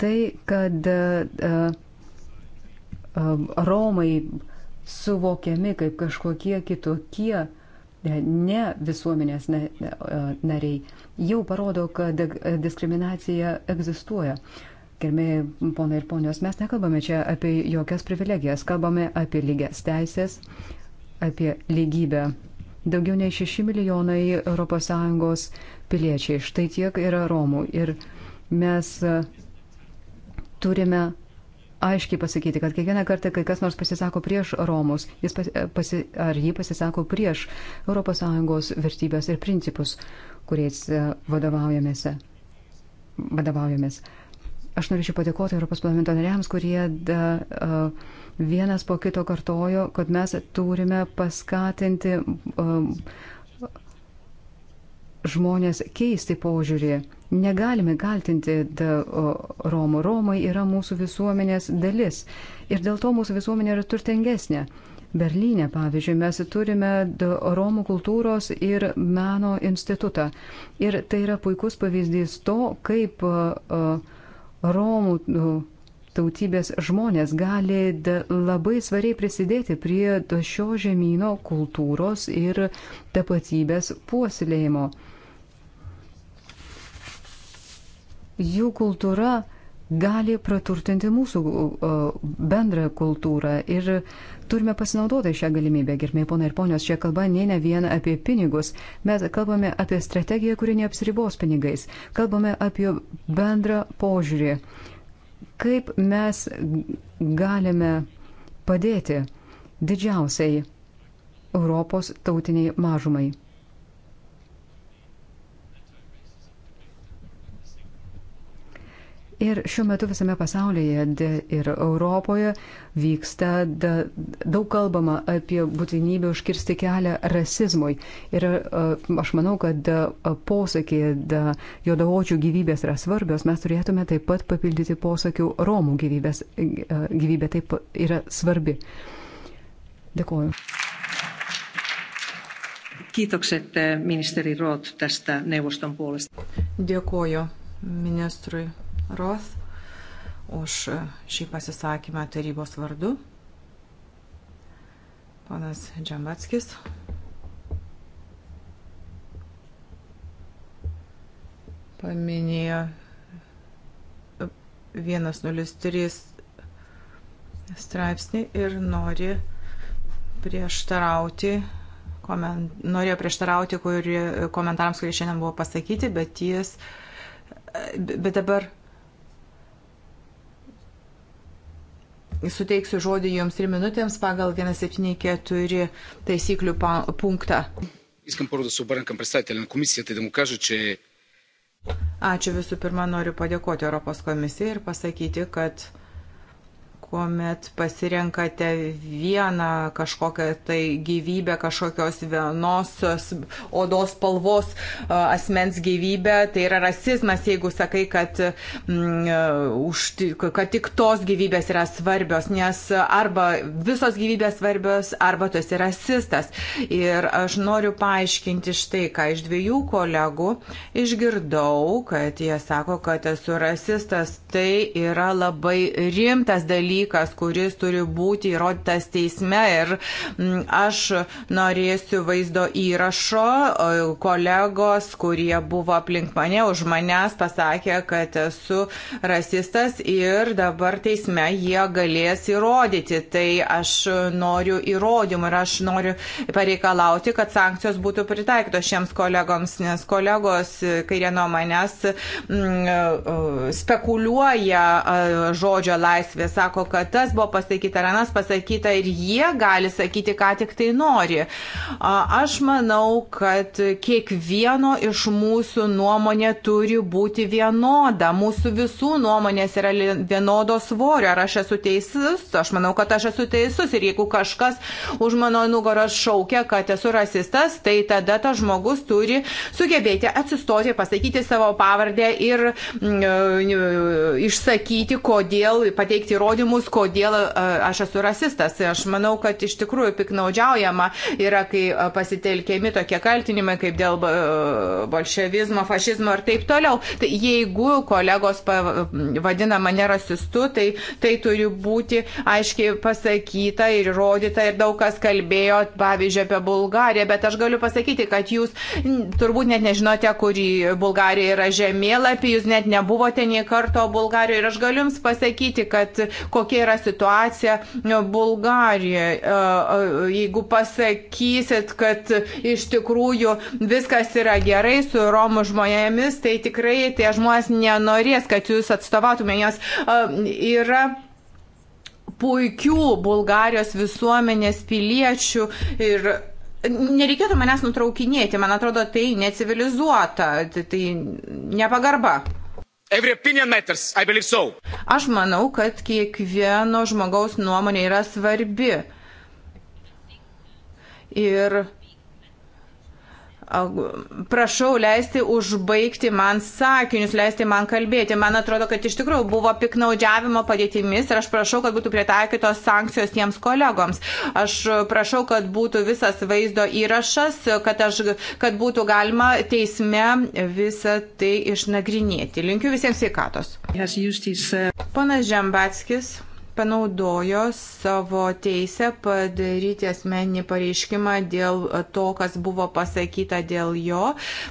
Tai, kad uh, Um, Romai suvokiami kaip kažkokie kitokie, ne visuomenės nariai, jau parodo, kad diskriminacija egzistuoja. Gerbėjai ponai ir ponios, mes nekalbame čia apie jokias privilegijas, kalbame apie lygias teisės, apie lygybę. Daugiau nei 6 milijonai ES piliečiai, štai tiek yra Romų. Ir mes turime aiškiai pasakyti, kad kiekvieną kartą, kai kas nors pasisako prieš Romus, jis pasi, e, ar jį pasisako prieš ES vertybės ir principus, kuriais e, vadovaujamės. vadovaujamės. Aš norėčiau padėkoti Europos parlamento nariams, kurie da, uh, vienas po kito kartojo, kad mes turime paskatinti uh, žmonės keisti požiūrį. Negalime kaltinti Romų. Romai yra mūsų visuomenės dalis ir dėl to mūsų visuomenė yra turtingesnė. Berlyne, pavyzdžiui, mes turime Romų kultūros ir meno institutą. Ir tai yra puikus pavyzdys to, kaip Romų tautybės žmonės gali labai svariai prisidėti prie šio žemynų kultūros ir tapatybės puoselėjimo. jų kultūra gali praturtinti mūsų e, bendrą kultūrą ir turime pasinaudoti šią galimybę, gerbėjai ponai ir ponios, čia kalba neina vien apie pinigus, mes kalbame apie strategiją, kuri neapsiribos pinigais, kalbame apie bendrą požiūrį, kaip mes galime padėti didžiausiai Europos tautiniai mažumai. Ir šiuo metu visame pasaulyje ir Europoje vyksta daug kalbama apie būtinybę užkirsti kelią rasizmui. Ir e, aš manau, kad e, posakį juodaočių gyvybės yra svarbios, mes turėtume taip pat papildyti posakių Romų gyvybės, e, gyvybė taip yra svarbi. Dėkuoju. Kiitokset ministeri Roth tästä neuvoston puolesta. Dėkuoju ministrui Roth už šį pasisakymą tarybos vardu. Ponas Džambatskis. Paminėjo 103 straipsnį ir nori prieštarauti koment, norėjo prieštarauti kuri, komentarams, kurie šiandien buvo pasakyti, bet jis, bet dabar suteiksiu žodį jums ir minutėms pagal 174 taisyklių punktą. Искам първо да се обърна към представителя на комисията и да му кажа, че. Ačiū visų pirma, noriu padėkoti Europos komisijai ir pasakyti, kad uh, kuomet pasirenkate vieną kažkokią tai gyvybę, kažkokios vienosios odos spalvos asmens gyvybę, tai yra rasizmas, jeigu sakai, kad, mm, e, kad tik tos gyvybės yra svarbios, nes arba visos gyvybės svarbios, arba tu esi rasistas. Ir aš noriu paaiškinti štai, ką iš dviejų kolegų išgirdau, kad jie sako, kad esu rasistas. Tai yra labai rimtas dalykas dalykas, kuris turi būti įrodytas teisme. Ir mm, aš norėsiu vaizdo įrašo. Kolegos, kurie buvo aplink mane, už manęs pasakė, kad esu rasistas ir dabar teisme jie galės įrodyti. Tai aš noriu įrodymų ir aš noriu pareikalauti, kad sankcijos būtų pritaikytos šiems kolegoms, nes kolegos e, kairė nuo manęs mm, e, e, spekuliuoja žodžio laisvė, sako, kad tas buvo pasakyta, ar anas pasakyta ir jie gali sakyti, ką tik tai nori. Aš manau, kad kiekvieno iš mūsų nuomonė turi būti vienoda. Mūsų visų nuomonės yra vienodo svorio. Ar aš esu teisus? Aš manau, kad aš esu teisus. Ir jeigu kažkas už mano nugaros šaukia, kad esu rasistas, tai tada tas žmogus turi sugebėti atsistoti, pasakyti savo pavardę ir m, mm, m, e, išsakyti, kodėl, pateikti įrodymus klaus, kodėl e, aš esu rasistas. Aš manau, kad iš tikrųjų piknaudžiaujama yra, kai e, pasitelkiami tokie kaltinimai kaip dėl e, bolševizmo, fašizmo ir taip toliau. Tai jeigu kolegos vadina mane rasistu, tai tai turi būti aiškiai pasakyta ir įrodyta ir daug kas kalbėjo, pavyzdžiui, apie Bulgariją, bet aš galiu pasakyti, kad jūs turbūt net nežinote, kuri Bulgarija yra žemėlapį, jūs net nebuvote nei karto Bulgarijoje ir aš galiu jums pasakyti, kad ko kokia yra situacija Bulgarijoje. Jeigu pasakysit, kad iš tikrųjų viskas yra gerai su Romų žmonėmis, tai tikrai tie žmonės nenorės, kad jūs atstovautumėte, nes yra puikių Bulgarijos visuomenės piliečių ir nereikėtų manęs nutraukinėti, man atrodo, tai necivilizuota, tai, tai nepagarba. Matters, so. Aš manau, kad kiekvieno žmogaus nuomonė yra svarbi. Ir prašau leisti užbaigti man sakinius, leisti man kalbėti. Man atrodo, kad iš tikrųjų buvo piknaudžiavimo padėtimis ir aš prašau, kad būtų pritaikytos sankcijos tiems kolegoms. Aš prašau, kad būtų visas vaizdo įrašas, kad, aš, kad būtų galima teisme visą tai išnagrinėti. Linkiu visiems sveikatos. Uh, Ponas Žembatskis panaudojo savo teisę padaryti asmeninį pareiškimą dėl to, kas buvo pasakyta dėl jo,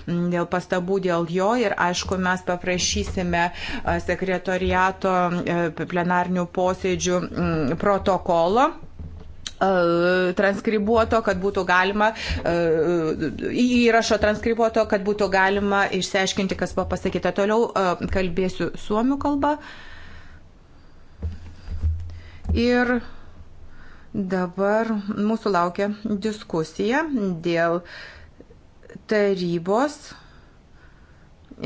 dėl pastabų dėl jo. Ir aišku, mes paprašysime e, sekretoriato e, plenarnių posėdžių mm, protokolo e, transkribuoto, kad būtų galima, įrašo transkribuoto, kad būtų galima išsiaiškinti, kas buvo pasakyta. Toliau kalbėsiu suomių kalbą. Ir dabar mūsų laukia diskusija dėl tarybos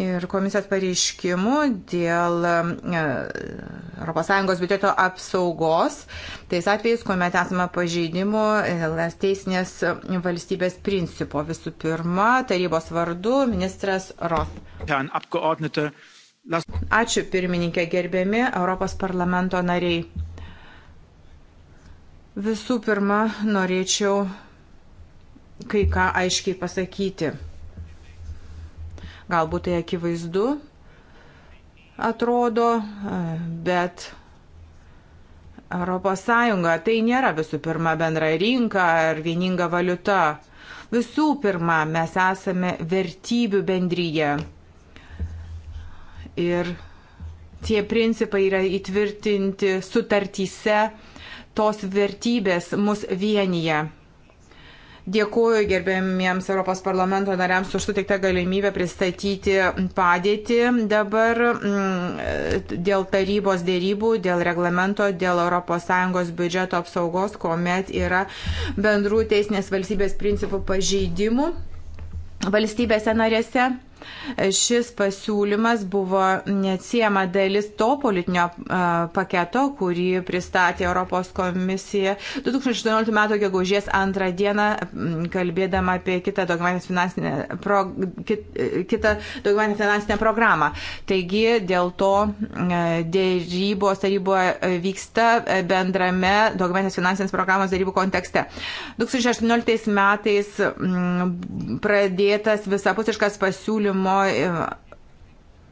ir komisijos pareiškimų dėl e, ES biudžeto apsaugos, tais atvejais, kuomet esame pažeidimų teisinės valstybės principo. Visų pirma, tarybos vardu ministras Roth. Ačiū pirmininkė, gerbiami Europos parlamento nariai. Visų pirma, norėčiau kai ką aiškiai pasakyti. Galbūt tai akivaizdu atrodo, bet ES tai nėra visų pirma bendra rinka ar vieninga valiuta. Visų pirma, mes esame vertybių bendryje. Ir tie principai yra įtvirtinti sutartyse tos vertybės mus vienyje. Dėkuoju gerbėmiems Europos parlamento nariams už sutiktą galimybę pristatyti padėtį dabar mm, dėl tarybos dėrybų, dėl reglamento, dėl ES biudžeto apsaugos, kuomet yra bendrų teisinės valstybės principų pažeidimų valstybėse narėse. Šis pasiūlymas buvo neatsiema dalis to politinio paketo, kurį pristatė Europos komisija 2018 m. gegužės antrą dieną, kalbėdama apie kitą dokumentinę finansinę, pro, kit, e, kitą dokumentinę finansinę programą. Taigi dėl to e, dėrybos taryboje e, vyksta bendrame dokumentinės finansinės programos dėrybų kontekste. 2018 metais pradėtas visapusiškas pasiūlymas tyrimo e,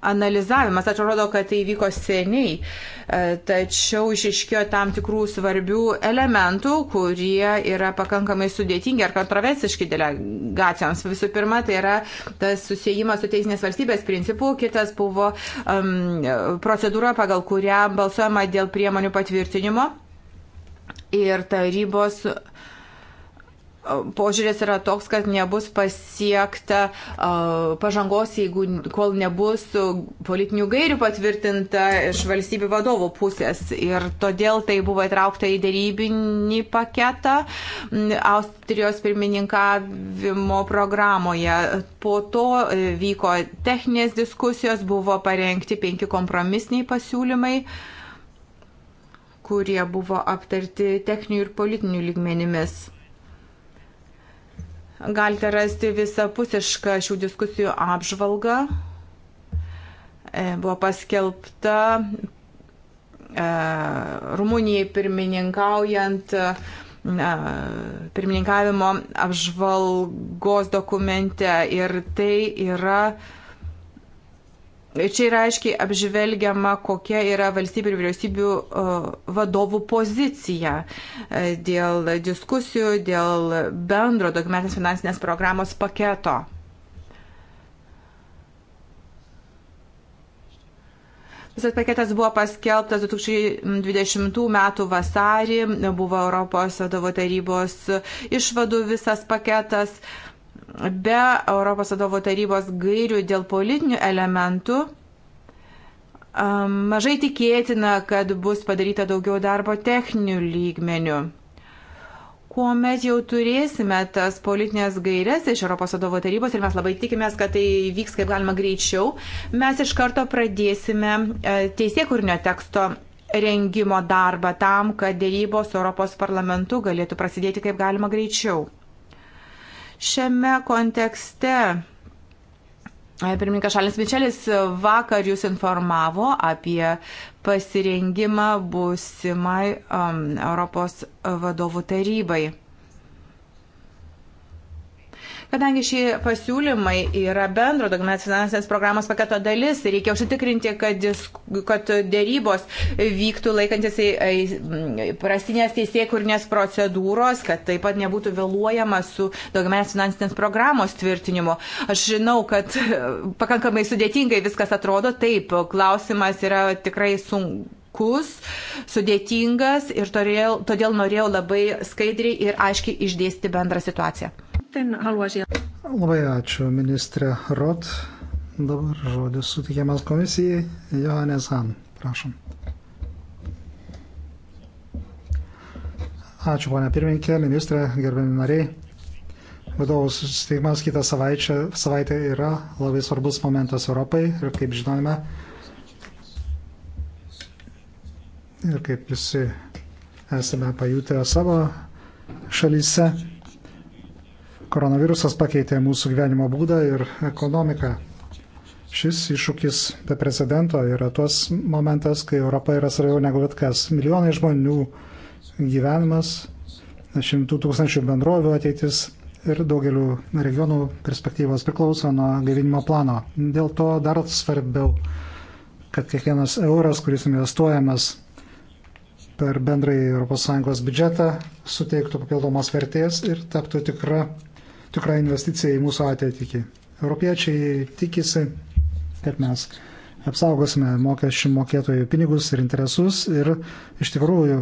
analizavimas. Atrodo, kad tai vyko seniai, e, tačiau išiškėjo tam tikrų svarbių elementų, kurie yra pakankamai sudėtingi ar kontroversiški delegacijoms. Visų pirma, tai yra tas susijimas su teisinės valstybės principu, kitas buvo um, procedūra, pagal kurią balsuojama dėl priemonių patvirtinimo ir tarybos. Uh, požiūris yra toks, kad nebus pasiekta pažangos, jeigu kol nebus politinių gairių patvirtinta iš valstybių vadovų pusės. Ir todėl tai buvo įtraukta į dėrybinį paketą Austrijos pirmininkavimo programoje. Po to e, vyko techninės diskusijos, buvo parengti penki kompromisiniai pasiūlymai kurie buvo aptarti techninių ir politinių lygmenimis. Galite rasti visapusišką šių diskusijų apžvalgą. E, buvo paskelbta e, Rumunijai pirmininkaujant e, pirmininkavimo apžvalgos dokumente ir tai yra uh, Čia yra aiškiai apžvelgiama, kokia yra valstybių ir vyriausybių vadovų pozicija e, dėl diskusijų, dėl bendro dokumentinės finansinės programos paketo. Visas paketas buvo paskelbtas 2020 m. vasarį, buvo Europos vadovo tarybos išvadų visas paketas. Uh, be Europos vadovų tarybos gairių dėl politinių elementų mažai tikėtina, kad bus padaryta daugiau darbo techninių lygmenių. Kuomet jau turėsime tas politinės gairias iš Europos vadovo tarybos ir mes labai tikimės, kad tai vyks kaip galima greičiau, mes iš karto pradėsime e, teisėkurnio teksto rengimo darbą tam, kad dėrybos su Europos parlamentu galėtų prasidėti kaip galima greičiau. Šiame kontekste e, Pirmininkas Šalis Mičelis vakar jūs informavo apie pasirengimą būsimai um, Europos vadovų tarybai. Kadangi šie pasiūlymai yra bendro dokumentų finansinės programos paketo dalis, tai reikia užsitikrinti, kad, disk, kad dėrybos vyktų laikantis prastinės teisėkurnės procedūros, kad taip pat nebūtų vėluojama su dokumentų finansinės programos tvirtinimu. Aš žinau, kad pakankamai sudėtingai viskas atrodo, taip, klausimas yra tikrai sunkus sunkus, sudėtingas ir todėl, todėl norėjau labai skaidriai ir aiškiai išdėsti bendrą situaciją. Sitten haluaisin... Labai ačiū, ministrė Rot. Dabar žodis sutikiamas komisijai. Johannes Han, prašom. Ačiū, ponia pirmininkė, ministrė, gerbiami nariai. Vadovų susitikimas kitą savaitę, savaitę yra labai svarbus momentas Europai ir kaip žinome, ir kaip visi esame pajutę savo šalyse. Koronavirusas pakeitė mūsų gyvenimo būdą ir ekonomiką. Šis iššūkis be precedento yra tos momentas, kai Europa yra svarbiau negu bet kas. Milijonai žmonių gyvenimas, šimtų tūkstančių bendrovių ateitis ir daugeliu regionų perspektyvos priklauso nuo gaivinimo plano. Dėl to dar svarbiau, kad kiekvienas euras, kuris investuojamas per bendrąjį ES biudžetą suteiktų papildomos vertės ir taptų tikra tikra investicija į mūsų ateitį. Europiečiai tikisi, kad mes apsaugosime mokesčių mokėtojų pinigus ir interesus ir iš tikrųjų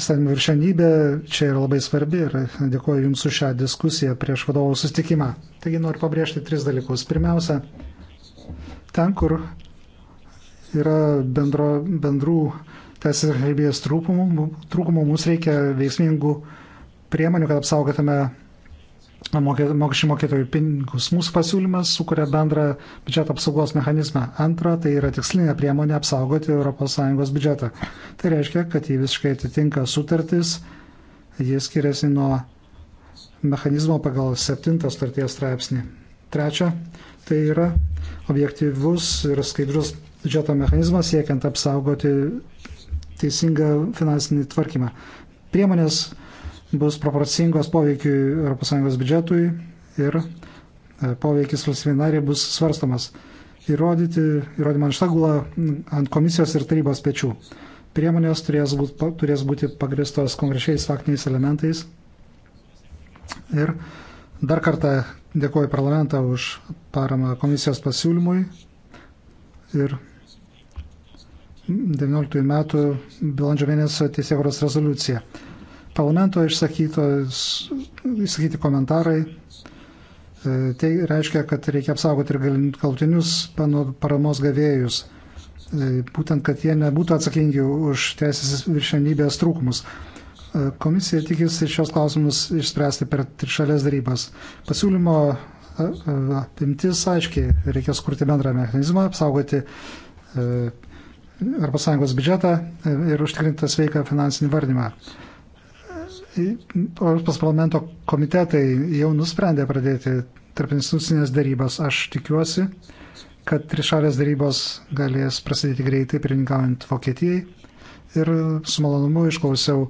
įstatymų viršenybė čia yra labai svarbi ir dėkoju Jums už šią diskusiją prieš vadovų sustikimą. Taigi noriu pabrėžti tris dalykus. Pirmiausia, ten, kur yra bendro, bendrų teisės ir galimybės trūkumų, trūkumų, mums reikia veiksmingų priemonių, kad apsaugotume mokesčių mokėtojų pinigus. Mūsų pasiūlymas sukuria bendrą biudžeto apsaugos mechanizmą. Antra, tai yra tikslinė priemonė apsaugoti ES biudžetą. Tai reiškia, kad jį visiškai atitinka sutartis, jie skiriasi nuo mechanizmo pagal 7 starties straipsnį. Trečia, tai yra objektyvus ir skaidrus biudžeto mechanizmas siekiant apsaugoti teisingą finansinį tvarkymą. Priemonės bus proporcingos poveikiai ES biudžetui ir e, poveikis valstybinariai bus svarstamas. Įrodyti, įrodymą ant štagulą ant komisijos ir tarybos pečių. Priemonės turės būti, turės būti pagristos konkrečiais faktiniais elementais. Ir dar kartą dėkoju parlamentą už paramą komisijos pasiūlymui ir 19 metų bilandžio mėnesio teisėkuros rezoliuciją. Parlamento išsakyti komentarai e, tai reiškia, kad reikia apsaugoti ir galutinius paramos gavėjus, e, būtent, kad jie nebūtų atsakingi už teisės viršenybės trūkumus. E, komisija tikisi šios klausimus išspręsti per trišalės darybas. Pasiūlymo apimtis aiškiai, reikia skurti bendrą mechanizmą, apsaugoti ES biudžetą ir užtikrinti sveiką finansinį vardymą. Europos parlamento komitetai jau nusprendė pradėti tarp institucinės darybas. Aš tikiuosi, kad trišalės darybos galės prasidėti greitai, pirmininkaujant Vokietijai. Ir su malonumu išklausiau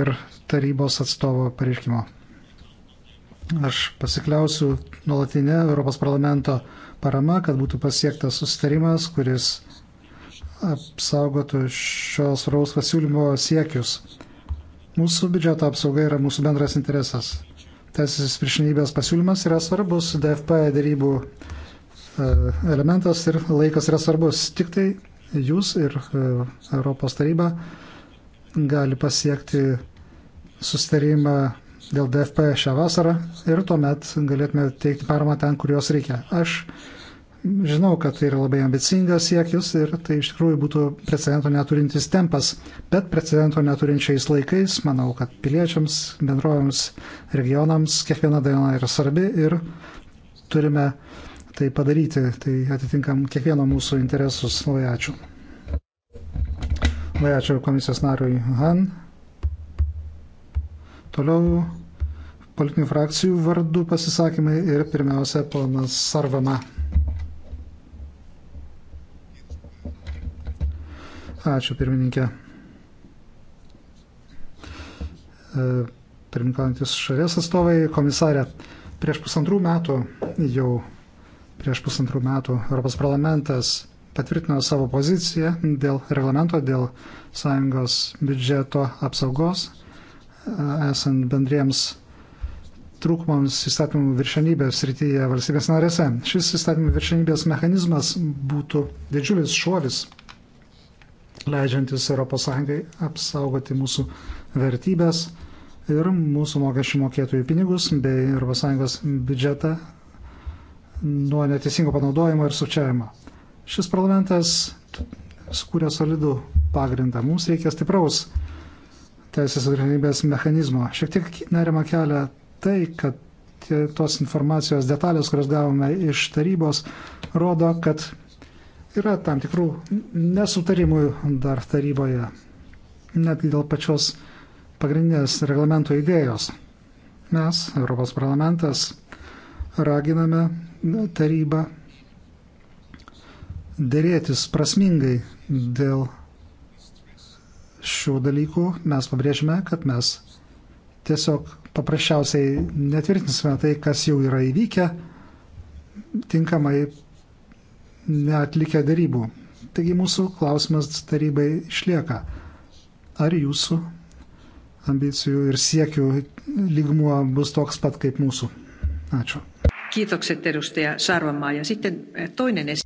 ir tarybos atstovo pareiškimo. Aš pasikliausiu nuolatinę Europos parlamento parama, kad būtų pasiektas sustarimas, kuris apsaugotų šios raus pasiūlymo siekius Mūsų biudžeto apsauga yra mūsų bendras interesas. Teisės viršinybės pasiūlymas yra svarbus, DFP dėrybų e, elementas ir laikas yra svarbus. Tik tai jūs ir e, Europos taryba gali pasiekti sustarimą dėl DFP šią vasarą ir tuomet galėtume teikti paramą ten, kur jos reikia. Aš Žinau, kad tai yra labai ambicingas siekis ir tai iš tikrųjų būtų precedento neturintis tempas, bet precedento neturinčiais laikais, manau, kad piliečiams, bendrovėms, regionams kiekviena diena yra svarbi ir turime tai padaryti. Tai atitinkam kiekvieno mūsų interesus. Labai ačiū. Labai ačiū komisijos nariui Han. Toliau politinių frakcijų vardų pasisakymai ir pirmiausia ponas Sarvama. Ačiū, pirmininkė. E, Pirmininkantis šalies atstovai, komisarė, prieš pusantrų metų, jau prieš pusantrų metų Europos parlamentas patvirtino savo poziciją dėl reglamento, dėl sąjungos biudžeto apsaugos, e, esant bendriems trūkumams įstatymų viršenybės rytyje valstybės narėse. Šis įstatymų viršenybės mechanizmas būtų didžiulis šuolis leidžiantis ES apsaugoti mūsų vertybės ir mūsų mokesčių mokėtojų pinigus bei ES biudžetą nuo neteisingo panaudojimo ir sučiavimo. Šis parlamentas sukūrė solidų pagrindą. Mums reikia stipraus teisės galimybės mechanizmo. Šiek tiek nerima kelia tai, kad tos informacijos detalės, kurias gavome iš tarybos, rodo, kad Yra tam tikrų nesutarimų dar taryboje, netgi dėl pačios pagrindinės reglamento idėjos. Mes, Europos parlamentas, raginame tarybą dėrėtis prasmingai dėl šių dalykų. Mes pabrėžime, kad mes tiesiog paprasčiausiai netvirtinsime tai, kas jau yra įvykę, tinkamai neatlikę darybų. Taigi mūsų klausimas tarybai išlieka. Ar jūsų ambicijų ir siekių lygmuo bus toks pat kaip mūsų? Ačiū. Kiitokset edustaja Sarvamaa. Ja sitten eh, toinen es...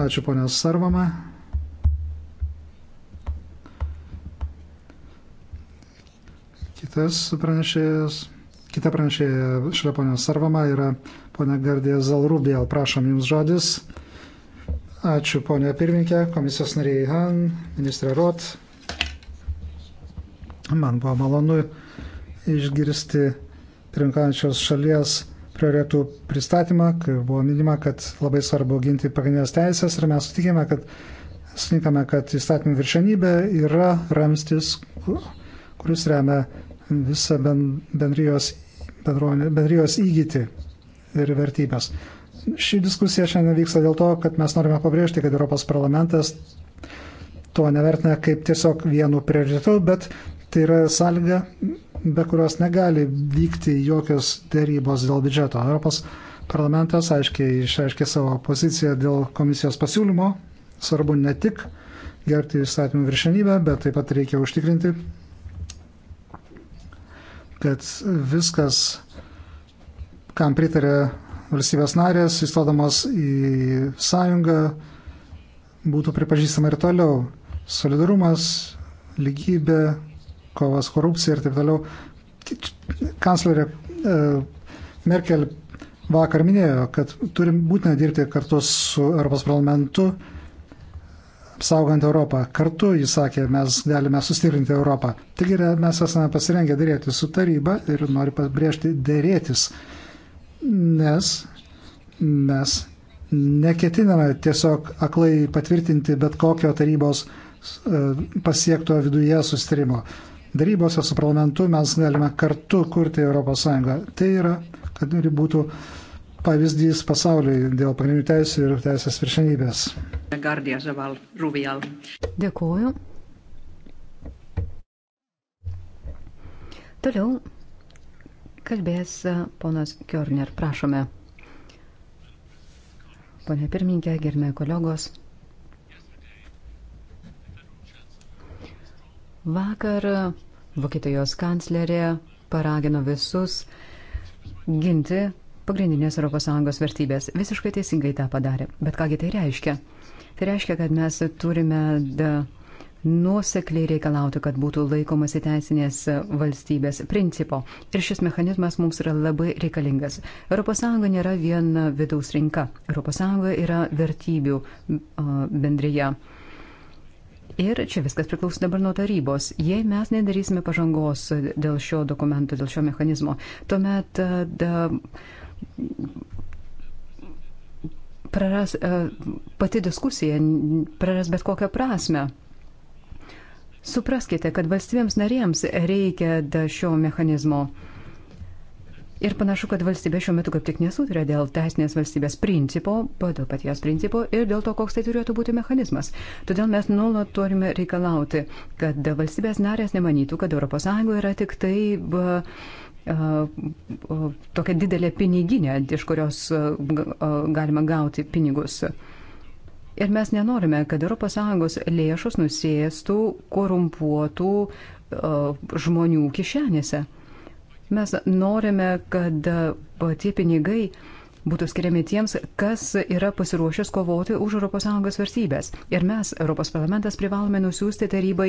Ačiū ponia Sarvamaa. Kitas pranešėjas, kita pranešėja šalia ponios Sarvama yra ponia Gardė Zalrubėl. Prašom jums žodis. Ačiū ponia pirmininkė, komisijos nariai Han, ministrė Rot. Man buvo malonu išgirsti pirmkančios šalies prioritetų pristatymą, kai buvo minima, kad labai svarbu ginti pagrindinės teisės ir mes sutikime, kad sutinkame, kad įstatymų viršenybė yra ramstis, kuris remia visą bendrijos, bendrijos įgyti ir vertybės. Ši diskusija šiandien vyksta dėl to, kad mes norime pabrėžti, kad Europos parlamentas to nevertina kaip tiesiog vienu prioritetu, bet tai yra sąlyga, be kurios negali vykti jokios dėrybos dėl biudžeto. Europos parlamentas aiškiai išreiškė savo poziciją dėl komisijos pasiūlymo. Svarbu ne tik gerti įstatymų viršenybę, bet taip pat reikia užtikrinti, kad viskas, kam pritarė valstybės narės, įstodamos į sąjungą, būtų pripažįstama ir toliau. Solidarumas, lygybė, kovas korupcija ir taip toliau. Kanclerė e, Merkel vakar minėjo, kad turim būtinai dirbti kartu su Europos parlamentu, apsaugant Europą. Kartu, jis sakė, mes galime sustiprinti Europą. Taigi mes esame pasirengę dėrėti su taryba ir noriu pabrėžti dėrėtis nes mes neketiname tiesiog aklai patvirtinti bet kokio tarybos e, pasiekto viduje sustarimo. Darybose su parlamentu mes galime kartu kurti ES. Tai yra, kad turi būtų pavyzdys pasauliui dėl pagrindinių teisų ir teisės viršenybės. Dėkuoju. Toliau kalbės e, ponas Kjorner. Prašome. Pone pirmininkė, gerbėjai kolegos. Vakar Vokietijos kanclerė paragino visus ginti pagrindinės ES vertybės. Visiškai teisingai tą padarė. Bet kągi tai reiškia? Tai reiškia, kad mes turime nuosekliai reikalauti, kad būtų laikomasi teisinės valstybės principo. Ir šis mechanizmas mums yra labai reikalingas. ES nėra viena vidaus rinka. ES yra vertybių bendryje. Ir čia viskas priklauso dabar nuo tarybos. Jei mes nedarysime pažangos dėl šio dokumento, dėl šio mechanizmo, tuomet da, praras, pati diskusija praras bet kokią prasme. Supraskite, kad valstybėms narėms reikia šio mechanizmo. Ir panašu, kad valstybė šiuo metu kaip tik nesutrė dėl teisinės valstybės principo, dėl paties principo ir dėl to, koks tai turėtų būti mechanizmas. Todėl mes nuolat turime reikalauti, kad valstybės narės nemanytų, kad ES yra tik tai uh, uh, tokia didelė piniginė, iš kurios uh, galima gauti pinigus. Uh, Ir mes nenorime, kad ES lėšos nusėstų korumpuotų e, žmonių kišenėse. Mes norime, kad e, tie pinigai būtų skiriami tiems, kas yra pasiruošęs kovoti už ES vertybės. Ir mes, Europos parlamentas, privalome nusiųsti tarybai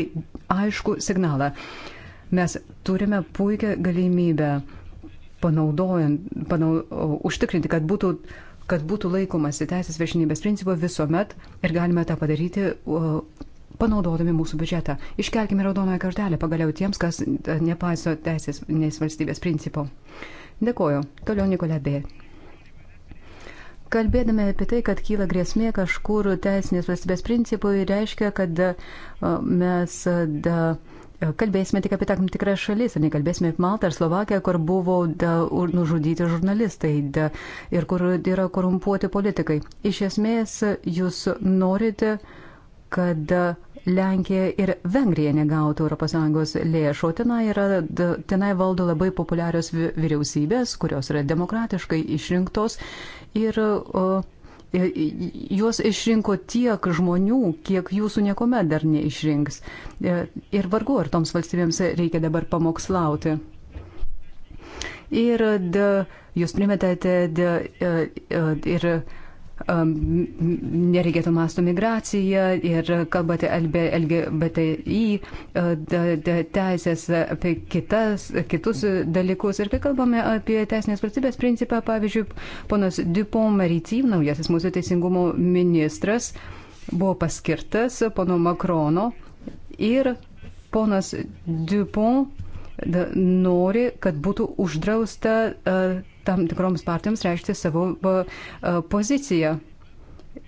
aišku signalą. Mes turime puikią galimybę panaudojant, panau, užtikrinti, kad būtų uh, kad būtų laikomasi teisės viršinybės principo visuomet ir galime tą padaryti panaudodami mūsų biudžetą. Iškelkime raudonąją kartelę pagaliau tiems, kas e, nepaiso teisės valstybės principo. Dėkoju. Toliau Nikolė B. Kalbėdami apie tai, kad kyla grėsmė kažkur teisinės valstybės principui, reiškia, kad e, mes e, da, kalbėsime tik apie tam tikras šalis, o nekalbėsime apie Maltą ar Slovakiją, kur buvo da, nužudyti žurnalistai da, ir kur yra korumpuoti politikai. Iš esmės, jūs norite, kad Lenkija ir Vengrija negautų ES lėšų. Tenai, yra, tenai valdo labai populiarios vyriausybės, kurios yra demokratiškai išrinktos ir o, E, juos išrinko tiek žmonių, kiek jūsų niekuomet dar neišrinks. E, ir vargu, ar toms valstybėms reikia dabar pamokslauti. Ir da, jūs primetėte da, e, ir. Da, nereikėtų masto migraciją ir kalbate LGBTI teisės, apie kitas, kitus dalykus. Ir kai kalbame apie teisinės valstybės principą, pavyzdžiui, ponas Dupont Maritim, naujasis mūsų teisingumo ministras, buvo paskirtas pono Makrono ir ponas Dupont nori, kad būtų uždrausta uh, tam tikroms partijoms reikšti savo poziciją.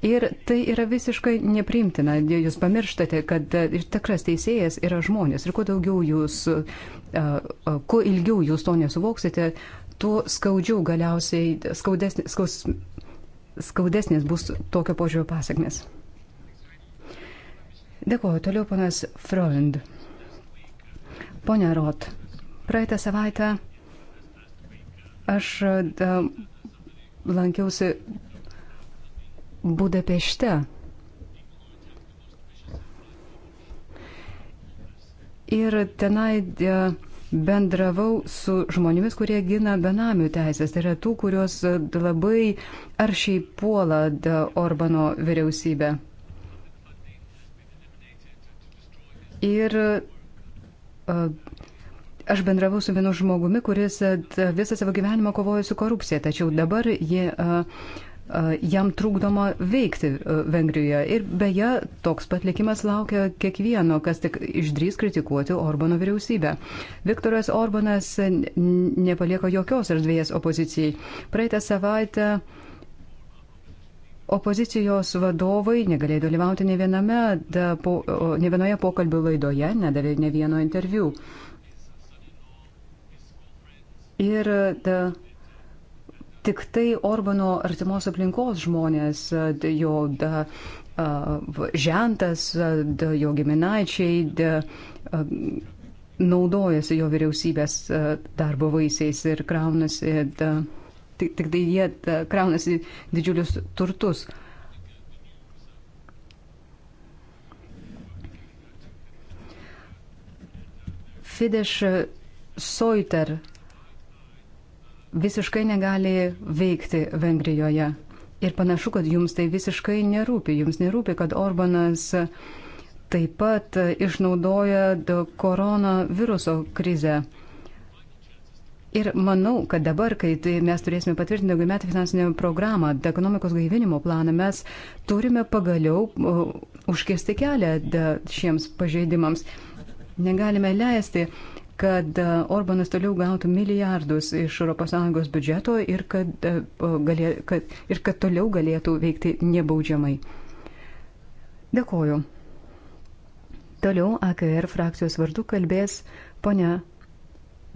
Ir tai yra visiškai nepriimtina. Jūs pamirštate, kad tikras teisėjas yra žmonės. Ir kuo daugiau jūs, kuo ilgiau jūs to nesuvoksite, tuo skaudžiau galiausiai, skaudesnis, skaus, skaudesnis bus tokio požiūrio pasiekmes. Dėkuoju. Toliau panas Freund. Pone Rot, praeitą savaitę Aš da, lankiausi Budapešte. Ir tenai bendravau su žmonėmis, kurie gina benamių teisės. Tai yra tų, kurios labai aršiai puola Orbano vyriausybę. Ir uh, Aš bendravau su vienu žmogumi, kuris e, visą savo gyvenimą kovojo su korupcija, tačiau dabar jie, e, jam trukdoma veikti e, Vengrijoje. Ir beje, toks pat likimas laukia kiekvieno, kas tik išdrys kritikuoti Orbano vyriausybę. Viktoras Orbanas nepalieko jokios erdvės opozicijai. Praeitą savaitę opozicijos vadovai negalėjo dalyvauti ne, viename, da, po, ne vienoje pokalbių laidoje, nedavė ne vieno interviu. Ir da, tik tai Orbano artimos aplinkos žmonės, da, jo da, a, žentas, da, jo giminaičiai da, a, naudojasi jo vyriausybės a, darbo vaisiais ir kraunasi, da, tik, tik tai jie da, kraunasi didžiulius turtus. Fidesz Soiter visiškai negali veikti Vengrijoje. Ir panašu, kad jums tai visiškai nerūpi. Jums nerūpi, kad Orbanas taip pat išnaudoja koronaviruso krizę. Ir manau, kad dabar, kai tai mes turėsime patvirtinti daugiametį finansinę programą, ekonomikos gaivinimo planą, mes turime pagaliau užkirsti kelią šiems pažeidimams. Negalime leisti, kad e, Orbanas toliau gautų milijardus iš ES biudžeto ir kad, e, galė, kad, ir kad toliau galėtų veikti nebaudžiamai. Dėkoju. Toliau AKR frakcijos vardu kalbės ponia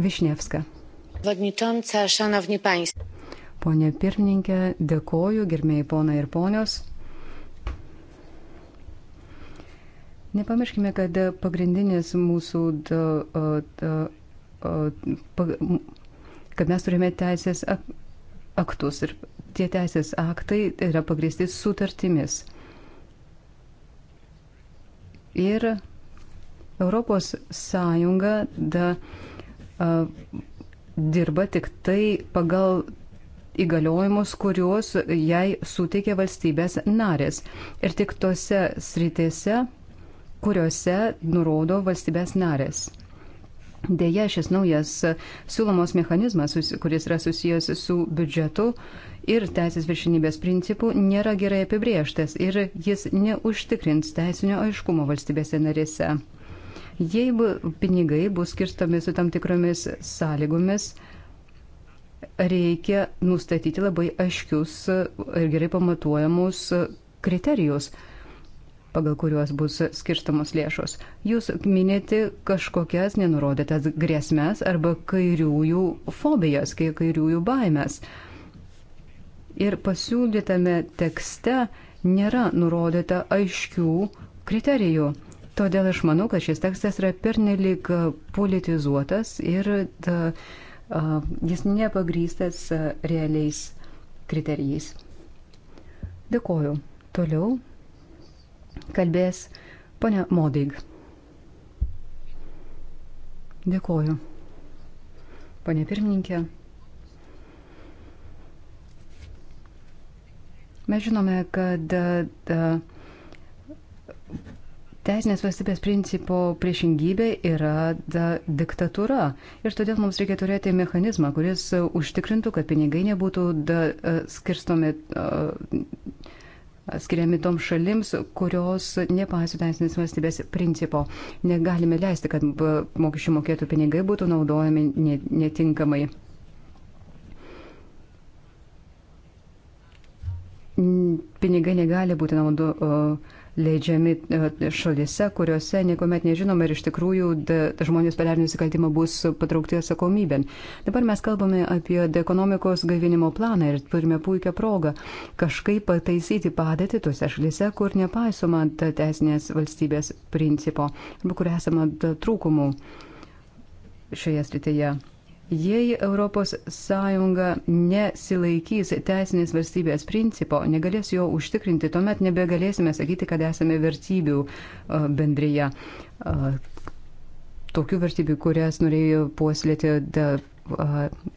Višnevska. Pone pirmininkė, dėkoju, gerbėjai ponai ir ponios. Nepamirškime, kad pagrindinis mūsų, da, da, pa, kad mes turime teisės aktus ir tie teisės aktai yra pagristi sutartimis. Ir Europos Sąjunga da, a, dirba tik tai pagal įgaliojimus, kuriuos jai suteikė valstybės narės. Ir tik tose sritėse, kuriuose nurodo valstybės narės. Deja, šis naujas siūlomos mechanizmas, kuris yra susijęs su biudžetu ir teisės viršinybės principu, nėra gerai apibrieštas ir jis neužtikrins teisinio aiškumo valstybėse narėse. Jeigu pinigai bus skirstomi su tam tikromis sąlygomis, reikia nustatyti labai aiškius ir gerai pamatuojamus kriterijus, pagal kuriuos bus skirstamos lėšos. Jūs minėti kažkokias nenurodytas grėsmės arba kairiųjų fobijas, kairiųjų baimės. Ir pasiūlytame tekste nėra nurodyta aiškių kriterijų. Todėl aš manau, kad šis tekstas yra pernelik politizuotas ir da, uh, jis nepagrystas realiais kriterijais. Dėkoju. Toliau kalbės ponia Modig. Dėkoju. Pane pirmininkė, mes žinome, kad e, Teisinės valstybės principo priešingybė yra da, diktatūra ir todėl mums reikia turėti mechanizmą, kuris užtikrintų, kad pinigai nebūtų da, e, skirstomi da, e, skiriami toms šalims, kurios nepaiso teisinės valstybės principo. Negalime leisti, kad mokesčių mokėtų pinigai būtų naudojami netinkamai. Pinigai negali būti naudo, uh, leidžiami e, šalise, kuriuose niekuomet nežinoma ir iš tikrųjų da, žmonės padarė nusikaltimą bus patraukti atsakomybėn. Dabar mes kalbame apie ekonomikos gaivinimo planą ir turime puikią progą kažkaip pataisyti padėtį tuose šalise, kur nepaisoma teisinės valstybės principo arba kur esama trūkumų šioje srityje. Jei ES nesilaikys teisinės valstybės principo, negalės jo užtikrinti, tuomet nebegalėsime sakyti, kad esame vertybių bendryje. Tokių vertybių, kurias norėjo puoslėti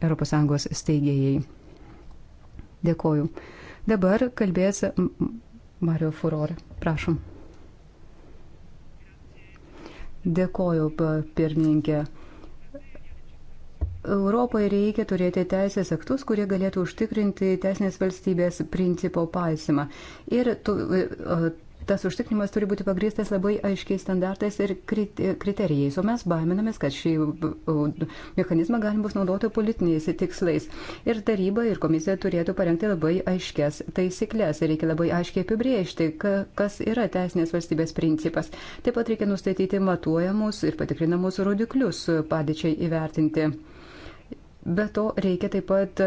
ES steigėjai. Dėkoju. Dabar kalbės Mario Furore. Prašom. Dėkoju, pirmininkė. Europai reikia turėti teisės aktus, kurie galėtų užtikrinti teisinės valstybės principo paisimą. Ir tu, e, tas užtikrinimas turi būti pagrįstas labai aiškiais standartais ir kriterijais. O mes baiminamės, kad šį mechanizmą galim bus naudoti politiniais tikslais. Ir taryba ir komisija turėtų parengti labai aiškias taisyklės. Reikia labai aiškiai apibriežti, kas yra teisinės valstybės principas. Taip pat reikia nustatyti matuojamus ir patikrinamus rodiklius padėčiai įvertinti. Be to reikia taip pat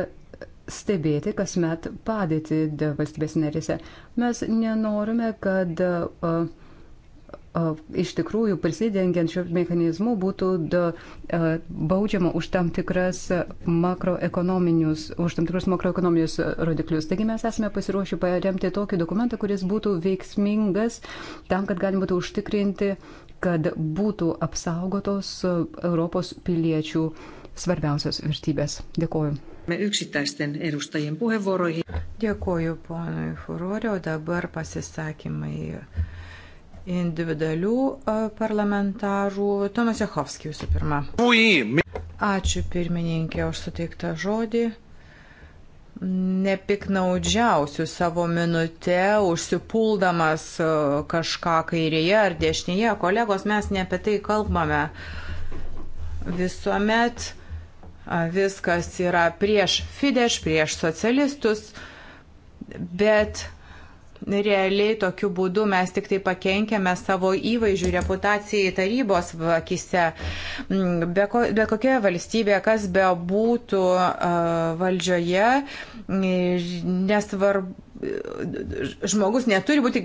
stebėti kasmet padėti valstybės narėse. Mes nenorime, kad a, a, iš tikrųjų prisidengiant šių mechanizmų būtų da, a, baudžiama už tam, tikras makroekonominius, už tam tikrus makroekonominius rodiklius. Taigi mes esame pasiruošę paremti tokį dokumentą, kuris būtų veiksmingas tam, kad galima būtų užtikrinti, kad būtų apsaugotos Europos piliečių svarbiausios vertybės. Dėkoju. Yksittäisten edustajien puheenvuoroihin. Dėkoju ponui Furorio, dabar pasisakymai individualių parlamentarų. Tomas Jehovskis jūsų pirma. Ačiū pirmininkė už suteiktą žodį nepiknaudžiausiu savo minutę, užsipuldamas kažką kairėje ar dešinėje. Kolegos, mes ne apie tai kalbame. Visuomet viskas yra prieš Fidesz, prieš socialistus, bet realiai tokiu būdu mes tik tai pakenkėme savo įvaizdžių reputacijai tarybos akise. Mm, be, ko, be kokia valstybė, kas be būtų valdžioje, nesvarbu žmogus neturi būti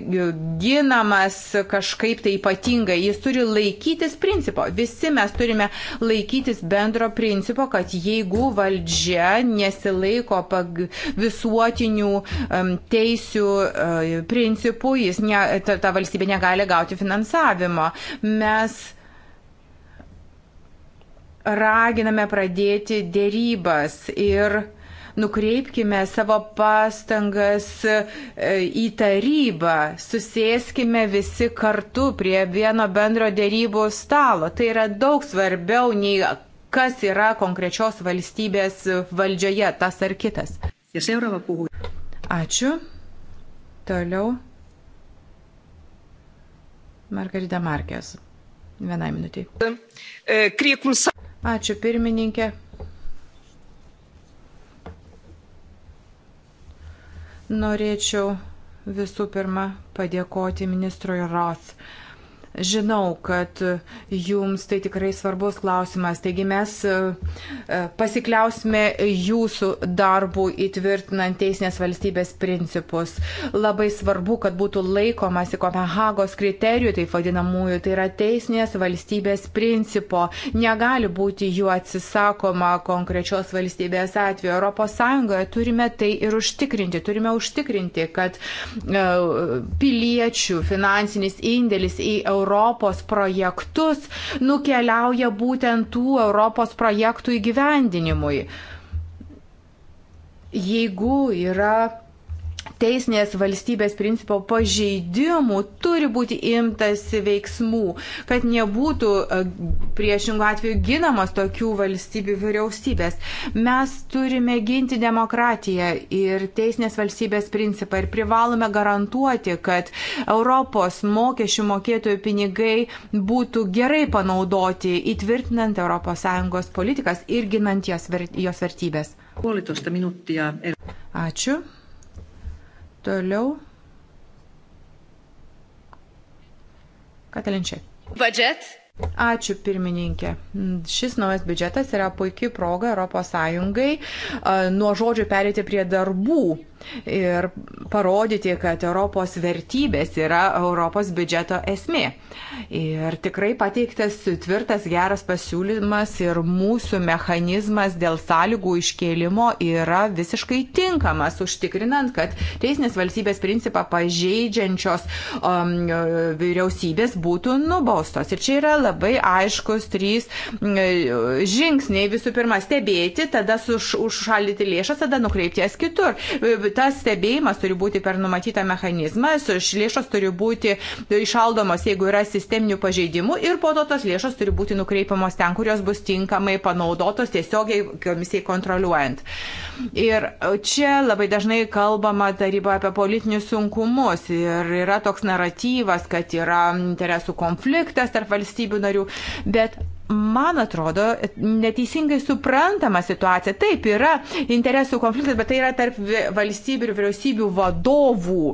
ginamas kažkaip tai ypatingai, jis turi laikytis principo. Visi mes turime laikytis bendro principo, kad jeigu valdžia nesilaiko visuotinių teisių e, principų, jis ne, ta, ta valstybė negali gauti finansavimo. Mes raginame pradėti dėrybas ir nukreipkime savo pastangas e, į tarybą, susėskime visi kartu prie vieno bendro dėrybų stalo. Tai yra daug svarbiau nei kas yra konkrečios valstybės valdžioje, tas ar kitas. Ačiū. Toliau. Margarita Markės. Vienai minutiai. Ačiū pirmininkė. Norėčiau visų pirma padėkoti ministrui Roth Žinau, kad jums tai tikrai svarbus klausimas, taigi mes e, e, pasikliausime jūsų darbų įtvirtinant teisinės valstybės principus. Labai svarbu, kad būtų laikomasi Kopenhagos kriterijų, tai vadinamųjų, tai yra teisinės valstybės principo. Negali būti jų atsisakoma konkrečios valstybės atveju. ES turime tai ir užtikrinti. Turime užtikrinti, kad e, piliečių finansinis indėlis į Europą Europos projektus nukeliauja būtent tų Europos projektų įgyvendinimui. Jeigu yra teisinės valstybės principo pažeidimų turi būti imtasi veiksmų, kad nebūtų e, priešingų atveju ginamas tokių valstybių vyriausybės. Mes turime ginti demokratiją ir teisinės valstybės principą ir privalome garantuoti, kad Europos mokesčių mokėtojų pinigai būtų gerai panaudoti įtvirtinant ES politikas ir ginant jos vertybės. Ačiū. Toliau. Katalinčiai. Budžet. Ačiū pirmininkė. Šis naujas biudžetas yra puikiai proga ES nuo žodžių perėti prie darbų ir parodyti, kad Europos vertybės yra Europos biudžeto esmė. Ir tikrai pateiktas tvirtas geras pasiūlymas ir mūsų mechanizmas dėl sąlygų iškėlimo yra visiškai tinkamas, užtikrinant, kad teisinės valstybės principą pažeidžiančios um, vyriausybės būtų nubaustos. Ir čia yra labai aiškus trys mm, žingsniai. Visų pirma, stebėti, tada už, užšaldyti lėšas, tada nukreipti jas kitur tas stebėjimas turi būti per numatytą mechanizmą, lėšos turi būti išaldomos, jeigu yra sisteminių pažeidimų ir po to tos lėšos turi būti nukreipiamos ten, kurios bus tinkamai panaudotos tiesiogiai komisijai kontroliuojant. Ir e, čia labai dažnai kalbama taryba apie politinius sunkumus ir yra toks naratyvas, kad yra interesų konfliktas tarp valstybių narių, bet man atrodo, neteisingai suprantama situacija. Taip, yra interesų konfliktas, bet tai yra tarp valstybių ir vyriausybių vadovų.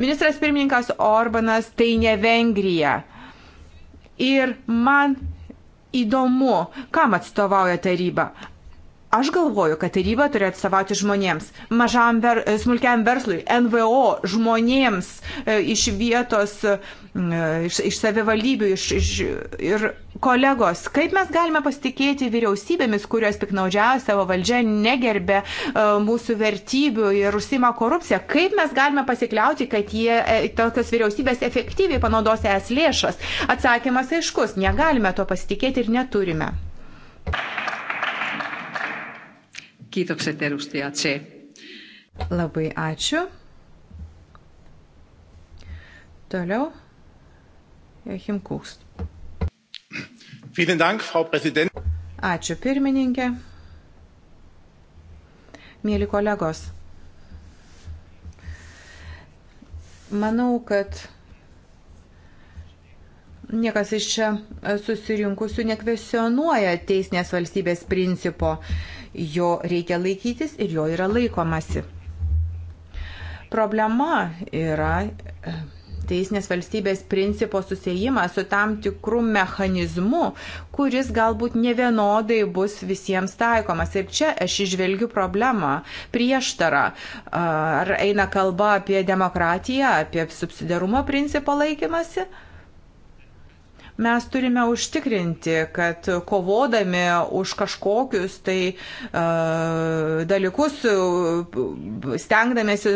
Ministras pirmininkas Orbanas tai ne Vengrija. Ir man įdomu, kam atstovauja taryba. Aš galvoju, kad taryba turi atstovauti žmonėms, mažam ver, smulkiam verslui, NVO, žmonėms e, iš vietos, e, iš, iš savivalybių iš, iš, ir kolegos. Kaip mes galime pasitikėti vyriausybėmis, kurios piknaudžiavo savo valdžią, negerbė e, mūsų vertybių ir užsima korupciją? Kaip mes galime pasikliauti, kad jie, e, tokios vyriausybės efektyviai panaudos es lėšas? Atsakymas aiškus - negalime to pasitikėti ir neturime. Thank you. Kiitokset edustaja C. Labai ačiū. Toliau. Joachim Kuchs. Dank, Frau Präsident. Ačiū pirmininkė. Mėly kolegos. Manau, kad niekas iš čia e, susirinkusių nekvesionuoja teisinės valstybės principo. Jo reikia laikytis ir jo yra laikomasi. Problema yra e, teisinės valstybės principo susijimas su tam tikrų mechanizmų, kuris galbūt ne vienodai bus visiems taikomas. Ir čia aš išvelgiu problemą, prieštarą. Ar eina kalba apie demokratiją, apie subsidarumo principo laikymasi? Mes turime užtikrinti, kad kovodami už kažkokius tai uh, dalykus, stengdamėsi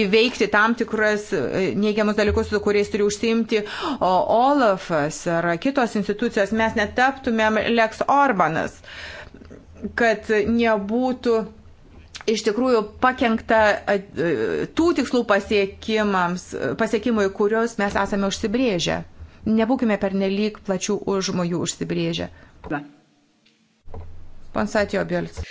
įveikti tam tikras e, neigiamus dalykus, su kuriais turi užsiimti Olafas ar kitos institucijos, mes netaptumėm Lex Orbanas, kad nebūtų iš tikrųjų pakengta e, tų tikslų pasiekimams, pasiekimui, kuriuos mes esame užsibrėžę. Nebūkime pernelyg plačių užmojų užsibrėžę. Ponsatio Bėlis.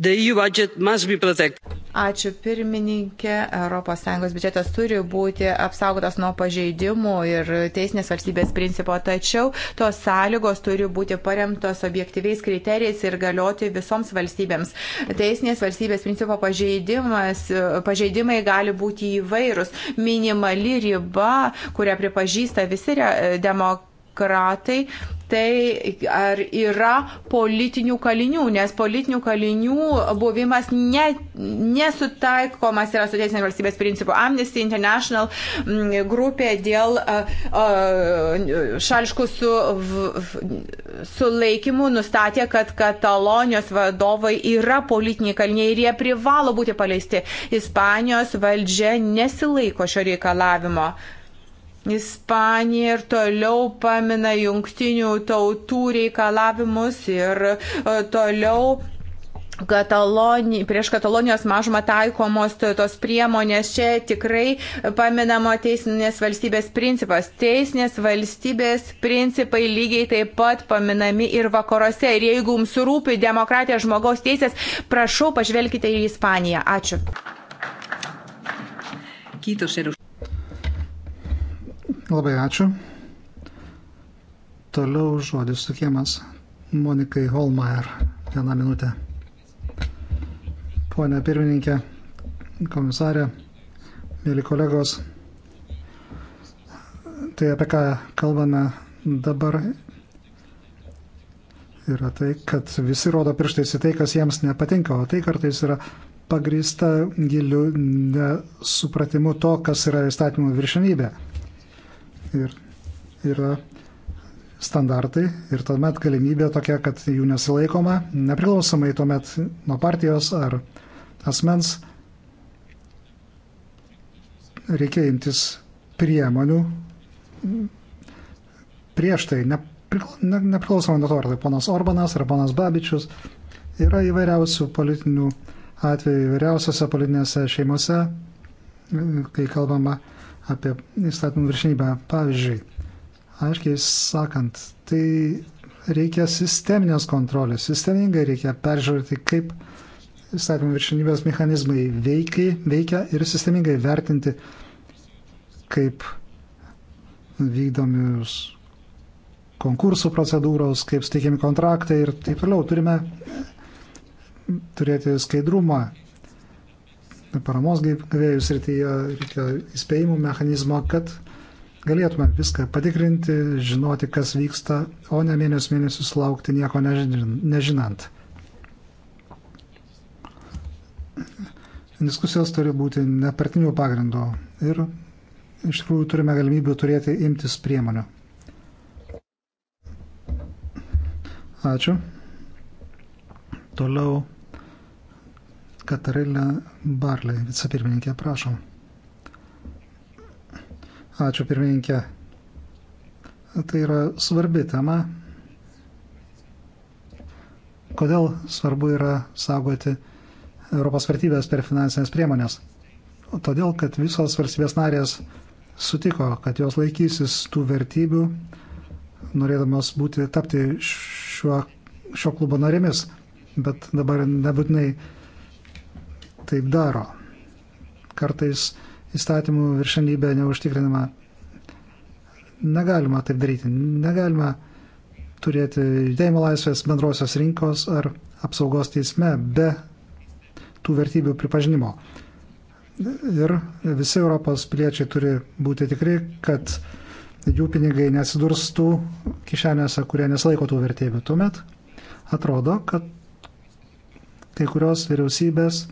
The EU budget must be protected. Ačiū pirmininkė. ES biudžetas turi būti apsaugotas nuo pažeidimų ir teisinės valstybės principo, tačiau tos sąlygos turi būti paremtos objektyviais kriterijais ir galioti visoms valstybėms. Teisinės valstybės principo pažeidimai gali būti įvairūs. Minimali riba, kurią pripažįsta visi demokratai, tai, ar yra politinių kalinių, nes politinių kalinių buvimas ne, nesutaikomas yra su teisinės valstybės principu. Amnesty International mm, grupė dėl šališkų su, sulaikymų nustatė, kad Katalonijos vadovai yra politiniai kaliniai ir jie privalo būti paleisti. Ispanijos valdžia nesilaiko šio reikalavimo. Ispanija ir toliau pamina jungtinių tautų reikalavimus ir e, toliau Kataloni, prieš Katalonijos mažumą taikomos tos priemonės čia tikrai paminamo teisinės valstybės principas. Teisinės valstybės principai lygiai taip pat paminami ir vakaruose. Ir jeigu jums rūpi demokratija, žmogaus teisės, prašau pažvelkite į Ispaniją. Ačiū. Kiitos, Labai ačiū. Toliau žodis sukėmas Monikai Holmeier. Vieną minutę. Pone pirmininkė, komisarė, mėly kolegos, tai apie ką kalbame dabar yra tai, kad visi rodo pirštais į tai, kas jiems nepatinka, o tai kartais yra pagrįsta giliu nesupratimu to, kas yra įstatymų viršenybė ir yra standartai ir tuomet galimybė tokia, kad jų nesilaikoma, nepriklausomai tuomet nuo partijos ar asmens, reikia imtis priemonių prieš tai, nepriklausomai nuo to, ar tai ponas Orbanas ar ponas Babičius, yra įvairiausių politinių atvejų, įvairiausiose politinėse šeimose, kai kalbama apie įstatymų viršinybę. Pavyzdžiui, aiškiai sakant, tai reikia sisteminės kontrolės, sistemingai reikia peržiūrėti, kaip įstatymų viršinybės mechanizmai veikia, veikia ir sistemingai vertinti, kaip vykdomius konkursų procedūros, kaip steikiami kontraktai ir taip toliau. Turime turėti skaidrumą paramos gavėjų srityje, reikia įspėjimų mechanizmo, kad galėtume viską patikrinti, žinoti, kas vyksta, o ne mėnesius mėnesius laukti nieko nežinant. Diskusijos turi būti nepartinių pagrindų ir iš tikrųjų turime galimybių turėti imtis priemonių. Ačiū. Toliau Katarilė Barlė, vicepirmininkė, prašom. Ačiū pirmininkė. Tai yra svarbi tema. Kodėl svarbu yra saugoti Europos vertybės per finansinės priemonės? Todėl, kad visos valstybės narės sutiko, kad jos laikysis tų vertybių, norėdamos būti, tapti šio, šio klubo narėmis. Bet dabar nebūtinai taip daro. Kartais įstatymų viršenybė neužtikrinama. Negalima taip daryti. Negalima turėti judėjimo laisvės bendrosios rinkos ar apsaugos teisme be tų vertybių pripažinimo. Ir visi Europos piliečiai turi būti tikri, kad jų pinigai nesidurs tų kišenėse, kurie nesilaiko tų vertybių. Tuomet atrodo, kad kai kurios vyriausybės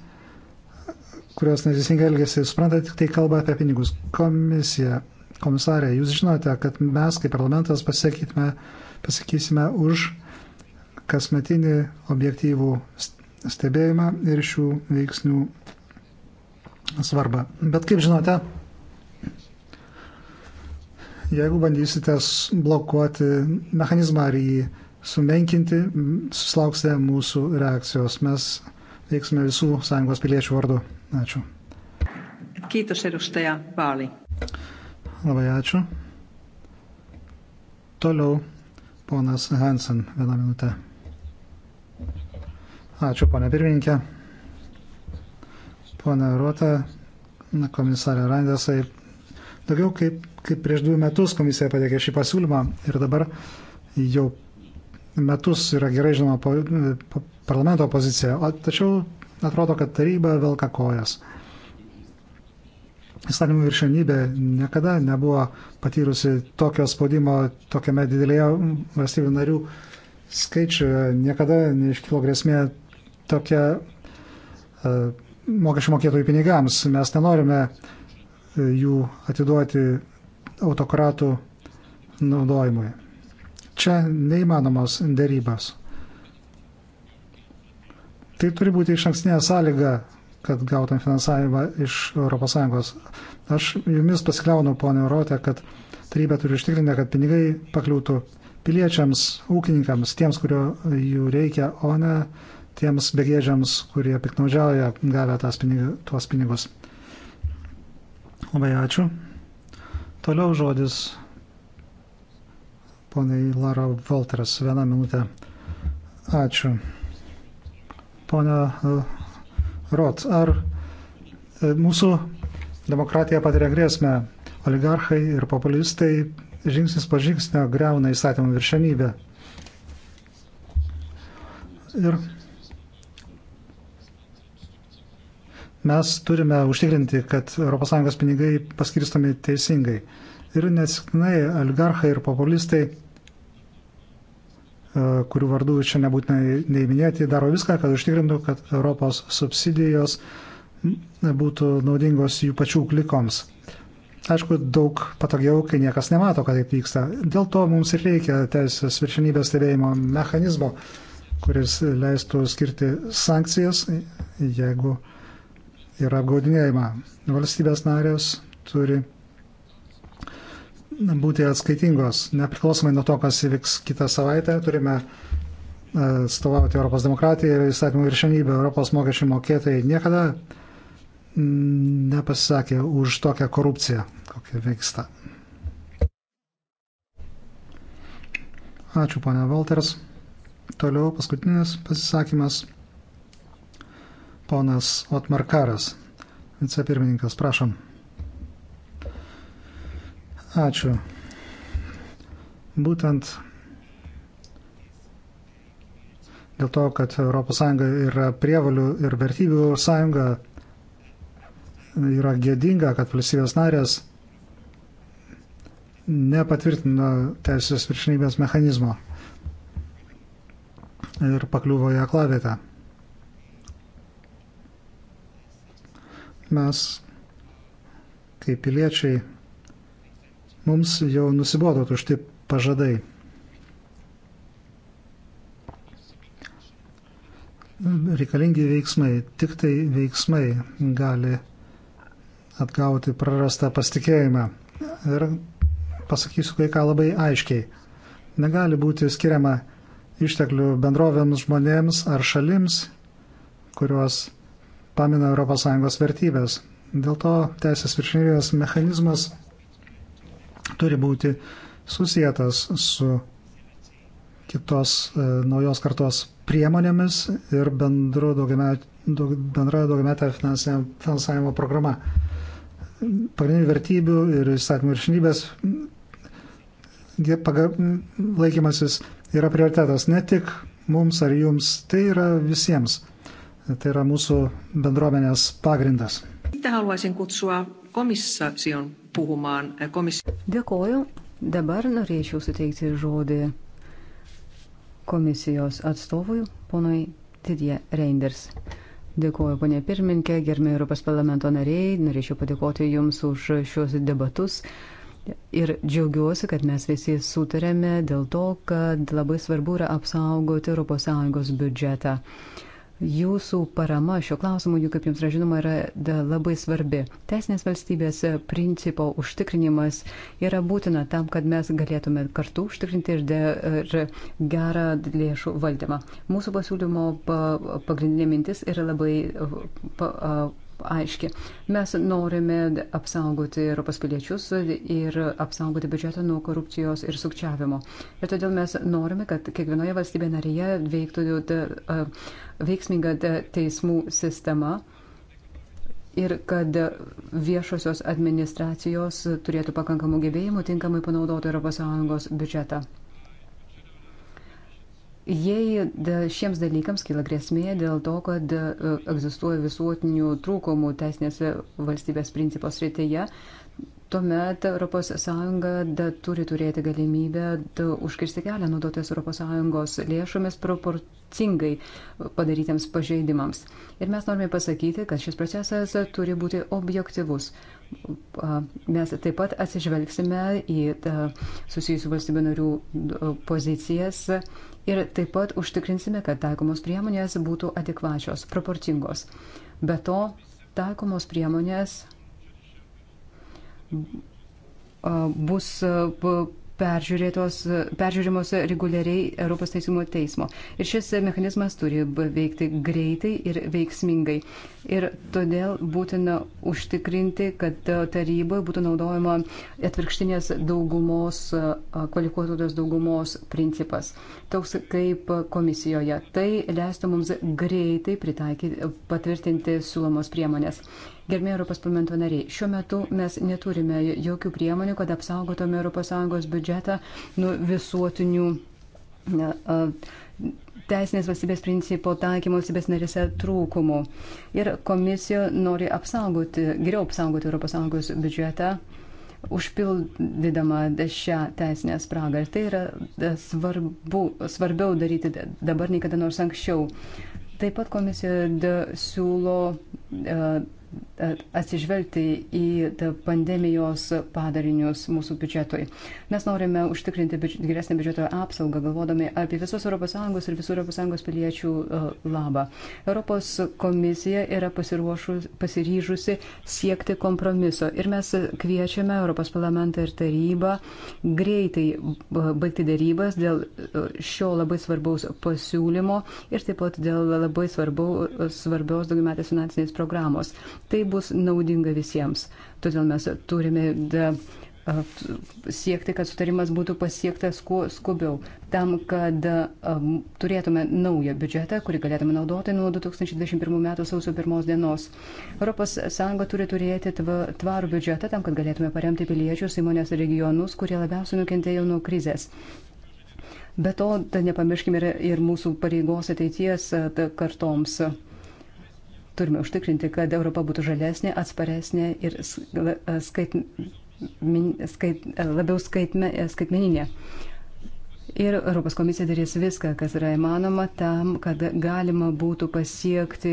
kurios neteisingai elgesi, supranta tik tai kalba apie pinigus. Komisija, komisarė, jūs žinote, kad mes kaip parlamentas pasakysime už kasmetinį objektyvų stebėjimą ir šių veiksnių svarbą. Bet kaip žinote, jeigu bandysite blokuoti mechanizmą ar jį sumenkinti, susilauksite mūsų reakcijos. Mes veiksime visų sąjungos piliečių vardu. Ačiū. Kiitos edustaja Vaali. Labai ačiū. Toliau ponas Hansen vieną minutę. Ačiū, ponė pirmininkė. Pone Rota, komisarė Randesai, daugiau kaip, kaip prieš du metus komisija pateikė šį pasiūlymą ir dabar jau metus yra gerai žinoma po, po, parlamento poziciją, o, tačiau atrodo, kad taryba velka kojas. Įstatymų viršenybė niekada nebuvo patyrusi tokio spaudimo tokiame didelėje valstybių narių skaičiuje, niekada neiškilo grėsmė tokia uh, mokesčių mokėtojų pinigams. Mes nenorime e, jų atiduoti autokratų naudojimui. Čia neįmanomos dėrybos. Tai turi būti iš ankstinė sąlyga, kad gautum finansavimą iš ES. Aš jumis pasikliaunu, ponė Rotė, kad tarybė turi užtikrinti, kad pinigai pakliūtų piliečiams, ūkininkams, tiems, kurio jų reikia, o ne tiems begėdžiams, kurie piknaudžiauja gavę pinig tuos pinigus. Labai ačiū. Toliau žodis poniai Lara Volteras. Vieną minutę. Ačiū. Pone Rot, ar e, mūsų demokratija patiria grėsmę? Oligarchai ir populistai žingsnis po žingsnio greuna įstatymų viršenybę. Ir mes turime užtikrinti, kad ES pinigai paskirstomi teisingai. Ir nesiknai oligarchai ir populistai E, kurių vardų čia nebūtinai neįminėti, daro viską, kad užtikrintų, kad Europos subsidijos būtų naudingos jų pačių klikoms. Aišku, daug patogiau, kai niekas nemato, kad taip vyksta. Dėl to mums ir reikia teisės viršinybės stebėjimo mechanizmo, kuris leistų skirti sankcijas, jeigu yra apgaudinėjama. Valstybės narės turi būti atskaitingos. Nepriklausomai nuo to, kas įvyks kitą savaitę, turime e, stovauti Europos demokratiją ir įstatymų viršenybę. Europos mokesčių mokėtojai niekada nepasisakė už tokią korupciją, kokia vyksta. Ačiū, ponia Walters. Toliau paskutinis pasisakymas. Ponas Otmarkaras, vicepirmininkas, prašom. Ačiū. Būtent dėl to, kad ES yra prievalių ir vertybių sąjunga, yra gėdinga, kad valstybės narės nepatvirtino teisės viršinybės mechanizmo ir pakliuvo į aklavietę. Mes, kaip piliečiai, Mums jau nusibodo tušti pažadai. Reikalingi veiksmai, tik tai veiksmai gali atgauti prarastą pasitikėjimą. Ir pasakysiu kai ką labai aiškiai. Negali būti skiriama išteklių bendrovėms, žmonėms ar šalims, kurios pamina ES vertybės. Dėl to teisės viršinybės mechanizmas turi būti susijęs su kitos e, naujos kartos priemonėmis ir bendru daugiamet, daug, bendra daugiametė finansavimo programa. Pagrindinių vertybių ir įstatymų viršinybės laikymasis yra prioritetas ne tik mums ar jums, tai yra visiems. Tai yra mūsų bendruomenės pagrindas. Haluaisin kutsua komission puhumaan. Komis... Dėkoju. Dabar norėčiau suteikti žodį komisijos atstovui, ponui Didie Reinders. Dėkuoju, ponė pirmininkė, gerbėjai Europos parlamento nariai, norėčiau padėkoti Jums už šios debatus. Ir džiaugiuosi, kad mes visi sutarėme dėl to, kad labai svarbu yra apsaugoti ES biudžetą. Uh, Jūsų parama šio klausimu, juk kaip jums yra žinoma, yra da, labai svarbi. Teisinės valstybės principo užtikrinimas yra būtina tam, kad mes galėtume kartu užtikrinti ir, de, ir gerą lėšų valdymą. Mūsų pasiūlymo pagrindinė mintis yra labai pa, aiški. Mes norime apsaugoti Europos piliečius ir apsaugoti biudžetą nuo korupcijos ir sukčiavimo. Ir todėl mes norime, kad kiekvienoje valstybėje narėje veiktų veiksminga teismų sistema. Ir kad viešosios administracijos turėtų pakankamų gebėjimų tinkamai panaudoti ES biudžetą. Jei šiems dalykams kyla grėsmė dėl to, kad e, egzistuoja visuotinių trūkumų teisinės valstybės principos rytyje, tuomet ES turi turėti galimybę užkirsti kelią naudotis ES lėšomis proporcingai padarytiems pažeidimams. Ir mes norime pasakyti, kad šis procesas turi būti objektivus. Mes taip pat atsižvelgsime į susijusių valstybių narių pozicijas ir taip pat užtikrinsime, kad taikomos priemonės būtų adekvačios, proporcingos. Be to, taikomos priemonės bus peržiūrimos reguliariai Europos teisimo teismo. Ir šis mechanizmas turi veikti greitai ir veiksmingai. Ir todėl būtina užtikrinti, kad taryboje būtų naudojama atvirkštinės daugumos, kvalifikuotos daugumos principas, toks kaip komisijoje. Tai leistų mums greitai pritaikyti, patvirtinti siūlomos priemonės. Gerbėjai Europos parlamento nariai, šiuo metu mes neturime jokių priemonių, kad apsaugotume ES biudžetą nuo visuotinių teisinės valstybės principo taikymo valstybės narėse trūkumų. Ir komisija nori apsaugoti, geriau apsaugoti ES biudžetą, užpildydama šią teisinę spragą. Ir tai yra svarbu, svarbiau daryti dabar nei kada nors anksčiau. Taip pat komisija siūlo. Uh, atsižvelgti į pandemijos padarinius mūsų biudžetui. Mes norime užtikrinti geresnį biudžeto apsaugą, galvodami apie visos ES ir visų ES piliečių labą. Europos komisija yra pasiryžusi siekti kompromiso ir mes kviečiame Europos parlamentą ir tarybą greitai baigti dėrybas dėl šio labai svarbaus pasiūlymo ir taip pat dėl labai svarbu, svarbios daugiametės finansinės programos. Tai bus naudinga visiems. Todėl mes turime da, siekti, kad sutarimas būtų pasiektas kuo skubiau, tam, kad um, turėtume naują biudžetą, kurį galėtume naudoti nuo 2021 m. sausio 1 dienos. ES turi turėti tvarų biudžetą tam, kad galėtume paremti piliečius, įmonės ir regionus, kurie labiausiai nukentėjo nuo krizės. Be to, tai nepamirškime ir mūsų pareigos ateities kartoms. Turime užtikrinti, kad Europa būtų žalesnė, atsparesnė ir skait, skait, labiau skaitme, skaitmeninė. Ir Europos komisija darys viską, kas yra įmanoma tam, kad galima būtų pasiekti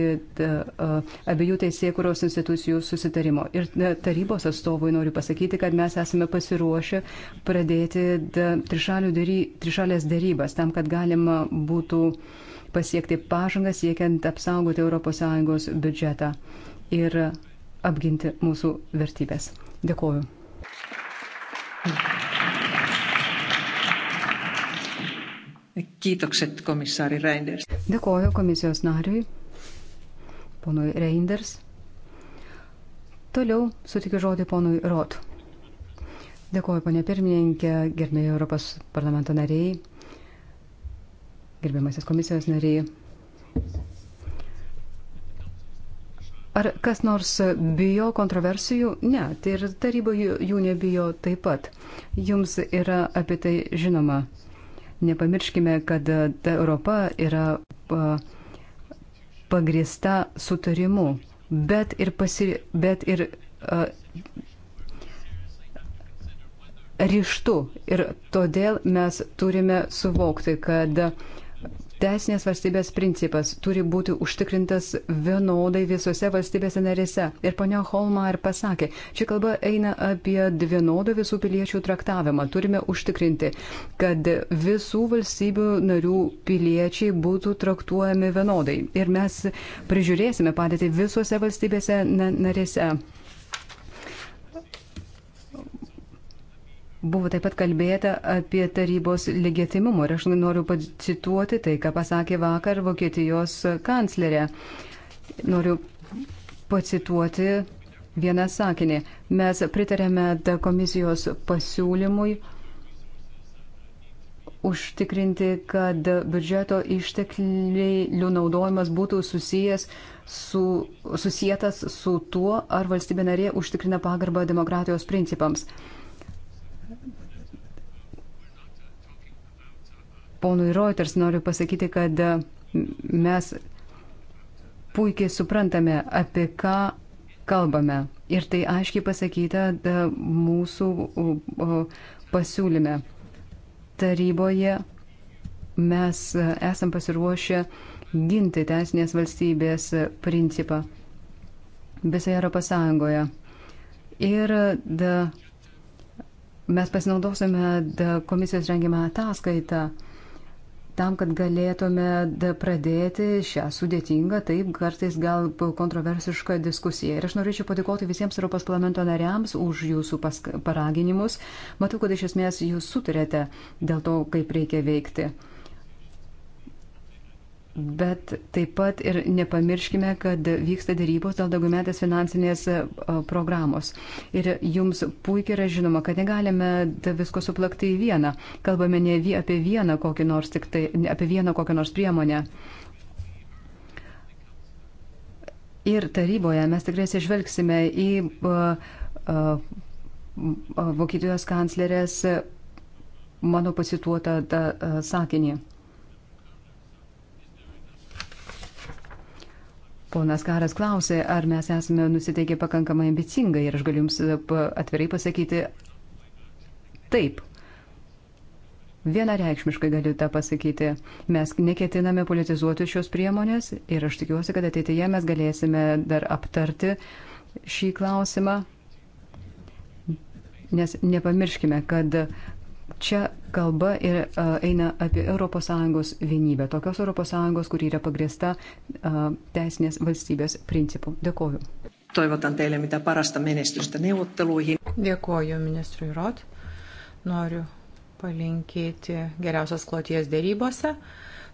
abiejų teisėkuros institucijų susitarimo. Ir tarybos atstovui noriu pasakyti, kad mes esame pasiruošę pradėti trišalės darybas tam, kad galima būtų uh, pasiekti pažangą siekiant apsaugoti ES biudžetą ir apginti mūsų vertybės. Dėkoju. Kiitokset komissaari Reinders. Dėkoju komisijos nariui, ponui Reinders. Toliau sutikiu žodį ponui Rot. Dėkoju, ponė pirmininkė, gerbėjai Europos parlamento nariai gerbiamasis komisijos nariai. Ar kas nors bijo kontroversijų? Ne, tai ir taryba jų nebijo taip pat. Jums yra apie tai žinoma. Nepamirškime, kad e, Europa yra pagrįsta sutarimu, bet ir, pasi, bet ir uh, ryštu. Ir todėl mes turime suvokti, kad uh, Teisinės valstybės principas turi būti užtikrintas vienodai visose valstybėse narėse. Ir ponia Holma ir pasakė, čia kalba eina apie vienodą visų piliečių traktavimą. Turime užtikrinti, kad visų valstybių narių piliečiai būtų traktuojami vienodai. Ir mes prižiūrėsime padėti visose valstybėse narėse. Buvo taip pat kalbėta apie tarybos legitimumą ir aš noriu pacituoti tai, ką pasakė vakar Vokietijos kanclerė. Noriu pacituoti vieną sakinį. Mes pritarėme komisijos pasiūlymui užtikrinti, kad biudžeto išteklių naudojimas būtų susijęs su, susijęs su tuo, ar valstybė narė užtikrina pagarbą demokratijos principams. ponui Reuters noriu pasakyti, kad e, mes puikiai suprantame, apie ką kalbame. Ir tai aiškiai pasakyta e, mūsų pasiūlyme. Taryboje mes e, esam pasiruošę ginti teisinės valstybės principą visoje Europos Sąjungoje. Ir da, mes pasinaudosime da, komisijos rengimą ataskaitą tam, kad galėtume pradėti šią sudėtingą, taip kartais gal kontroversišką diskusiją. Ir aš norėčiau padėkoti visiems Europos parlamento nariams už jūsų paraginimus. Matau, kad iš esmės jūs sutarėte dėl to, kaip reikia veikti. Bet taip pat ir nepamirškime, kad vyksta dėrybos dėl daugiametės finansinės e, programos. Ir jums puikiai yra žinoma, kad negalime visko suplakti į vieną. Kalbame ne apie vieną kokį nors, tik tai, apie vieną kokią nors priemonę. Ir taryboje mes tikrai sižvelgsime į uh, uh, Vokietijos kanclerės mano pasituotą tą uh, sakinį. Ponas Karas klausė, ar mes esame nusiteikę pakankamai ambicingai ir aš galiu Jums e, atvirai pasakyti taip. Vienareikšmiškai galiu tą pasakyti. Mes neketiname politizuoti šios priemonės ir aš tikiuosi, kad ateityje mes galėsime dar aptarti šį klausimą. Nes nepamirškime, kad čia kalba ir eina apie ES vienybę, tokios ES, kuri yra pagrėsta teisinės valstybės principų. Dėkoju. Toivotan teille mitä parasta menestystä neuvotteluihin. Dėkoju ministrui Rot. Noriu palinkėti geriausios kloties dėrybose.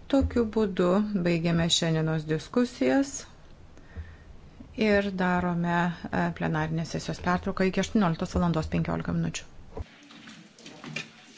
Tokiu būdu baigiame šiandienos diskusijas ir darome plenarinės sesijos pertrauką iki 18 val. 15 min.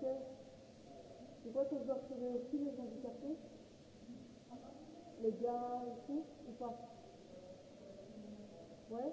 handicapés. Tu crois que je dois retrouver aussi les handicapés Les gars et tout, ou pas Ouais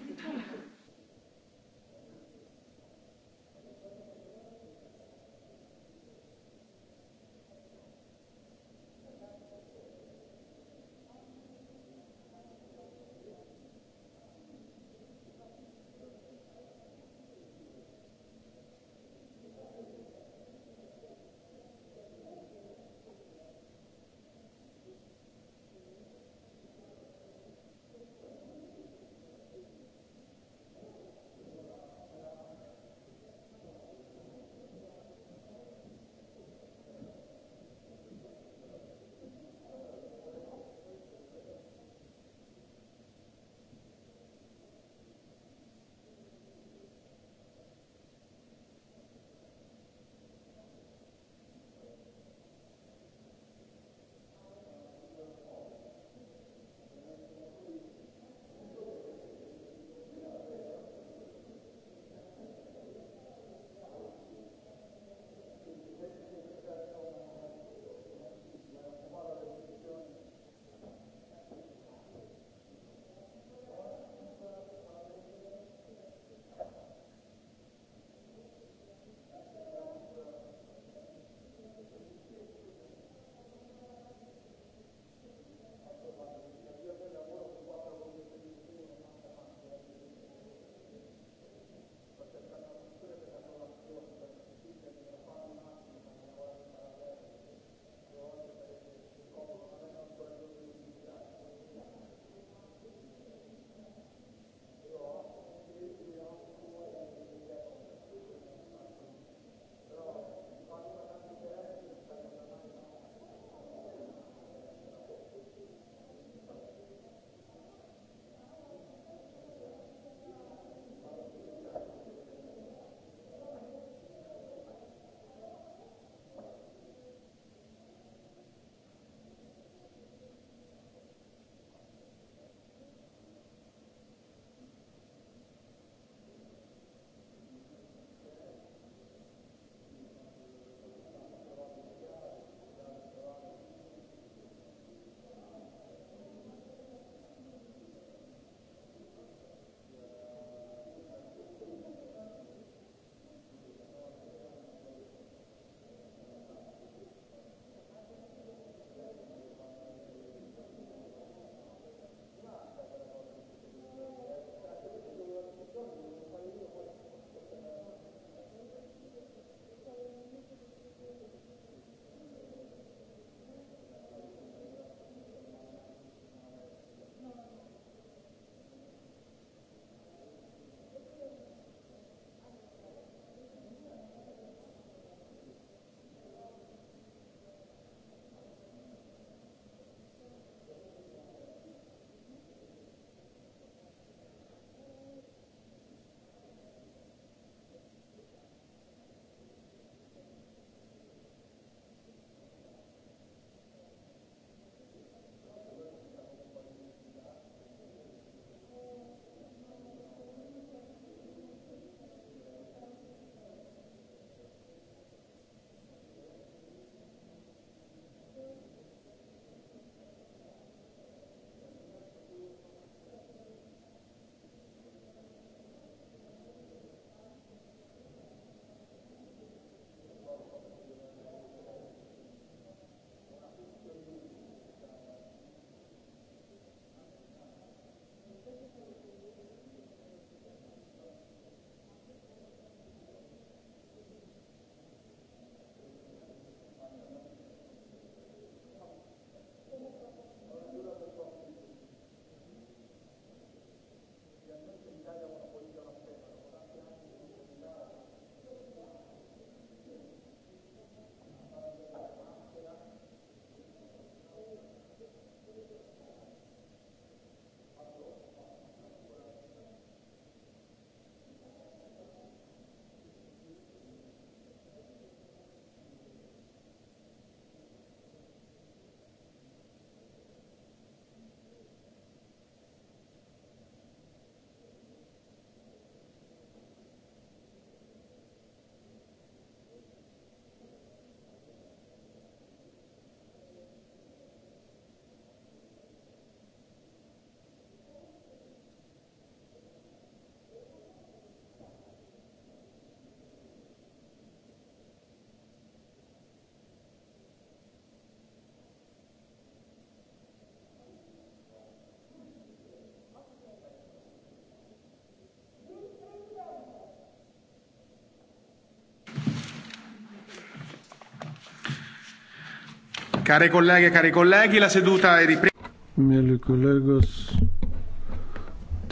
Care colleghe, cari colleghi, la seduta è ripresa. Mėly kolegos,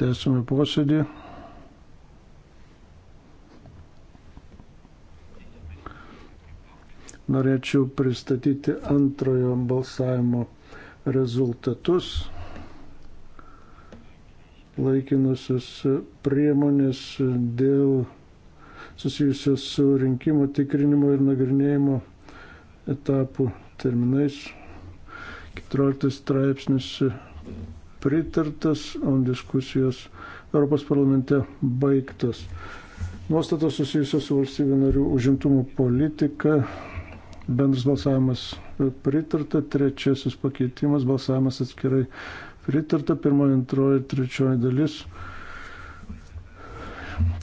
tęsime posėdį. Norėčiau pristatyti antrojo balsavimo rezultatus. Laikinusios priemonės dėl susijusios su rinkimo tikrinimu ir nagrinėjimo etapų terminais. 14 straipsnis pritartas, o diskusijos Europos parlamente baigtas. Nuostatos susijusios su valstybių narių užimtumo politika. Bendras balsavimas pritarta, trečiasis pakeitimas, balsavimas atskirai pritarta, pirmoji, antroji ir trečioji dalis.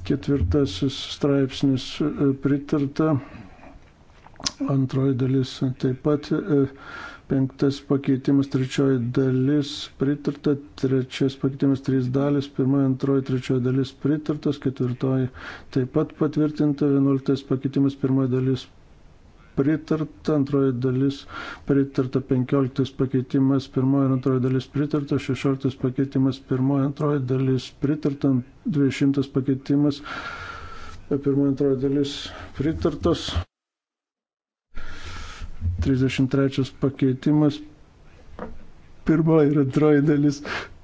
Ketvirtasis straipsnis pritarta, Antroji dalis taip pat e, penktas pakeitimas, trečioji dalis pritarta, trečias pakeitimas, trys dalis, pirmoji, antroji, trečioji dalis pritartas, ketvirtoji taip pat patvirtinta, vienuoliktas pakeitimas, pirmoji dalis pritarta, antroji dalis pritarta, penkioliktas pakeitimas, pirmoji ir antroji dalis pritarta, šešioliktas pakeitimas, pirmoji, antroji dalis pritarta, dvidešimtas pakeitimas, pirmoji, antroji dalis pritartas. 33 pakeitimas, pirmoji ir antroji dalis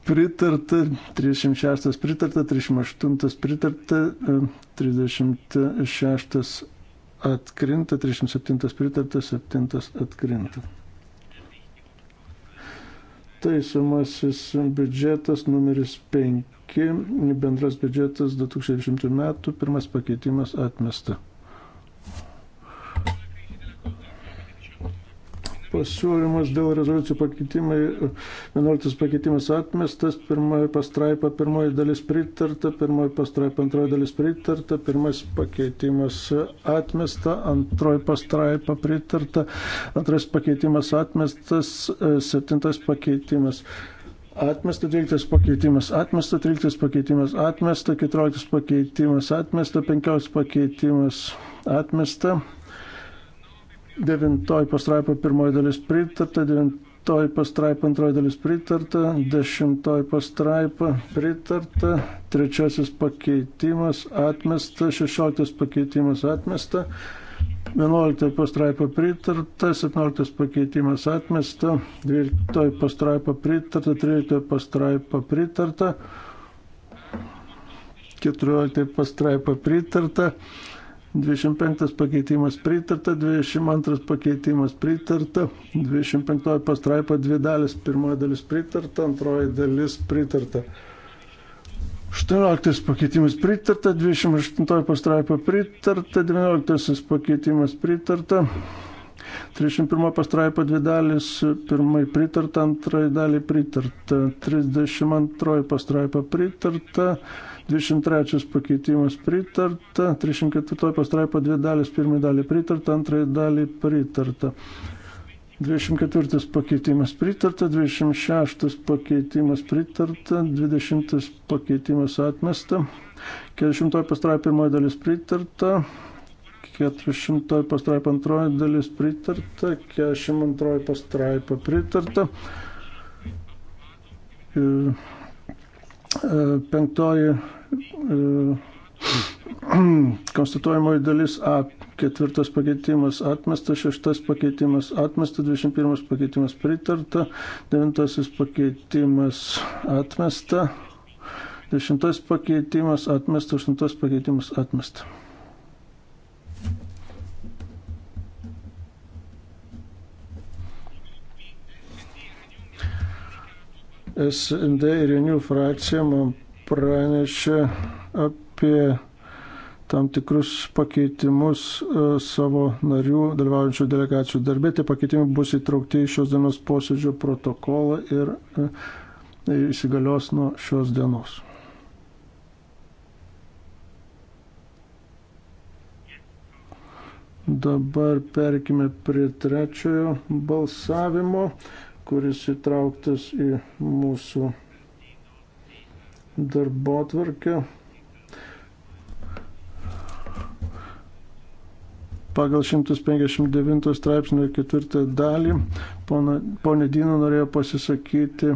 pritarta, 36 pritarta, 38 pritarta, 36 atkrinta, 37 pritarta, 7 atkrinta. Taisomasis biudžetas numeris 5, bendras biudžetas 2010 metų, pirmas pakeitimas atmesta. pasiūlymas dėl rezoliucijų pakeitimai, 11 pakeitimas atmestas, pirmoji pastraipa, pirmoji dalis pritarta, pirmoji pastraipa, antroji dalis pritarta, pirmas pakeitimas atmesta, antroji pastraipa pritarta, antras pakeitimas atmestas, septintas pakeitimas. Atmesta 12 pakeitimas, atmesta 13 pakeitimas, atmesta 14 pakeitimas, atmesta 15 pakeitimas, atmesta Devintoji pastraipa pirmoji dalis pritarta, devintoji pastraipa antroji dalis pritarta, dešimtoji pastraipa pritarta, trečiasis pakeitimas atmesta, šešioliktas pakeitimas atmesta, vienuoliktoji pastraipa pritarta, septynioliktas pakeitimas atmesta, dvyliktoji pastraipa pritarta, tryliktoji pastraipa pritarta, keturioliktoji pastraipa pritarta. 14 pastraipa pritarta 25 pakeitimas pritarta, 22 pakeitimas pritarta, 25 pastraipa dvi dalis, pirmoji dalis pritarta, antroji dalis pritarta. 18 pakeitimas pritarta, 28 pastraipa pritarta, 19 pakeitimas pritarta, 31 pastraipa dvi dalis, pirmai pritarta, antrai daliai pritarta, 32 pastraipa pritarta. 23 pakeitimas pritarta, 34 pastraipa dvi dalis, pirmai dalį pritarta, antrai dalį pritarta. 24 pakeitimas pritarta, 26 pakeitimas pritarta, 20 pakeitimas atmesta, 400 pastraipa pirmoji dalis pritarta, 400 pastraipa antroji dalis pritarta, 42 pastraipa pritarta. E, penktoji E, konstatuojamoji dalis A, ketvirtas pakeitimas atmestas, šeštas pakeitimas atmestas, 21 pakeitimas pritarta, devintasis pakeitimas atmestas. Dešimtas pakeitimas atmestas, aštuntas pakeitimas atmestas. SND ir Renių frakcija man pranešė apie tam tikrus pakeitimus e, savo narių dalyvaujančių delegacijų darbė. Tie pakeitimai bus įtraukti į šios dienos posėdžio protokolą ir e, įsigalios nuo šios dienos. Dabar perkime prie trečiojo balsavimo, kuris įtrauktas į mūsų darbo tvarkę. Pagal 159 straipsnio ketvirtą dalį ponė Dina norėjo pasisakyti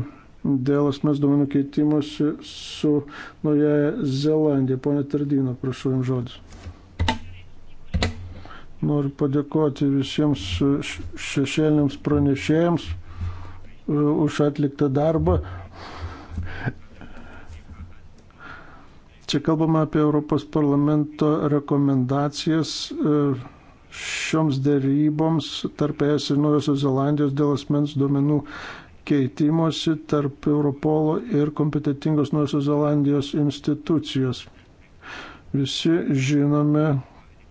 dėl asmens duomenų keitimosi su Naujaja Zelandija. Pone Tardino, prašau jums žodis. Noriu padėkoti visiems šešėliniams pranešėjams e, už atliktą darbą. Čia kalbama apie Europos parlamento rekomendacijas e, šioms dėryboms tarp ES ir Naujosios Zelandijos dėl asmens duomenų keitimosi tarp Europolo ir kompetitingos Naujosios Zelandijos institucijos. Visi žinome,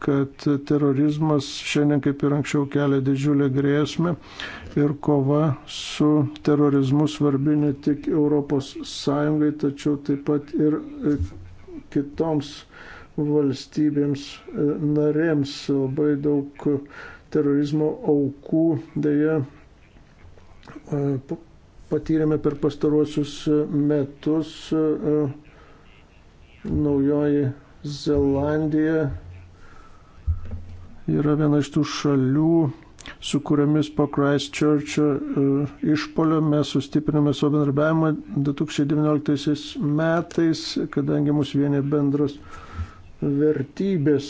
kad terorizmas šiandien kaip ir anksčiau kelia didžiulę grėsmę ir kova su terorizmu svarbi ne tik ES, tačiau taip pat ir kitoms valstybėms e, narėms. Labai daug terorizmo aukų dėja e, patyrėme per pastaruosius e, metus naujoji Zelandija yra viena iš tų šalių, su kuriamis po Christchurch'o e, išpolio mes sustiprinome savo bendarbiavimą 2019 metais, kadangi mus vienė bendros vertybės.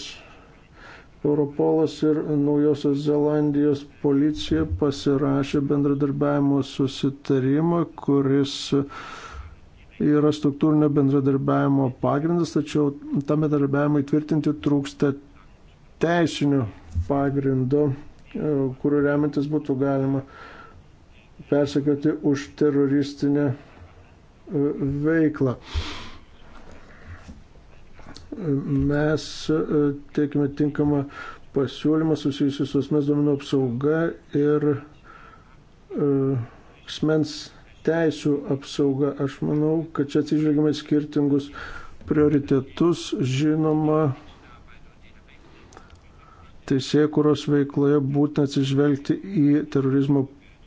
Europolas ir Naujosios Zelandijos policija pasirašė bendradarbiavimo susitarimą, kuris yra struktūrinio bendradarbiavimo pagrindas, tačiau tam bendradarbiavimui tvirtinti trūksta teisinių pagrindo E, kuriuo remiantis būtų galima persekioti už teroristinę e, veiklą. Mes e, teikime tinkamą pasiūlymą susijusiu su asmens duomenų apsauga ir asmens teisų apsauga. Aš manau, kad čia atsižvelgiame skirtingus prioritetus. Žinoma, teisėkuros veikloje būtina atsižvelgti į terorizmo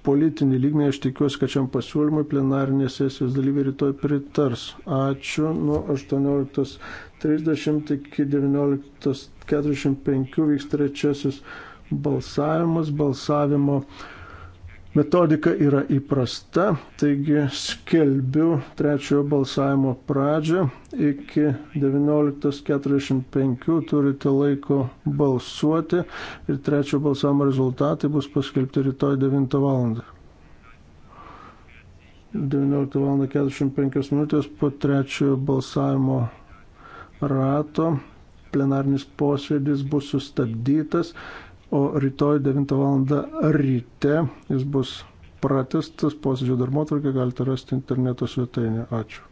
politinį lygmenį. Aš tikiuosi, kad šiam pasiūlymui plenarinės sesijos dalyviai rytoj pritars. Ačiū. Nuo 18.30 iki 19.45 vyks trečiasis balsavimas. Balsavimo Metodika yra įprasta, taigi skelbiu trečiojo balsavimo pradžią. Iki 19.45 turite laiko balsuoti ir trečiojo balsavimo rezultatai bus paskelbti rytoj 9 val. 19.45 min. po trečiojo balsavimo rato plenarnis posėdis bus sustabdytas o rytoj 9 val. ryte jis bus pratestas posėdžio darbo tvarkė, galite rasti interneto svetainę. Ačiū.